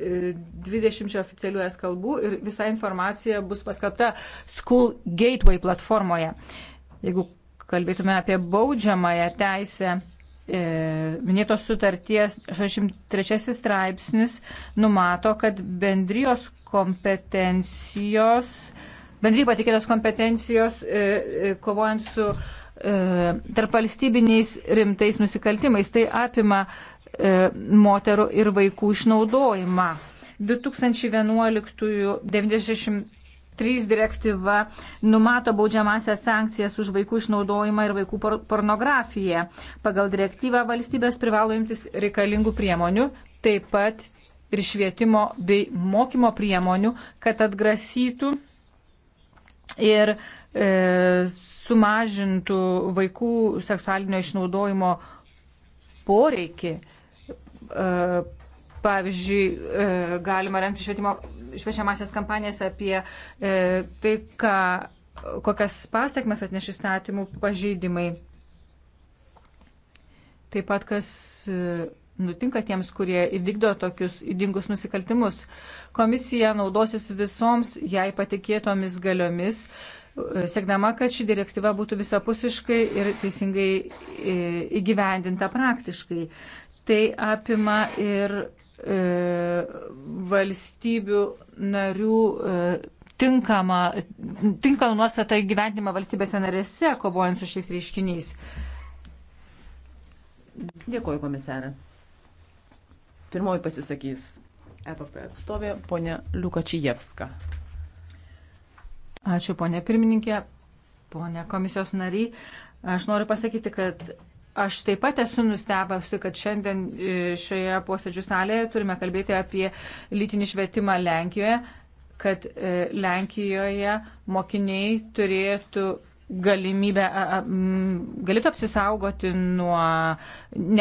20 e, oficialių es kalbų ir visa informacija bus paskelbta School Gateway platformoje. Jeigu kalbėtume apie baudžiamąją teisę, minėtos sutarties 63 straipsnis numato, kad bendrijos kompetencijos, bendryje patikėtos kompetencijos kovojant su E, tarp valstybiniais rimtais nusikaltimais. Tai apima e, moterų ir vaikų išnaudojimą. 2011-93 direktyva numato baudžiamąsias sankcijas už vaikų išnaudojimą ir vaikų pornografiją. Pagal direktyvą valstybės privalo imtis reikalingų priemonių, taip pat ir švietimo bei mokymo priemonių, kad atgrasytų ir uh, E, sumažintų vaikų seksualinio išnaudojimo poreikį. E, pavyzdžiui, e, galima remti švietimo švečiamasias kampanijas apie tai, ką, kokias pasiekmes atneš įstatymų pažeidimai. Taip pat, kas nutinka tiems, kurie įvykdo tokius įdingus nusikaltimus. Komisija naudosis visoms jai patikėtomis galiomis, siekdama, kad ši direktyva būtų visapusiškai ir teisingai e, įgyvendinta praktiškai. Tai apima ir e, valstybių narių e, tinkamą, tinkamą nuostatą įgyvendimą valstybėse narėse, kovojant su šiais reiškiniais. Dėkuoju, komisarą. Pirmoji pasisakys EPP atstovė ponia Lukačijevska. Ačiū, ponė pirmininkė, ponė komisijos nariai. Aš noriu pasakyti, kad Aš taip pat esu nustebusi, kad šiandien e, šioje posėdžių salėje turime kalbėti apie lytinį švietimą Lenkijoje, kad e, Lenkijoje mokiniai turėtų galimybę, galėtų apsisaugoti nuo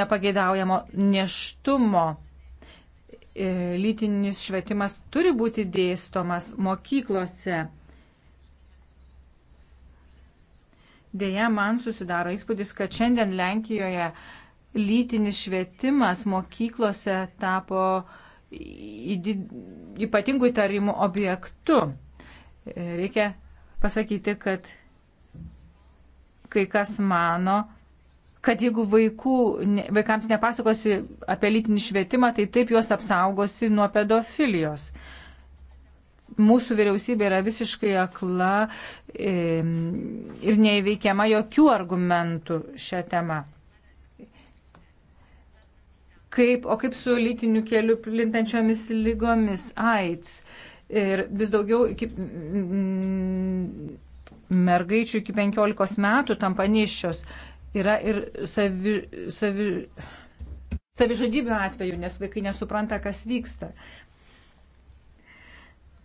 nepageidaujamo neštumo. E, lytinis švietimas turi būti dėstomas mokyklose. Deja, man susidaro įspūdis, kad šiandien Lenkijoje lytinis švietimas mokyklose tapo ypatingų įtarimų objektu. Reikia pasakyti, kad kai kas mano, kad jeigu vaikų, vaikams nepasakosi apie lytinį švietimą, tai taip juos apsaugosi nuo pedofilijos mūsų vyriausybė yra visiškai akla ir neįveikiama jokių argumentų šią temą. Kaip, o kaip su lytiniu keliu plintančiomis lygomis, AIDS ir vis daugiau iki, mm, mergaičių iki 15 metų tampa nišios. Yra ir savi, savi, savižudybių atveju, nes vaikai nesupranta, kas vyksta. Uh,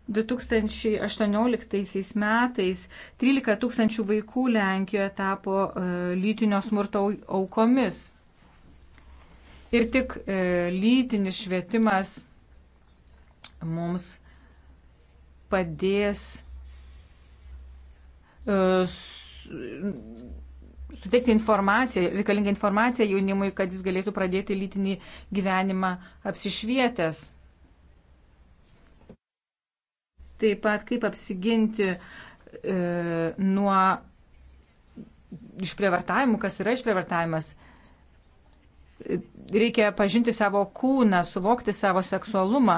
2018 metais 13 tūkstančių vaikų Lenkijoje tapo e, lytinio smurto aukomis. Ir tik e, lytinis švietimas mums padės e, suteikti informaciją, reikalingą informaciją jaunimui, kad jis galėtų pradėti lytinį gyvenimą apsišvietęs taip pat kaip apsiginti e, nuo išprievartavimų, kas yra išprievartavimas. Reikia pažinti savo kūną, suvokti savo seksualumą.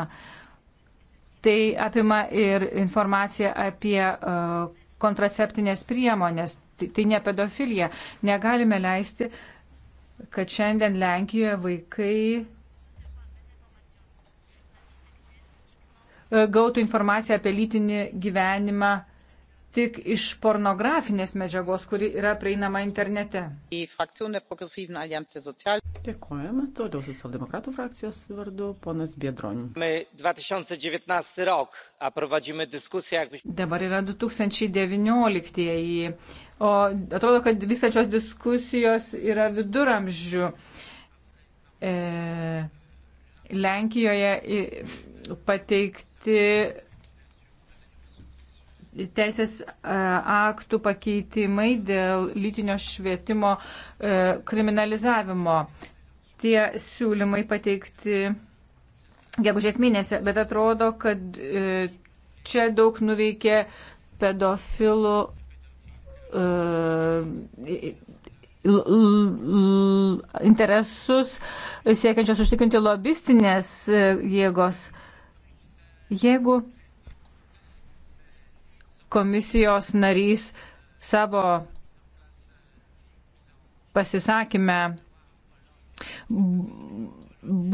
Tai apima ir informacija apie uh, kontraceptinės priemonės. Tai, tai ne pedofilija. Negalime leisti, kad šiandien Lenkijoje vaikai E, gautų informaciją apie lytinį gyvenimą tik iš pornografinės medžiagos, kuri yra prieinama internete. Dėkojame. Toliau socialdemokratų frakcijos vardu ponas Biedronis. Dabar yra 2019, o atrodo, kad vykstančios diskusijos yra viduramžių. E, Lenkijoje pateikti pateikti teisės e, aktų pakeitimai dėl lytinio švietimo e, kriminalizavimo. Tie siūlymai pateikti gegužės mėnesį, bet atrodo, kad e, čia daug nuveikė pedofilų interesus siekiančios užtikrinti lobistinės jėgos. Uh, Jeigu komisijos narys savo pasisakymę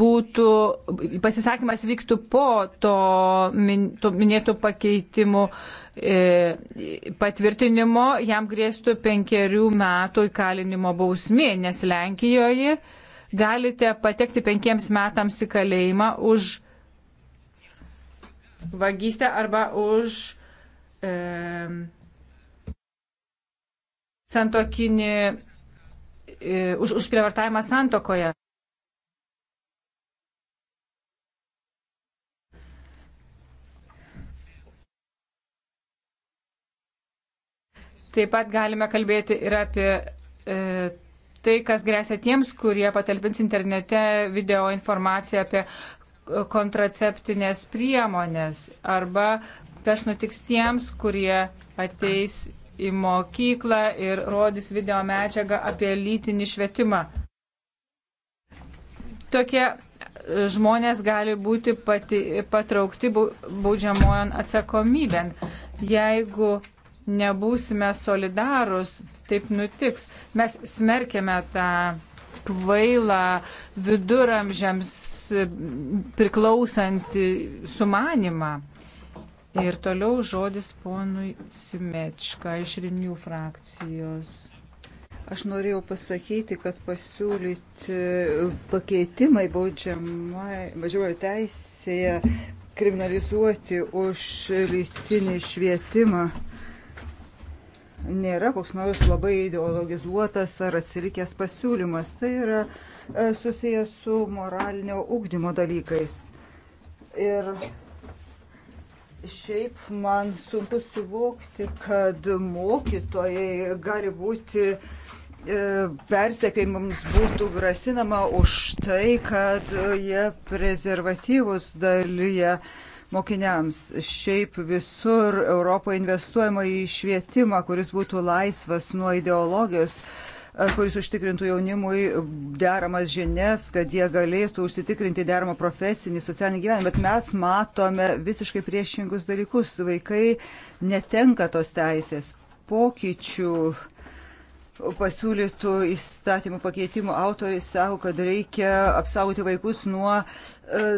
būtų, pasisakymas vyktų po to, min, to minėtų pakeitimų e, patvirtinimo, jam grėstų penkerių metų įkalinimo bausmė, nes Lenkijoje galite patekti penkiems metams į kalėjimą už vagystę arba už e, santokinį, e, už, už prievartavimą santokoje. Taip pat galime kalbėti ir apie e, tai, kas grėsia tiems, kurie patalpins internete video informaciją apie kontraceptinės priemonės arba kas nutiks tiems, kurie ateis į mokyklą ir rodys video medžiagą apie lytinį švietimą. Tokie e, žmonės gali būti pati, patraukti baudžiamojon atsakomybėn. Jeigu nebūsime solidarus, taip nutiks. Mes smerkėme tą kvailą viduramžiams priklausantį sumanimą. Ir toliau žodis ponui Simečka iš Rinių frakcijos. Aš norėjau pasakyti, kad pasiūlyti pakeitimai baudžiamojo teisėje kriminalizuoti už lytinį švietimą nėra koks nors labai ideologizuotas ar atsilikęs pasiūlymas. Tai yra uh, E, susijęs su moralinio ugdymo dalykais. Ir šiaip man sunku suvokti, kad mokytojai gali būti e, persekėjimams būtų grasinama už tai, kad jie prezervatyvus dalyje mokiniams. Šiaip visur Europoje investuojama į švietimą, kuris būtų laisvas nuo ideologijos, E, kuris užtikrintų jaunimui deramas žinias, kad jie galėtų užsitikrinti deramą profesinį, socialinį gyvenimą. Bet mes matome visiškai priešingus dalykus. Vaikai netenka tos teisės pokyčių pasiūlytų įstatymų pakeitimų autoriai savo, kad reikia apsaugoti vaikus nuo e,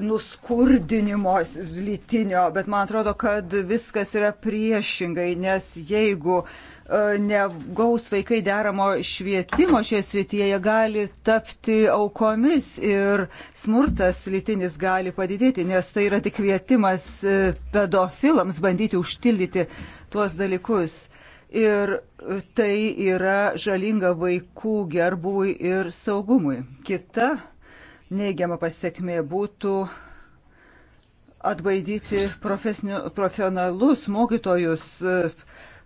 nuskurdinimo lytinio, bet man atrodo, kad viskas yra priešingai, nes jeigu e, E, negaus vaikai deramo švietimo šioje srityje, jie gali tapti aukomis ir smurtas lytinis gali padidėti, nes tai yra tik kvietimas e, pedofilams bandyti užtildyti tuos dalykus. Ir tai yra žalinga vaikų gerbui ir saugumui. Kita neigiama pasiekmė būtų atbaidyti profesionalus mokytojus e,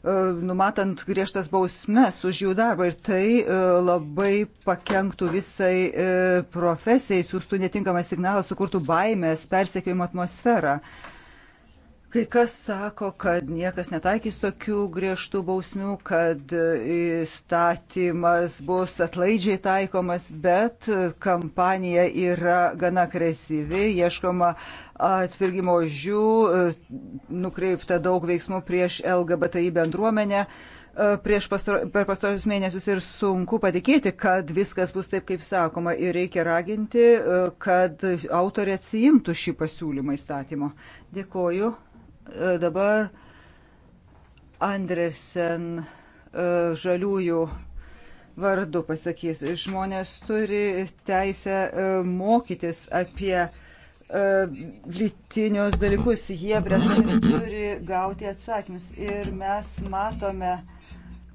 E, numatant griežtas bausmes už jų darbą ir tai e, labai pakenktų visai e, profesijai, siūstų netinkamą signalą, sukurtų baimės, persekiojimo atmosferą. Uh, Kai kas sako, kad niekas netaikys tokių griežtų bausmių, kad įstatymas bus atlaidžiai taikomas, bet kampanija yra gana agresyvi, ieškoma atpirgimo žių, nukreipta daug veiksmų prieš LGBTI bendruomenę. Prieš pastar, per pastarosius mėnesius ir sunku patikėti, kad viskas bus taip, kaip sakoma, ir reikia raginti, kad autorė atsijimtų šį pasiūlymą įstatymo. Dėkoju. E, dabar Andresen e, žaliųjų vardu pasakys. Žmonės turi teisę e, mokytis apie lytinius dalykus. Jie bręstami turi gauti atsakymus. Ir mes matome,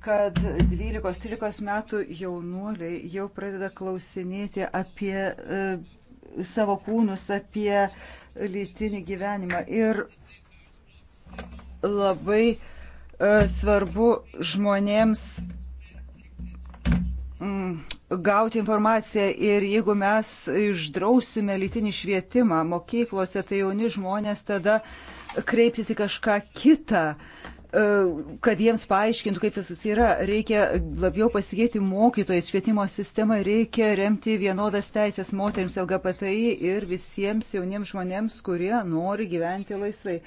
kad 12-13 metų jaunuoliai jau pradeda klausinėti apie savo kūnus, apie lytinį gyvenimą. Ir labai e, svarbu žmonėms mm, gauti informaciją ir jeigu mes išdrausime lytinį švietimą mokyklose, tai jauni žmonės tada kreipsis į kažką kitą, e, kad jiems paaiškintų, kaip visas yra. Reikia labiau pasitikėti mokytojais, švietimo sistema, reikia remti vienodas teisės moteriams LGBTI ir visiems jauniems žmonėms, kurie nori gyventi laisvai.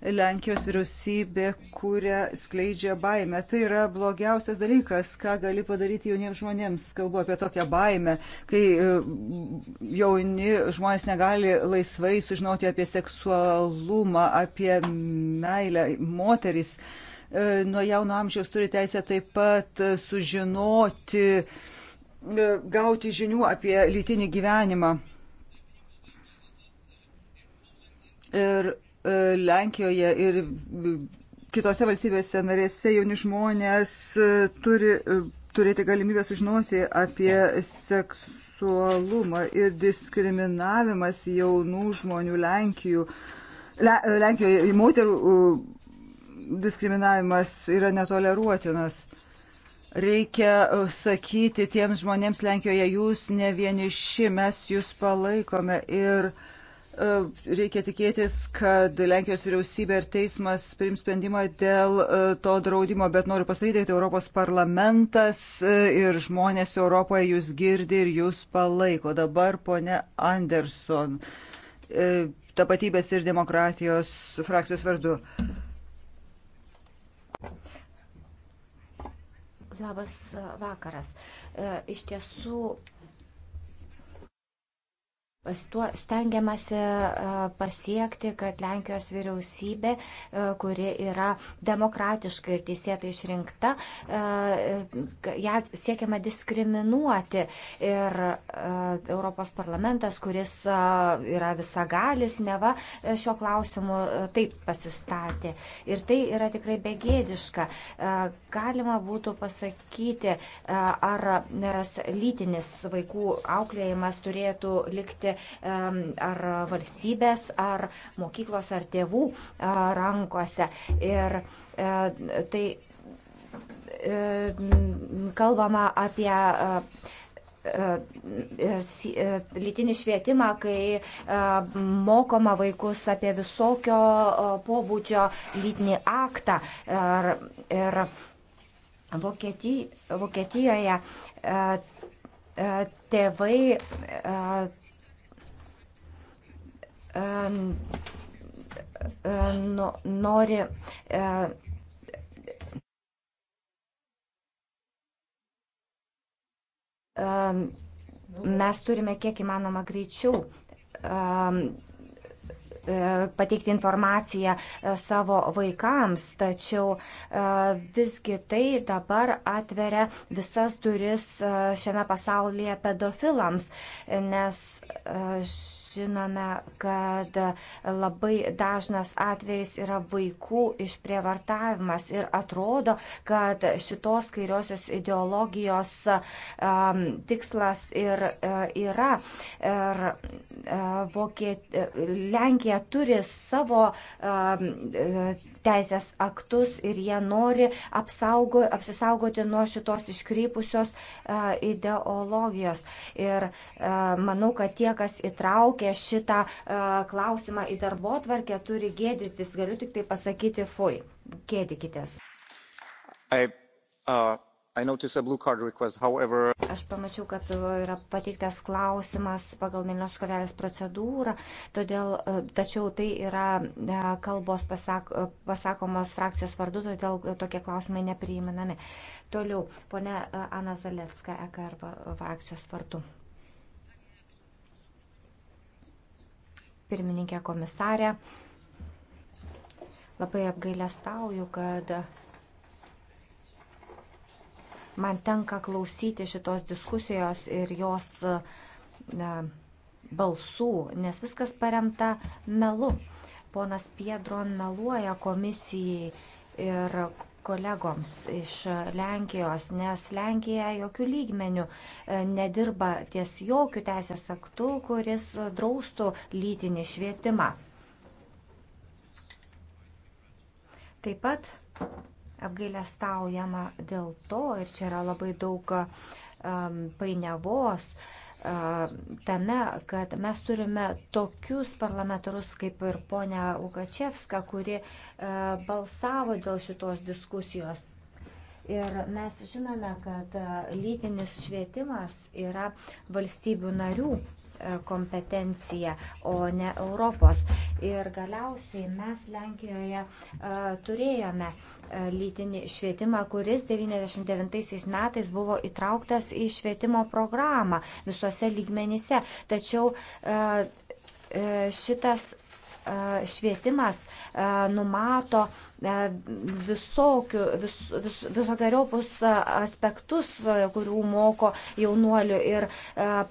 Lenkijos vyriausybė kuria skleidžia baimę. Tai yra blogiausias dalykas, ką gali padaryti jauniems žmonėms. Kalbu apie tokią baimę, kai e, jauni žmonės negali laisvai sužinoti apie seksualumą, apie meilę, moteris. E, nuo jauno amžiaus turi teisę taip pat e, sužinoti, gauti žinių apie lytinį gyvenimą. Ir E, Lenkijoje ir kitose valstybėse narėse jauni žmonės e, turi e, turėti galimybę sužinoti apie seksualumą ir diskriminavimas jaunų žmonių Lenkijų. Le, Lenkijoje moterų diskriminavimas yra netoleruotinas. Reikia sakyti tiems žmonėms Lenkijoje, jūs ne vieniši, mes jūs palaikome ir uh, E, reikia tikėtis, kad Lenkijos vyriausybė ir teismas priims sprendimą dėl e, to draudimo, bet noriu pasakyti, kad Europos parlamentas e, ir žmonės Europoje jūs girdi ir jūs palaiko. Dabar ponė Anderson, tapatybės ir demokratijos frakcijos vardu. Labas vakaras. Iš tiesų Tuo stengiamasi e, pasiekti, kad Lenkijos vyriausybė, e, kuri yra demokratiškai ir teisėtai išrinkta, e, ją siekiama diskriminuoti. Ir Europos parlamentas, kuris yra visagalis, neva šio klausimu taip pasistatė. Ir tai yra tikrai begėdiška. Galima būtų pasakyti, ar lytinis vaikų auklėjimas turėtų likti ar valstybės, ar mokyklos, ar tėvų rankose. Ir e, tai e, kalbama apie e, lytinį švietimą, kai mokoma vaikus apie visokio pobūdžio lytinį aktą. Ir, ir Vokietijoje tėvai nori e, mes turime kiek įmanoma greičiau e, pateikti informaciją e, savo vaikams, tačiau visgi tai dabar atveria visas duris šiame pasaulyje pedofilams, nes žinome, kad labai dažnas atvejis yra vaikų išprievartavimas ir atrodo, kad šitos kairiosios ideologijos um, tikslas ir uh, yra. Ir uh, e, Vokiet... Lenkija turi savo um, e, teisės aktus ir jie nori apsaugo, apsisaugoti nuo šitos iškrypusios uh, ideologijos. Ir uh, manau, kad tie, kas įtraukia, įtraukė šitą e, klausimą į darbo tvarkę, turi gėdytis. Galiu tik tai pasakyti, fui, gėdykitės. I, uh... Request, however... Aš pamačiau, kad e, yra pateiktas klausimas pagal Milnos korelės procedūrą, todėl, e, tačiau tai yra kalbos pasak, pasakomos frakcijos vardu, todėl tokie klausimai nepriiminami. Toliau, ponia Ana Zaletska, EKR frakcijos vardu. pirmininkė komisarė. Labai apgailę stauju, kad man tenka klausyti šitos diskusijos ir jos na, balsų, nes viskas paremta melu. Ponas Piedron meluoja komisijai ir kolegoms iš Lenkijos, nes Lenkija jokių lygmenių e, nedirba ties jokių teisės aktų, kuris draustų lytinį švietimą. Taip pat apgailestaujama dėl to, ir čia yra labai daug um, painiavos, uh, tame, kad mes turime tokius parlamentarus kaip ir ponia Lukačevska, kuri balsavo dėl šitos diskusijos. Ir mes žinome, kad lytinis švietimas yra valstybių narių E, kompetencija, o ne Europos. Ir galiausiai mes Lenkijoje e, turėjome e, lytinį švietimą, kuris 99 metais buvo įtrauktas į švietimo programą visuose lygmenyse. Tačiau šitas E, švietimas e, numato e, visokių, vis, vis, visokiojopus aspektus, kurių moko jaunuolių ir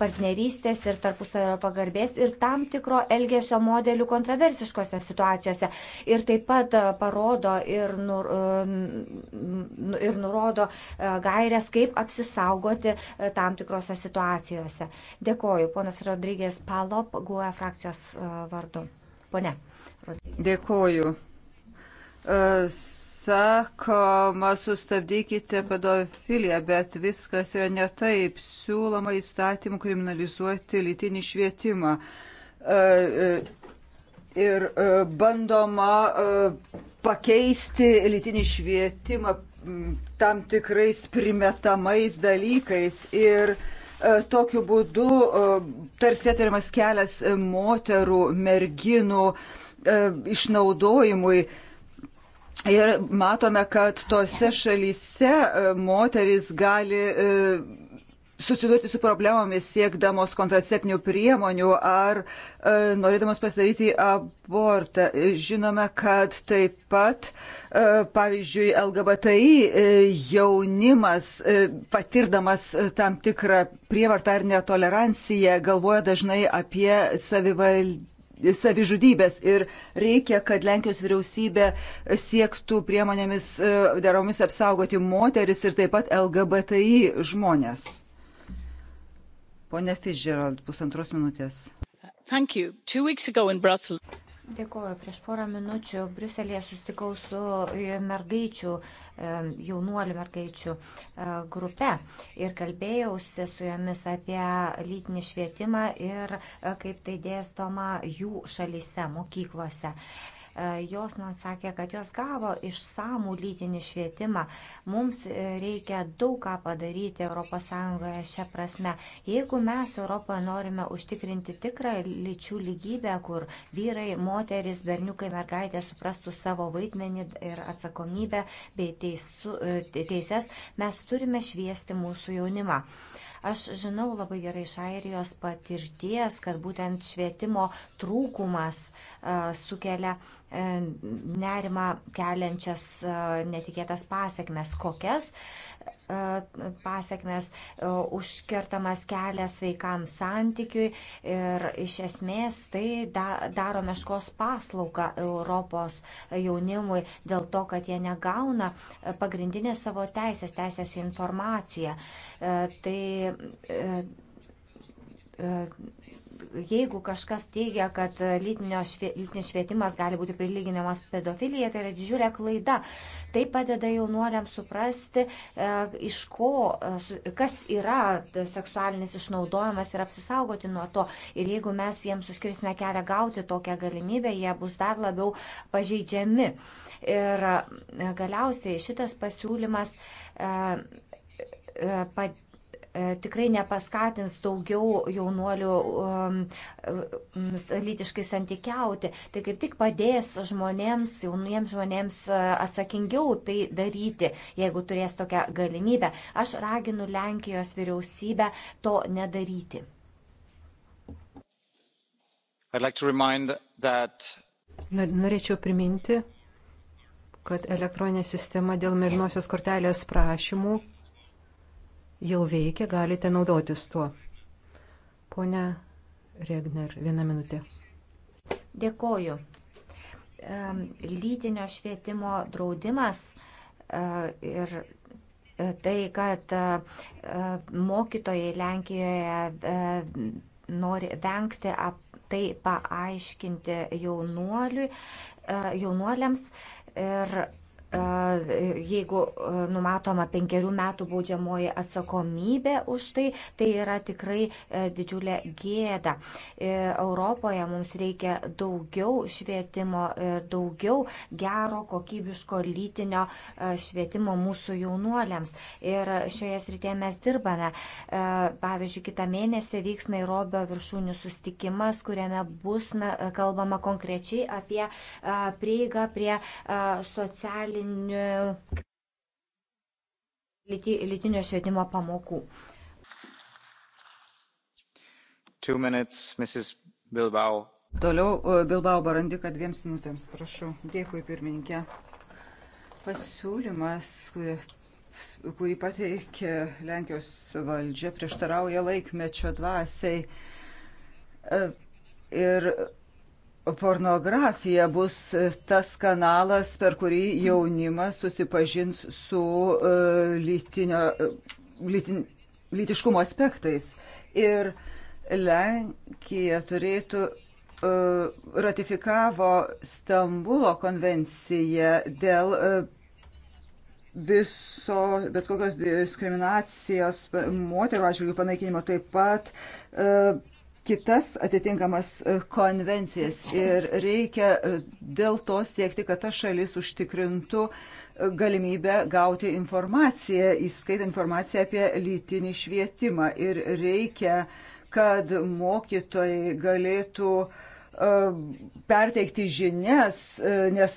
partnerystės, ir tarpusavio pagarbės, ir tam tikro elgesio modelių kontroversiškose situacijose. Ir taip pat parodo ir, nur, ir nurodo gairias, kaip apsisaugoti tam tikrose situacijose. Dėkoju, ponas Rodrygės Palop, GUE frakcijos vardu. Pone. Dėkoju. E, sakoma, sustabdykite pedofiliją, bet viskas yra netaip. Siūloma įstatymų kriminalizuoti lytinį švietimą. E, e, ir bandoma pakeisti lytinį švietimą tam tikrais primetamais dalykais. Ir uh, E, tokiu būdu e, tarsi atariamas kelias e, moterų, merginų išnaudojimui. Ir matome, kad tose šalyse moteris gali susidurti su problemomis siekdamos kontraceptinių priemonių ar e, norėdamos pasidaryti abortą. Žinome, kad taip pat, e, pavyzdžiui, LGBTI e, jaunimas, e, patirdamas tam tikrą prievartą ar netoleranciją, galvoja dažnai apie savivaldybę savižudybės ir reikia, kad Lenkijos vyriausybė siektų priemonėmis e, deromis apsaugoti moteris ir taip pat LGBTI žmonės. Pone Fitzgerald, pusantros minutės. Dėkuoju. Prieš porą minučių Bruselėje sustikau su e, mergaičių, e, jaunuolių mergaičių e, grupe ir kalbėjausi su jomis apie lytinį švietimą ir kaip tai dėstoma jų šalyse, mokyklose. E, jos man sakė, kad jos gavo išsamų lytinį švietimą. Mums e, reikia daug ką padaryti ES šią prasme. Jeigu mes Europoje norime užtikrinti tikrą lyčių lygybę, kur vyrai, moteris, berniukai, mergaitė suprastų savo vaidmenį ir atsakomybę bei teisu, e, teises, mes turime šviesti mūsų jaunimą. Aš žinau labai gerai iš Airijos patirties, kad būtent švietimo trūkumas uh, sukelia uh, E, nerima keliančias e, netikėtas pasiekmes. Kokias e, pasiekmes užkertamas kelias veikam santykiui ir iš esmės tai daro meškos paslaugą Europos jaunimui dėl to, kad jie negauna pagrindinės savo teisės, teisės informaciją. Tai jeigu kažkas teigia, kad švie, lytinis švietimas gali būti prilyginamas pedofilijai, tai yra didžiulė klaida. Tai padeda jaunuoliams suprasti, e, iš ko, e, kas yra seksualinis išnaudojimas ir apsisaugoti nuo to. Ir jeigu mes jiems užkirsime kelią gauti tokią galimybę, jie bus dar labiau pažeidžiami. Ir e, galiausiai šitas pasiūlymas padės E, tikrai nepaskatins daugiau jaunuolių e, lytiškai santykiauti. Tai kaip tik padės žmonėms, jauniems žmonėms e, atsakingiau tai daryti, jeigu turės tokią galimybę. Aš raginu Lenkijos vyriausybę to nedaryti. Like that... Norėčiau priminti, kad elektroninė sistema dėl mėlynosios kortelės prašymų jau veikia, galite naudotis tuo. Pone Regner, vieną minutę. Dėkoju. Lytinio švietimo draudimas e, ir e, tai, kad e, mokytojai Lenkijoje nori vengti tai paaiškinti jaunuoliui, jaunuoliams ir jeigu numatoma penkerių metų baudžiamoji atsakomybė už tai, tai yra tikrai didžiulė gėda. E, Europoje mums reikia daugiau švietimo ir daugiau gero kokybiško lytinio švietimo mūsų jaunuoliams. Ir šioje srityje mes dirbame. E, pavyzdžiui, kitą mėnesį vyks Nairobio viršūnių sustikimas, kuriame bus na, kalbama konkrečiai apie prieigą prie socialinį lytinio, lyti, lytinio švietimo pamokų. Two minutes, Mrs. Bilbao. Toliau e, Bilbao Barandika dviems minutėms, prašau. Dėkui, pirmininkė. Pasiūlymas, kurį kurį pateikė Lenkijos valdžia, prieštarauja laikmečio dvasiai. E, ir pornografija bus tas kanalas, per kurį jaunimas susipažins su uh, lytinio, uh, lytin, lytiškumo aspektais. Ir Lenkija turėtų uh, ratifikavo Stambulo konvenciją dėl uh, viso, bet kokios diskriminacijos moterų atžvilgių panaikinimo taip pat. Uh, kitas atitinkamas e, konvencijas ir reikia e, dėl to siekti, kad ta šalis užtikrintų e, galimybę gauti informaciją, įskaitant informaciją apie lytinį švietimą ir reikia, kad mokytojai galėtų perteikti žinias, nes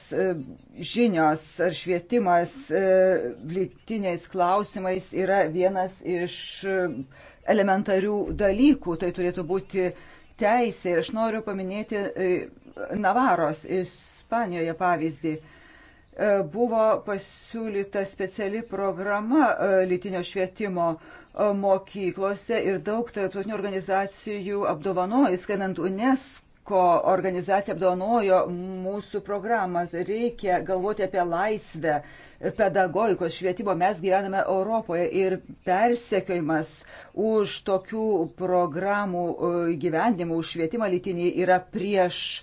žinios ar švietimas lytiniais klausimais yra vienas iš elementarių dalykų. Tai turėtų būti teisė. Ir aš noriu paminėti e, Navaros, Ispanijoje pavyzdį. E, buvo pasiūlyta speciali programa e, lytinio švietimo mokyklose ir daug tarptautinių organizacijų apdovanojo, skaitant UNESCO ko organizacija apdovanojo mūsų programą. Reikia galvoti apie laisvę, pedagogikos švietimo. Mes gyvename Europoje ir persekiojimas už tokių programų e, gyvendimą, už švietimą lytinį yra prieš e,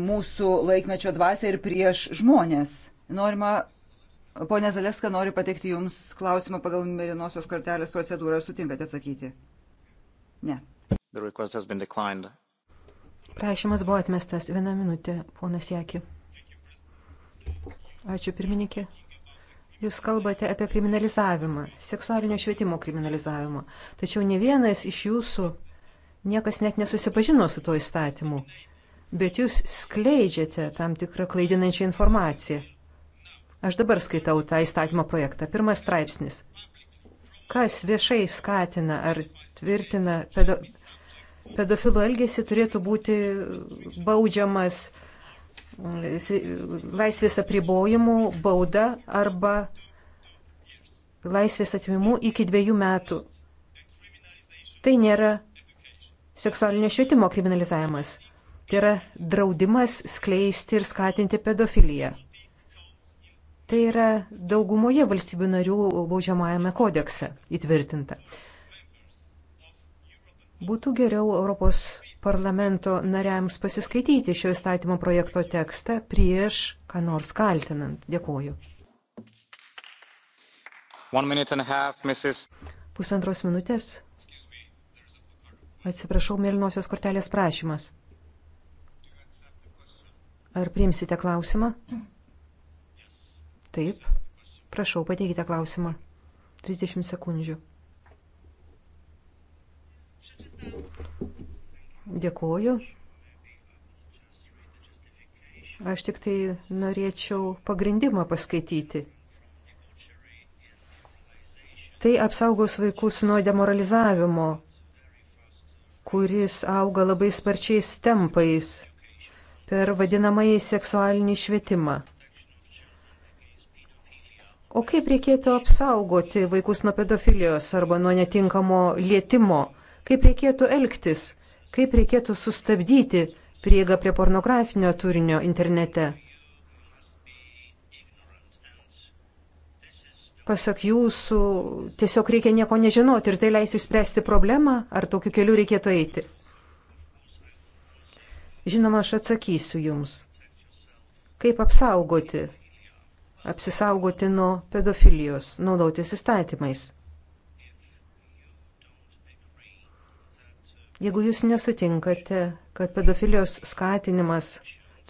mūsų laikmečio dvasę ir prieš žmonės. Norima Pone Zaleska, noriu pateikti Jums klausimą pagal mėlynosios kortelės procedūrą. Ar sutinkate atsakyti? Ne. Prašymas buvo atmestas. Vieną minutę, ponas Jaki. Ačiū, pirmininkė. Jūs kalbate apie kriminalizavimą, seksualinio švietimo kriminalizavimą. Tačiau ne vienas iš jūsų niekas net nesusipažino su tuo įstatymu. Bet jūs skleidžiate tam tikrą klaidinančią informaciją. Aš dabar skaitau tą įstatymo projektą. Pirmas straipsnis. Kas viešai skatina ar tvirtina pedo pedofilų elgesį turėtų būti baudžiamas e, laisvės apribojimu, bauda arba laisvės atimimu iki dviejų metų. Tai nėra seksualinio švietimo kriminalizavimas. Tai yra draudimas skleisti ir skatinti pedofiliją. Tai yra daugumoje valstybių narių baudžiamajame kodekse įtvirtinta. Būtų geriau Europos parlamento nariams pasiskaityti šio įstatymo projekto tekstą prieš ką nors kaltinant. Dėkuoju. Half, Mrs... Pusantros minutės. Atsiprašau, mėlynosios kortelės prašymas. Ar priimsite klausimą? Taip. Prašau, pateikite klausimą. 30 sekundžių. Dėkuoju. Aš tik tai norėčiau pagrindimą paskaityti. Tai apsaugos vaikus nuo demoralizavimo, kuris auga labai sparčiais tempais per vadinamąjį seksualinį švietimą. O kaip reikėtų apsaugoti vaikus nuo pedofilijos arba nuo netinkamo lietimo? Kaip reikėtų elgtis? kaip reikėtų sustabdyti prieigą prie pornografinio turinio internete. Pasak jūsų, tiesiog reikia nieko nežinoti ir tai leis išspręsti problemą, ar tokiu keliu reikėtų eiti. Žinoma, aš atsakysiu jums. Kaip apsaugoti? Apsisaugoti nuo pedofilijos, naudotis įstatymais. Jeigu jūs nesutinkate, kad pedofilijos skatinimas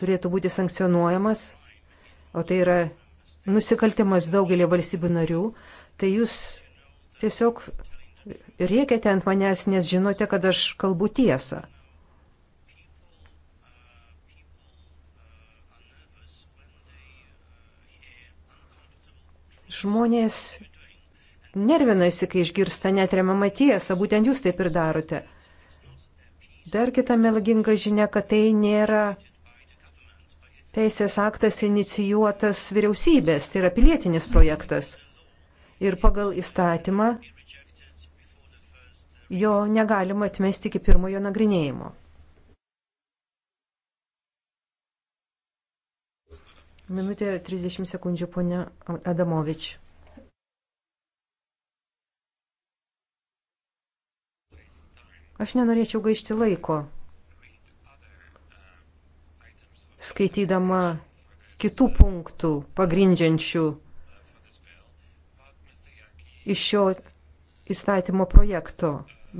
turėtų būti sankcionuojamas, o tai yra nusikaltimas daugelį valstybių narių, tai jūs tiesiog rėkite ant manęs, nes žinote, kad aš kalbu tiesą. Žmonės nervinasi, kai išgirsta netremiamą tiesą, būtent jūs taip ir darote. Dar kita melginga žinia, kad tai nėra teisės aktas inicijuotas vyriausybės, tai yra pilietinis projektas. Ir pagal įstatymą jo negalima atmesti iki pirmojo nagrinėjimo. Minutė 30 sekundžių, ponia Adamovič. Aš nenorėčiau gaišti laiko, skaitydama kitų punktų pagrindžiančių iš šio įstatymo projekto,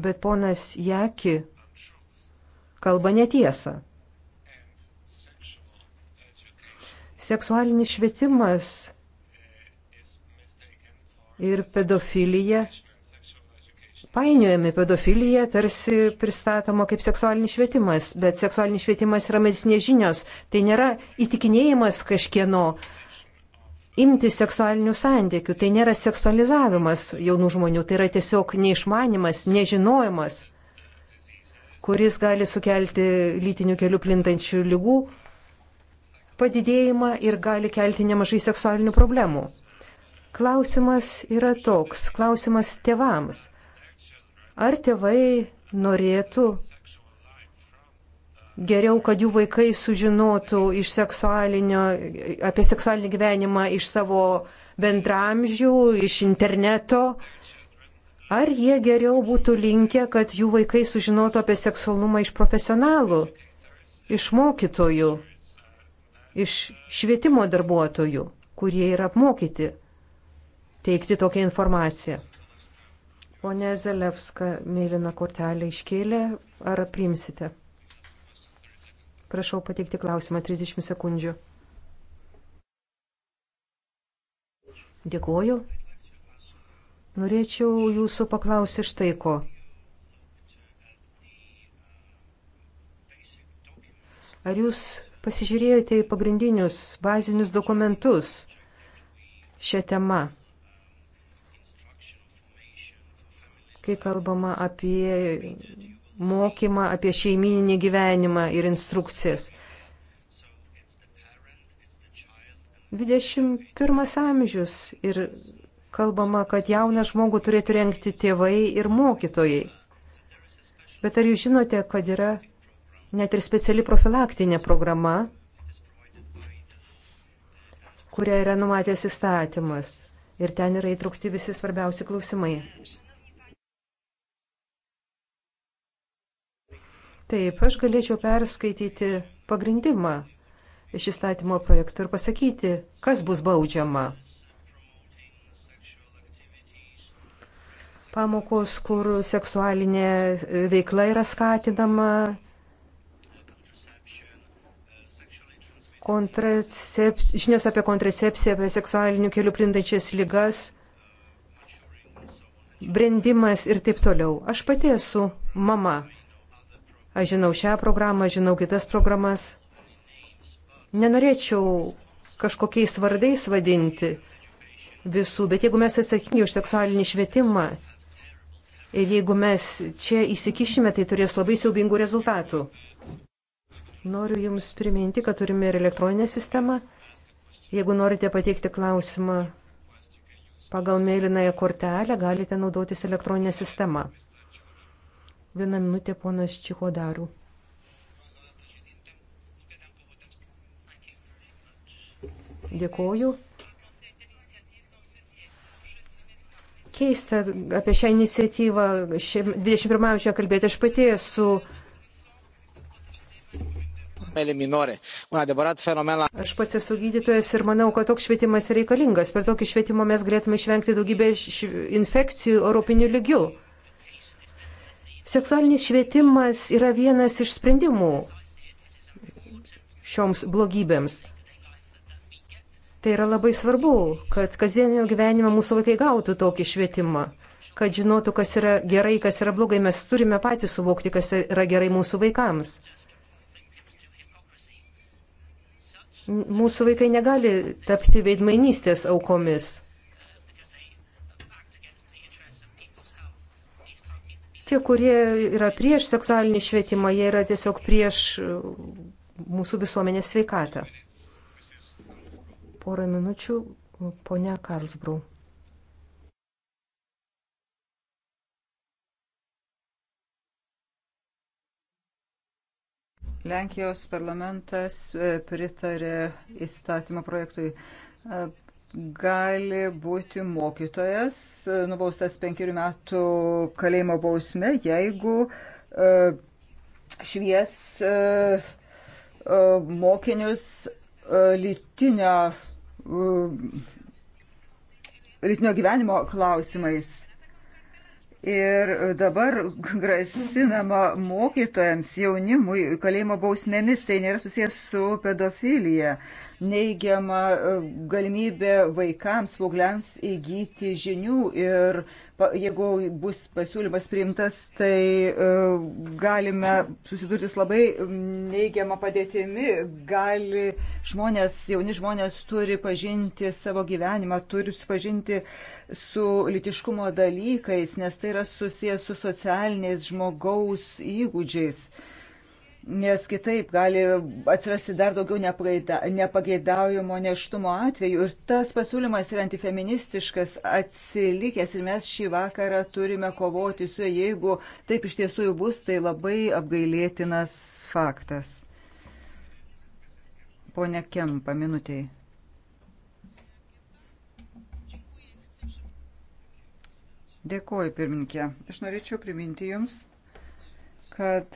bet ponas Jaki kalba netiesą. Seksualinis švietimas ir pedofilija painiojami pedofilija, tarsi pristatoma kaip seksualinis švietimas, bet seksualinis švietimas yra medicinės žinios, tai nėra įtikinėjimas kažkieno imti seksualinių santykių, tai nėra seksualizavimas jaunų žmonių, tai yra tiesiog neišmanimas, nežinojimas, kuris gali sukelti lytinių kelių plintančių lygų padidėjimą ir gali kelti nemažai seksualinių problemų. Klausimas yra toks, klausimas tėvams Ar tėvai norėtų geriau, kad jų vaikai sužinotų apie seksualinį gyvenimą iš savo bendramžių, iš interneto? Ar jie geriau būtų linkę, kad jų vaikai sužinotų apie seksualumą iš profesionalų, iš mokytojų, iš švietimo darbuotojų, kurie yra apmokyti teikti tokią informaciją? Pone Zelevska, mėlyna kortelė iškėlė, ar priimsite? Prašau pateikti klausimą 30 sekundžių. Dėkuoju. Norėčiau jūsų paklausyti štai ko. Ar jūs pasižiūrėjote į pagrindinius bazinius dokumentus šią temą? kai kalbama apie mokymą, apie šeimininį gyvenimą ir instrukcijas. 21 amžius ir kalbama, kad jauną žmogų turėtų renkti tėvai ir mokytojai. Bet ar jūs žinote, kad yra net ir speciali profilaktinė programa, kurią yra numatęs įstatymas ir ten yra įtraukti visi svarbiausi klausimai. Taip, aš galėčiau perskaityti pagrindimą iš įstatymo projektų ir pasakyti, kas bus baudžiama. Pamokos, kur seksualinė veikla yra skatinama, Kontracep... žinios apie kontracepciją, apie seksualinių kelių plintančias lygas, brendimas ir taip toliau. Aš pati esu mama Aš žinau šią programą, žinau kitas programas. Nenorėčiau kažkokiais vardais vadinti visų, bet jeigu mes atsakingi už seksualinį švietimą ir jeigu mes čia įsikišime, tai turės labai siaubingų rezultatų. Noriu Jums priminti, kad turime ir elektroninę sistemą. Jeigu norite pateikti klausimą pagal mėlynąją kortelę, galite naudotis elektroninę sistemą. Vieną minutę ponas Čikodarų. Dėkoju. Keista apie šią iniciatyvą 21 amžiuje kalbėti. Aš pati esu problemele minore. Un adevărat fenomen la... Aš pats esu gydytojas ir manau, kad toks švietimas reikalingas. Per tokį švietimą mes galėtume išvengti daugybę infekcijų europinių lygių. Seksualinis švietimas yra vienas iš sprendimų šioms blogybėms. Tai yra labai svarbu, kad kasdienio gyvenime mūsų vaikai gautų tokį švietimą, kad žinotų, kas yra gerai, kas yra blogai. Mes turime patys suvokti, kas yra gerai mūsų vaikams. Mūsų vaikai negali tapti veidmainystės aukomis. Tie, kurie yra prieš seksualinį švietimą, jie yra tiesiog prieš uh, mūsų visuomenės sveikatą. Porą minučių, ponia Karlsbrau. Lenkijos parlamentas uh, pritarė įstatymo projektui uh, gali būti mokytojas e, nubaustas penkerių metų kalėjimo bausme, jeigu e, švies e, mokinius lytinio, lytinio gyvenimo klausimais. Ir dabar grasinama mokytojams, jaunimui, kalėjimo bausmėmis, tai nėra susijęs su pedofilija. Neigiama e, galimybė vaikams, paaugliams įgyti žinių ir jeigu bus pasiūlymas priimtas, tai e, galime susidurti su labai neigiama padėtimi. Gali žmonės, jauni žmonės turi pažinti savo gyvenimą, turi supažinti su litiškumo dalykais, nes tai yra susijęs su socialiniais žmogaus įgūdžiais. Uh, nes kitaip gali atsirasti dar daugiau nepageidaujamo neštumo atveju. Ir tas pasiūlymas yra antifeministiškas, atsilikęs ir mes šį vakarą turime kovoti su juo. Jeigu taip iš tiesų jau bus, tai labai apgailėtinas faktas. Pone Kempa, minutiai. Dėkuoju, pirminkė. Aš norėčiau priminti Jums, kad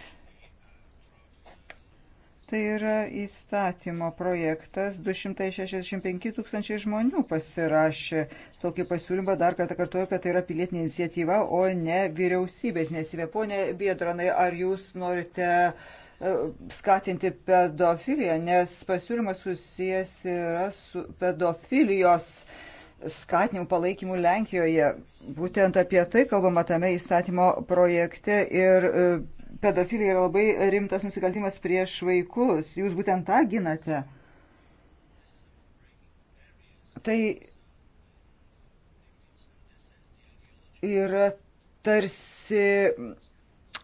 Tai yra įstatymo projektas. 265 tūkstančiai žmonių pasirašė tokį pasiūlymą. Dar kartą kartuoju, kad tai yra pilietinė iniciatyva, o ne vyriausybės nesivė. Pone Biedronai, ar jūs norite e, skatinti pedofiliją, nes pasiūlymas susijęs yra su pedofilijos skatinimu palaikymu Lenkijoje. Būtent apie tai kalbama tame įstatymo projekte ir e, pedofilija yra labai rimtas nusikaltimas prieš vaikus. Jūs būtent tą ginate. Tai yra tarsi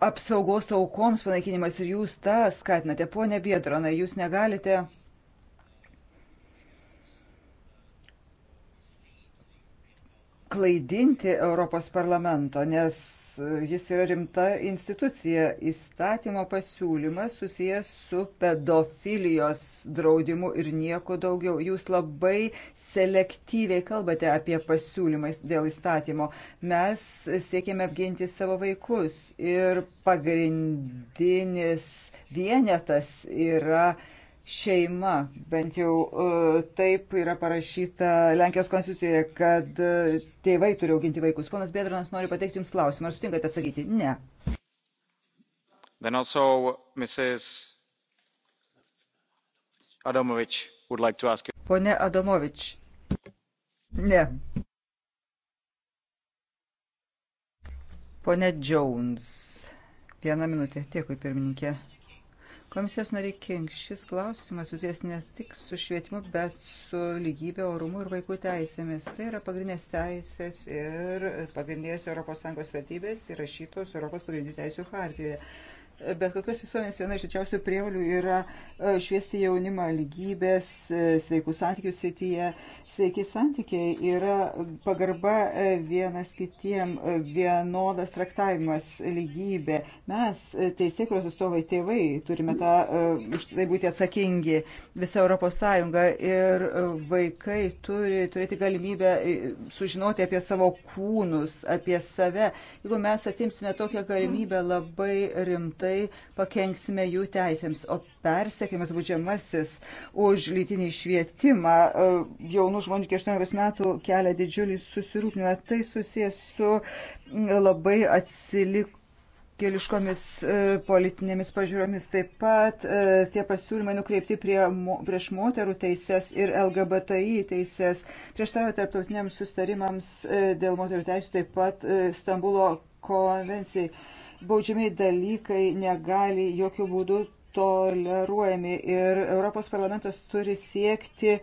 apsaugos aukoms panaikinimas ir jūs tą skatinate. Pone Biedronai, jūs negalite. klaidinti Europos parlamento, nes jis yra rimta institucija. Įstatymo pasiūlymas susijęs su pedofilijos draudimu ir nieko daugiau. Jūs labai selektyviai kalbate apie pasiūlymais dėl įstatymo. Mes siekėme apginti savo vaikus ir pagrindinis vienetas yra uh, šeima, bent jau e, taip yra parašyta Lenkijos konstitucijoje, kad e, tėvai turi auginti vaikus. Ponas Bėdranas nori pateikti Jums klausimą, ar sutinkate atsakyti? Ne. Then also Mrs. Adamovič would like to ask you. Pone Adamovič. Ne. Pone Jones. Vieną minutę. Dėkui, pirmininkė. Komisijos nariai King, šis klausimas susijęs ne tik su švietimu, bet su lygybė, orumu ir vaikų teisėmis. Tai yra pagrindinės teisės ir pagrindinės ES vertybės įrašytos ES pagrindinių teisų hartijoje bet kokios visuomenės viena iš didžiausių prievalių yra e, šviesti jaunimą lygybės, e, sveikų santykių srityje. Sveiki santykiai yra pagarba e, vienas kitiem, vienodas traktavimas, lygybė. Mes, teisėkuros atstovai, tėvai, turime tą, už tai būti atsakingi visą Europos Sąjungą ir vaikai turi turėti galimybę sužinoti apie savo kūnus, apie save. Jeigu mes atimsime tokią galimybę labai rimtai, tai pakenksime jų teisėms. O persekiamas būdžiamasis už lytinį švietimą e, jaunų žmonių iki 18 metų kelia didžiulį susirūpinimą. Tai susijęs su labai atsilik keliškomis e, politinėmis pažiūromis. Taip pat e, tie pasiūlymai nukreipti prie, prieš moterų teises ir LGBTI teises, prieštarauja tarptautiniams sustarimams dėl moterų teisų, taip pat Stambulo konvencijai baudžiami dalykai negali jokių būdų toleruojami ir Europos parlamentas turi siekti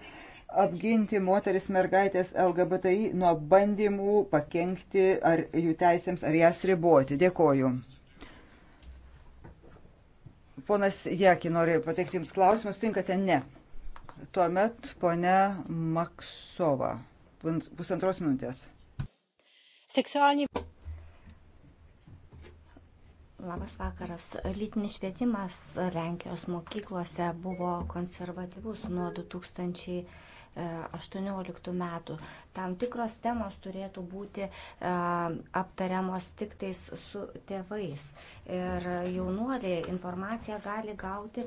apginti moteris mergaitės LGBTI nuo bandymų pakengti ar jų teisėms ar jas riboti. Dėkoju. Ponas Jekį nori pateikti Jums klausimus, tinkate ne. Tuomet ponia Maksova. Pusantros minutės seksualinį Labas vakaras. Lytinis švietimas Lenkijos mokyklose buvo konservatyvus nuo 2018 e, metų. Tam tikros temos turėtų būti e, aptariamos tik tais su tėvais. Ir jaunuoliai informaciją gali gauti e,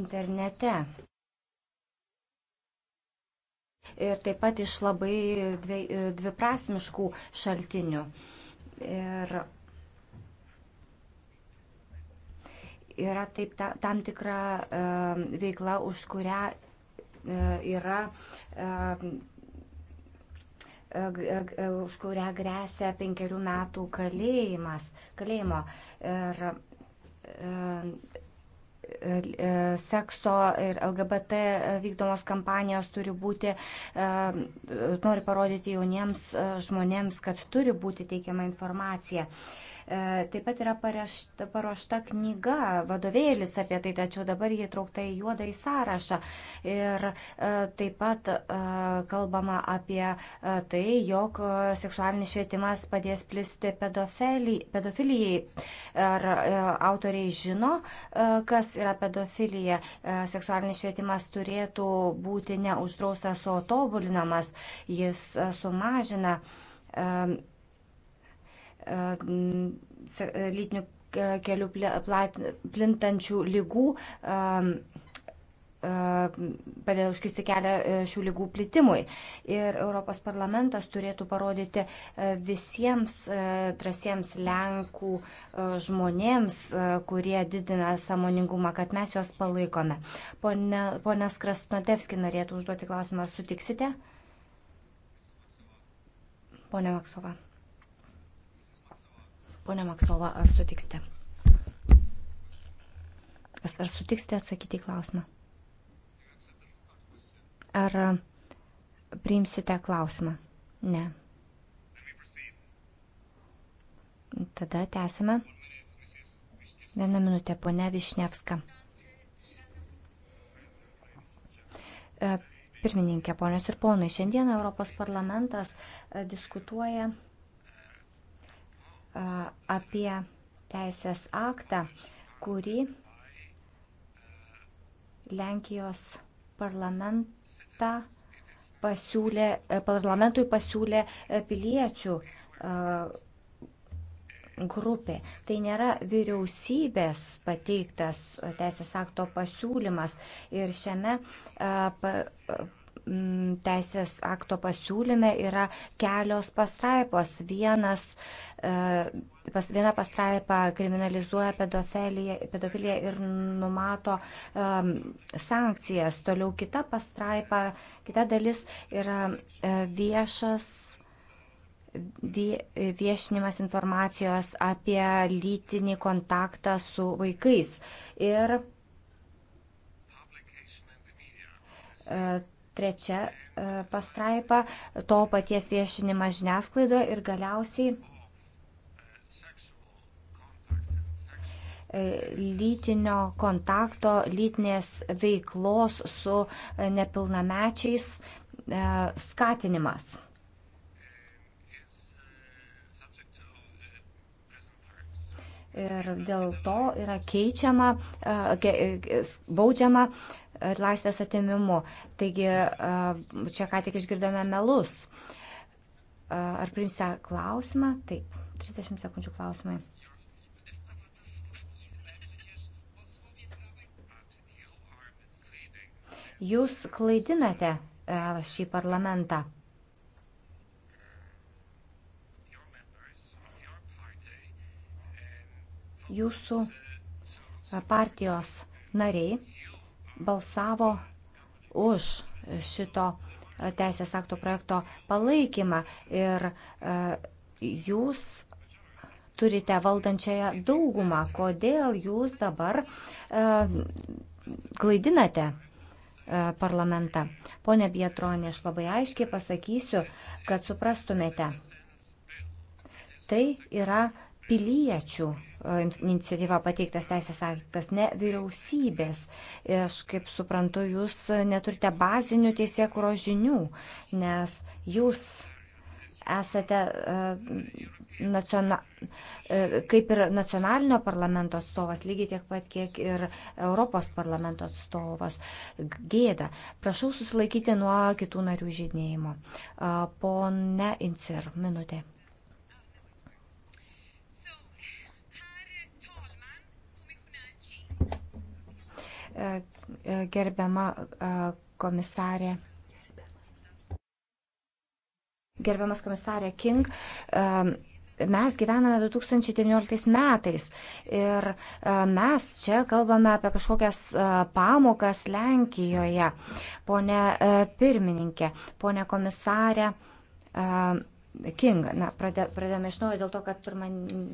internete ir taip pat iš labai dvi, dviprasmiškų šaltinių. Ir yra taip ta, tam tikra e, veikla, už kurią e, yra. E, e, e už kurią grėsia penkerių metų kalėjimas, kalėjimo. Ir e, sekso ir LGBT vykdomos kampanijos turi būti, e, nori parodyti jauniems e, žmonėms, kad turi būti teikiama informacija. E, taip pat yra parešta, paruošta knyga, vadovėlis apie tai, tačiau dabar jį traukta į juodą į sąrašą. Ir e, taip pat e, kalbama apie tai, jog seksualinis švietimas padės plisti pedofilijai. Ar autoriai žino, kas yra pedofilija? Seksualinis švietimas turėtų būti neuždraustas, o tobulinamas. Jis sumažina lytinių kelių plintančių lygų padeda užkisti kelią e, šių lygų plitimui. Ir Europos parlamentas turėtų parodyti e, visiems e, drąsiems Lenkų žmonėms, kurie didina samoningumą, kad mes juos palaikome. Pone, ponas Krasnodevski norėtų užduoti klausimą, ar sutiksite? Pone Maksova. Pone Maksova, ar sutiksite? Ar sutiksite atsakyti į klausimą? Ar priimsite klausimą? Ne. Tada tęsime. Vieną minutę, ponia Višnevska. E, pirmininkė, ponios ir ponai, šiandien Europos parlamentas e, diskutuoja apie teisės aktą, kurį Lenkijos parlamentą pasiūlė, e, parlamentui pasiūlė e, piliečių grupė. Tai nėra vyriausybės pateiktas teisės akto pasiūlymas. Ir šiame Mm, teisės akto pasiūlyme yra kelios pastraipos. Vienas, e, pas, viena pastraipa kriminalizuoja pedofiliją, pedofiliją ir numato um, sankcijas. Toliau kita pastraipa, kita dalis yra e, viešas viešinimas informacijos apie lytinį kontaktą su vaikais. Ir e, trečia e, pastraipa, to paties viešinimas žiniasklaidoje ir galiausiai e, lytinio kontakto, lytinės veiklos su e, nepilnamečiais skatinimas. Ir dėl to yra keičiama, baudžiama E, laisvės atimimu. Taigi e, čia ką tik išgirdome melus. E, ar priimsite klausimą? Taip, 30 sekundžių klausimai. Jūs klaidinate šį parlamentą. Jūsų partijos nariai balsavo už šito teisės akto projekto palaikymą ir e, jūs turite valdančiąją daugumą. Kodėl jūs dabar e, klaidinate e, parlamentą? Pone Bietronė, aš labai aiškiai pasakysiu, kad suprastumėte. Tai yra piliečių iniciatyva pateiktas teisės aktas, ne vyriausybės. Aš kaip suprantu, jūs neturite bazinių teisėkuro žinių, nes jūs esate naciona, kaip ir nacionalinio parlamento atstovas, lygiai tiek pat, kiek ir Europos parlamento atstovas. Gėda. Prašau susilaikyti nuo kitų narių žydinėjimo. Pone Incir, minutė. E, e, gerbiama e, komisarė. Gerbiamas komisarė King, mes gyvename 2019 metais ir mes čia kalbame apie kažkokias pamokas Lenkijoje. Pone pirmininkė, pone komisarė, King. Na, pradėjome iš naujo dėl to, kad pirmą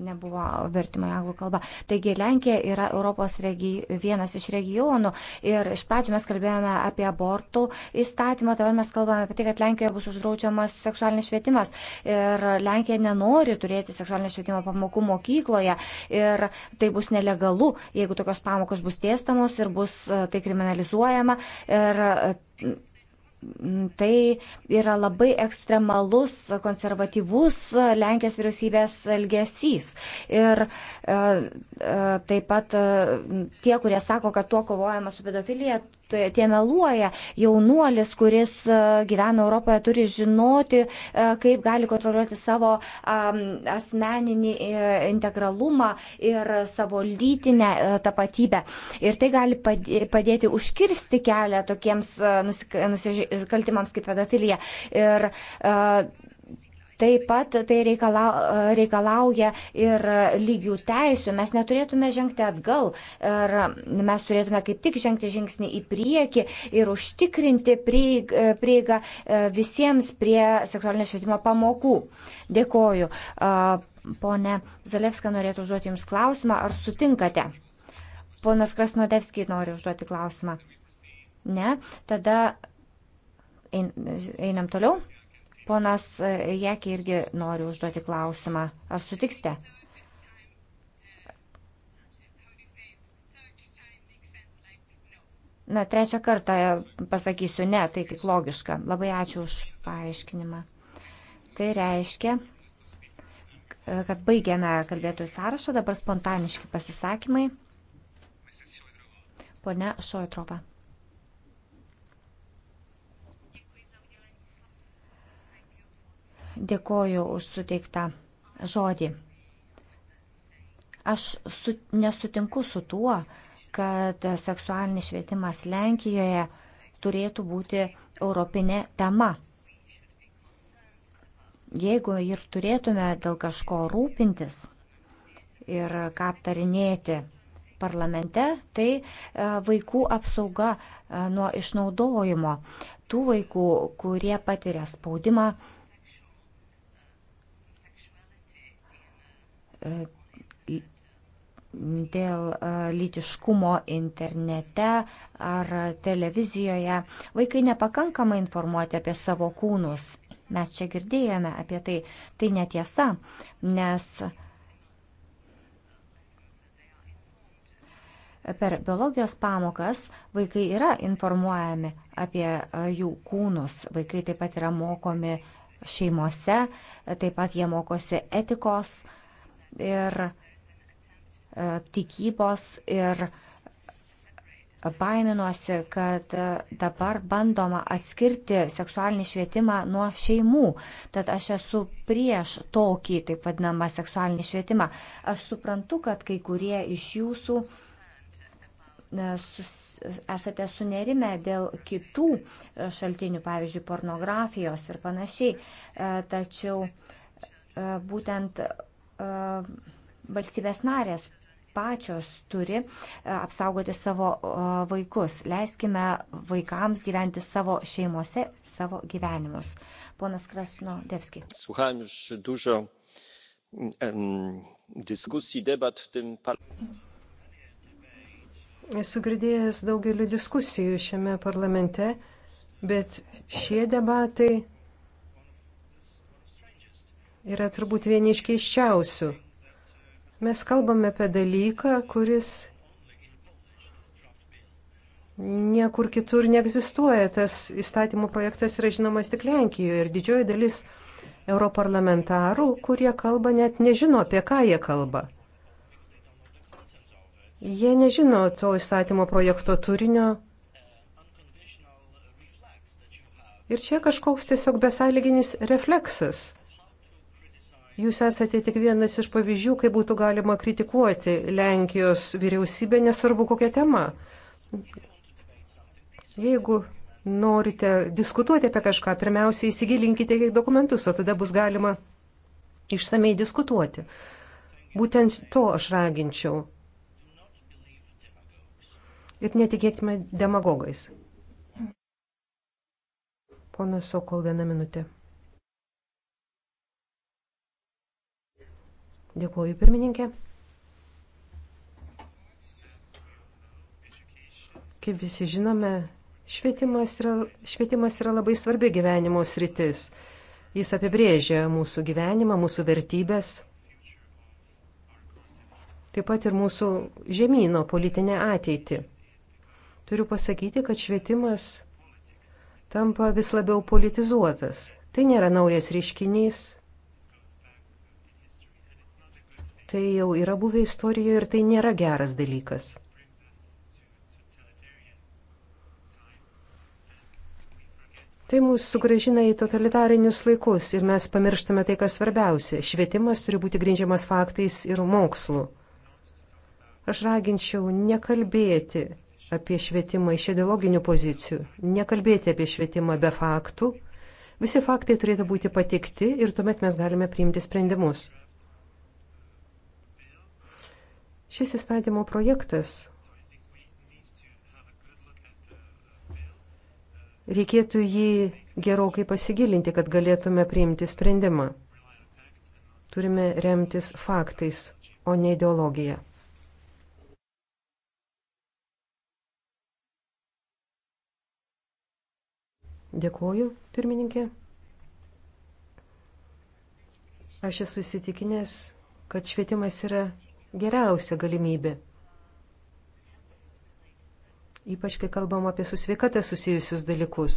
nebuvo vertimo į anglų kalbą. Taigi Lenkija yra Europos regi, vienas iš regionų ir iš pradžių mes kalbėjome apie abortų įstatymą, dabar mes kalbame apie tai, kad Lenkijoje bus uždraudžiamas seksualinis švietimas ir Lenkija nenori turėti seksualinio švietimo pamokų mokykloje ir tai bus nelegalu, jeigu tokios pamokos bus tiestamos ir bus e, tai kriminalizuojama. Ir, e, tai yra labai ekstremalus, konservatyvus Lenkijos vyriausybės elgesys. Ir e, e, taip pat e, tie, kurie sako, kad tuo kovojama su pedofilija, Tai tie meluoja. Jaunuolis, kuris e, gyvena Europoje, turi žinoti, e, kaip gali kontroliuoti savo asmeninį e, integralumą ir savo lytinę tapatybę. Ir tai gali padėti užkirsti kelią tokiems nusikaltimams kaip pedofilija. Ir Taip pat tai reikala, reikalauja ir lygių teisų. Mes neturėtume žengti atgal ir mes turėtume kaip tik žengti žingsnį į priekį ir užtikrinti prieigą e, visiems prie seksualinio švietimo pamokų. Dėkoju. Pone Zalevska norėtų užduoti Jums klausimą, ar sutinkate? Ponas Krasnodevskiai nori užduoti klausimą. Ne, tada ein, einam toliau. Ponas e, Jekė irgi nori užduoti klausimą. Ar sutiksite? Na, trečią kartą pasakysiu ne, tai tik logiška. Labai ačiū už paaiškinimą. Tai reiškia, e, kad baigiame kalbėtojų sąrašą, dabar spontaniški pasisakymai. Pone Šojtrova. Dėkoju už suteiktą žodį. Aš su, nesutinku su tuo, kad seksualinis švietimas Lenkijoje turėtų būti europinė tema. Jeigu ir turėtume dėl kažko rūpintis ir ką aptarinėti parlamente, tai e, vaikų apsauga e, nuo išnaudojimo. Tų vaikų, kurie patiria spaudimą, dėl e, lytiškumo internete ar televizijoje. Vaikai nepakankamai informuoti apie savo kūnus. Mes čia girdėjome apie tai. Tai netiesa, nes per biologijos pamokas vaikai yra informuojami apie e, jų kūnus. Vaikai taip pat yra mokomi šeimose, taip pat jie mokosi etikos, uh, ir e, tikybos ir baiminuosi, kad e, dabar bandoma atskirti seksualinį švietimą nuo šeimų. Tad aš esu prieš tokį taip vadinamą seksualinį švietimą. Aš suprantu, kad kai kurie iš jūsų e, sus, esate sunerime dėl kitų šaltinių, pavyzdžiui, pornografijos ir panašiai. Tačiau būtent E, valstybės narės pačios turi e, apsaugoti savo e, vaikus. Leiskime vaikams gyventi savo šeimose, savo gyvenimus. Ponas Krasno Devski. Słuchałem już dużo um, dyskusji, debat w tym parlamencie. Esu girdėjęs daugelį diskusijų šiame parlamente, bet šie debatai yra turbūt vieni iš keiščiausių. Mes kalbame apie dalyką, kuris niekur kitur neegzistuoja. Tas įstatymų projektas yra žinomas tik Lenkijoje ir didžioji dalis europarlamentarų, kurie kalba, net nežino, apie ką jie kalba. Jie nežino to įstatymo projekto turinio. Ir čia kažkoks tiesiog besąlyginis refleksas, Jūs esate tik vienas iš pavyzdžių, kaip būtų galima kritikuoti Lenkijos vyriausybę, nesvarbu kokia tema. Jeigu norite diskutuoti apie kažką, pirmiausia įsigilinkite į dokumentus, o tada bus galima išsamei diskutuoti. Būtent to aš raginčiau. Ir netikėkime demagogais. Ponas Sokol, vieną minutę. Dėkuoju, pirmininkė. Kaip visi žinome, švietimas yra, švietimas yra labai svarbi gyvenimo sritis. Jis apibrėžia mūsų gyvenimą, mūsų vertybės, taip pat ir mūsų žemynų politinę ateitį. Turiu pasakyti, kad švietimas tampa vis labiau politizuotas. Tai nėra naujas reiškinys, Tai jau yra buvę istorijoje ir tai nėra geras dalykas. Tai mūsų sugražina į totalitarinius laikus ir mes pamirštame tai, kas svarbiausia. Švietimas turi būti grindžiamas faktais ir mokslu. Aš raginčiau nekalbėti apie švietimą iš ideologinių pozicijų, nekalbėti apie švietimą be faktų. Visi faktai turėtų būti patikti ir tuomet mes galime priimti sprendimus. Šis įstatymo projektas reikėtų jį gerokai pasigilinti, kad galėtume priimti sprendimą. Turime remtis faktais, o ne ideologija. Dėkuoju, pirmininkė. Aš esu įsitikinęs, kad švietimas yra geriausia galimybė. Ypač, kai kalbam apie su sveikata susijusius dalykus.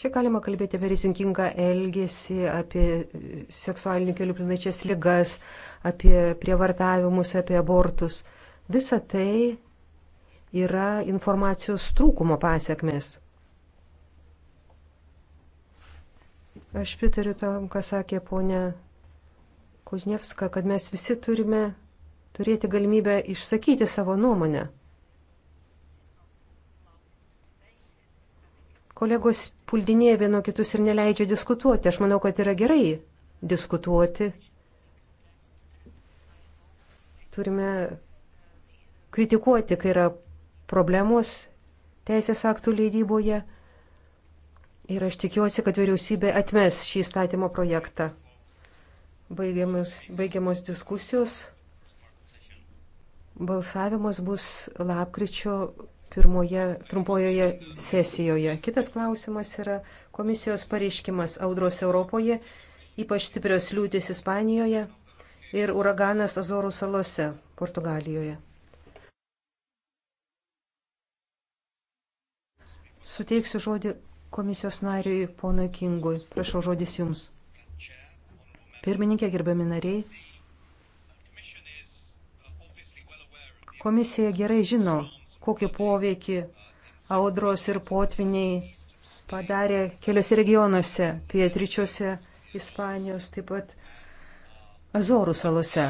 Čia galima kalbėti apie rizikingą elgesį, apie seksualinių kelių plinačias ligas, apie prievartavimus, apie abortus. Visa tai yra informacijos trūkumo pasiekmes. Aš pritariu tam, ką sakė ponia Kuznievska, kad mes visi turime turėti galimybę išsakyti savo nuomonę. Kolegos puldinėja vieno kitus ir neleidžia diskutuoti. Aš manau, kad yra gerai diskutuoti. Turime kritikuoti, kai yra problemos teisės aktų leidyboje. Ir aš tikiuosi, kad vyriausybė atmes šį įstatymo projektą. Baigiamos, baigiamos diskusijos. Balsavimas bus lapkričio pirmoje trumpojoje sesijoje. Kitas klausimas yra komisijos pareiškimas audros Europoje, ypač stiprios liūtis Ispanijoje ir uraganas Azorų salose, Portugalijoje. Suteiksiu žodį komisijos nariui ponui Kingui. Prašau žodis jums. Pirmininkė, gerbiami nariai. Komisija gerai žino, kokį poveikį audros ir potviniai padarė keliose regionuose, pietryčiuose, Ispanijos, taip pat Azorų salose.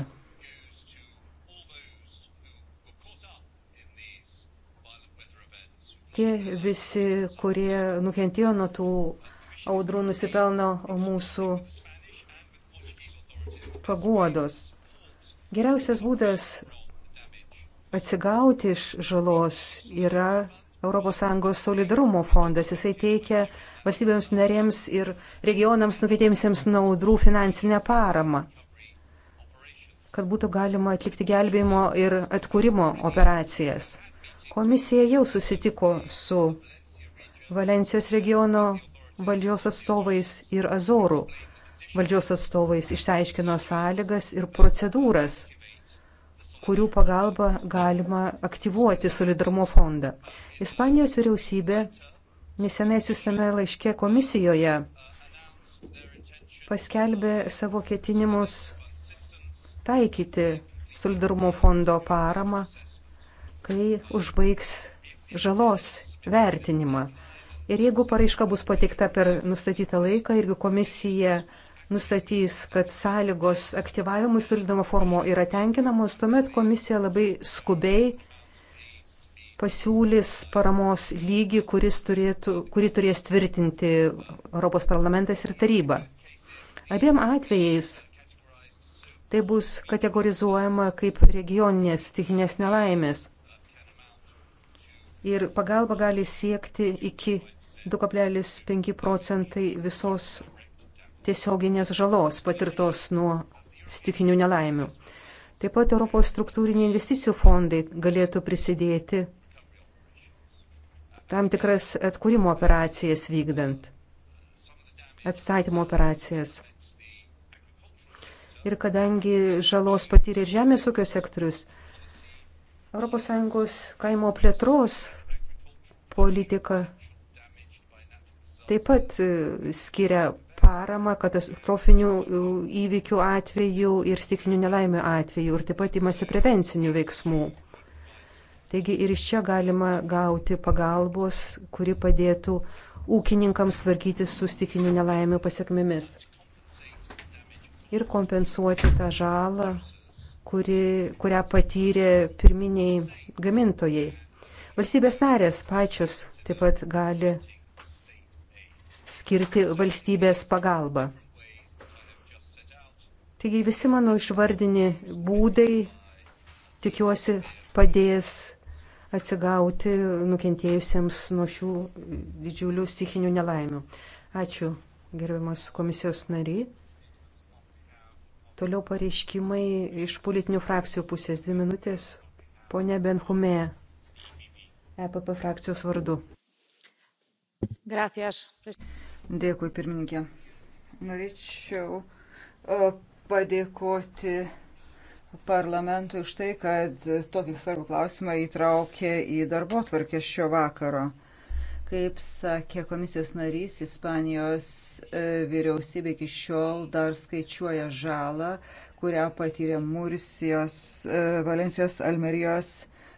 tie visi, kurie nukentėjo nuo tų audrų, nusipelno mūsų paguodos. Geriausias būdas atsigauti iš žalos yra ES solidarumo fondas. Jisai teikia valstybėms narėms ir regionams nukentėjusiems naudrų finansinę paramą, kad būtų galima atlikti gelbėjimo ir atkūrimo operacijas. Komisija jau susitiko su Valencijos regiono valdžios atstovais ir Azorų valdžios atstovais, išsiaiškino sąlygas ir procedūras, kurių pagalba galima aktyvuoti solidarumo fondą. Ispanijos vyriausybė nesenai siūstame laiške komisijoje paskelbė savo ketinimus taikyti solidarumo fondo paramą kai užbaigs žalos vertinimą. Ir jeigu paraiška bus pateikta per nustatytą laiką ir komisija nustatys, kad sąlygos aktyvavimui sulydama formo yra tenkinamos, tuomet komisija labai skubiai pasiūlys paramos lygį, turėtų, kurį turės tvirtinti Europos parlamentas ir taryba. Abiem atvejais tai bus kategorizuojama kaip regioninės stichinės nelaimės ir pagalba gali siekti iki 2,5 procentai visos tiesioginės žalos patirtos nuo stikinių nelaimių. Taip pat Europos struktūriniai investicijų fondai galėtų prisidėti tam tikras atkūrimo operacijas vykdant, atstatymo operacijas. Ir kadangi žalos patyrė ir žemės ūkio sektorius, ES kaimo plėtros politika taip pat e, skiria paramą katastrofinių e, įvykių atveju ir stikinių nelaimių atveju ir taip pat imasi prevencinių veiksmų. Taigi ir iš čia galima gauti pagalbos, kuri padėtų ūkininkams tvarkyti su stikinių nelaimių pasiekmėmis ir kompensuoti tą žalą kuri, kurią patyrė pirminiai gamintojai. Valstybės narės pačios taip pat gali skirti valstybės pagalbą. Taigi visi mano išvardini būdai, tikiuosi, padės atsigauti nukentėjusiems nuo šių didžiulių stichinių nelaimių. Ačiū, gerbiamas komisijos nariai. Toliau pareiškimai iš politinių frakcijų pusės. Dvi minutės. Pone Benhume, EPP frakcijos vardu. Gracias. Dėkui, pirmininkė. Norėčiau e, padėkoti parlamentui už tai, kad tokį svarbų klausimą įtraukė į darbo tvarkę šio vakaro. Kaip sakė komisijos narys, Ispanijos e, vyriausybė iki šiol dar skaičiuoja žalą, kurią patyrė Mursijos, e, Valencijos, Almerijos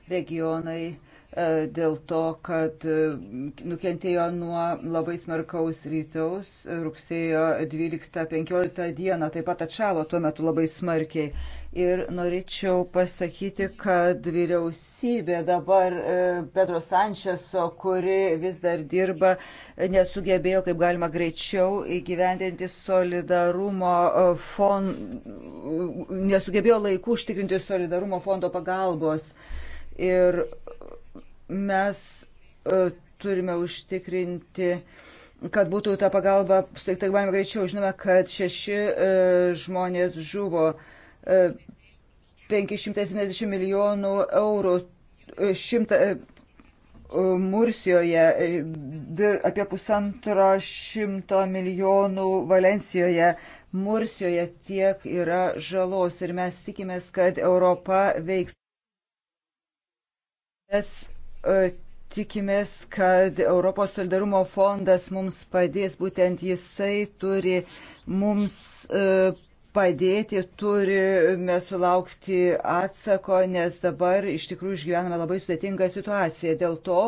regionai e, dėl to, kad nukentėjo nuo labai smarkaus rytaus rugsėjo 12-15 dieną, taip pat atšalo tuo metu labai smarkiai. Ir norėčiau pasakyti, kad vyriausybė dabar e, Pedro Sančeso, kuri vis dar dirba, nesugebėjo kaip galima greičiau įgyvendinti solidarumo e, fond, nesugebėjo laiku užtikrinti solidarumo fondo pagalbos. Ir mes e, turime užtikrinti kad būtų ta pagalba suteikta galima greičiau. Žinome, kad šeši e, žmonės žuvo e, 570 e, milijonų eurų. E, Šimta, e, Mursijoje, apie pusantro šimto milijonų Valencijoje. Mursijoje tiek yra žalos ir mes tikimės, kad Europa veiks. Mes tikimės, kad Europos solidarumo fondas mums padės, būtent jisai turi mums padėti, turime sulaukti atsako, nes dabar iš tikrųjų išgyvename labai sudėtingą situaciją. Dėl to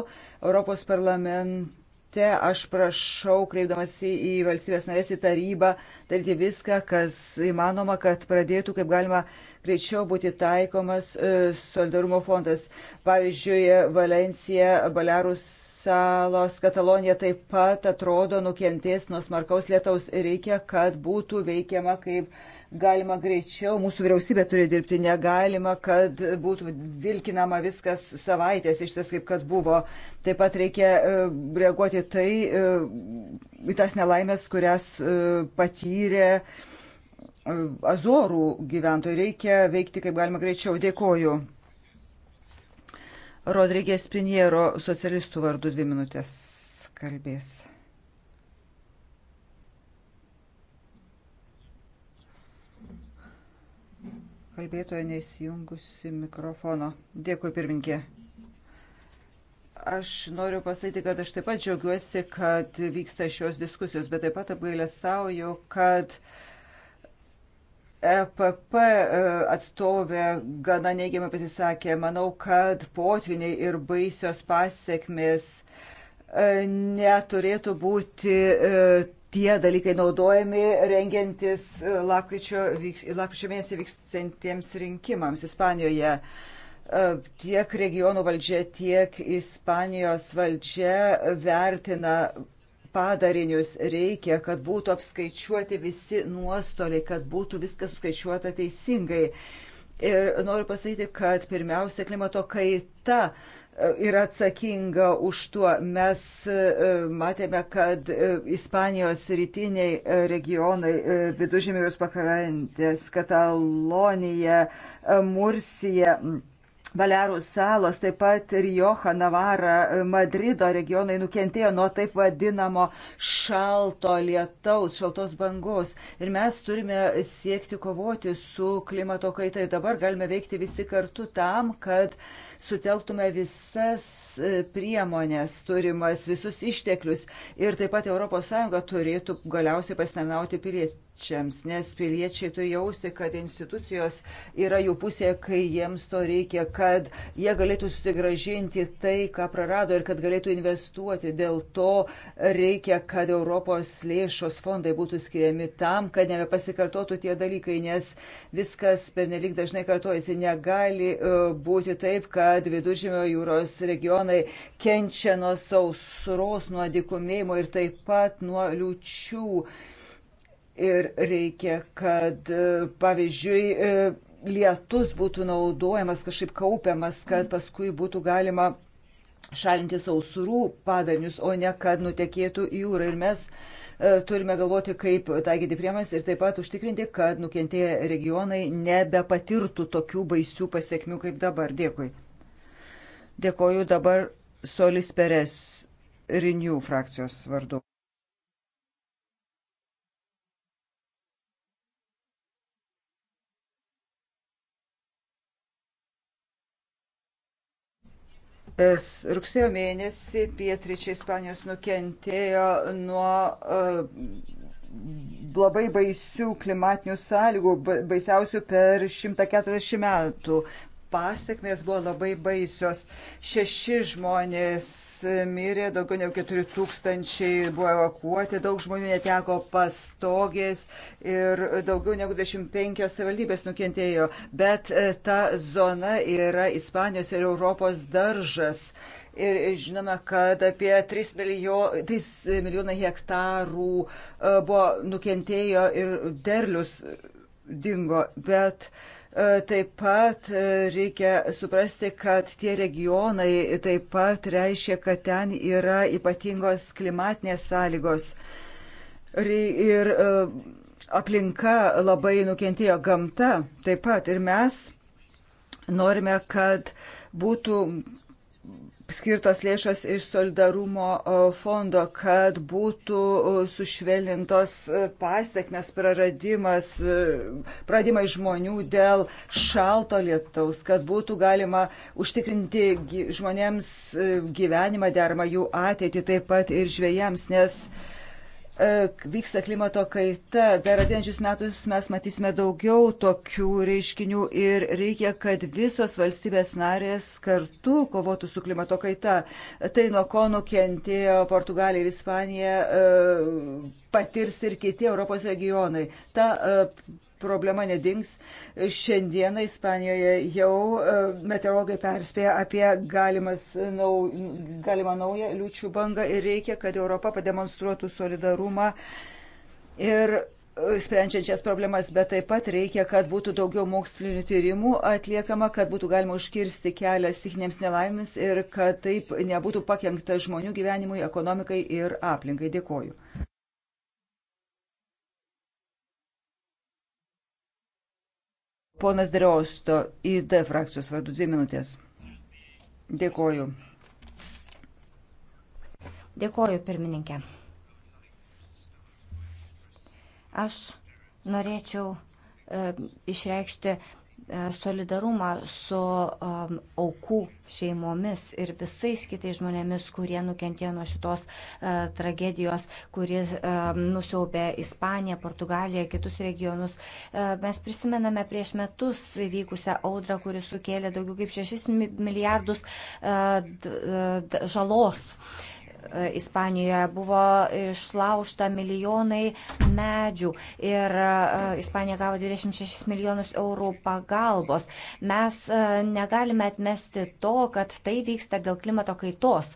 Europos parlamente aš prašau, kreipdamasi į valstybės narės į tarybą, daryti viską, kas įmanoma, kad pradėtų kaip galima greičiau būti taikomas e, solidarumo fondas. Pavyzdžiui, Valencija, Balearus salos, Katalonija taip pat atrodo nukentės nuo smarkaus lietaus ir reikia, kad būtų veikiama kaip galima greičiau, mūsų vyriausybė turi dirbti, negalima, kad būtų vilkinama viskas savaitės išties, kaip kad buvo. Taip pat reikia e, reaguoti tai, e, į tas nelaimės, kurias e, patyrė Azorų gyventojai. Reikia veikti kaip galima greičiau. Dėkoju. Rodrygės Piniero socialistų vardu dvi minutės kalbės. kalbėtoja neįsijungusi mikrofono. Dėkui, pirminkė. Aš noriu pasakyti, kad aš taip pat džiaugiuosi, kad vyksta šios diskusijos, bet taip pat apgailestauju, kad EPP e, atstovė gana neigiamai pasisakė. Manau, kad potviniai ir baisios pasiekmės e, neturėtų būti e, tie dalykai naudojami rengiantis e, lapkričio, lapkričio mėnesį vykstantiems rinkimams Ispanijoje. E, tiek regionų valdžia, tiek Ispanijos valdžia vertina padarinius, reikia, kad būtų apskaičiuoti visi nuostoliai, kad būtų viskas skaičiuota teisingai. Ir noriu pasakyti, kad pirmiausia klimato kaita yra atsakinga už tuo. Mes e, matėme, kad e, Ispanijos rytiniai e, regionai, vidužymėjus pakrantės, Katalonija, Mursija, Balearų salos, taip pat Rioja, Navara, Madrido regionai nukentėjo nuo taip vadinamo šalto lietaus, šaltos bangos. Ir mes turime siekti kovoti su klimato kaita. Dabar galime veikti visi kartu tam, kad sutelktume visas e, priemonės turimas, visus išteklius. Ir taip pat ES turėtų galiausiai pasinauti piliečiams, nes piliečiai turi jausti, kad institucijos yra jų pusėje, kai jiems to reikia, kad jie galėtų susigražinti tai, ką prarado ir kad galėtų investuoti. Dėl to reikia, kad Europos lėšos fondai būtų skiriami tam, kad nebepasikartotų tie dalykai, nes viskas pernelik dažnai kartojasi. Negali e, būti taip, kad viduržėmio jūros regionai kenčia nuo sausros, nuo dikumėjimo ir taip pat nuo liučių. Ir reikia, kad, e, pavyzdžiui, e, lietus būtų naudojamas, kažkaip kaupiamas, kad paskui būtų galima šalinti sausrų padarinius, o ne kad nutekėtų į jūrą. Ir mes e, turime galvoti, kaip taikyti priemas ir taip pat užtikrinti, kad nukentėję regionai nebepatirtų tokių baisių pasiekmių kaip dabar. Dėkui. Dėkoju dabar Solis Peres Rinių frakcijos vardu. Rugsėjo mėnesį pietričiai Ispanijos nukentėjo nuo e, labai baisių klimatinių sąlygų, baisiausių per 140 metų pasiekmės buvo labai baisios. Šeši žmonės mirė, daugiau negu 4 tūkstančiai buvo evakuoti, daug žmonių neteko pastogės ir daugiau negu 25 savivaldybės nukentėjo. Bet e, ta zona yra Ispanijos ir Europos daržas. Ir žinome, kad apie 3, milijo, 3 milijonai hektarų e, buvo nukentėjo ir derlius dingo, bet uh, E, taip pat e, reikia suprasti, kad tie regionai taip pat reiškia, kad ten yra ypatingos klimatinės sąlygos. Ir e, aplinka labai nukentėjo gamta taip pat. Ir mes norime, kad būtų skirtos lėšos iš solidarumo fondo, kad būtų sušvelnintos e, pasiekmes praradimas, e, praradimai žmonių dėl šalto lietaus, kad būtų galima užtikrinti žmonėms e, gyvenimą dermą jų ateitį, taip pat ir žvėjams, nes E, vyksta klimato kaita, per atėjančius metus mes matysime daugiau tokių reiškinių ir reikia, kad visos valstybės narės kartu kovotų su klimato kaita. Tai nuo ko nukentėjo Portugalija ir Ispanija e, patirs ir kiti Europos regionai. Ta e, problema nedings. Šiandieną Ispanijoje jau e, meteorologai perspėja apie galimas, nau, galimą naują liūčių bangą ir reikia, kad Europa pademonstruotų solidarumą. Ir e, sprendžiančias problemas, bet taip pat reikia, kad būtų daugiau mokslinių tyrimų atliekama, kad būtų galima užkirsti kelią stichinėms nelaimėms ir kad taip nebūtų pakengta žmonių gyvenimui, ekonomikai ir aplinkai. Dėkoju. Ponas Dreosto, ID frakcijos vardu, dvi minutės. Dėkoju. Dėkoju, pirmininkė. Aš norėčiau e, išreikšti E, solidarumą su um, aukų šeimomis ir visais kitais žmonėmis, kurie nukentėjo nuo šitos uh, tragedijos, kuri uh, nusiaubė Ispaniją, Portugaliją, kitus regionus. Uh, mes prisimename prieš metus įvykusią audrą, kuri sukėlė daugiau kaip 6 milijardus uh, d, d, žalos. Uh, Ispanijoje buvo išlaužta milijonai medžių ir e, Ispanija gavo 26 milijonus eurų pagalbos. Mes e, negalime atmesti to, kad tai vyksta dėl klimato kaitos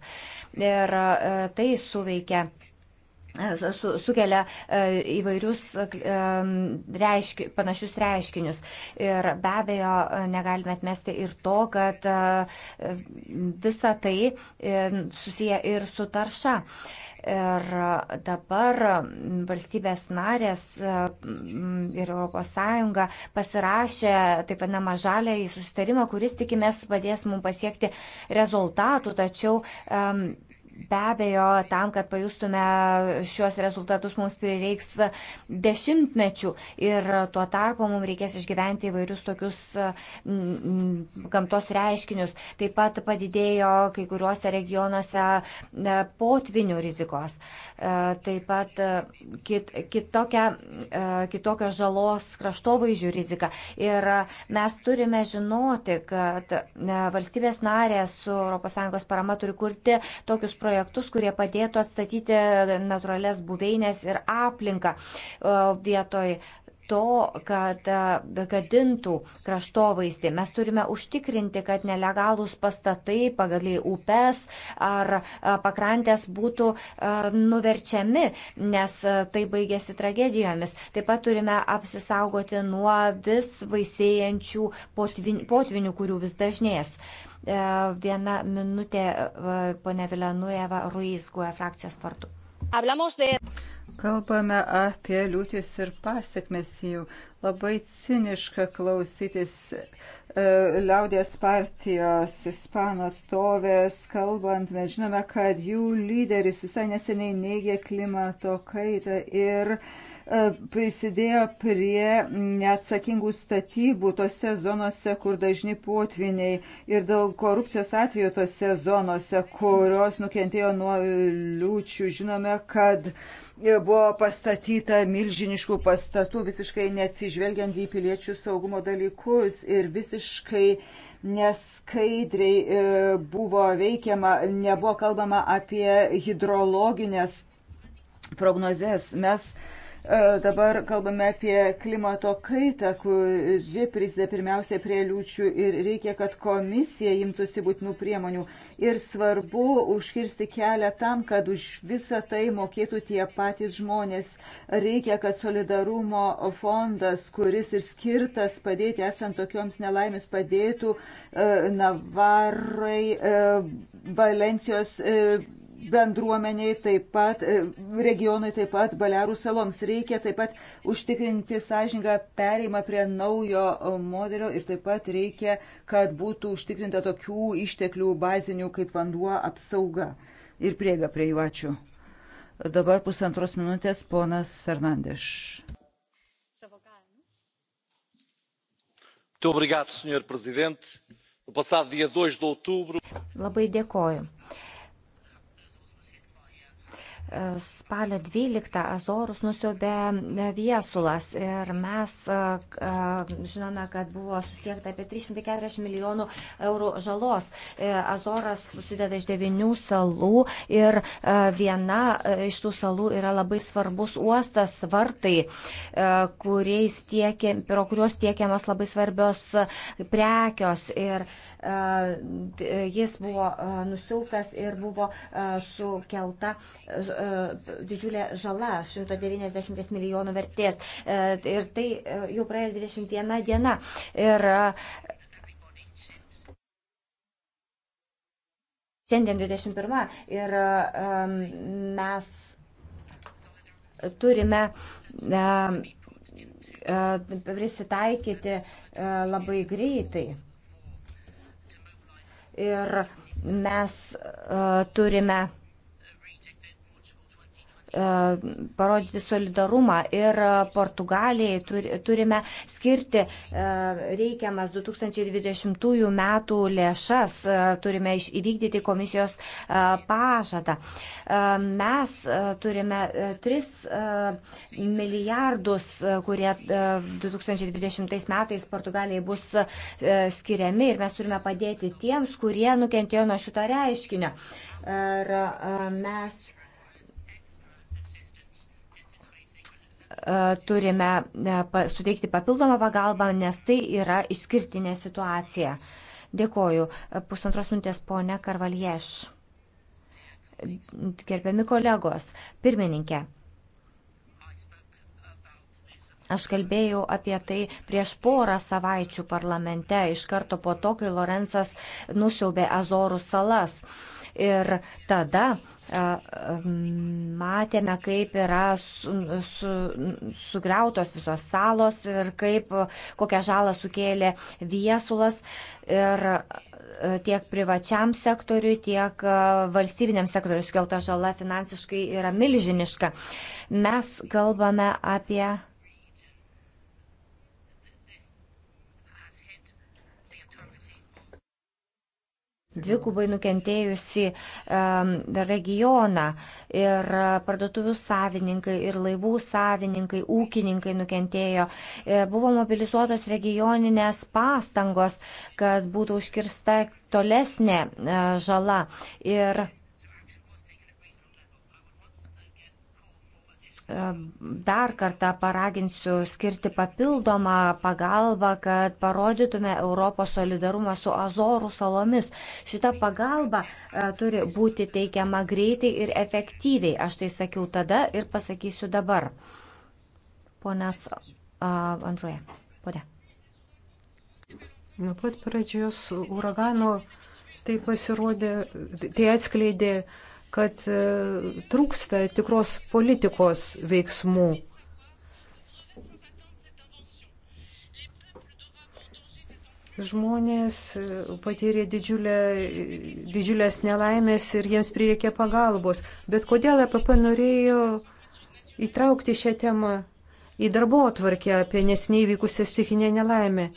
ir e, tai suveikia su, sukelia e, įvairius e, reiški, panašius reiškinius. Ir be abejo, e, negalime atmesti ir to, kad visa tai susiję ir su tarša. Ir dabar valstybės narės ir ES pasirašė taip vadinamą žalę į susitarimą, kuris tikimės padės mums pasiekti rezultatų, tačiau Be abejo, tam, kad pajustume šiuos rezultatus, mums prireiks dešimtmečių ir tuo tarpu mums reikės išgyventi įvairius tokius gamtos reiškinius. Taip pat padidėjo kai kuriuose regionuose e, potvinių rizikos. E, taip pat e, kit, kitokia, kitokios žalos kraštovaizdžių rizika. Ir mes turime žinoti, kad valstybės narė su ES parama turi kurti tokius projektus, projektus, kurie padėtų atstatyti natūrales buveinės ir aplinką vietoj to, kad e, gadintų kraštovaizdį. Mes turime užtikrinti, kad nelegalūs pastatai pagaliai upes ar e, pakrantės būtų e, nuverčiami, nes tai baigėsi tragedijomis. Taip pat turime apsisaugoti nuo vis vaisėjančių potvinių, potvinių kurių vis dažnės. E, viena minutė, e, ponė Vilenueva Ruiz, guoja e frakcijos vardu. Kalbame apie liūtis ir pasiekmes jų. Labai ciniška klausytis e, liaudės partijos, ispano stovės, kalbant, mes žinome, kad jų lyderis visai neseniai neigė klimato kaitą ir e, prisidėjo prie neatsakingų statybų tose zonose, kur dažni potviniai ir daug korupcijos atveju tose zonose, kurios nukentėjo nuo liūčių. Žinome, kad e, E, buvo pastatyta milžiniškų pastatų, visiškai neatsižvelgiant į piliečių saugumo dalykus ir visiškai neskaidriai e, buvo veikiama, nebuvo kalbama apie hidrologinės prognozes. Mes uh, E, dabar kalbame apie klimato kaitą, kuri prisideda pirmiausia prie liūčių ir reikia, kad komisija imtųsi būtinų priemonių. Ir svarbu užkirsti kelią tam, kad už visą tai mokėtų tie patys žmonės. Reikia, kad solidarumo fondas, kuris ir skirtas padėti esant tokioms nelaimės, padėtų e, Navarai, e, Valencijos bendruomeniai, taip pat e, regionui, taip pat Balearų saloms. Reikia taip pat užtikrinti sąžingą pereimą prie naujo e, modelio ir taip pat reikia, kad būtų užtikrinta tokių išteklių bazinių kaip vanduo apsauga ir prieiga prie jų. Ačiū. Dabar pusantros minutės ponas Fernandes. Muito obrigado, Sr. Presidente. No passado dia 2 de outubro. Labai dėkoju. Spalio 12 Azorus nusiaubė viesulas ir mes žinome, kad buvo susiekta apie 340 milijonų eurų žalos. E, Azoras susideda iš devinių salų ir viena iš tų salų yra labai svarbus uostas, vartai, tiekia, pro kuriuos tiekiamos labai svarbios prekios. Ir Jis buvo nusiltas ir buvo sukelta didžiulė žala 190 milijonų vertės. Ir tai jau praėjo 21 diena. Ir Šiandien 21 ir mes turime prisitaikyti labai greitai ir mes e, turime E, parodyti solidarumą ir Portugalijai turime skirti e, reikiamas 2020 metų lėšas, e, turime įvykdyti komisijos pažadą. Mes turime 3 milijardus, kurie 2020 metais Portugalijai bus skiriami ir mes turime padėti tiems, kurie nukentėjo nuo šito reiškinio. Ir mes E, turime e, suteikti papildomą pagalbą, nes tai yra išskirtinė situacija. Dėkoju. E, pusantros minutės ponė Karvalieš. Gerbiami kolegos, pirmininkė. Aš kalbėjau apie tai prieš porą savaičių parlamente, iš karto po to, kai Lorenzas nusiaubė Azorų salas. Ir tada matėme, kaip yra su, su, sugriautos visos salos ir kaip, kokią žalą sukėlė viesulas ir tiek privačiam sektoriui, tiek valstybiniam sektoriui sukelta žala finansiškai yra milžiniška. Mes kalbame apie dvigubai nukentėjusi regioną. Ir e, parduotuvių savininkai, ir laivų savininkai, ūkininkai nukentėjo. E, buvo mobilizuotos regioninės pastangos, kad būtų užkirsta tolesnė e, žala. Ir dar kartą paraginsiu skirti papildomą pagalbą, kad parodytume Europos solidarumą su Azorų salomis. Šita pagalba e, turi būti teikiama greitai ir efektyviai. Aš tai sakiau tada ir pasakysiu dabar. Ponas Andruje. Pone. Nuo pat pradžios uragano tai pasirodė, tai atskleidė uh, kad e, trūksta tikros politikos veiksmų. Žmonės e, patyrė didžiulę, didžiulės nelaimės ir jiems prireikė pagalbos. Bet kodėl EPP norėjo įtraukti šią temą į darbo atvarkę apie nesneįvykusią stikinę nelaimę?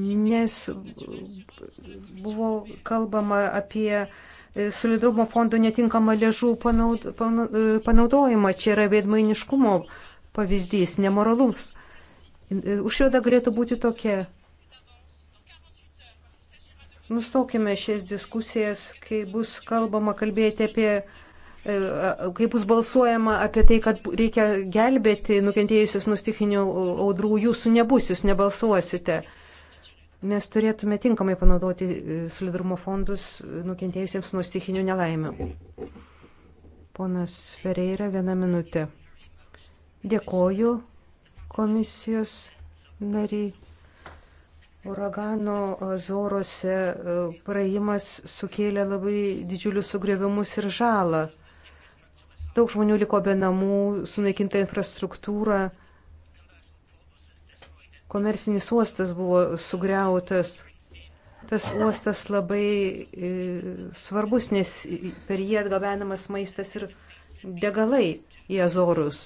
nes buvo kalbama apie e, solidarumo fondo netinkamą lėšų e, panaudojimą. Čia yra veidmainiškumo pavyzdys, nemoralus. E, Užveda galėtų būti tokia. Nustokime šias diskusijas, kai bus kalbama kalbėti apie, kai bus balsuojama apie tai, kad reikia gelbėti nukentėjusius nuo stichinių audrų, jūsų nebus, jūs nebalsuosite mes turėtume tinkamai panaudoti e, solidarumo fondus e, nukentėjusiems nuo stichinių nelaimių. Ponas Ferreira, viena minutė. Dėkoju komisijos nariai. Uragano Zorose e, praėjimas sukėlė labai didžiulius sugrėvimus ir žalą. Daug žmonių liko be namų, sunaikinta infrastruktūra komercinis uostas buvo sugriautas. Tas uostas labai e, svarbus, nes per jį atgabenamas maistas ir degalai į Azorus.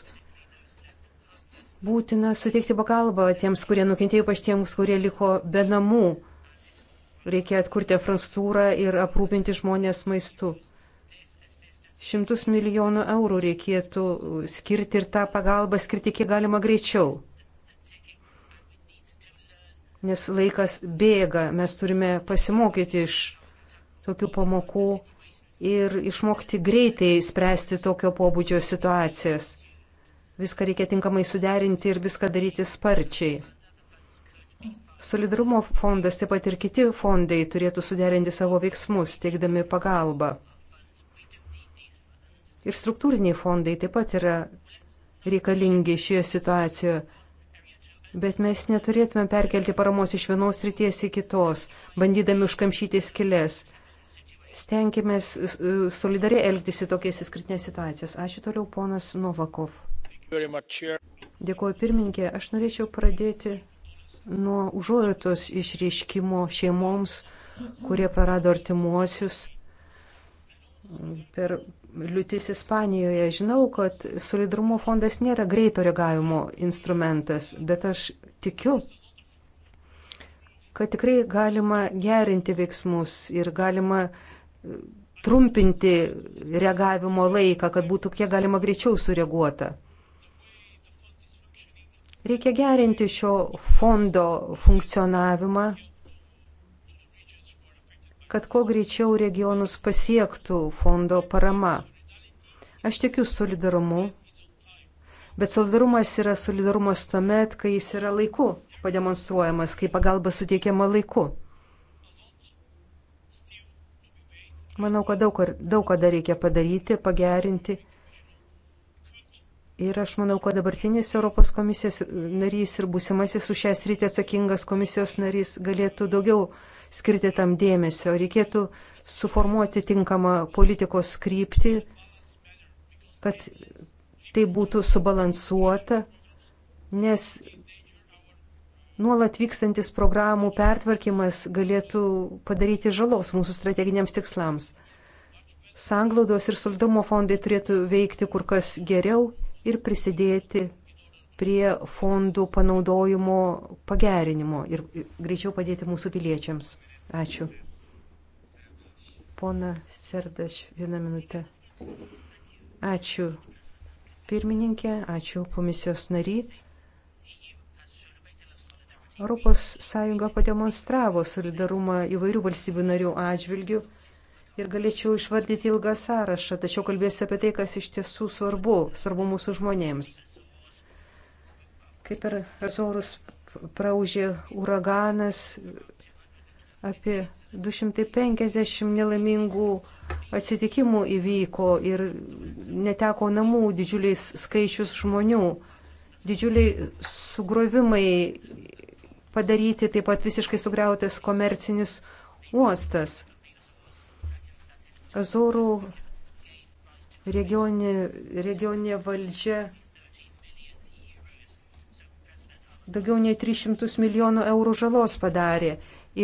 Būtina suteikti pagalbą tiems, kurie nukentėjo, ypač tiems, kurie liko be namų. Reikia atkurti infrastruktūrą ir aprūpinti žmonės maistu. Šimtus milijonų eurų reikėtų skirti ir tą pagalbą skirti kiek galima greičiau nes laikas bėga, mes turime pasimokyti iš tokių pamokų ir išmokti greitai spręsti tokio pobūdžio situacijas. Viską reikia tinkamai suderinti ir viską daryti sparčiai. Solidarumo fondas, taip pat ir kiti fondai turėtų suderinti savo veiksmus, teikdami pagalbą. Ir struktūriniai fondai taip pat yra reikalingi šioje situacijoje. Bet mes neturėtume perkelti paramos iš vienos ryties į kitos, bandydami užkamšyti skilės. Stenkime solidariai elgtis į tokias įskritinės situacijas. Ačiū toliau, ponas Novakov. Dėkuoju pirmininkė. Aš norėčiau pradėti nuo užuojotos išreiškimo šeimoms, kurie prarado artimuosius per liūtis Ispanijoje. Žinau, kad solidarumo fondas nėra greito reagavimo instrumentas, bet aš tikiu, kad tikrai galima gerinti veiksmus ir galima e, trumpinti reagavimo laiką, kad būtų kiek galima greičiau sureaguota. Reikia gerinti šio fondo funkcionavimą kad kuo greičiau regionus pasiektų fondo parama. Aš tikiu solidarumu, bet solidarumas yra solidarumas tuomet, kai jis yra laiku pademonstruojamas, kai pagalba suteikiama laiku. Manau, kad daug, daug ką dar reikia padaryti, pagerinti. Ir aš manau, kad dabartinis Europos komisijos narys ir būsimasis už šią sritį atsakingas komisijos narys galėtų daugiau uh, skirti tam dėmesio. Reikėtų suformuoti tinkamą politikos kryptį, kad tai būtų subalansuota, nes nuolat vykstantis programų pertvarkymas galėtų padaryti žalos mūsų strateginiams tikslams. Sanglaudos ir solidarumo fondai turėtų veikti kur kas geriau ir prisidėti prie fondų panaudojimo pagerinimo ir greičiau padėti mūsų piliečiams. Ačiū. Pona Serdaš, vieną minutę. Ačiū pirmininkė, ačiū komisijos nary. ES pademonstravo solidarumą įvairių valstybių narių atžvilgių ir galėčiau išvardyti ilgą sąrašą, tačiau kalbėsiu apie tai, kas iš tiesų svarbu, svarbu mūsų žmonėms kaip ir Azorus praužė uraganas, apie 250 nelaimingų atsitikimų įvyko ir neteko namų didžiulis skaičius žmonių, didžiuliai sugrovimai padaryti, taip pat visiškai sugriautas komercinis uostas. Azorų regioninė, regioninė valdžia daugiau nei 300 milijonų eurų žalos padarė.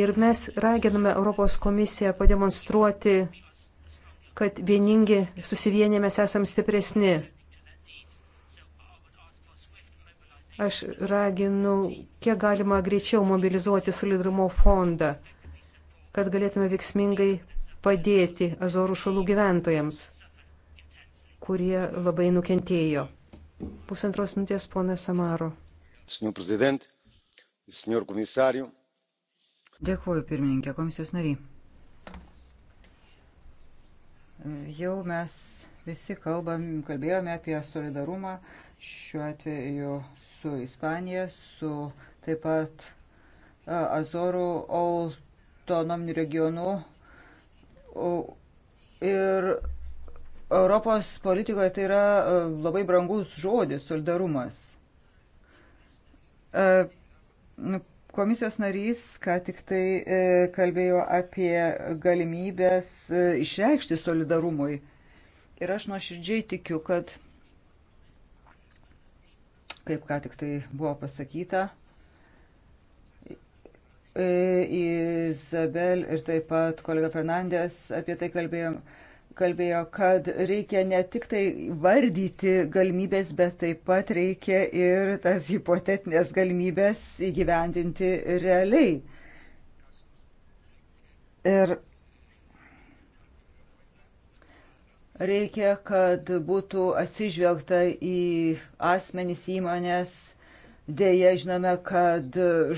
Ir mes raginame Europos komisiją pademonstruoti, kad vieningi susivienė mes esam stipresni. Aš raginu, kiek galima greičiau mobilizuoti solidarumo fondą, kad galėtume veiksmingai padėti Azorų šalų gyventojams, kurie labai nukentėjo. Pusantros minties, ponas Samaro senhor presidente senhor comissário dėkoju pirmininke komisijos nary jau mes visi kalbam kalbėjome apie solidarumą šiuo atveju su ispanija su taip pat azorų autonominiu regionu ir Europos politikoje tai yra labai brangus žodis solidarumas. E, nu, komisijos narys, ką tik tai e, kalbėjo apie galimybės e, išreikšti solidarumui. Ir aš nuoširdžiai tikiu, kad, kaip ką tik tai buvo pasakyta, Izabel ir taip pat kolega Fernandės apie tai kalbėjom kalbėjo, kad reikia ne tik tai vardyti galimybės, bet taip pat reikia ir tas hipotetinės galimybės įgyvendinti realiai. Ir reikia, kad būtų atsižvelgta į asmenys įmonės, Deja, žinome, kad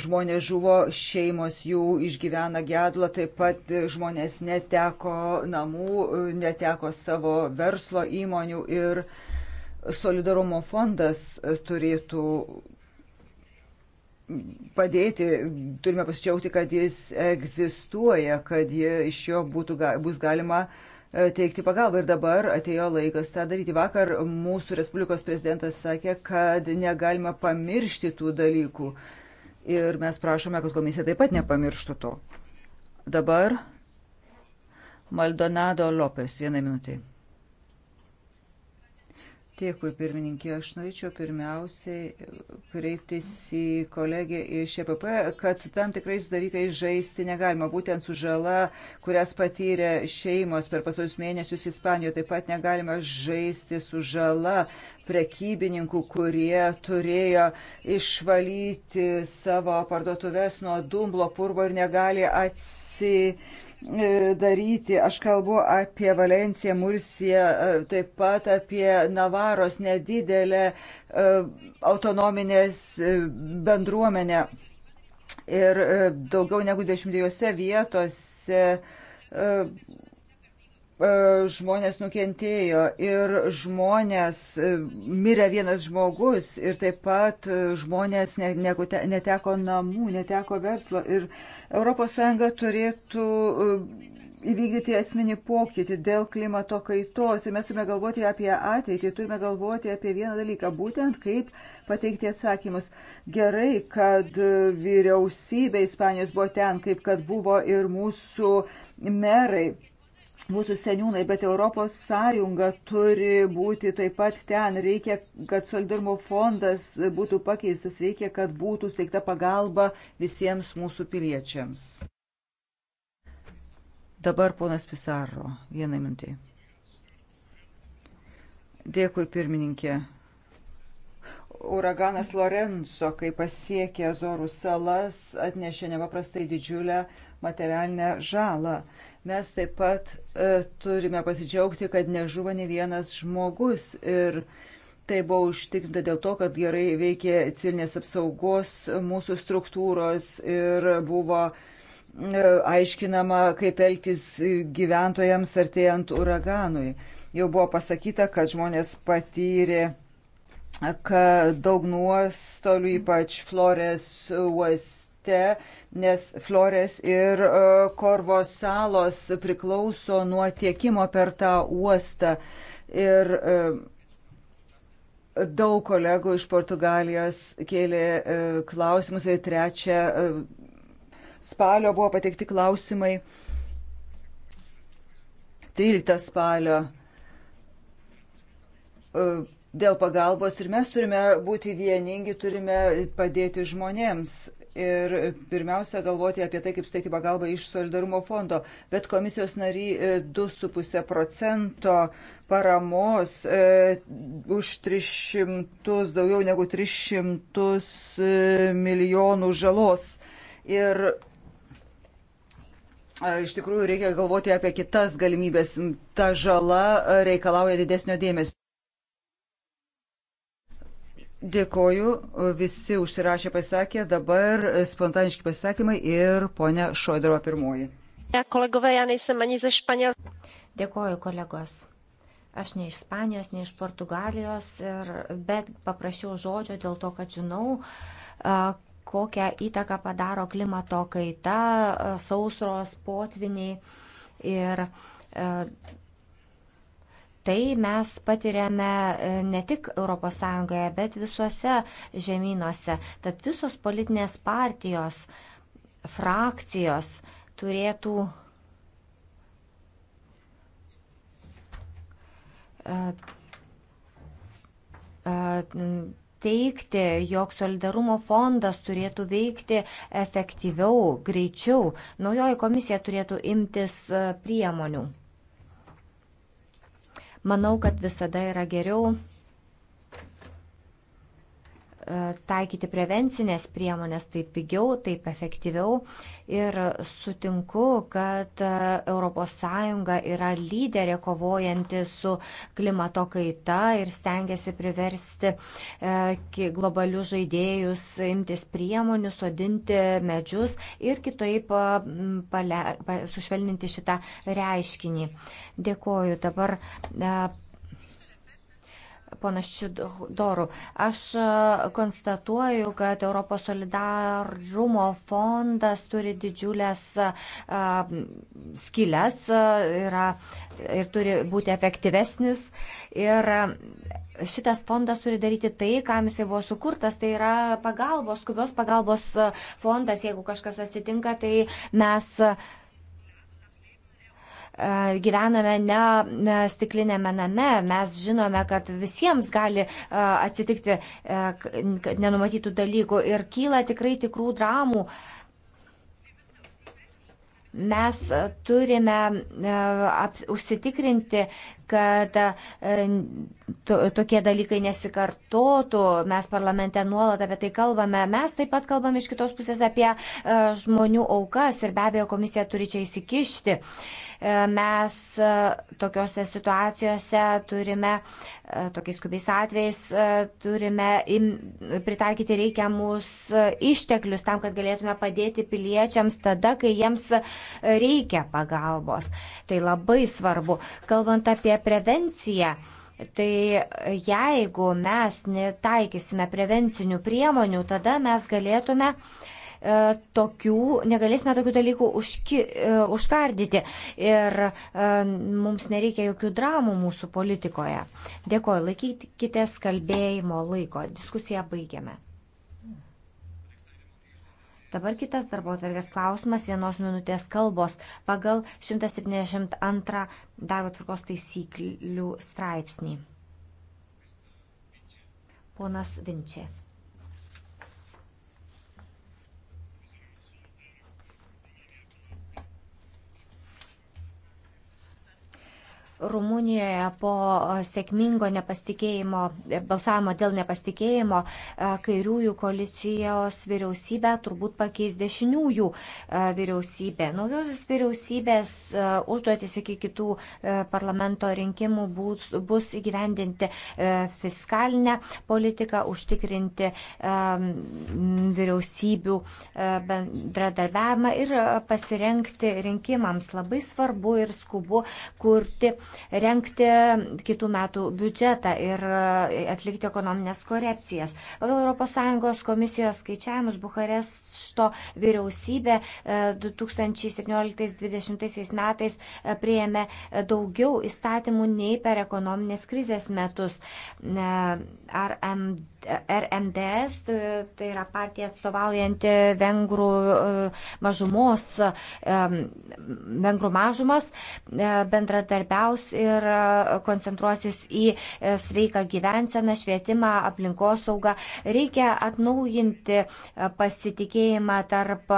žmonės žuvo, šeimos jų išgyvena gedulą, taip pat žmonės neteko namų, neteko savo verslo įmonių ir solidarumo fondas turėtų padėti, turime pasidžiaugti, kad jis egzistuoja, kad iš jo būtų, bus galima uh, E, teikti pagalbą ir dabar atėjo laikas tą daryti. Vakar mūsų Respublikos prezidentas sakė, kad negalima pamiršti tų dalykų ir mes prašome, kad komisija taip pat nepamirštų to. Dabar Maldonado Lopes, vieną minutį. Dėkui, pirmininkė. Aš norėčiau pirmiausiai kreiptis į kolegę iš EPP, kad su tam tikrais dalykais žaisti negalima. Būtent su žala, kurias patyrė šeimos per pasaulius mėnesius Ispanijoje, taip pat negalima žaisti su žala prekybininkų, kurie turėjo išvalyti savo parduotuvės nuo dumblo purvo ir negali atsitikti E, daryti. Aš kalbu apie Valenciją, Mursiją, e, taip pat apie Navaros nedidelę e, autonominės bendruomenę. Ir daugiau negu 22 vietose E, žmonės nukentėjo ir žmonės e, mirė vienas žmogus ir taip pat e, žmonės neteko namų, neteko verslo ir ES turėtų įvykdyti esminį pokytį dėl klimato kaitos ir mes turime galvoti apie ateitį, turime galvoti apie vieną dalyką, būtent kaip pateikti atsakymus. Gerai, kad vyriausybė Ispanijos buvo ten, kaip kad buvo ir mūsų merai mūsų seniūnai, bet Europos Sąjunga turi būti taip pat ten. Reikia, kad solidarumo fondas būtų pakeistas, reikia, kad būtų steigta pagalba visiems mūsų piliečiams. Dabar ponas Pisarro, vienai mintai. Dėkui, pirmininkė. Uraganas Lorenzo, kai pasiekė Azorų salas, atnešė nepaprastai didžiulę materialinę žalą. Mes taip pat e, turime pasidžiaugti, kad nežuvo ne vienas žmogus ir tai buvo užtikrinta dėl to, kad gerai veikė civilinės apsaugos mūsų struktūros ir buvo e, aiškinama, kaip elgtis gyventojams artėjant uraganui. Jau buvo pasakyta, kad žmonės patyrė e, kad daug nuostolių, ypač Flores uos, Egipte, nes Flores ir e, Korvos salos priklauso nuo tiekimo per tą uostą. Ir e, daug kolegų iš Portugalijos kėlė e, klausimus ir trečią spalio buvo pateikti klausimai. 13 spalio dėl pagalbos ir mes turime būti vieningi, turime padėti žmonėms ir pirmiausia galvoti apie tai, kaip suteikti pagalbą iš solidarumo fondo. Bet komisijos nariai 2,5 e, procento paramos e, už 300, daugiau negu 300 e, milijonų žalos. Ir e, iš tikrųjų reikia galvoti apie kitas galimybės. Ta žala reikalauja didesnio dėmesio. Dėkoju, visi užsirašė pasakė, dabar spontaniški pasakymai ir ponia Šoidro pirmoji. Dėkoju, kolegos. Aš ne iš Ispanijos, ne iš Portugalijos, ir, bet paprašiau žodžio dėl to, kad žinau, kokią įtaką padaro klimato kaita, sausros, potviniai. Ir tai mes patiriame e, ne tik ES, bet visuose žemynuose. Tad visos politinės partijos, frakcijos turėtų e, e, teikti, jog solidarumo fondas turėtų veikti efektyviau, greičiau. Naujoji komisija turėtų imtis priemonių. Manau, kad visada yra geriau taikyti prevencinės priemonės taip pigiau, taip efektyviau. Ir sutinku, kad ES yra lyderė kovojanti su klimato kaita ir stengiasi priversti e, globalius žaidėjus imtis priemonių, sodinti medžius ir kitaip pale, sušvelninti šitą reiškinį. Dėkoju. Dabar e, ponas Šidoru. Aš e, konstatuoju, kad Europos solidarumo fondas turi didžiulės e, skilės e, yra, ir turi būti efektyvesnis. Ir šitas fondas turi daryti tai, kam jisai buvo sukurtas, tai yra pagalbos, skubios pagalbos fondas. Jeigu kažkas atsitinka, tai mes E, gyvename ne stiklinėme name, mes žinome, kad visiems gali e, atsitikti e, nenumatytų dalykų ir kyla tikrai tikrų dramų. Mes turime uh, ups, užsitikrinti, kad e, to, tokie dalykai nesikartotų. Mes parlamente nuolat apie tai kalbame. Mes taip pat kalbame iš kitos pusės apie e, žmonių aukas ir be abejo komisija turi čia įsikišti. E, mes tokiuose situacijose turime, tokiais skubiais atvejais, turime pritaikyti reikiamus išteklius tam, kad galėtume padėti piliečiams tada, kai jiems reikia pagalbos. Tai labai svarbu. Kalbant apie apie prevenciją. Tai jeigu mes netaikysime prevencinių priemonių, tada mes galėtume e, tokių, negalėsime tokių dalykų užki, e, užkardyti ir e, mums nereikia jokių dramų mūsų politikoje. Dėkoju, laikykitės kalbėjimo laiko. Diskusiją baigiame. Dabar kitas darbo atvarkės klausimas, vienos minutės kalbos pagal 172 darbo tvarkos taisyklių straipsnį. Ponas Vinčia. Rumunijoje po sėkmingo nepasitikėjimo, e, balsavimo dėl nepasitikėjimo kairiųjų koalicijos vyriausybę turbūt pakeis dešiniųjų vyriausybė. Naujosios vyriausybės užduotis iki kitų parlamento rinkimų bus, bus įgyvendinti fiskalinę politiką, užtikrinti vyriausybių bendradarbiavimą ir pasirenkti rinkimams. Labai svarbu ir skubu kurti renkti kitų metų biudžetą ir e, atlikti ekonominės korekcijas. Pagal ES komisijos skaičiavimus Bukarešto vyriausybė 2017-2020 e, metais e, prieėmė daugiau įstatymų nei per ekonominės krizės metus. RMD RMDS, tai yra partija atstovaujanti vengrų e, mažumos, e, vengrų mažumas, e, bendradarbiaus ir koncentruosis į sveiką gyvenseną, švietimą, aplinkosaugą. Reikia atnaujinti pasitikėjimą tarp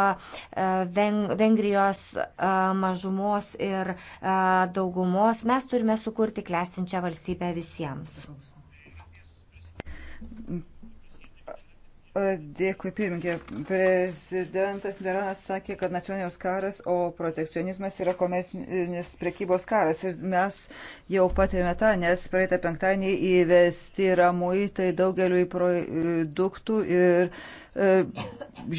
Vengrijos mažumos ir daugumos. Mes turime sukurti klestinčią valstybę visiems. Thank you. Dėkui, pirmininkė. Prezidentas Miranas sakė, kad nacionalinis karas, o protekcionizmas yra komercinis prekybos karas. Ir mes jau patirėme tą, nes praeitą penktadienį įvesti yra muitai daugeliu produktų ir e,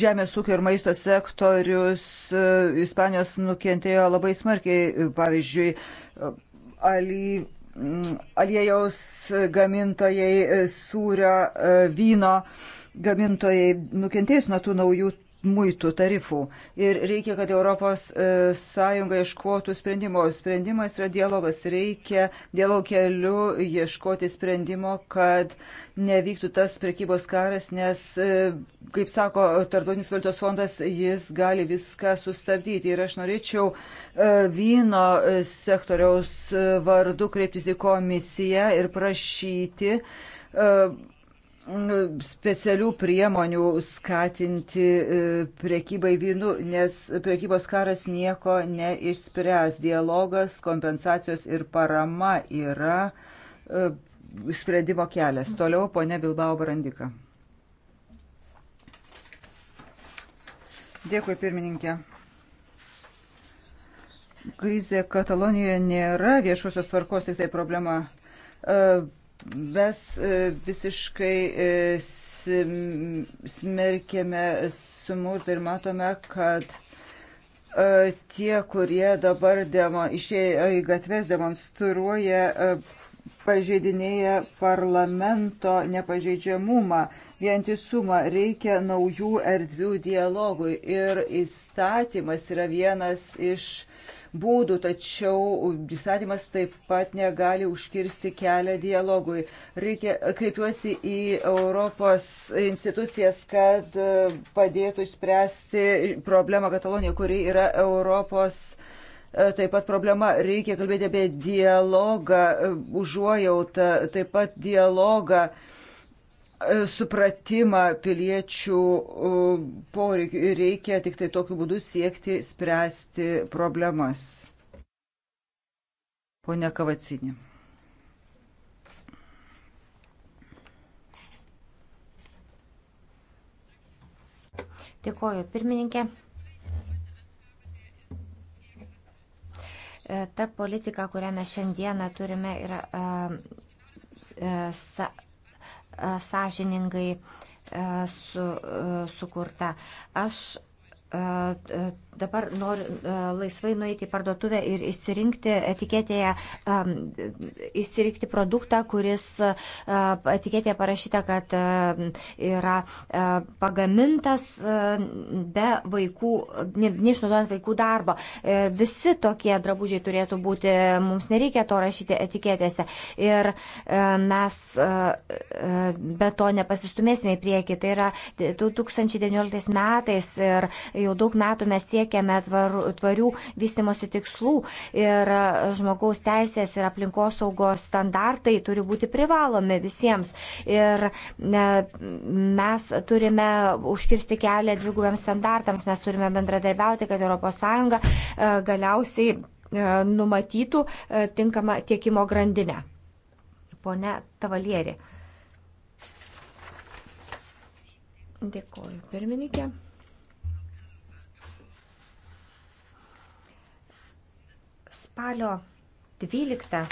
žemės ūkio ir maisto sektorius e, Ispanijos nukentėjo labai smarkiai. Pavyzdžiui, e, alyv aliejaus gamintojai, e, sūrio, e, vyno gamintojai nukentėjus nuo tų naujų muitų tarifų. Ir reikia, kad ES e, ieškotų sprendimo. Sprendimas yra dialogas. Reikia dialog keliu ieškoti sprendimo, kad nevyktų tas prekybos karas, nes, e, kaip sako Tardotinis valiutos fondas, jis gali viską sustabdyti. Ir aš norėčiau e, vyno sektoriaus vardu kreiptis į komisiją ir prašyti specialių priemonių skatinti e, priekybai vynu, nes priekybos karas nieko neišspręs. Dialogas, kompensacijos ir parama yra e, sprendimo kelias. Toliau ponia Bilbao Brandika. Dėkui pirmininkė. Krizė Katalonijoje nėra viešosios tvarkos tik tai problema e, Mes e, visiškai e, smerkėme smurtą ir matome, kad e, tie, kurie dabar demo, išėjo į gatves demonstruoja, pažeidinėja parlamento nepažeidžiamumą, vientisumą. Reikia naujų erdvių dialogui ir įstatymas yra vienas iš būdų, tačiau įstatymas taip pat negali užkirsti kelią dialogui. Reikia, kreipiuosi į Europos institucijas, kad e, padėtų išspręsti problemą Katalonijoje, kuri yra Europos e, taip pat problema, reikia kalbėti apie dialogą, e, užuojautą, taip pat dialogą E, supratimą piliečių e, poreikių ir reikia tik tai tokiu būdu siekti spręsti problemas. Pone Kavacinė. Dėkoju, pirmininkė. E, ta politika, kurią mes šiandieną turime, yra. Uh, uh, E, sąžiningai e, su, e, sukurta. Aš dabar nori e, laisvai nueiti į parduotuvę ir išsirinkti etiketėje, išsirinkti produktą, kuris e, etiketėje parašyta, kad e, yra pagamintas be vaikų, neišnaudojant vaikų darbo. Visi tokie drabužiai turėtų būti, mums nereikia to rašyti etiketėse. Ir mes be to nepasistumėsime į priekį. Tai yra 2019 metais ir jau daug metų mes siekime siekiame tvarų, tvarių vystimosi tikslų ir žmogaus teisės ir aplinkosaugos standartai turi būti privalomi visiems. Ir mes turime užkirsti kelią dvigubiams standartams, mes turime bendradarbiauti, kad ES e, galiausiai e, numatytų e, tinkamą tiekimo grandinę. Pone Tavalieri. Dėkuoju, pirmininkė. spalio 12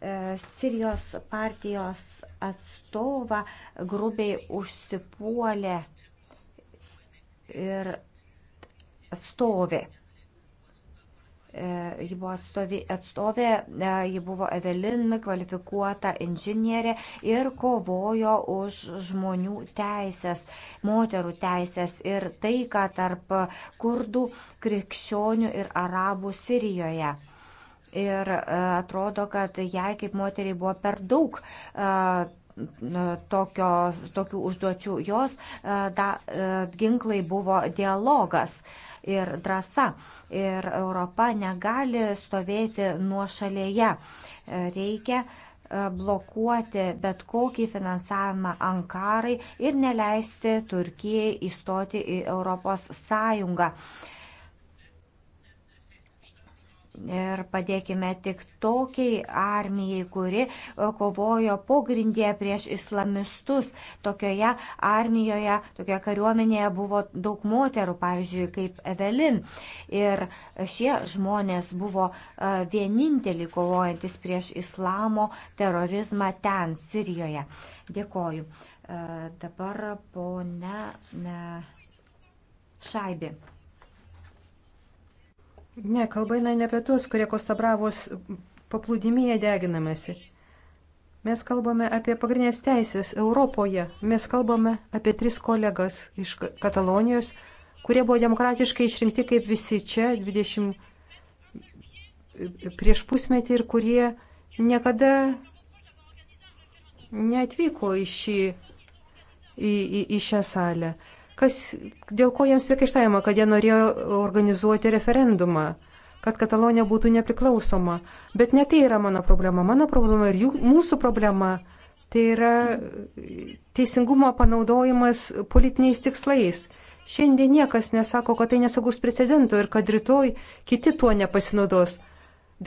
e, Sirijos partijos atstovą grubiai užsipuolė ir atstovė. E, ji buvo atstovė, atstovė, e, ji buvo Evelin, kvalifikuota inžinierė ir kovojo už žmonių teisės, moterų teisės ir taiką tarp kurdų, krikščionių ir arabų Sirijoje. Ir e, atrodo, kad jai kaip moteriai buvo per daug tokio, tokių užduočių. Jos da, ginklai buvo dialogas. A, ir drąsa. Ir Europa negali stovėti nuo šalyje. Reikia e, blokuoti bet kokį finansavimą Ankarai ir neleisti Turkijai įstoti į Europos Sąjungą. Ir padėkime tik tokiai armijai, kuri e, kovojo pogrindėje prieš islamistus. Tokioje armijoje, tokioje kariuomenėje buvo daug moterų, pavyzdžiui, kaip Evelin. Ir šie žmonės buvo e, vieninteliai kovojantis prieš islamo terorizmą ten, Sirijoje. Dėkoju. E, dabar ponia Šaibi. Ne, kalba eina ne apie tuos, kurie Kostabravos paplūdimyje deginamėsi. Mes kalbame apie pagrindinės teisės Europoje. Mes kalbame apie tris kolegas iš Katalonijos, kurie buvo demokratiškai išrinkti kaip visi čia 20 prieš pusmetį ir kurie niekada neatvyko į, šį, į, į, į šią salę. Kas, dėl ko jiems priekaištavimo, kad jie norėjo organizuoti referendumą, kad Katalonija būtų nepriklausoma. Bet ne tai yra mano problema. Mano problema ir jų, mūsų problema tai yra teisingumo panaudojimas politiniais tikslais. Šiandien niekas nesako, kad tai nesugurs precedento ir kad rytoj kiti tuo nepasinaudos,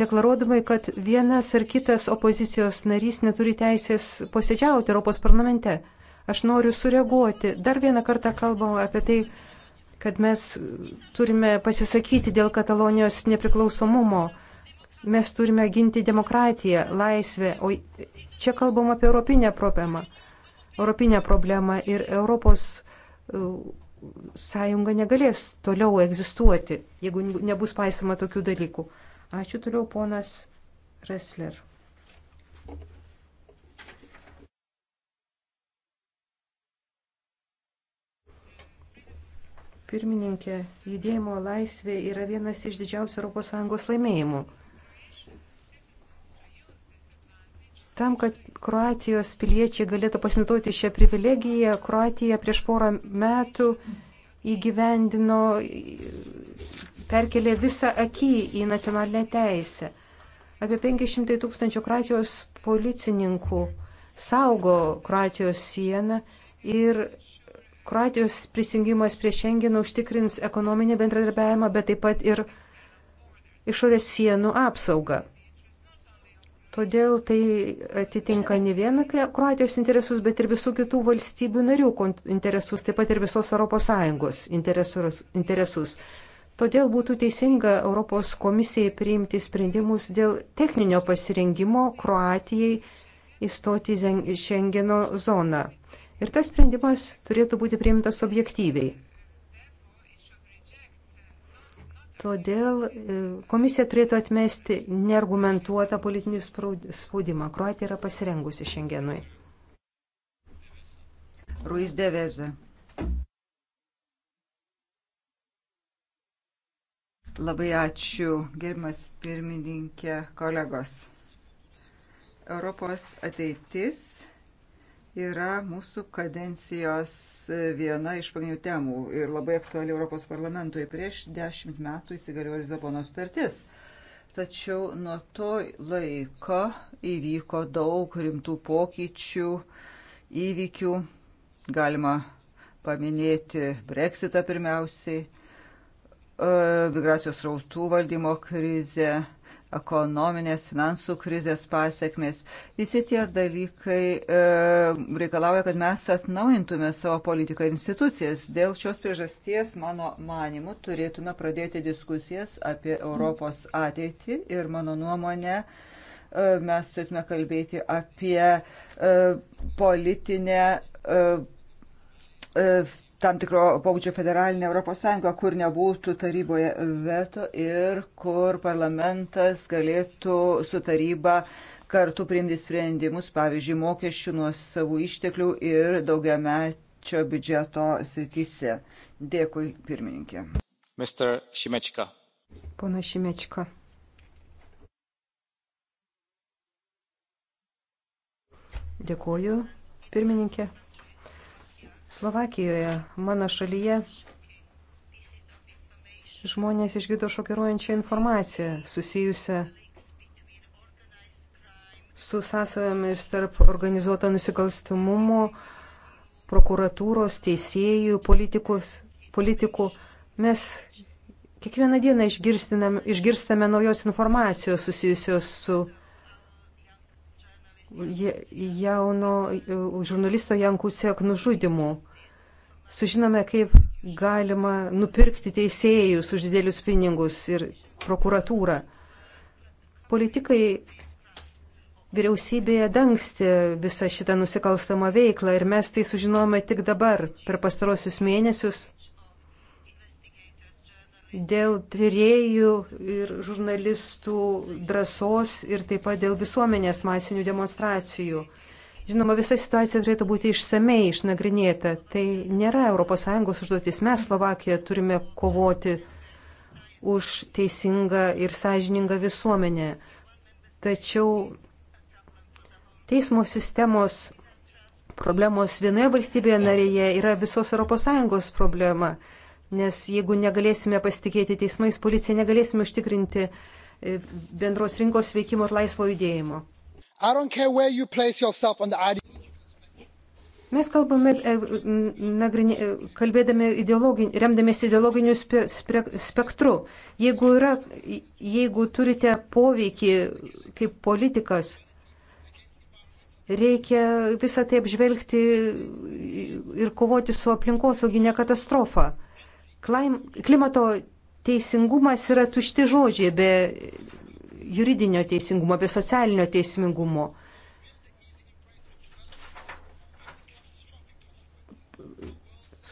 deklaruodami, kad vienas ar kitas opozicijos narys neturi teisės posėdžiauti Europos parlamente. Aš noriu sureaguoti. Dar vieną kartą kalbam apie tai, kad mes turime pasisakyti dėl Katalonijos nepriklausomumo. Mes turime ginti demokratiją, laisvę, o čia kalbam apie europinę problemą. Europinę problemą ir Europos e, sąjunga negalės toliau egzistuoti, jeigu nebus paisama tokių dalykų. Ačiū toliau, ponas Resler. pirmininkė, judėjimo laisvė yra vienas iš didžiausių ES laimėjimų. Tam, kad Kroatijos piliečiai galėtų pasinaudoti šią privilegiją, Kroatija prieš porą metų įgyvendino, perkelė visą akį į nacionalinę teisę. Apie 500 tūkstančių Kroatijos policininkų saugo Kroatijos sieną ir Kroatijos prisijungimas prie Šengeno užtikrins ekonominį bendradarbiavimą, bet taip pat ir išorės sienų apsaugą. Todėl tai atitinka ne vieną Kroatijos interesus, bet ir visų kitų valstybių narių interesus, taip pat ir visos ES interesus. Todėl būtų teisinga Europos komisijai priimti sprendimus dėl techninio pasirengimo Kroatijai įstoti Šengeno zoną. Ir tas sprendimas turėtų būti priimtas objektyviai. Todėl e, komisija turėtų atmesti neargumentuotą politinį spaudimą. Kroatija yra pasirengusi šiandienui. Ruiz Deveze. Labai ačiū, gerbimas pirmininkė, kolegos. Europos ateitis yra mūsų kadencijos viena iš pagrindinių temų ir labai aktuali Europos parlamentui. Prieš dešimt metų įsigaliojo Lisabonos sutartis. Tačiau nuo to laiko įvyko daug rimtų pokyčių, įvykių. Galima paminėti Brexitą pirmiausiai, e, migracijos rautų valdymo krizę, ekonominės, finansų krizės pasiekmes. Visi tie dalykai e, reikalauja, kad mes atnaujintume savo politiką ir institucijas. Dėl šios priežasties, mano manimu, turėtume pradėti diskusijas apie Europos ateitį ir mano nuomonė, e, mes turėtume kalbėti apie e, politinę. E, e tam tikro pobūdžio federalinė ES, kur nebūtų taryboje veto ir kur parlamentas galėtų su taryba kartu priimti sprendimus, pavyzdžiui, mokesčių nuo savų išteklių ir daugiamečio biudžeto srityse. Dėkui, pirmininkė. Mr. Šimečka. Pono Šimečka. Dėkuoju, pirmininkė. Slovakijoje, mano šalyje, žmonės išgirdo šokiruojančią informaciją susijusią su sąsajomis tarp organizuoto nusikalstumumo, prokuratūros, teisėjų, politikus, politikų. Mes kiekvieną dieną išgirstame naujos informacijos susijusios su jauno e, žurnalisto Jankusiek nužudimu. Sužinome, kaip galima nupirkti teisėjus už didelius pinigus ir prokuratūrą. Politikai vyriausybėje dangsti visą šitą nusikalstamą veiklą ir mes tai sužinome tik dabar, per pastarosius mėnesius, dėl tyrėjų ir žurnalistų drąsos ir taip pat dėl visuomenės masinių demonstracijų. Žinoma, visa situacija turėtų būti išsamei išnagrinėta. Tai nėra ES užduotis. Mes Slovakijoje turime kovoti už teisingą ir sąžiningą visuomenę. Tačiau teismo sistemos problemos vienoje valstybėje narėje yra visos ES problema nes jeigu negalėsime pasitikėti teismais, policija negalėsime užtikrinti e, bendros rinkos veikimo ir laisvo judėjimo. Mes kalbame, e, nagrinė, e, kalbėdami ideologi, remdamėsi ideologiniu spe, spe, spektru. Jeigu, yra, jeigu turite poveikį kaip politikas, reikia visą tai apžvelgti ir kovoti su aplinkosauginė katastrofa. Klimato teisingumas yra tušti žodžiai be juridinio teisingumo, be socialinio teisingumo.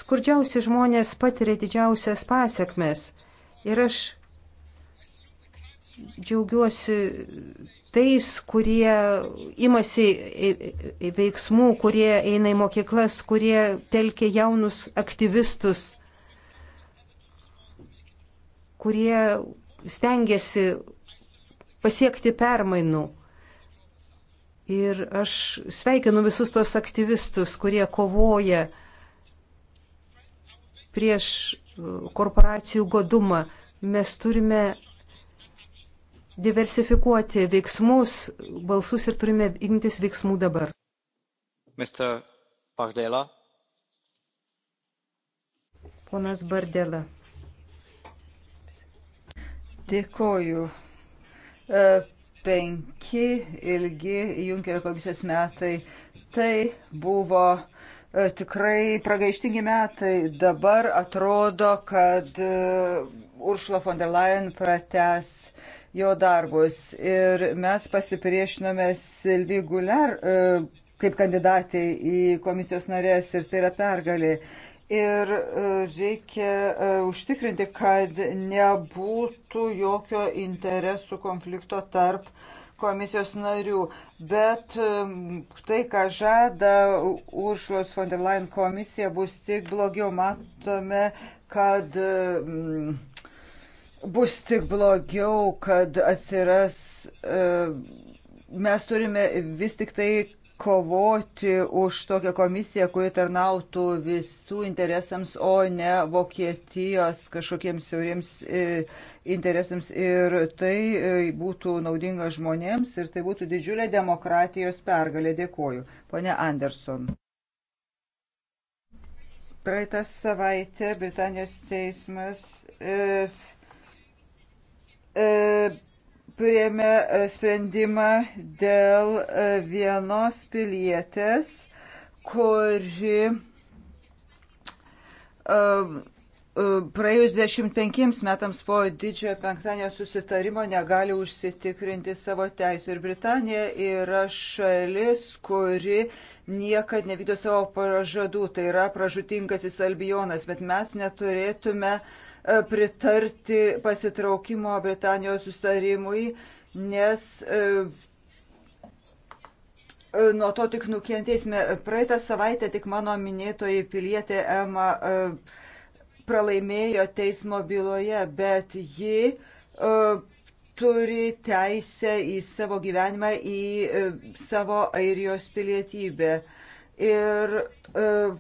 Skurdžiausi žmonės patiria didžiausias pasiekmes. Ir aš džiaugiuosi tais, kurie imasi e, e, veiksmų, kurie eina į mokyklas, kurie telkia jaunus aktyvistus kurie stengiasi pasiekti permainų. Ir aš sveikinu visus tos aktyvistus, kurie kovoja prieš uh, korporacijų godumą. Mes turime diversifikuoti veiksmus, balsus ir turime imtis veiksmų dabar. Mr. Bardella. Ponas Bardella. Dėkoju. E, penki ilgi Junkerio komisijos metai. Tai buvo e, tikrai pragaištingi metai. Dabar atrodo, kad e, Uršla von der Leyen prates jo darbus. Ir mes pasipriešinome Silvi Guler kaip kandidatė į komisijos narės ir tai yra pergalė ir e, reikia e, užtikrinti, kad nebūtų jokio interesų konflikto tarp komisijos narių. Bet e, tai, ką žada Uršulos von der Leyen komisija, bus tik blogiau. Matome, kad bus tik blogiau, kad atsiras. Mes turime vis tik tai kovoti už tokią komisiją, kuri tarnautų visų interesams, o ne Vokietijos kažkokiems siauriems e, interesams. Ir tai e, būtų naudinga žmonėms ir tai būtų didžiulė demokratijos pergalė. Dėkoju. Pone Anderson. Praeitą savaitę Britanijos teismas e, e, priėmė e, sprendimą dėl e, vienos pilietės, kuri e, praėjus 25 metams po didžiojo penktadienio susitarimo negali užsitikrinti savo teisų. Ir Britanija yra šalis, kuri niekad nevydo savo pažadų. Tai yra pražutingasis albionas, bet mes neturėtume uh, E, pritarti pasitraukimo Britanijos sustarimui, nes e, e, nuo to tik nukentėsime. Praeitą savaitę tik mano minėtoji pilietė Ema pralaimėjo teismo byloje, bet ji turi teisę į savo gyvenimą, į savo airijos pilietybę. Ir uh,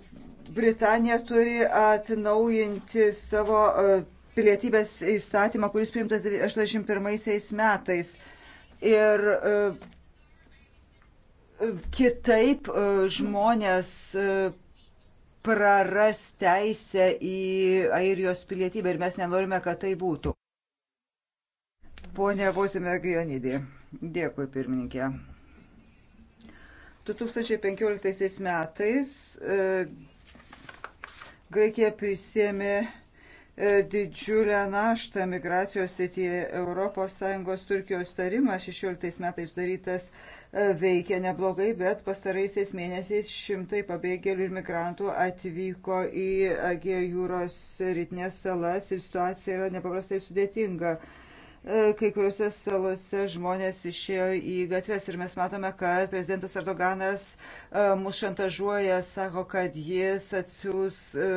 Britanija turi atnaujinti savo e, pilietybės įstatymą, kuris priimtas 81 metais. Ir e, kitaip e, žmonės praras teisę į Airijos pilietybę ir mes nenorime, kad tai būtų. Pone Vosime Gionidė, dėkui pirmininkė. 2015 metais Graikija prisėmė e, didžiulę naštą migracijos srityje. ES Turkijos tarimas 16 metais darytas e, veikia neblogai, bet pastaraisiais mėnesiais šimtai pabėgėlių ir migrantų atvyko į Agėjo jūros rytinės salas ir situacija yra nepaprastai sudėtinga. E, kai kuriuose salose žmonės išėjo į gatves ir mes matome, kad prezidentas Erdoganas e, mus šantažuoja, sako, kad jis atsiūs e,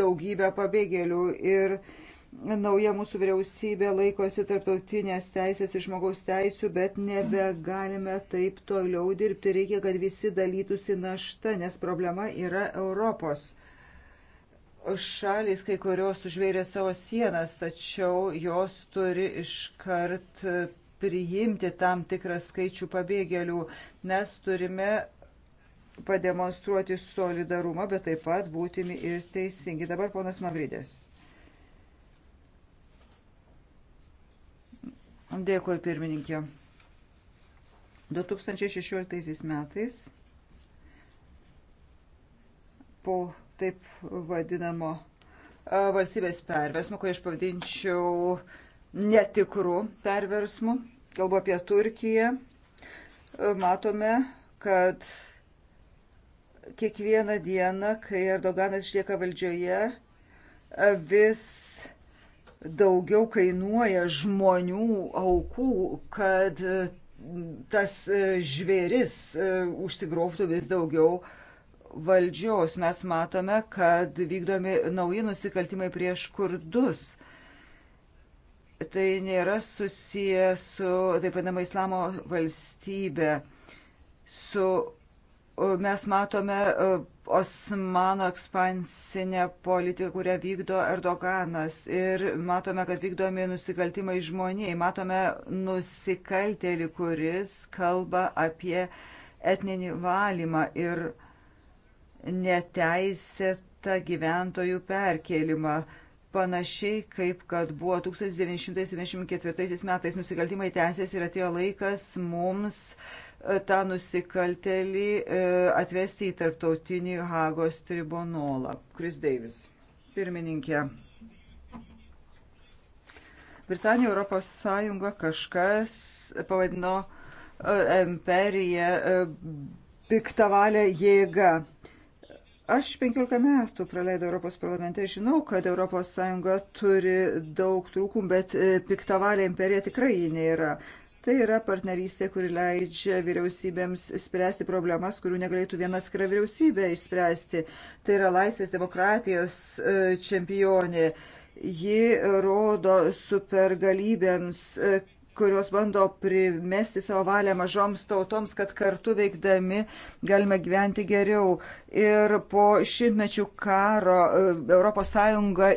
daugybę pabėgėlių ir nauja mūsų vyriausybė laikosi tarptautinės teisės ir žmogaus teisų, bet nebegalime taip toliau dirbti. Reikia, kad visi dalytųsi našta, nes problema yra Europos šalys kai kurios užvėrė savo sienas, tačiau jos turi iškart priimti tam tikrą skaičių pabėgėlių. Mes turime pademonstruoti solidarumą, bet taip pat būtimi ir teisingi. Dabar ponas Mavrydės. Dėkui, pirmininkė. 2016 metais po taip vadinamo valstybės perversmo, ko aš pavadinčiau netikrų perversmų. Kalbu apie Turkiją. Matome, kad kiekvieną dieną, kai Erdoganas išlieka valdžioje, vis daugiau kainuoja žmonių aukų, kad tas žvėris užsigrobtų vis daugiau uh, valdžios mes matome, kad vykdomi nauji nusikaltimai prieš kurdus. Tai nėra susiję su taip vadinama islamo valstybė. Su, mes matome e, Osmano ekspansinę politiką, kurią vykdo Erdoganas. Ir matome, kad vykdomi nusikaltimai žmoniai. Matome nusikaltėlį, kuris kalba apie etninį valymą ir valymą neteisėtą gyventojų perkėlimą. Panašiai kaip kad buvo 1974 metais nusikaltimai tęsės ir atėjo laikas mums e, tą nusikaltelį e, atvesti į tarptautinį Hagos tribunolą. Kris Deivis, pirmininkė. Britanija Europos Sąjunga kažkas pavadino e, imperiją piktavalę jėgą. Aš 15 metų praleidau Europos parlamente, žinau, kad ES turi daug trūkum, bet e, piktavalė imperija tikrai ji nėra. Tai yra partnerystė, kuri leidžia vyriausybėms spręsti problemas, kurių negalėtų viena atskira vyriausybė išspręsti. Tai yra laisvės demokratijos e, čempionė. Ji rodo supergalybėms, e, kurios bando primesti savo valią mažoms tautoms, kad kartu veikdami galime gyventi geriau. Ir po šimtmečių karo ES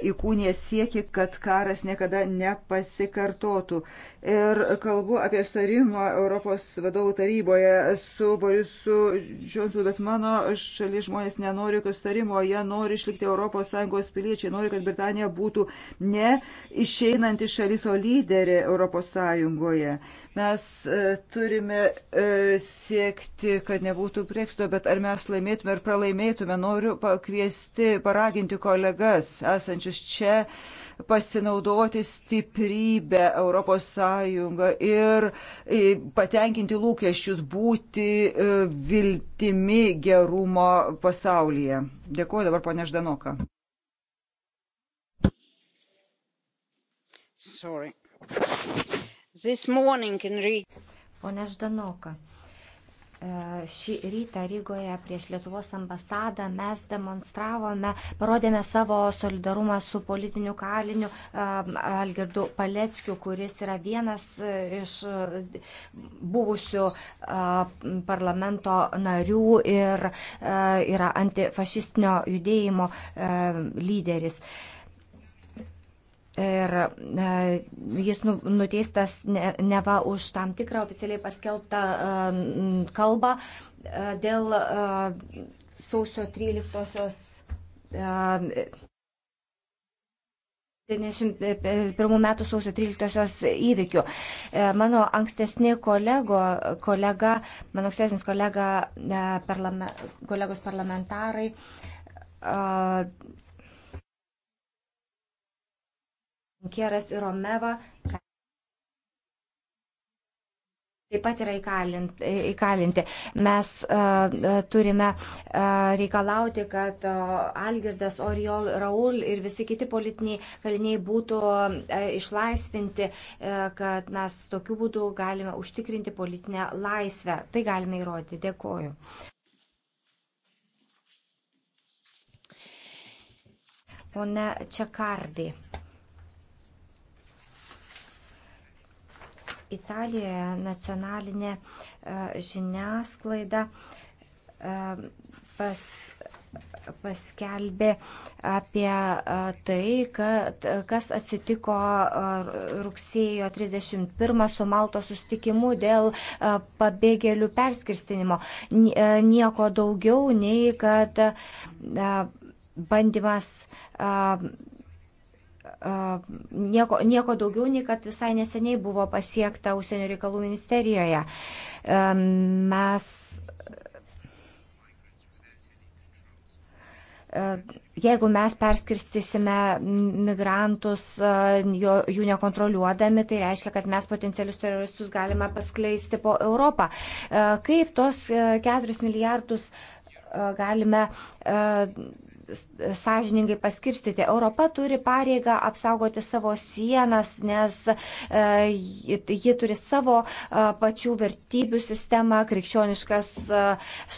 įkūnė sieki, kad karas niekada nepasikartotų. Ir kalbu apie starimą Europos vadovų taryboje su Borisu Džonsu, bet mano šalis žmonės nenori jokio starimo, jie nori išlikti ES piliečiai, nori, kad Britanija būtų ne išeinanti šalis, o lyderė ES. Sąjungoje. Mes e, turime e, siekti, kad nebūtų prieksto, bet ar mes laimėtume ar pralaimėtume, noriu pakviesti, paraginti kolegas esančius čia pasinaudoti stiprybę Europos Sąjungą ir e, patenkinti lūkesčius būti viltimi gerumo pasaulyje. Dėkuoju dabar ponė Ždanoka. Sorry. In... Pone Ždanoka, e, šį rytą Rygoje prieš Lietuvos ambasadą mes demonstravome, parodėme savo solidarumą su politiniu kaliniu e, Algirdu Paleckiu, kuris yra vienas e, iš buvusių parlamento narių ir yra antifašistinio judėjimo lyderis. Ir e, jis nu, nuteistas ne, neva už tam tikrą oficialiai paskelbtą e, kalbą e, dėl e, sausio 13-osios. E, 91 e, metų sausio 13-osios įvykių. E, mano ankstesni kolego, kolega, mano ankstesnis kolega, e, parlame, kolegos parlamentarai Kieras ir Romeva taip pat yra įkalinti. įkalinti. Mes uh, turime uh, reikalauti, kad uh, Algirdas, Oriol, Raul ir visi kiti politiniai kaliniai būtų uh, išlaisvinti, uh, kad mes tokiu būdu galime užtikrinti politinę laisvę. Tai galime įrodyti. Dėkoju. Pone Čekardai. Italijoje nacionalinė e, žiniasklaida e, pas, paskelbė apie e, tai, kad, kas atsitiko rugsėjo 31 su Malto sustikimu dėl pabėgėlių perskirstinimo. Nieko daugiau nei kad bandymas nieko, nieko daugiau, nei kad visai neseniai buvo pasiekta užsienio reikalų ministerijoje. Mes e, jeigu mes perskirstysime migrantus e, jo, jų nekontroliuodami, tai reiškia, kad mes potencialius teroristus galime paskleisti po Europą. E, kaip tos 4 milijardus galime sąžiningai paskirstyti. Europa turi pareigą apsaugoti savo sienas, nes e, ji turi savo e, pačių vertybių sistemą, krikščioniškas e,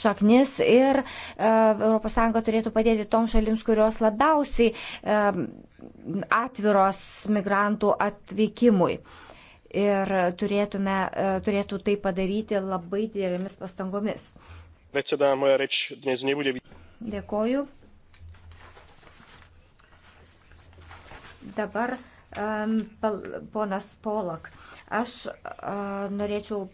šaknis ir ES turėtų padėti toms šalims, kurios labiausiai atviros migrantų atvykimui. Ir turėtume, turėtų tai padaryti labai didelėmis pastangomis. Dėkoju. Dabar ponas Polak. Aš norėčiau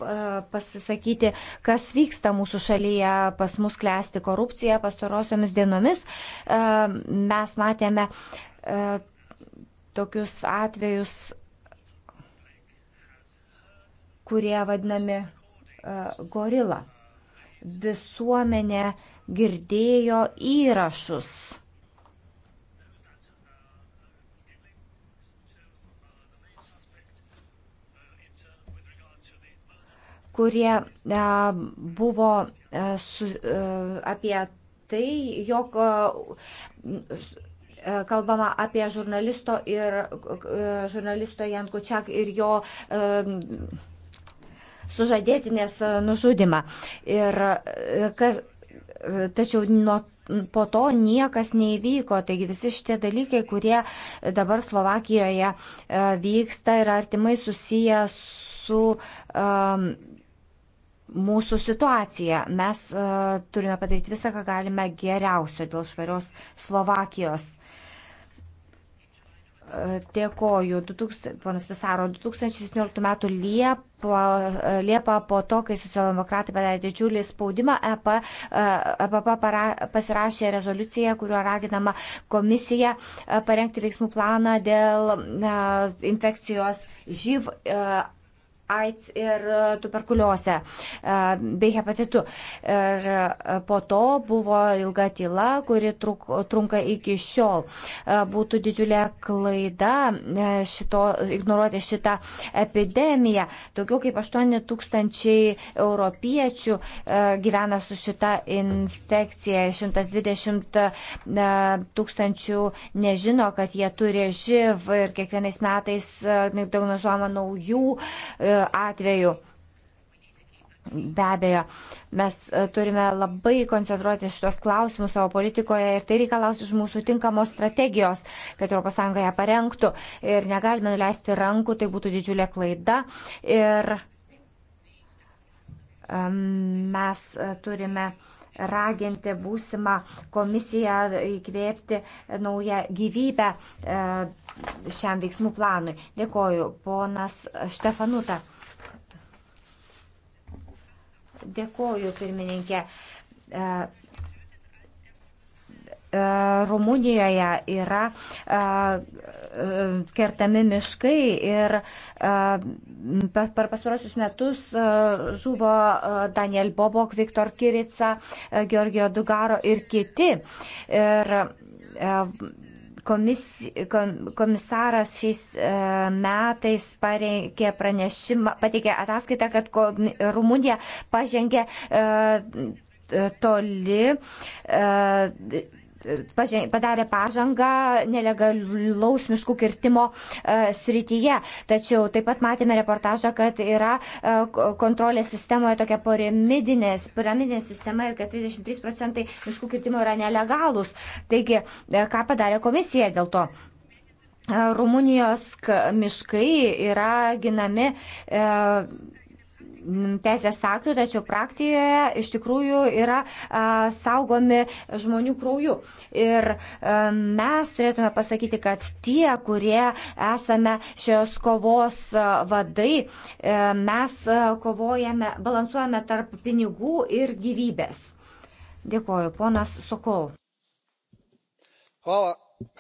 pasisakyti, kas vyksta mūsų šalyje, pas mus klesti korupcija pastarosiomis dienomis. Mes matėme tokius atvejus, kurie vadinami gorila. Visuomenė girdėjo įrašus kurie e, buvo e, su, e, apie tai, jog kalbama apie žurnalisto ir žurnalisto Jankučiak ir jo sužadėtinės nužudimą. Ir kas, tačiau nuo, po to niekas neįvyko, taigi visi šitie dalykai, kurie dabar Slovakijoje vyksta, yra artimai susiję su um, mūsų situaciją. Mes e, turime padaryti visą, ką galime geriausio dėl švarios Slovakijos. E, dėkoju, ponas Visaro, 2017 m. Liepa, e, Liepa po to, kai socialdemokratai padarė didžiulį spaudimą, EP, EPP para, pasirašė rezoliuciją, kuriuo raginama komisija parengti veiksmų planą dėl infekcijos živ AIDS ir e, tuberkuliozę e, bei hepatitu. Ir e, po to buvo ilga tyla, kuri truk, trunka iki šiol. Būtų didžiulė klaida šito, ignoruoti šitą epidemiją. Daugiau kaip 8 tūkstančiai europiečių gyvena su šita infekcija. 120 tūkstančių nežino, kad jie turi živ ir kiekvienais metais diagnozuojama naujų atveju. Be abejo, mes e, turime labai koncentruoti šitos klausimus savo politikoje ir tai reikalaus iš mūsų tinkamos strategijos, kad ES ją parengtų ir negalime nuleisti rankų, tai būtų didžiulė klaida. Ir mes e, turime raginti būsimą komisiją įkvėpti naują gyvybę e, šiam veiksmų planui. Dėkoju, ponas Štefanuta. Dėkoju, pirmininkė. E, e, Rumunijoje yra e, kertami miškai ir per pasvarosius metus žuvo Daniel Bobok, Viktor Kirica, Georgio Dugaro ir kiti. Ir komis, kom, komisaras šiais e, metais pareikė pranešimą, pateikė ataskaitą, kad komi, Rumunija pažengė e, e, toli padarė pažangą nelegalaus miškų kirtimo e, srityje. Tačiau taip pat matėme reportažą, kad yra e, kontrolės sistemoje tokia piramidinė sistema ir kad 33 procentai miškų kirtimo yra nelegalūs. Taigi, e, ką padarė komisija dėl to? Rumunijos miškai yra ginami. E, teisės aktų, tačiau praktijoje iš tikrųjų yra a, saugomi žmonių krauju. Ir a, mes turėtume pasakyti, kad tie, kurie esame šios kovos vadai, e, a, mes kovojame, balansuojame tarp pinigų ir gyvybės. Dėkoju, ponas Sokol. Hvala,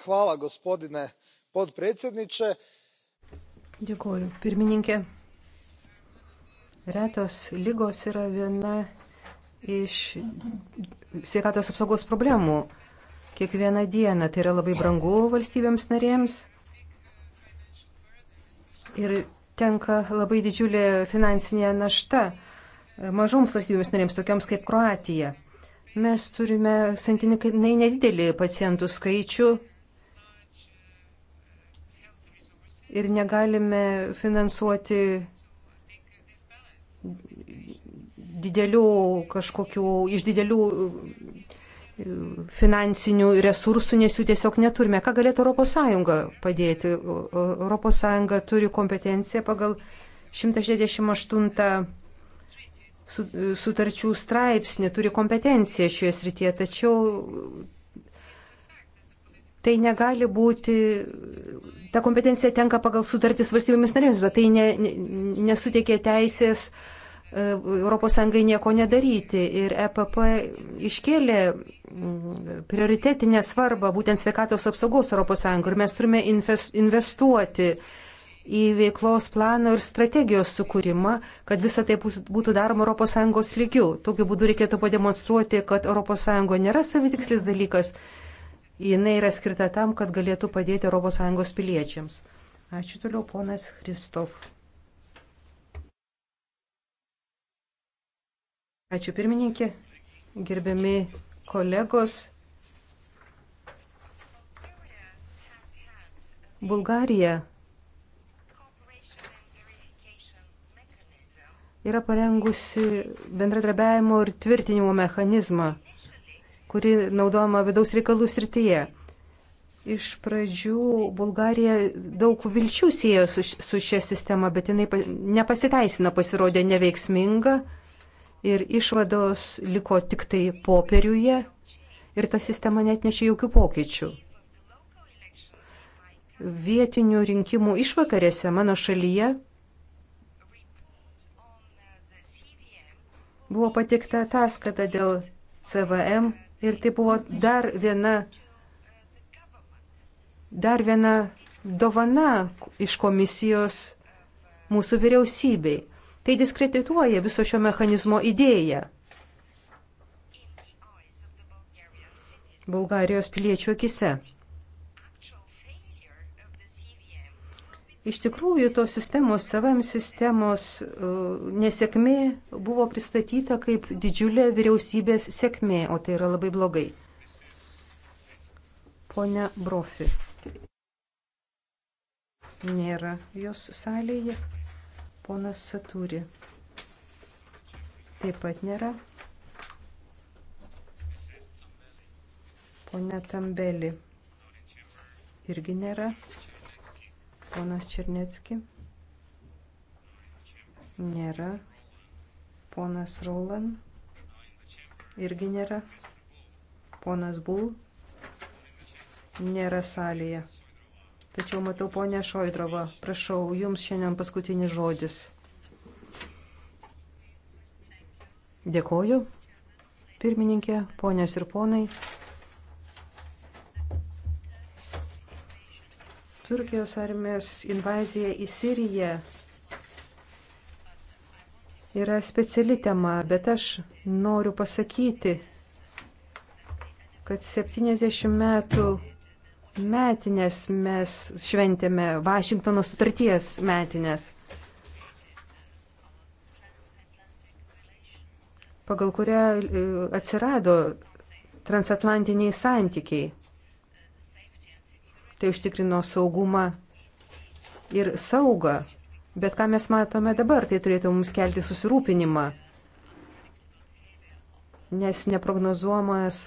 hvala gospodine podpredsedniče. Dėkoju, pirmininkė. Retos lygos yra viena iš sveikatos apsaugos problemų. Kiekvieną dieną tai yra labai brangu valstybėms narėms ir tenka labai didžiulė finansinė našta mažoms valstybėms narėms, tokiams kaip Kroatija. Mes turime santykinai nedidelį pacientų skaičių ir negalime finansuoti didelių kažkokių, iš didelių e, finansinių resursų, nes jų tiesiog neturime. Ką galėtų ES padėti? ES turi kompetenciją pagal 168 sutarčių straipsnį, turi kompetenciją šioje srityje, tačiau tai negali būti, ta kompetencija tenka pagal sutartis valstybėmis narėms, bet tai ne, ne, nesuteikia teisės uh, ES nieko nedaryti. Ir EPP iškėlė mm, prioritetinę svarbą būtent sveikatos apsaugos ES ir mes turime investuoti į veiklos plano ir strategijos sukūrimą, kad visa tai būtų daroma ES lygių. Tokiu būdu reikėtų pademonstruoti, kad ES nėra savitikslis dalykas, jinai yra skirta tam, kad galėtų padėti ES piliečiams. Ačiū toliau, ponas Kristof. Ačiū pirmininkė, gerbiami kolegos. Bulgarija yra parengusi bendradarbiavimo ir tvirtinimo mechanizmą, kuri naudojama vidaus reikalų srityje. Iš pradžių Bulgarija daug vilčių siejo su, su šia sistema, bet jinai nepasiteisino, pasirodė neveiksminga ir išvados liko tik tai popieriuje ir ta sistema net nešia jokių pokyčių. Vietinių rinkimų išvakarėse mano šalyje buvo patikta ataskata dėl CVM ir tai buvo dar viena, dar viena dovana iš komisijos mūsų vyriausybei. Tai diskredituoja viso šio mechanizmo idėją. Bulgarijos piliečių akise. Iš tikrųjų, tos sistemos, savam sistemos e, nesėkmė buvo pristatyta kaip didžiulė vyriausybės sėkmė, o tai yra labai blogai. Pone Brofi. Nėra jos salėje. Ponas Saturi. Taip pat nėra. Pone Tambeli. Irgi nėra. Ponas Černecki. Nėra. Ponas Roland. Irgi nėra. Ponas Bull. Nėra salėje. Tačiau matau, ponė Šoidrova, prašau, jums šiandien paskutinis žodis. Dėkoju, pirmininkė, ponės ir ponai. Turkijos armijos invazija į Siriją yra speciali tema, bet aš noriu pasakyti, kad 70 metų metinės mes šventėme, Vašingtono sutarties metinės, pagal kurią e, atsirado transatlantiniai santykiai. Tai užtikrino saugumą ir saugą. Bet ką mes matome dabar, tai turėtų mums kelti susirūpinimą, nes neprognozuojamas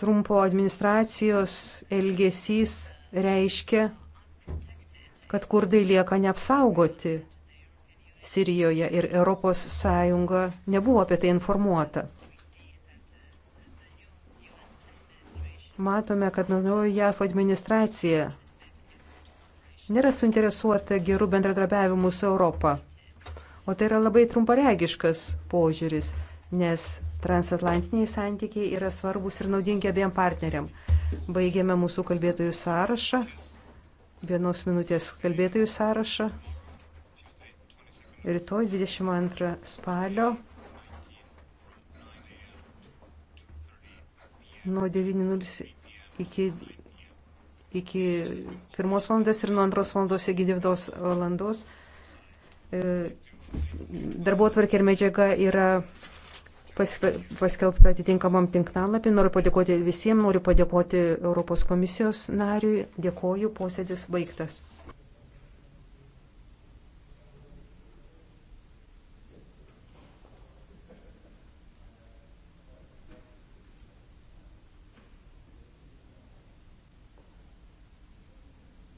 Trumpo administracijos elgesys reiškia, kad kurdai lieka neapsaugoti Sirijoje ir ES nebuvo apie tai informuota. Matome, kad naujoji JAF administracija nėra suinteresuota gerų bendradarbiavimų su Europą. O tai yra labai trumparegiškas požiūris, nes Transatlantiniai santykiai yra svarbus ir naudingi abiem partneriam. Baigėme mūsų kalbėtojų sąrašą, vienos minutės kalbėtojų sąrašą. Rytoj 22 spalio nuo 9.00 iki, iki 1 val. ir nuo 2 val. iki 9 val. E, darbo tvarkė ir medžiaga yra paskelbta atitinkamam tinklalapį. Noriu padėkoti visiems, noriu padėkoti Europos komisijos nariui. Dėkoju, posėdis baigtas.